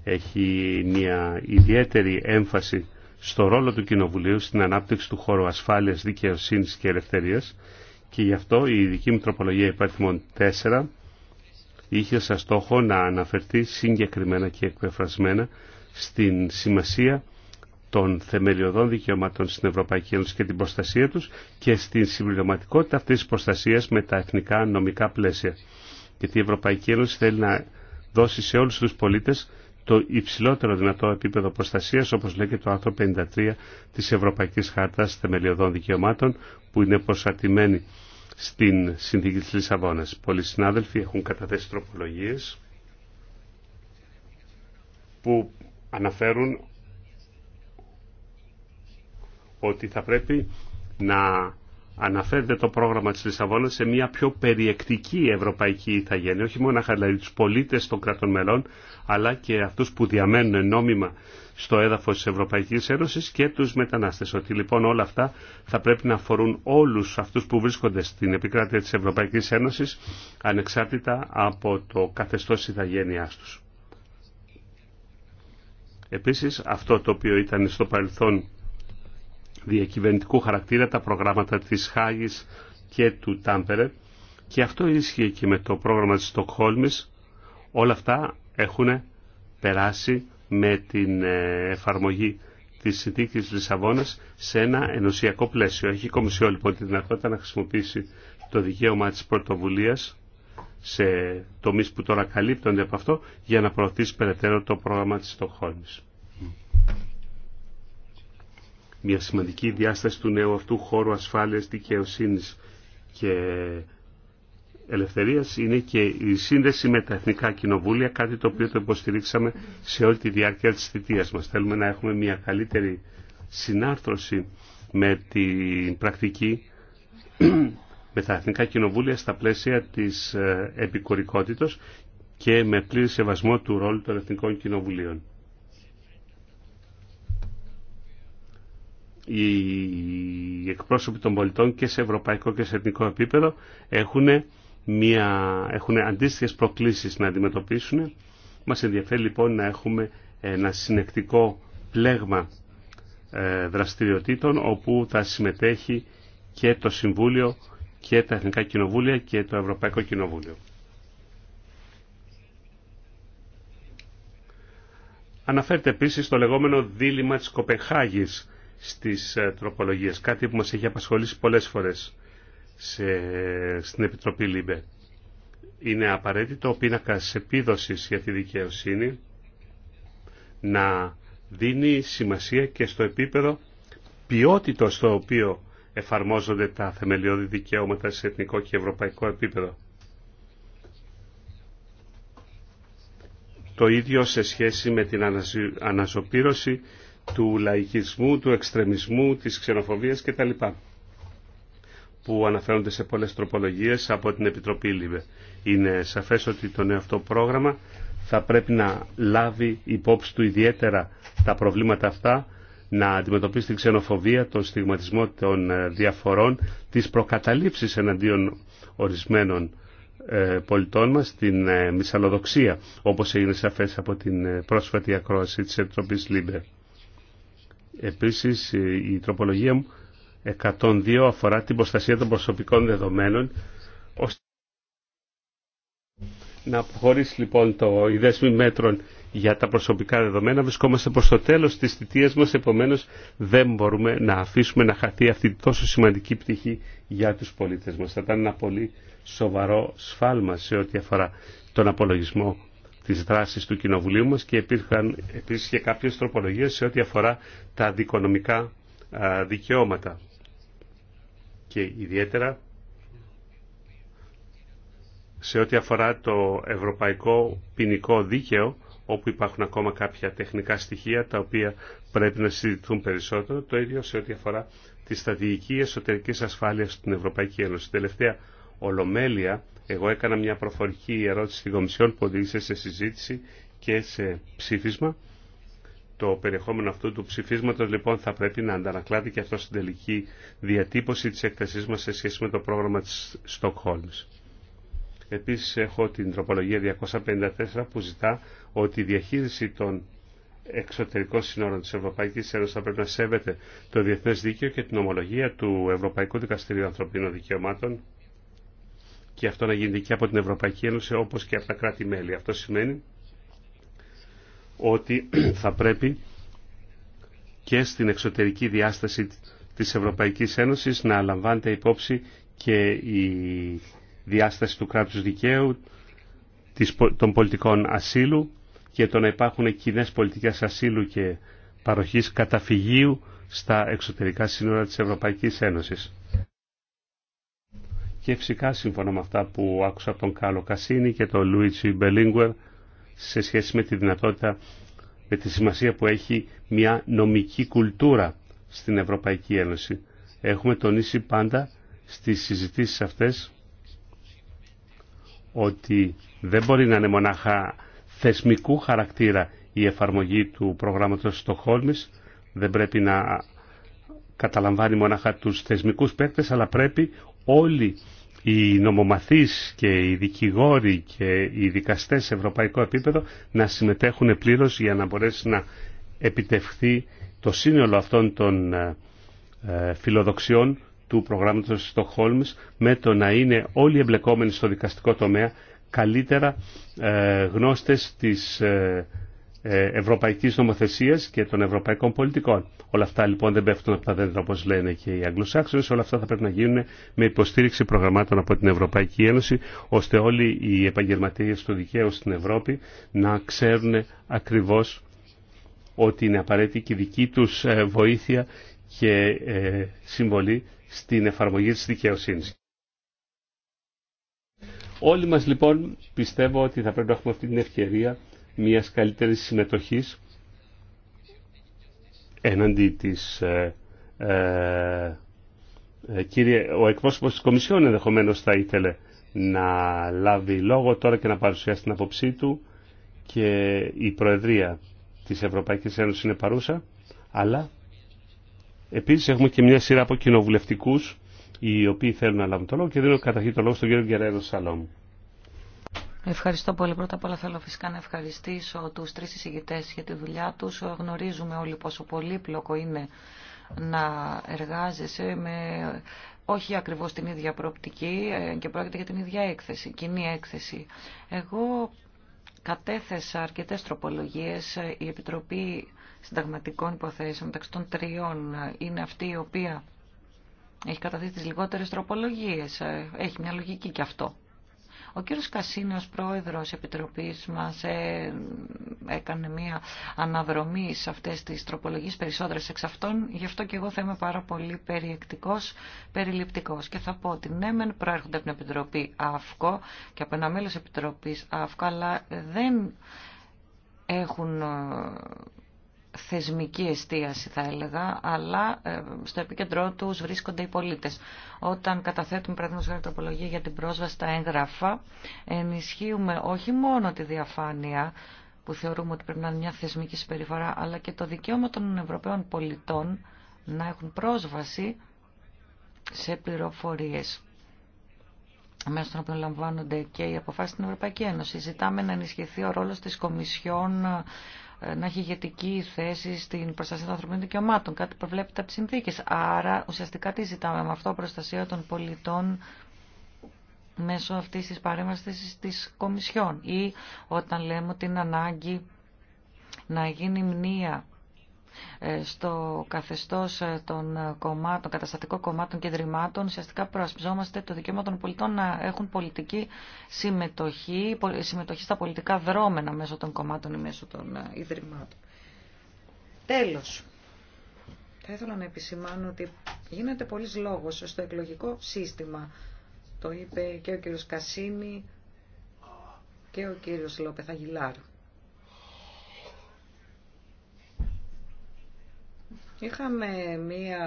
έχει μια ιδιαίτερη έμφαση στο ρόλο του Κοινοβουλίου στην ανάπτυξη του χώρου ασφάλειας, δικαιοσύνης και ελευθερίας και γι' αυτό η ειδική μου τροπολογία 4 είχε σαν στόχο να αναφερθεί συγκεκριμένα και εκπεφρασμένα στην σημασία των θεμελιωδών δικαιωμάτων στην Ευρωπαϊκή Ένωση και την προστασία τους και στην συμπληρωματικότητα αυτής της προστασίας με τα εθνικά νομικά πλαίσια. Γιατί η Ευρωπαϊκή Ένωση θέλει να δώσει σε όλους τους πολίτες το υψηλότερο δυνατό επίπεδο προστασίας, όπως λέει το άρθρο 53 της Ευρωπαϊκής Χάρτας Θεμελιωδών Δικαιωμάτων, που είναι προσαρτημένη στην Συνθήκη της Λισαβόνας. Πολλοί συνάδελφοι έχουν καταθέσει τροπολογίες που αναφέρουν ότι θα πρέπει να αναφέρεται το πρόγραμμα της Λισαβόνα σε μια πιο περιεκτική ευρωπαϊκή ηθαγένεια, όχι μόνο δηλαδή τους πολίτες των κρατών μελών, αλλά και αυτούς που διαμένουν νόμιμα στο έδαφος της Ευρωπαϊκής Ένωσης και τους μετανάστες. Ότι λοιπόν όλα αυτά θα πρέπει να αφορούν όλους αυτούς που βρίσκονται στην επικράτεια της Ευρωπαϊκής Ένωσης, ανεξάρτητα από το καθεστώς ηθαγένειάς τους. Επίσης, αυτό το οποίο ήταν στο παρελθόν διακυβερνητικού χαρακτήρα τα προγράμματα της Χάγης και του Τάμπερε και αυτό ίσχυε και με το πρόγραμμα της Στοκχόλμης. Όλα αυτά έχουν περάσει με την ε, εφαρμογή τη συνθήκη τη Λισαβόνα σε ένα ενωσιακό πλαίσιο. Έχει η Κομισιόν λοιπόν τη δυνατότητα να χρησιμοποιήσει το δικαίωμα τη πρωτοβουλία σε τομεί που τώρα καλύπτονται από αυτό για να προωθήσει περαιτέρω το πρόγραμμα της Στοκχόλμης μια σημαντική διάσταση του νέου αυτού χώρου ασφάλειας, δικαιοσύνης και ελευθερίας είναι και η σύνδεση με τα εθνικά κοινοβούλια, κάτι το οποίο το υποστηρίξαμε σε όλη τη διάρκεια της θητείας μας. Θέλουμε να έχουμε μια καλύτερη συνάρθρωση με την πρακτική με τα εθνικά κοινοβούλια στα πλαίσια της ε, επικορικότητος και με πλήρη σεβασμό του ρόλου των εθνικών κοινοβουλίων. οι εκπρόσωποι των πολιτών και σε ευρωπαϊκό και σε εθνικό επίπεδο έχουν, μια, έχουν αντίστοιχες προκλήσεις να αντιμετωπίσουν. Μας ενδιαφέρει λοιπόν να έχουμε ένα συνεκτικό πλέγμα ε, δραστηριοτήτων όπου θα συμμετέχει και το Συμβούλιο και τα Εθνικά Κοινοβούλια και το Ευρωπαϊκό Κοινοβούλιο. Αναφέρεται επίσης το λεγόμενο δίλημα της Κοπεχάγης στις ε, τροπολογίες. Κάτι που μας έχει απασχολήσει πολλές φορές σε, στην Επιτροπή ΛΥΜΠΕ. Είναι απαραίτητο ο πίνακας επίδοσης για τη δικαιοσύνη να δίνει σημασία και στο επίπεδο ποιότητα στο οποίο εφαρμόζονται τα θεμελιώδη δικαιώματα σε εθνικό και ευρωπαϊκό επίπεδο. Το ίδιο σε σχέση με την αναζωπήρωση του λαϊκισμού, του εξτρεμισμού, της ξενοφοβίας κτλ. που αναφέρονται σε πολλές τροπολογίες από την Επιτροπή Λίβε. Είναι σαφές ότι το νέο αυτό πρόγραμμα θα πρέπει να λάβει υπόψη του ιδιαίτερα τα προβλήματα αυτά, να αντιμετωπίσει την ξενοφοβία, τον στιγματισμό των ε, διαφορών, τις προκαταλήψεις εναντίον ορισμένων ε, πολιτών μας, την ε, μυσαλλοδοξία, όπως έγινε σαφές από την πρόσφατη ακρόαση της Επιτροπής Λίμπερ. Επίσης ε, η τροπολογία μου 102 αφορά την προστασία των προσωπικών δεδομένων να αποχωρήσει λοιπόν το η μέτρων για τα προσωπικά δεδομένα. Βρισκόμαστε προς το τέλος της θητείας μας, επομένως δεν μπορούμε να αφήσουμε να χαθεί αυτή τη τόσο σημαντική πτυχή για τους πολίτες μας. Θα ήταν ένα πολύ σοβαρό σφάλμα σε ό,τι αφορά τον απολογισμό τις δράσεις του Κοινοβουλίου μας και υπήρχαν επίσης και κάποιες τροπολογίες σε ό,τι αφορά τα δικονομικά δικαιώματα και ιδιαίτερα σε ό,τι αφορά το ευρωπαϊκό ποινικό δίκαιο όπου υπάρχουν ακόμα κάποια τεχνικά στοιχεία τα οποία πρέπει να συζητηθούν περισσότερο το ίδιο σε ό,τι αφορά τη στρατηγική εσωτερική ασφάλεια στην Ευρωπαϊκή Ένωση. Τελευταία ολομέλεια εγώ έκανα μια προφορική ερώτηση στην Κομισιόν που οδήγησε σε συζήτηση και σε ψήφισμα. Το περιεχόμενο αυτού του ψηφίσματος λοιπόν θα πρέπει να αντανακλάται και αυτό στην τελική διατύπωση της έκθεσής μας σε σχέση με το πρόγραμμα της Στοκχόλμης. Επίσης έχω την τροπολογία 254 που ζητά ότι η διαχείριση των εξωτερικών σύνορων της Ευρωπαϊκής Ένωσης θα πρέπει να σέβεται το διεθνές δίκαιο και την ομολογία του Ευρωπαϊκού Δικαστηρίου Ανθρωπίνων Δικαιωμάτων και αυτό να γίνεται και από την Ευρωπαϊκή Ένωση όπως και από τα κράτη-μέλη. Αυτό σημαίνει ότι θα πρέπει και στην εξωτερική διάσταση της Ευρωπαϊκής Ένωσης να λαμβάνεται υπόψη και η διάσταση του κράτους δικαίου, των πολιτικών ασύλου και το να υπάρχουν κοινέ πολιτικές ασύλου και παροχής καταφυγίου στα εξωτερικά σύνορα της Ευρωπαϊκής Ένωσης. Και φυσικά σύμφωνα με αυτά που άκουσα από τον Κάλο Κασίνη και τον Λουίτσι Μπελίνγκουερ σε σχέση με τη δυνατότητα, με τη σημασία που έχει μια νομική κουλτούρα στην Ευρωπαϊκή Ένωση. Έχουμε τονίσει πάντα στις συζητήσεις αυτές ότι δεν μπορεί να είναι μονάχα θεσμικού χαρακτήρα η εφαρμογή του προγράμματος Στοχόλμης. Δεν πρέπει να καταλαμβάνει μονάχα τους θεσμικούς παίκτες, αλλά πρέπει όλοι οι νομομαθείς και οι δικηγόροι και οι δικαστές σε ευρωπαϊκό επίπεδο να συμμετέχουν πλήρως για να μπορέσει να επιτευχθεί το σύνολο αυτών των ε, ε, φιλοδοξιών του προγράμματος της Χολμς με το να είναι όλοι οι εμπλεκόμενοι στο δικαστικό τομέα καλύτερα ε, γνώστες της ε, ευρωπαϊκής νομοθεσίας και των ευρωπαϊκών πολιτικών. Όλα αυτά λοιπόν δεν πέφτουν από τα δέντρα όπως λένε και οι Αγγλοσάξονες, όλα αυτά θα πρέπει να γίνουν με υποστήριξη προγραμμάτων από την Ευρωπαϊκή Ένωση, ώστε όλοι οι επαγγελματίες του δικαίου στην Ευρώπη να ξέρουν ακριβώς ότι είναι απαραίτητη και δική τους ε, βοήθεια και ε, συμβολή στην εφαρμογή της δικαιοσύνης. Όλοι μας λοιπόν πιστεύω ότι θα πρέπει να έχουμε αυτή την ευκαιρία μιας καλύτερης συμμετοχής έναντι της... Ε, ε, ε, κύριε, ο εκπρόσωπος της Κομισιόν ενδεχομένως θα ήθελε να λάβει λόγο τώρα και να παρουσιάσει την απόψή του και η Προεδρία της Ευρωπαϊκής Ένωσης είναι παρούσα, αλλά επίσης έχουμε και μια σειρά από κοινοβουλευτικούς οι οποίοι θέλουν να λάβουν το λόγο και δίνω καταρχήν το λόγο στον κύριο Γκερέρο Σαλόμ. Ευχαριστώ πολύ. Πρώτα απ' όλα θέλω φυσικά να ευχαριστήσω τους τρεις εισηγητές για τη δουλειά τους. Γνωρίζουμε όλοι πόσο πολύπλοκο είναι να εργάζεσαι με όχι ακριβώς την ίδια προοπτική ε, και πρόκειται για την ίδια έκθεση, κοινή έκθεση. Εγώ κατέθεσα αρκετές τροπολογίες. Η Επιτροπή Συνταγματικών Υποθέσεων μεταξύ των τριών είναι αυτή η οποία έχει καταθέσει τις λιγότερες τροπολογίες. Ε, έχει μια λογική και αυτό. Ο κύριος Κασίνη πρόεδρος Επιτροπής μας ε, έκανε μία αναδρομή σε αυτές τις τροπολογίες περισσότερες εξ αυτών. Γι' αυτό και εγώ θα είμαι πάρα πολύ περιεκτικός, περιληπτικός. Και θα πω ότι ναι, μεν προέρχονται από την Επιτροπή ΑΦΚΟ και από ένα μέλος Επιτροπής ΑΦΚΟ, αλλά δεν έχουν ε, θεσμική εστίαση θα έλεγα, αλλά ε, στο επίκεντρό τους βρίσκονται οι πολίτες. Όταν καταθέτουμε παραδείγματος χάρη για την πρόσβαση στα έγγραφα, ενισχύουμε όχι μόνο τη διαφάνεια, που θεωρούμε ότι πρέπει να είναι μια θεσμική συμπεριφορά, αλλά και το δικαίωμα των Ευρωπαίων πολιτών να έχουν πρόσβαση σε πληροφορίες μέσα στον οποίο λαμβάνονται και οι αποφάσεις στην Ευρωπαϊκή Ένωση. Ζητάμε να ενισχυθεί ο ρόλος της Κομισιόν να έχει ηγετική θέση στην προστασία των ανθρωπίνων δικαιωμάτων, κάτι που βλέπετε από τι συνθήκε. Άρα, ουσιαστικά τι ζητάμε με αυτό, προστασία των πολιτών μέσω αυτή τη παρέμβαση τη Κομισιόν ή όταν λέμε ότι είναι ανάγκη να γίνει μνήμα. Ε, στο καθεστώς ε, των κομμάτων, καταστατικών κομμάτων και ιδρυμάτων, ουσιαστικά προασπιζόμαστε το δικαίωμα των πολιτών να έχουν πολιτική συμμετοχή, συμμετοχή στα πολιτικά δρόμενα μέσω των κομμάτων ή μέσω των ε, ιδρυμάτων. Τέλος, θα ήθελα να επισημάνω ότι γίνεται πολλής λόγος στο εκλογικό σύστημα. Το είπε και ο κύριος Κασίνη και ο κύριος Λόπεθα Γιλάρου. Είχαμε μία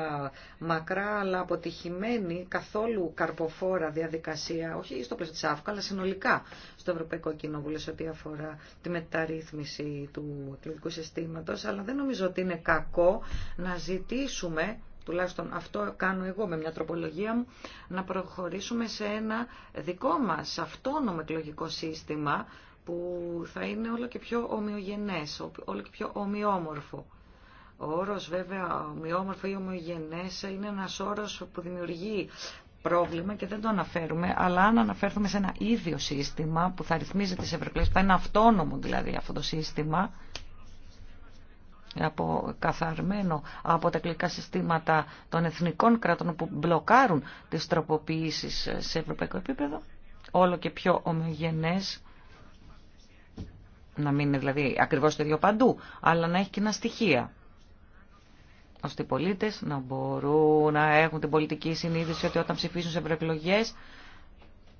μακρά αλλά αποτυχημένη, καθόλου καρποφόρα διαδικασία, όχι στο πλαίσιο της ΑΦΚΑ, αλλά συνολικά στο Ευρωπαϊκό Κοινοβούλιο σε ό,τι αφορά τη μεταρρύθμιση του εκλογικού συστήματος, αλλά δεν νομίζω ότι είναι κακό να ζητήσουμε τουλάχιστον αυτό κάνω εγώ με μια τροπολογία μου, να προχωρήσουμε σε ένα δικό μας αυτόνομο εκλογικό σύστημα που θα είναι όλο και πιο ομοιογενές, όλο και πιο ομοιόμορφο. Ο όρος βέβαια ομοιόμορφο ή ομοιογενές είναι ένας όρος που δημιουργεί πρόβλημα και δεν το αναφέρουμε, αλλά αν αναφέρθουμε σε ένα ίδιο σύστημα που θα ρυθμίζει σε που θα είναι αυτόνομο δηλαδή αυτό το σύστημα, από καθαρμένο από τα κλικά συστήματα των εθνικών κρατών που μπλοκάρουν τις τροποποιήσεις σε ευρωπαϊκό επίπεδο, όλο και πιο ομοιογενές, να μην είναι δηλαδή ακριβώς το ίδιο παντού, αλλά να έχει κοινά στοιχεία ώστε οι πολίτες να μπορούν να έχουν την πολιτική συνείδηση ότι όταν ψηφίζουν σε ευρωεκλογέ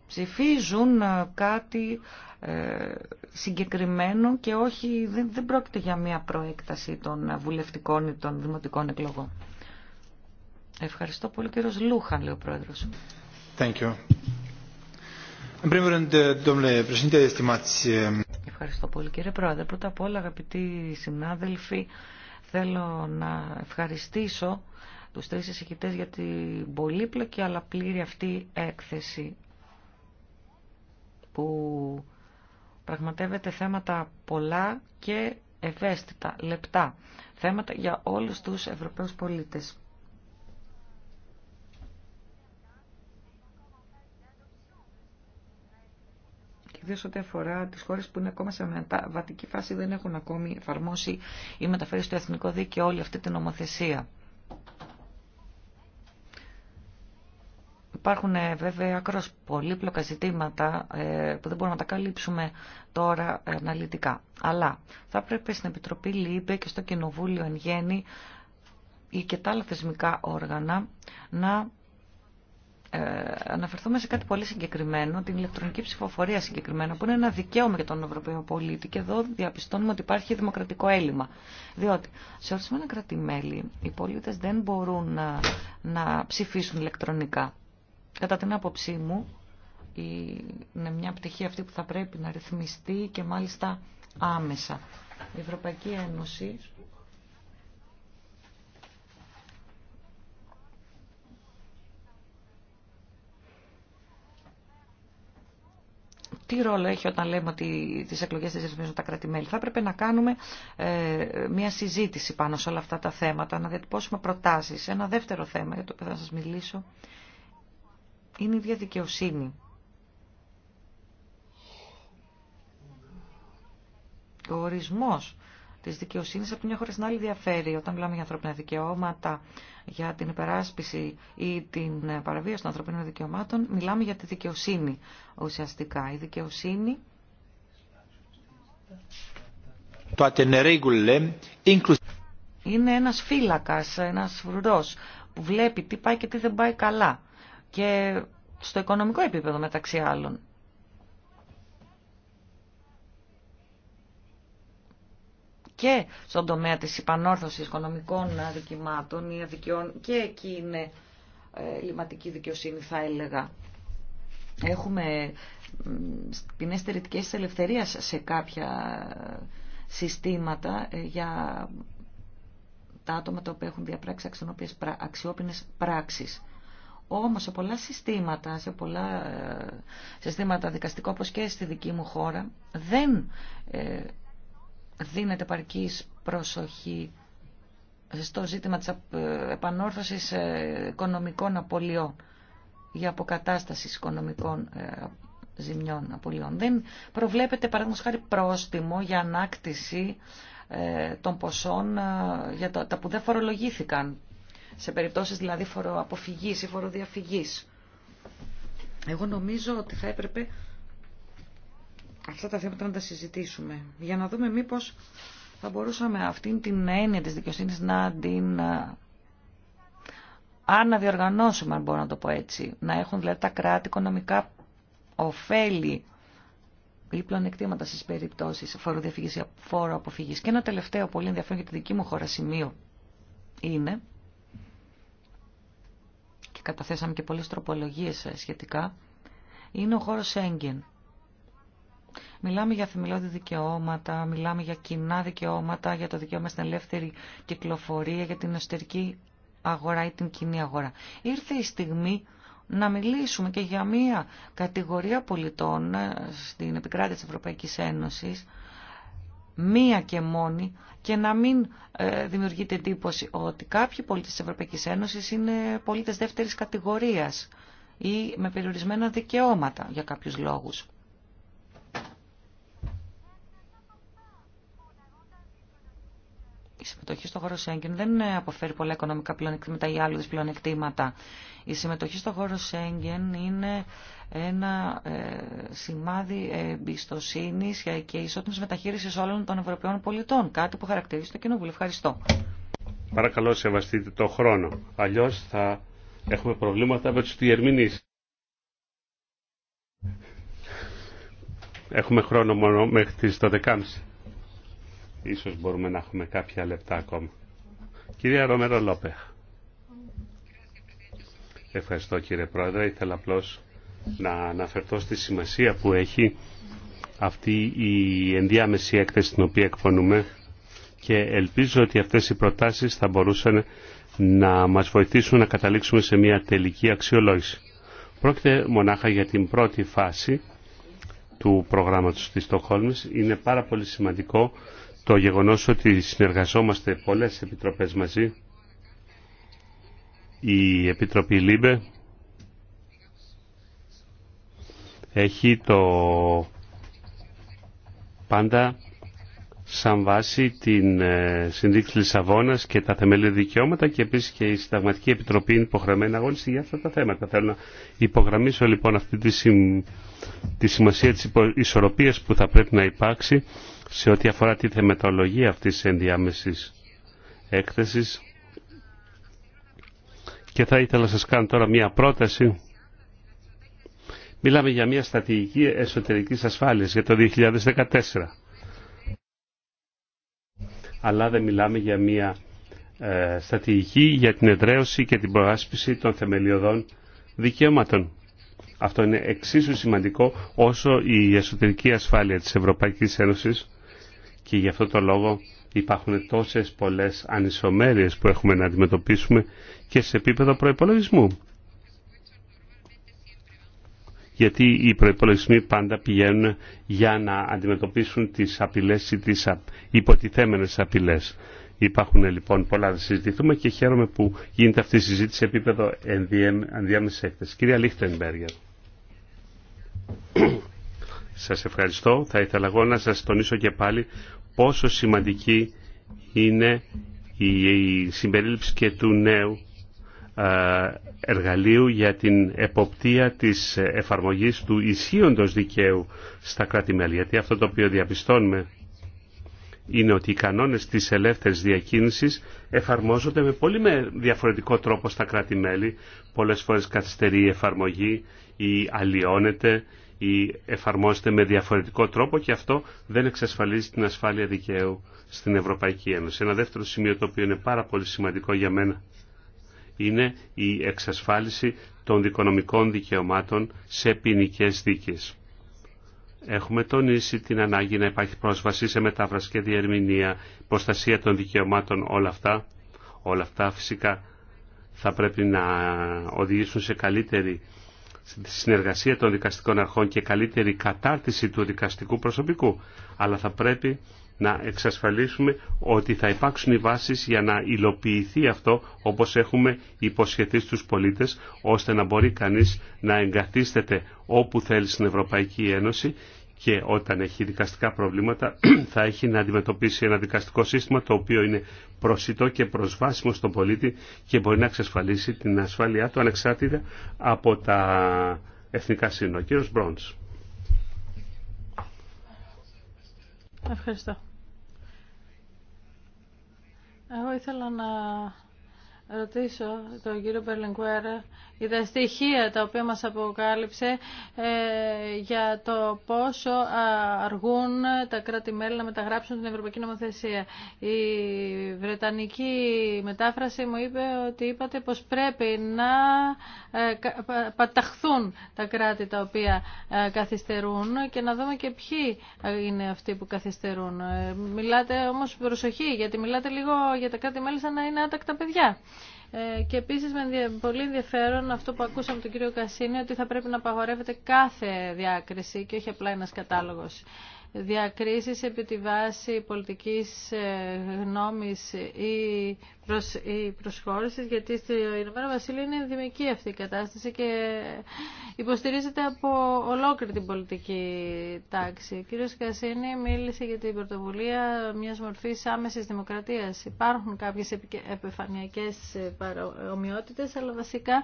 ψηφίζουν ε, κάτι ε, συγκεκριμένο και όχι, δεν, δεν πρόκειται για μια προέκταση των βουλευτικών ή των δημοτικών εκλογών. Ευχαριστώ πολύ κύριο Λούχαν, λέει ο Πρόεδρος. Ε, Ευχαριστώ πολύ κύριε Πρόεδρε. Πρώτα απ' όλα αγαπητοί συνάδελφοι, Θέλω να ευχαριστήσω τους τρεις εισηγητές για την πολύπλοκη αλλά πλήρη αυτή έκθεση που πραγματεύεται θέματα πολλά και ευαίσθητα, λεπτά θέματα για όλους τους Ευρωπαίους πολίτες. ιδίω ό,τι αφορά τι χώρε που είναι ακόμα σε μεταβατική φάση, δεν έχουν ακόμη εφαρμόσει ή μεταφέρει στο εθνικό δίκαιο όλη αυτή την νομοθεσία. Υπάρχουν ε, βέβαια ακρός πολύπλοκα ζητήματα ε, που δεν μπορούμε να τα καλύψουμε τώρα ε, αναλυτικά. Αλλά θα πρέπει στην Επιτροπή ΛΥΠΕ και στο Κοινοβούλιο εν γέννη ή και τα άλλα θεσμικά όργανα να ε, αναφερθούμε σε κάτι πολύ συγκεκριμένο, την ηλεκτρονική ψηφοφορία συγκεκριμένα, που είναι ένα δικαίωμα για τον Ευρωπαϊκό πολίτη και εδώ διαπιστώνουμε ότι υπάρχει δημοκρατικό έλλειμμα. Διότι σε ορισμένα μέλη, οι πολίτε δεν μπορούν να, να ψηφίσουν ηλεκτρονικά. Κατά την άποψή μου, είναι μια πτυχή αυτή που θα πρέπει να ρυθμιστεί και μάλιστα άμεσα. Η Ευρωπαϊκή Ένωση τι ρόλο έχει όταν λέμε ότι τις εκλογές δεν ρυθμίζουν τα μελη Θα έπρεπε να κάνουμε ε, μια συζήτηση πάνω σε όλα αυτά τα θέματα, να διατυπώσουμε προτάσεις. Ένα δεύτερο θέμα για το οποίο θα σας μιλήσω είναι η διαδικαιοσύνη. Ο ορισμός Τη δικαιοσύνη από μια χώρα στην άλλη διαφέρει. Όταν μιλάμε για ανθρώπινα δικαιώματα, για την υπεράσπιση ή την παραβίαση των ανθρωπίνων δικαιωμάτων, μιλάμε για τη δικαιοσύνη ουσιαστικά. Η δικαιοσύνη... Είναι ένα φύλακα, ένα φρουρός που βλέπει τι πάει και τι δεν πάει καλά. Και στο οικονομικό επίπεδο μεταξύ άλλων. και στον τομέα της υπανόρθωσης οικονομικών αδικημάτων ή αδικιών και εκεί είναι ε, λιματική δικαιοσύνη θα έλεγα. Έχουμε ποινές θερητικές ελευθερίας σε κάποια συστήματα ε, για τα άτομα τα οποία έχουν διαπράξει αξιόπινες, πράξεις. Όμως σε πολλά συστήματα, σε πολλά ε, συστήματα δικαστικό όπως και στη δική μου χώρα, δεν δίνεται παρκής προσοχή στο ζήτημα της ε, επανόρθωσης ε, οικονομικών απολειών για αποκατάσταση οικονομικών ε, ζημιών απολειών. Δεν προβλέπεται παραδείγματος χάρη πρόστιμο για ανάκτηση των ποσών για τα που δεν φορολογήθηκαν σε περιπτώσεις δηλαδή φοροαποφυγής ή φοροδιαφυγής. Εγώ νομίζω ότι θα έπρεπε αυτά τα θέματα να τα συζητήσουμε. Για να δούμε μήπως θα μπορούσαμε αυτήν την έννοια της δικαιοσύνης να την αναδιοργανώσουμε, αν μπορώ να το πω έτσι. Να έχουν δηλαδή τα κράτη οικονομικά ωφέλη ή πλονεκτήματα στις περιπτώσεις φοροδιαφυγής ή φόρο αποφυγής. Και ένα τελευταίο πολύ ενδιαφέρον για τη δική μου χώρα σημείο είναι και καταθέσαμε και πολλές τροπολογίες ε, σχετικά είναι ο χώρος Σέγγεν. Μιλάμε για θεμελιώδη δικαιώματα, μιλάμε για κοινά δικαιώματα, για το δικαίωμα στην ελεύθερη κυκλοφορία, για την εσωτερική αγορά ή την κοινή αγορά. Ήρθε η στιγμή να μιλήσουμε και για μία κατηγορία πολιτών ε, στην επικράτεια της Ευρωπαϊκής Ένωσης, μία και μόνη, και να μην ε, δημιουργείται εντύπωση ότι κάποιοι πολίτες της Ευρωπαϊκής Ένωσης είναι πολίτες δεύτερης κατηγορίας ή με περιορισμένα δικαιώματα για κάποιους λόγους. συμμετοχή στο χώρο Σέγγεν δεν ε, αποφέρει πολλά οικονομικά πλεονεκτήματα ή άλλου πλεονεκτήματα. Η συμμετοχή στο χώρο Σέγγεν είναι ένα ε, σημάδι εμπιστοσύνη και ισότιμη μεταχείριση όλων των Ευρωπαίων πολιτών. Κάτι που χαρακτηρίζει το Κοινοβούλιο. Ευχαριστώ. Παρακαλώ, σεβαστείτε το χρόνο. Αλλιώ θα έχουμε προβλήματα με του διερμηνεί. Έχουμε χρόνο μόνο μέχρι τι 12.30. Ίσως μπορούμε να έχουμε κάποια λεπτά ακόμα. Κυρία Ρομέρο Λόπεχ. Ευχαριστώ κύριε Πρόεδρε. Ήθελα απλώ να αναφερθώ στη σημασία που έχει αυτή η ενδιάμεση έκθεση την οποία εκφωνούμε και ελπίζω ότι αυτές οι προτάσεις θα μπορούσαν να μας βοηθήσουν να καταλήξουμε σε μια τελική αξιολόγηση. Πρόκειται μονάχα για την πρώτη φάση του προγράμματος της Στοχόλμης. Είναι πάρα πολύ σημαντικό το γεγονός ότι συνεργαζόμαστε πολλές επιτροπές μαζί. Η Επιτροπή ΛΥΜΠΕ έχει το πάντα σαν βάση την ε, συνδίκηση Λισαβόνα και τα θεμελιώδη δικαιώματα και επίσης και η Συνταγματική Επιτροπή είναι υποχρεωμένη να αγωνιστεί για αυτά τα θέματα. Θέλω να υπογραμμίσω λοιπόν αυτή τη, συμ... τη σημασία της ισορροπίας που θα πρέπει να υπάρξει σε ό,τι αφορά τη θεμετολογία αυτής της ενδιάμεσης έκθεσης και θα ήθελα να σας κάνω τώρα μία πρόταση. Μιλάμε για μία στατηγική εσωτερικής ασφάλειας για το 2014. Αλλά δεν μιλάμε για μία ε, στατηγική για την εδραίωση και την προάσπιση των θεμελιωδών δικαιωμάτων. Αυτό είναι εξίσου σημαντικό όσο η εσωτερική ασφάλεια της Ευρωπαϊκής Ένωσης και γι' αυτό το λόγο υπάρχουν τόσες πολλές ανισομέρειες που έχουμε να αντιμετωπίσουμε και σε επίπεδο προϋπολογισμού. Γιατί οι προϋπολογισμοί πάντα πηγαίνουν για να αντιμετωπίσουν τις απειλές ή τις υποτιθέμενες απειλές. Υπάρχουν λοιπόν πολλά να συζητηθούμε και χαίρομαι που γίνεται αυτή η συζήτηση σε επίπεδο ενδιάμεσης έκθεσης. Κυρία Λίχτενμπεργερ. Σας ευχαριστώ. Θα ήθελα εγώ να σας τονίσω και πάλι πόσο σημαντική είναι η συμπερίληψη και του νέου ε, εργαλείου για την εποπτεία της εφαρμογής του ισχύοντος δικαίου στα κράτη-μέλη. Γιατί αυτό το οποίο διαπιστώνουμε είναι ότι οι κανόνες της ελεύθερης διακίνησης εφαρμόζονται με πολύ με διαφορετικό τρόπο στα κράτη-μέλη. Πολλές φορές καθυστερεί η εφαρμογή ή αλλοιώνεται ή εφαρμόζεται με διαφορετικό τρόπο και αυτό δεν εξασφαλίζει την ασφάλεια δικαίου στην Ευρωπαϊκή Ένωση. Ένα δεύτερο σημείο το οποίο είναι πάρα πολύ σημαντικό για μένα είναι η εξασφάλιση των δικονομικών δικαιωμάτων σε ποινικέ δίκες. Έχουμε τονίσει την ανάγκη να υπάρχει πρόσβαση σε μετάφραση και διερμηνία, προστασία των δικαιωμάτων, όλα αυτά. Όλα αυτά φυσικά θα πρέπει να οδηγήσουν σε καλύτερη στη συνεργασία των δικαστικών αρχών και καλύτερη κατάρτιση του δικαστικού προσωπικού. Αλλά θα πρέπει να εξασφαλίσουμε ότι θα υπάρξουν οι βάσεις για να υλοποιηθεί αυτό όπως έχουμε υποσχεθεί στους πολίτες ώστε να μπορεί κανείς να εγκαθίσταται όπου θέλει στην Ευρωπαϊκή Ένωση και όταν έχει δικαστικά προβλήματα θα έχει να αντιμετωπίσει ένα δικαστικό σύστημα το οποίο είναι προσιτό και προσβάσιμο στον πολίτη και μπορεί να εξασφαλίσει την ασφάλειά του ανεξάρτητα από τα εθνικά σύνορα. Κύριος Μπρόντς. Ευχαριστώ. Εγώ ήθελα να ρωτήσω τον κύριο Μπερλενκουέρα για τα στοιχεία τα οποία μας αποκάλυψε ε, για το πόσο αργούν τα κράτη-μέλη να μεταγράψουν την Ευρωπαϊκή Νομοθεσία. Η Βρετανική μετάφραση μου είπε ότι είπατε πως πρέπει να ε, παταχθούν τα κράτη τα οποία ε, καθυστερούν και να δούμε και ποιοι είναι αυτοί που καθυστερούν. Μιλάτε όμως προσοχή γιατί μιλάτε λίγο για τα κράτη-μέλη σαν να είναι άτακτα παιδιά. Ε, και επίσης με πολύ ενδιαφέρον αυτό που ακούσαμε τον κύριο Κασίνη ότι θα πρέπει να απαγορεύεται κάθε διάκριση και όχι απλά ένας κατάλογος διακρίσεις επί τη βάση πολιτικής ε, γνώμης ή προς, η προσχώρηση, γιατί στο Ηνωμένο Βασίλειο είναι ενδυμική αυτή η κατάσταση και υποστηρίζεται από ολόκληρη την πολιτική τάξη. Ο κύριος Κασίνη μίλησε για την πρωτοβουλία μιας μορφής άμεσης δημοκρατίας. Υπάρχουν κάποιες επιφανειακές ε, ομοιότητες, αλλά βασικά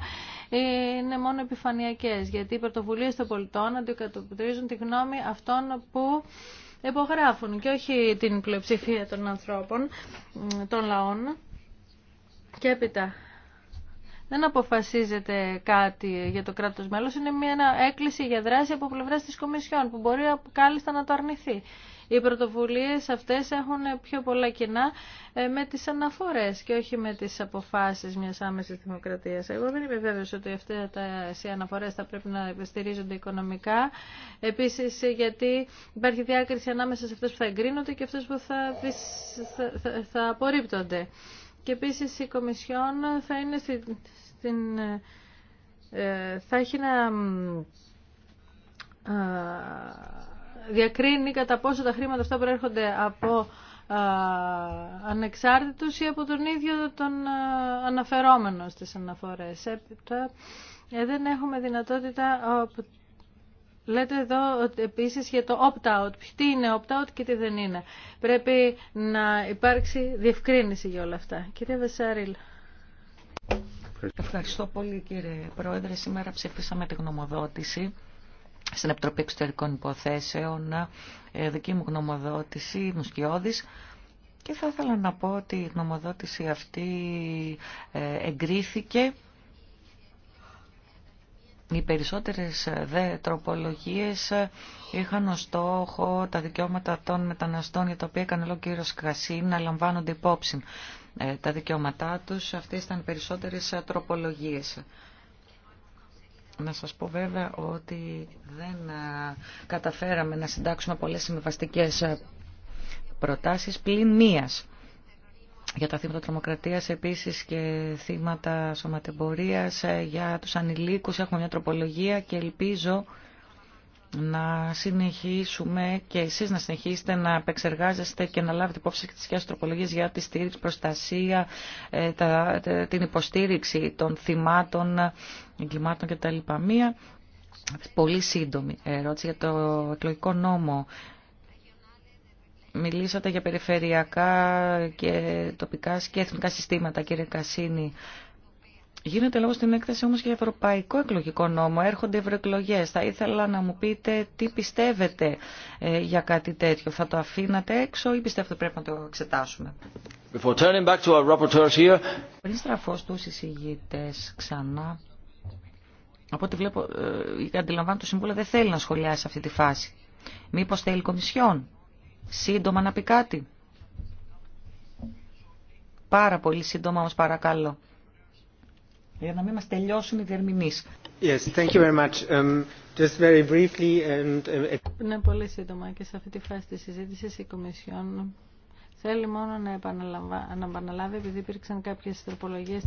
είναι μόνο επιφανειακές, γιατί οι πρωτοβουλίε των πολιτών αντικατοπτρίζουν τη γνώμη αυτών που υπογράφουν και όχι την πλειοψηφία των ανθρώπων, των λαών και έπειτα δεν αποφασίζεται κάτι για το κράτος μέλος, είναι μια έκκληση για δράση από πλευρά της Κομισιόν που μπορεί κάλλιστα να το αρνηθεί. Οι πρωτοβουλίες αυτές έχουν πιο πολλά κοινά ε, με τις αναφορές και όχι με τις αποφάσεις μιας άμεσης δημοκρατίας. Εγώ δεν είμαι βέβαιος ότι αυτές οι αναφορές θα πρέπει να στηρίζονται οικονομικά. Επίσης γιατί υπάρχει διάκριση ανάμεσα σε αυτές που θα εγκρίνονται και αυτές που θα, θα απορρίπτονται. Και επίση η Κομισιόν θα, είναι στην, ε, θα έχει να ε, διακρίνει κατά πόσο τα χρήματα αυτά προέρχονται από ε, ανεξάρτητους ή από τον ίδιο τον αναφερόμενο στις αναφορές. Έπειτα δεν έχουμε δυνατότητα Λέτε εδώ επίσης για το opt-out. Τι είναι opt-out και τι δεν είναι. Πρέπει να υπάρξει διευκρίνηση για όλα αυτά. Κύριε Βεσάριλ. Ευχαριστώ πολύ κύριε Πρόεδρε. Σήμερα ψηφίσαμε τη γνωμοδότηση στην Επιτροπή Εξωτερικών Υποθέσεων. Ε, δική μου γνωμοδότηση, μουσκιώδης. Και θα ήθελα να πω ότι η γνωμοδότηση αυτή ε, εγκρίθηκε οι περισσότερες ε, δε τροπολογίες ε, είχαν ως στόχο τα δικαιώματα των μεταναστών για τα οποία έκανε ο κύριος Κασί να λαμβάνονται υπόψη ε, τα δικαιώματά τους. Αυτές ήταν οι περισσότερες τροπολογίες. Να σας πω βέβαια ότι δεν καταφέραμε να συντάξουμε πολλές συμβαστικές προτάσεις πλην μίας για τα θύματα τρομοκρατίας, επίσης και θύματα σωματεμπορίας, ε, για τους ανηλίκους. Έχουμε μια τροπολογία και ελπίζω να συνεχίσουμε και εσείς να συνεχίσετε να επεξεργάζεστε και να λάβετε υπόψη και τις σχέσεις τροπολογίες για τη στήριξη, προστασία, ε, την υποστήριξη των θυμάτων, εγκλημάτων κτλ. Μία πολύ σύντομη ερώτηση για το εκλογικό νόμο. Μιλήσατε για περιφερειακά και τοπικά και εθνικά συστήματα, κύριε Κασίνη. Γίνεται λόγο στην έκθεση όμως και για ευρωπαϊκό εκλογικό νόμο. Έρχονται ευρωεκλογέ. Θα ήθελα να μου πείτε τι πιστεύετε ε, για κάτι τέτοιο. Θα το αφήνατε έξω ή πιστεύετε πρέπει να το εξετάσουμε. Πριν στραφώ στους εισηγητές ξανά, από ό,τι βλέπω, ε, αντιλαμβάνω το Συμβούλιο δεν θέλει να σχολιάσει αυτή τη φάση. Μήπως θέλει Κομισιόν Σύντομα να πει κάτι. Πάρα πολύ σύντομα όμως παρακαλώ. Για να μην μας τελειώσουν οι διερμηνείς. Yes, thank you very much. Um, just very briefly and... Uh, ναι, πολύ σύντομα και σε αυτή τη φάση της συζήτησης η Κομισιόν Θέλει μόνο να, να επαναλάβει, επειδή υπήρξαν κάποιες τροπολογίε,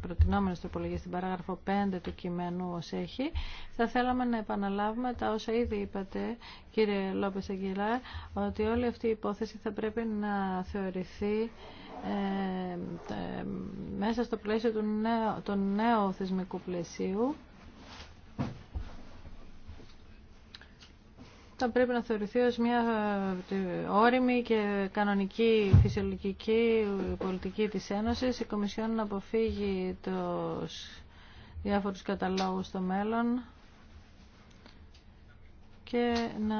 προτινόμενε τροπολογίε, στην παράγραφο 5 του κειμένου ω έχει, θα θέλαμε να επαναλάβουμε τα όσα ήδη είπατε, κύριε Λόπες Αγγελά, ότι όλη αυτή η υπόθεση θα πρέπει να θεωρηθεί ε, ε μέσα στο πλαίσιο του νέου, του νέου θεσμικού πλαισίου θα πρέπει να θεωρηθεί ως μια ε, όρημη και κανονική φυσιολογική πολιτική της Ένωσης. Η Κομισιόν να αποφύγει τους διάφορους καταλόγους στο μέλλον και να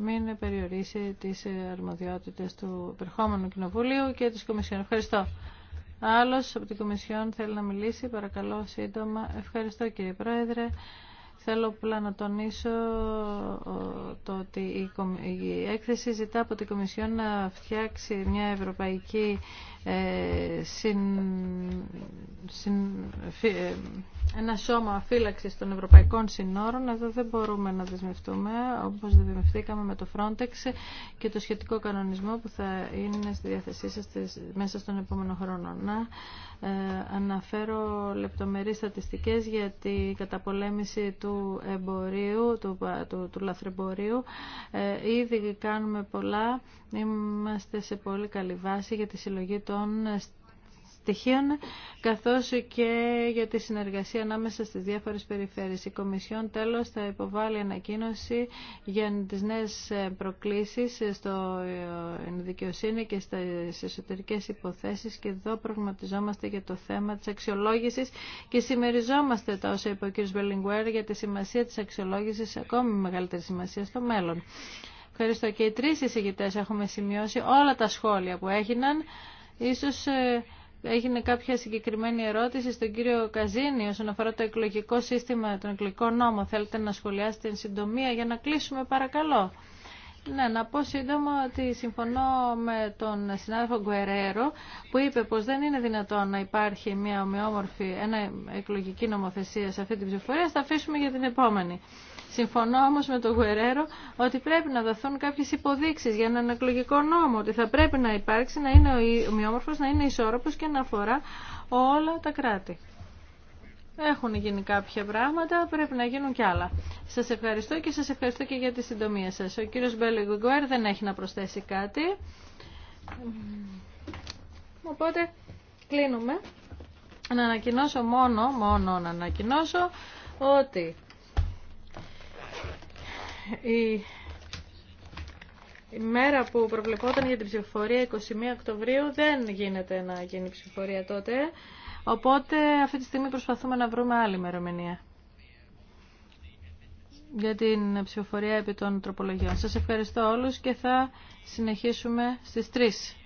μην περιορίσει τις αρμοδιότητες του περχόμενου Κοινοβουλίου και της Κομισιόν. Ευχαριστώ. Άλλος από την Κομισιόν θέλει να μιλήσει. Παρακαλώ σύντομα. Ευχαριστώ κύριε Πρόεδρε. Θέλω απλά να τονίσω το ότι η έκθεση ζητά από την Κομισιόν να φτιάξει μια ευρωπαϊκή ε, ε, ένα σώμα αφύλαξης των ευρωπαϊκών συνόρων. Εδώ δεν μπορούμε να δεσμευτούμε, όπως δεσμευτήκαμε με το Frontex και το σχετικό κανονισμό που θα είναι στη διάθεσή σας μέσα στον επόμενο χρόνο. Να ε, αναφέρω λεπτομερείς στατιστικές για την καταπολέμηση του εμπορίου, του, του, του λαθρεμπορίου. Ε, ήδη κάνουμε πολλά. Είμαστε σε πολύ καλή βάση για τη συλλογή των στοιχείων, καθώς και για τη συνεργασία ανάμεσα στις διάφορες περιφέρειες. Η Κομισιόν τέλος θα υποβάλει ανακοίνωση για τις νέες προκλήσεις στο ε, δικαιοσύνη και στις εσωτερικές υποθέσεις και εδώ προγραμματιζόμαστε για το θέμα της αξιολόγησης και συμμεριζόμαστε τα όσα είπε ο κ. Μπελιγκουέρ για τη σημασία της αξιολόγησης, ακόμη μεγαλύτερη σημασία στο μέλλον. Ευχαριστώ και οι τρεις εισηγητές έχουμε σημειώσει όλα τα σχόλια που έγιναν. Ίσως ε, έγινε κάποια συγκεκριμένη ερώτηση στον κύριο Καζίνη όσον αφορά το εκλογικό σύστημα, τον εκλογικό νόμο. Θέλετε να σχολιάσετε εν συντομία για να κλείσουμε παρακαλώ. Ναι, να πω σύντομα ότι συμφωνώ με τον συνάδελφο Γκουερέρο που είπε πως δεν είναι δυνατόν να υπάρχει μια ομοιόμορφη, ένα εκλογική νομοθεσία σε αυτή την ψηφοφορία, θα αφήσουμε για την επόμενη. Συμφωνώ όμως με τον Γουερέρο ότι πρέπει να δοθούν κάποιες υποδείξεις για έναν εκλογικό νόμο, ότι θα πρέπει να υπάρξει, να είναι ομοιόμορφος, να είναι ισόρροπος και να αφορά όλα τα κράτη. Έχουν γίνει κάποια πράγματα, πρέπει να γίνουν κι άλλα. Σας ευχαριστώ και σας ευχαριστώ και για τη συντομία σας. Ο κύριος Μπέλεγκουγκουέρ δεν έχει να προσθέσει κάτι. Οπότε κλείνουμε. Να ανακοινώσω μόνο, μόνο να ανακοινώσω ότι η... η μέρα που προβλεπόταν για την ψηφοφορία 21 Οκτωβρίου δεν γίνεται να γίνει ψηφοφορία τότε. Οπότε αυτή τη στιγμή προσπαθούμε να βρούμε άλλη ημερομηνία για την ψηφοφορία επί των τροπολογιών. Σας ευχαριστώ όλους και θα συνεχίσουμε στις 3.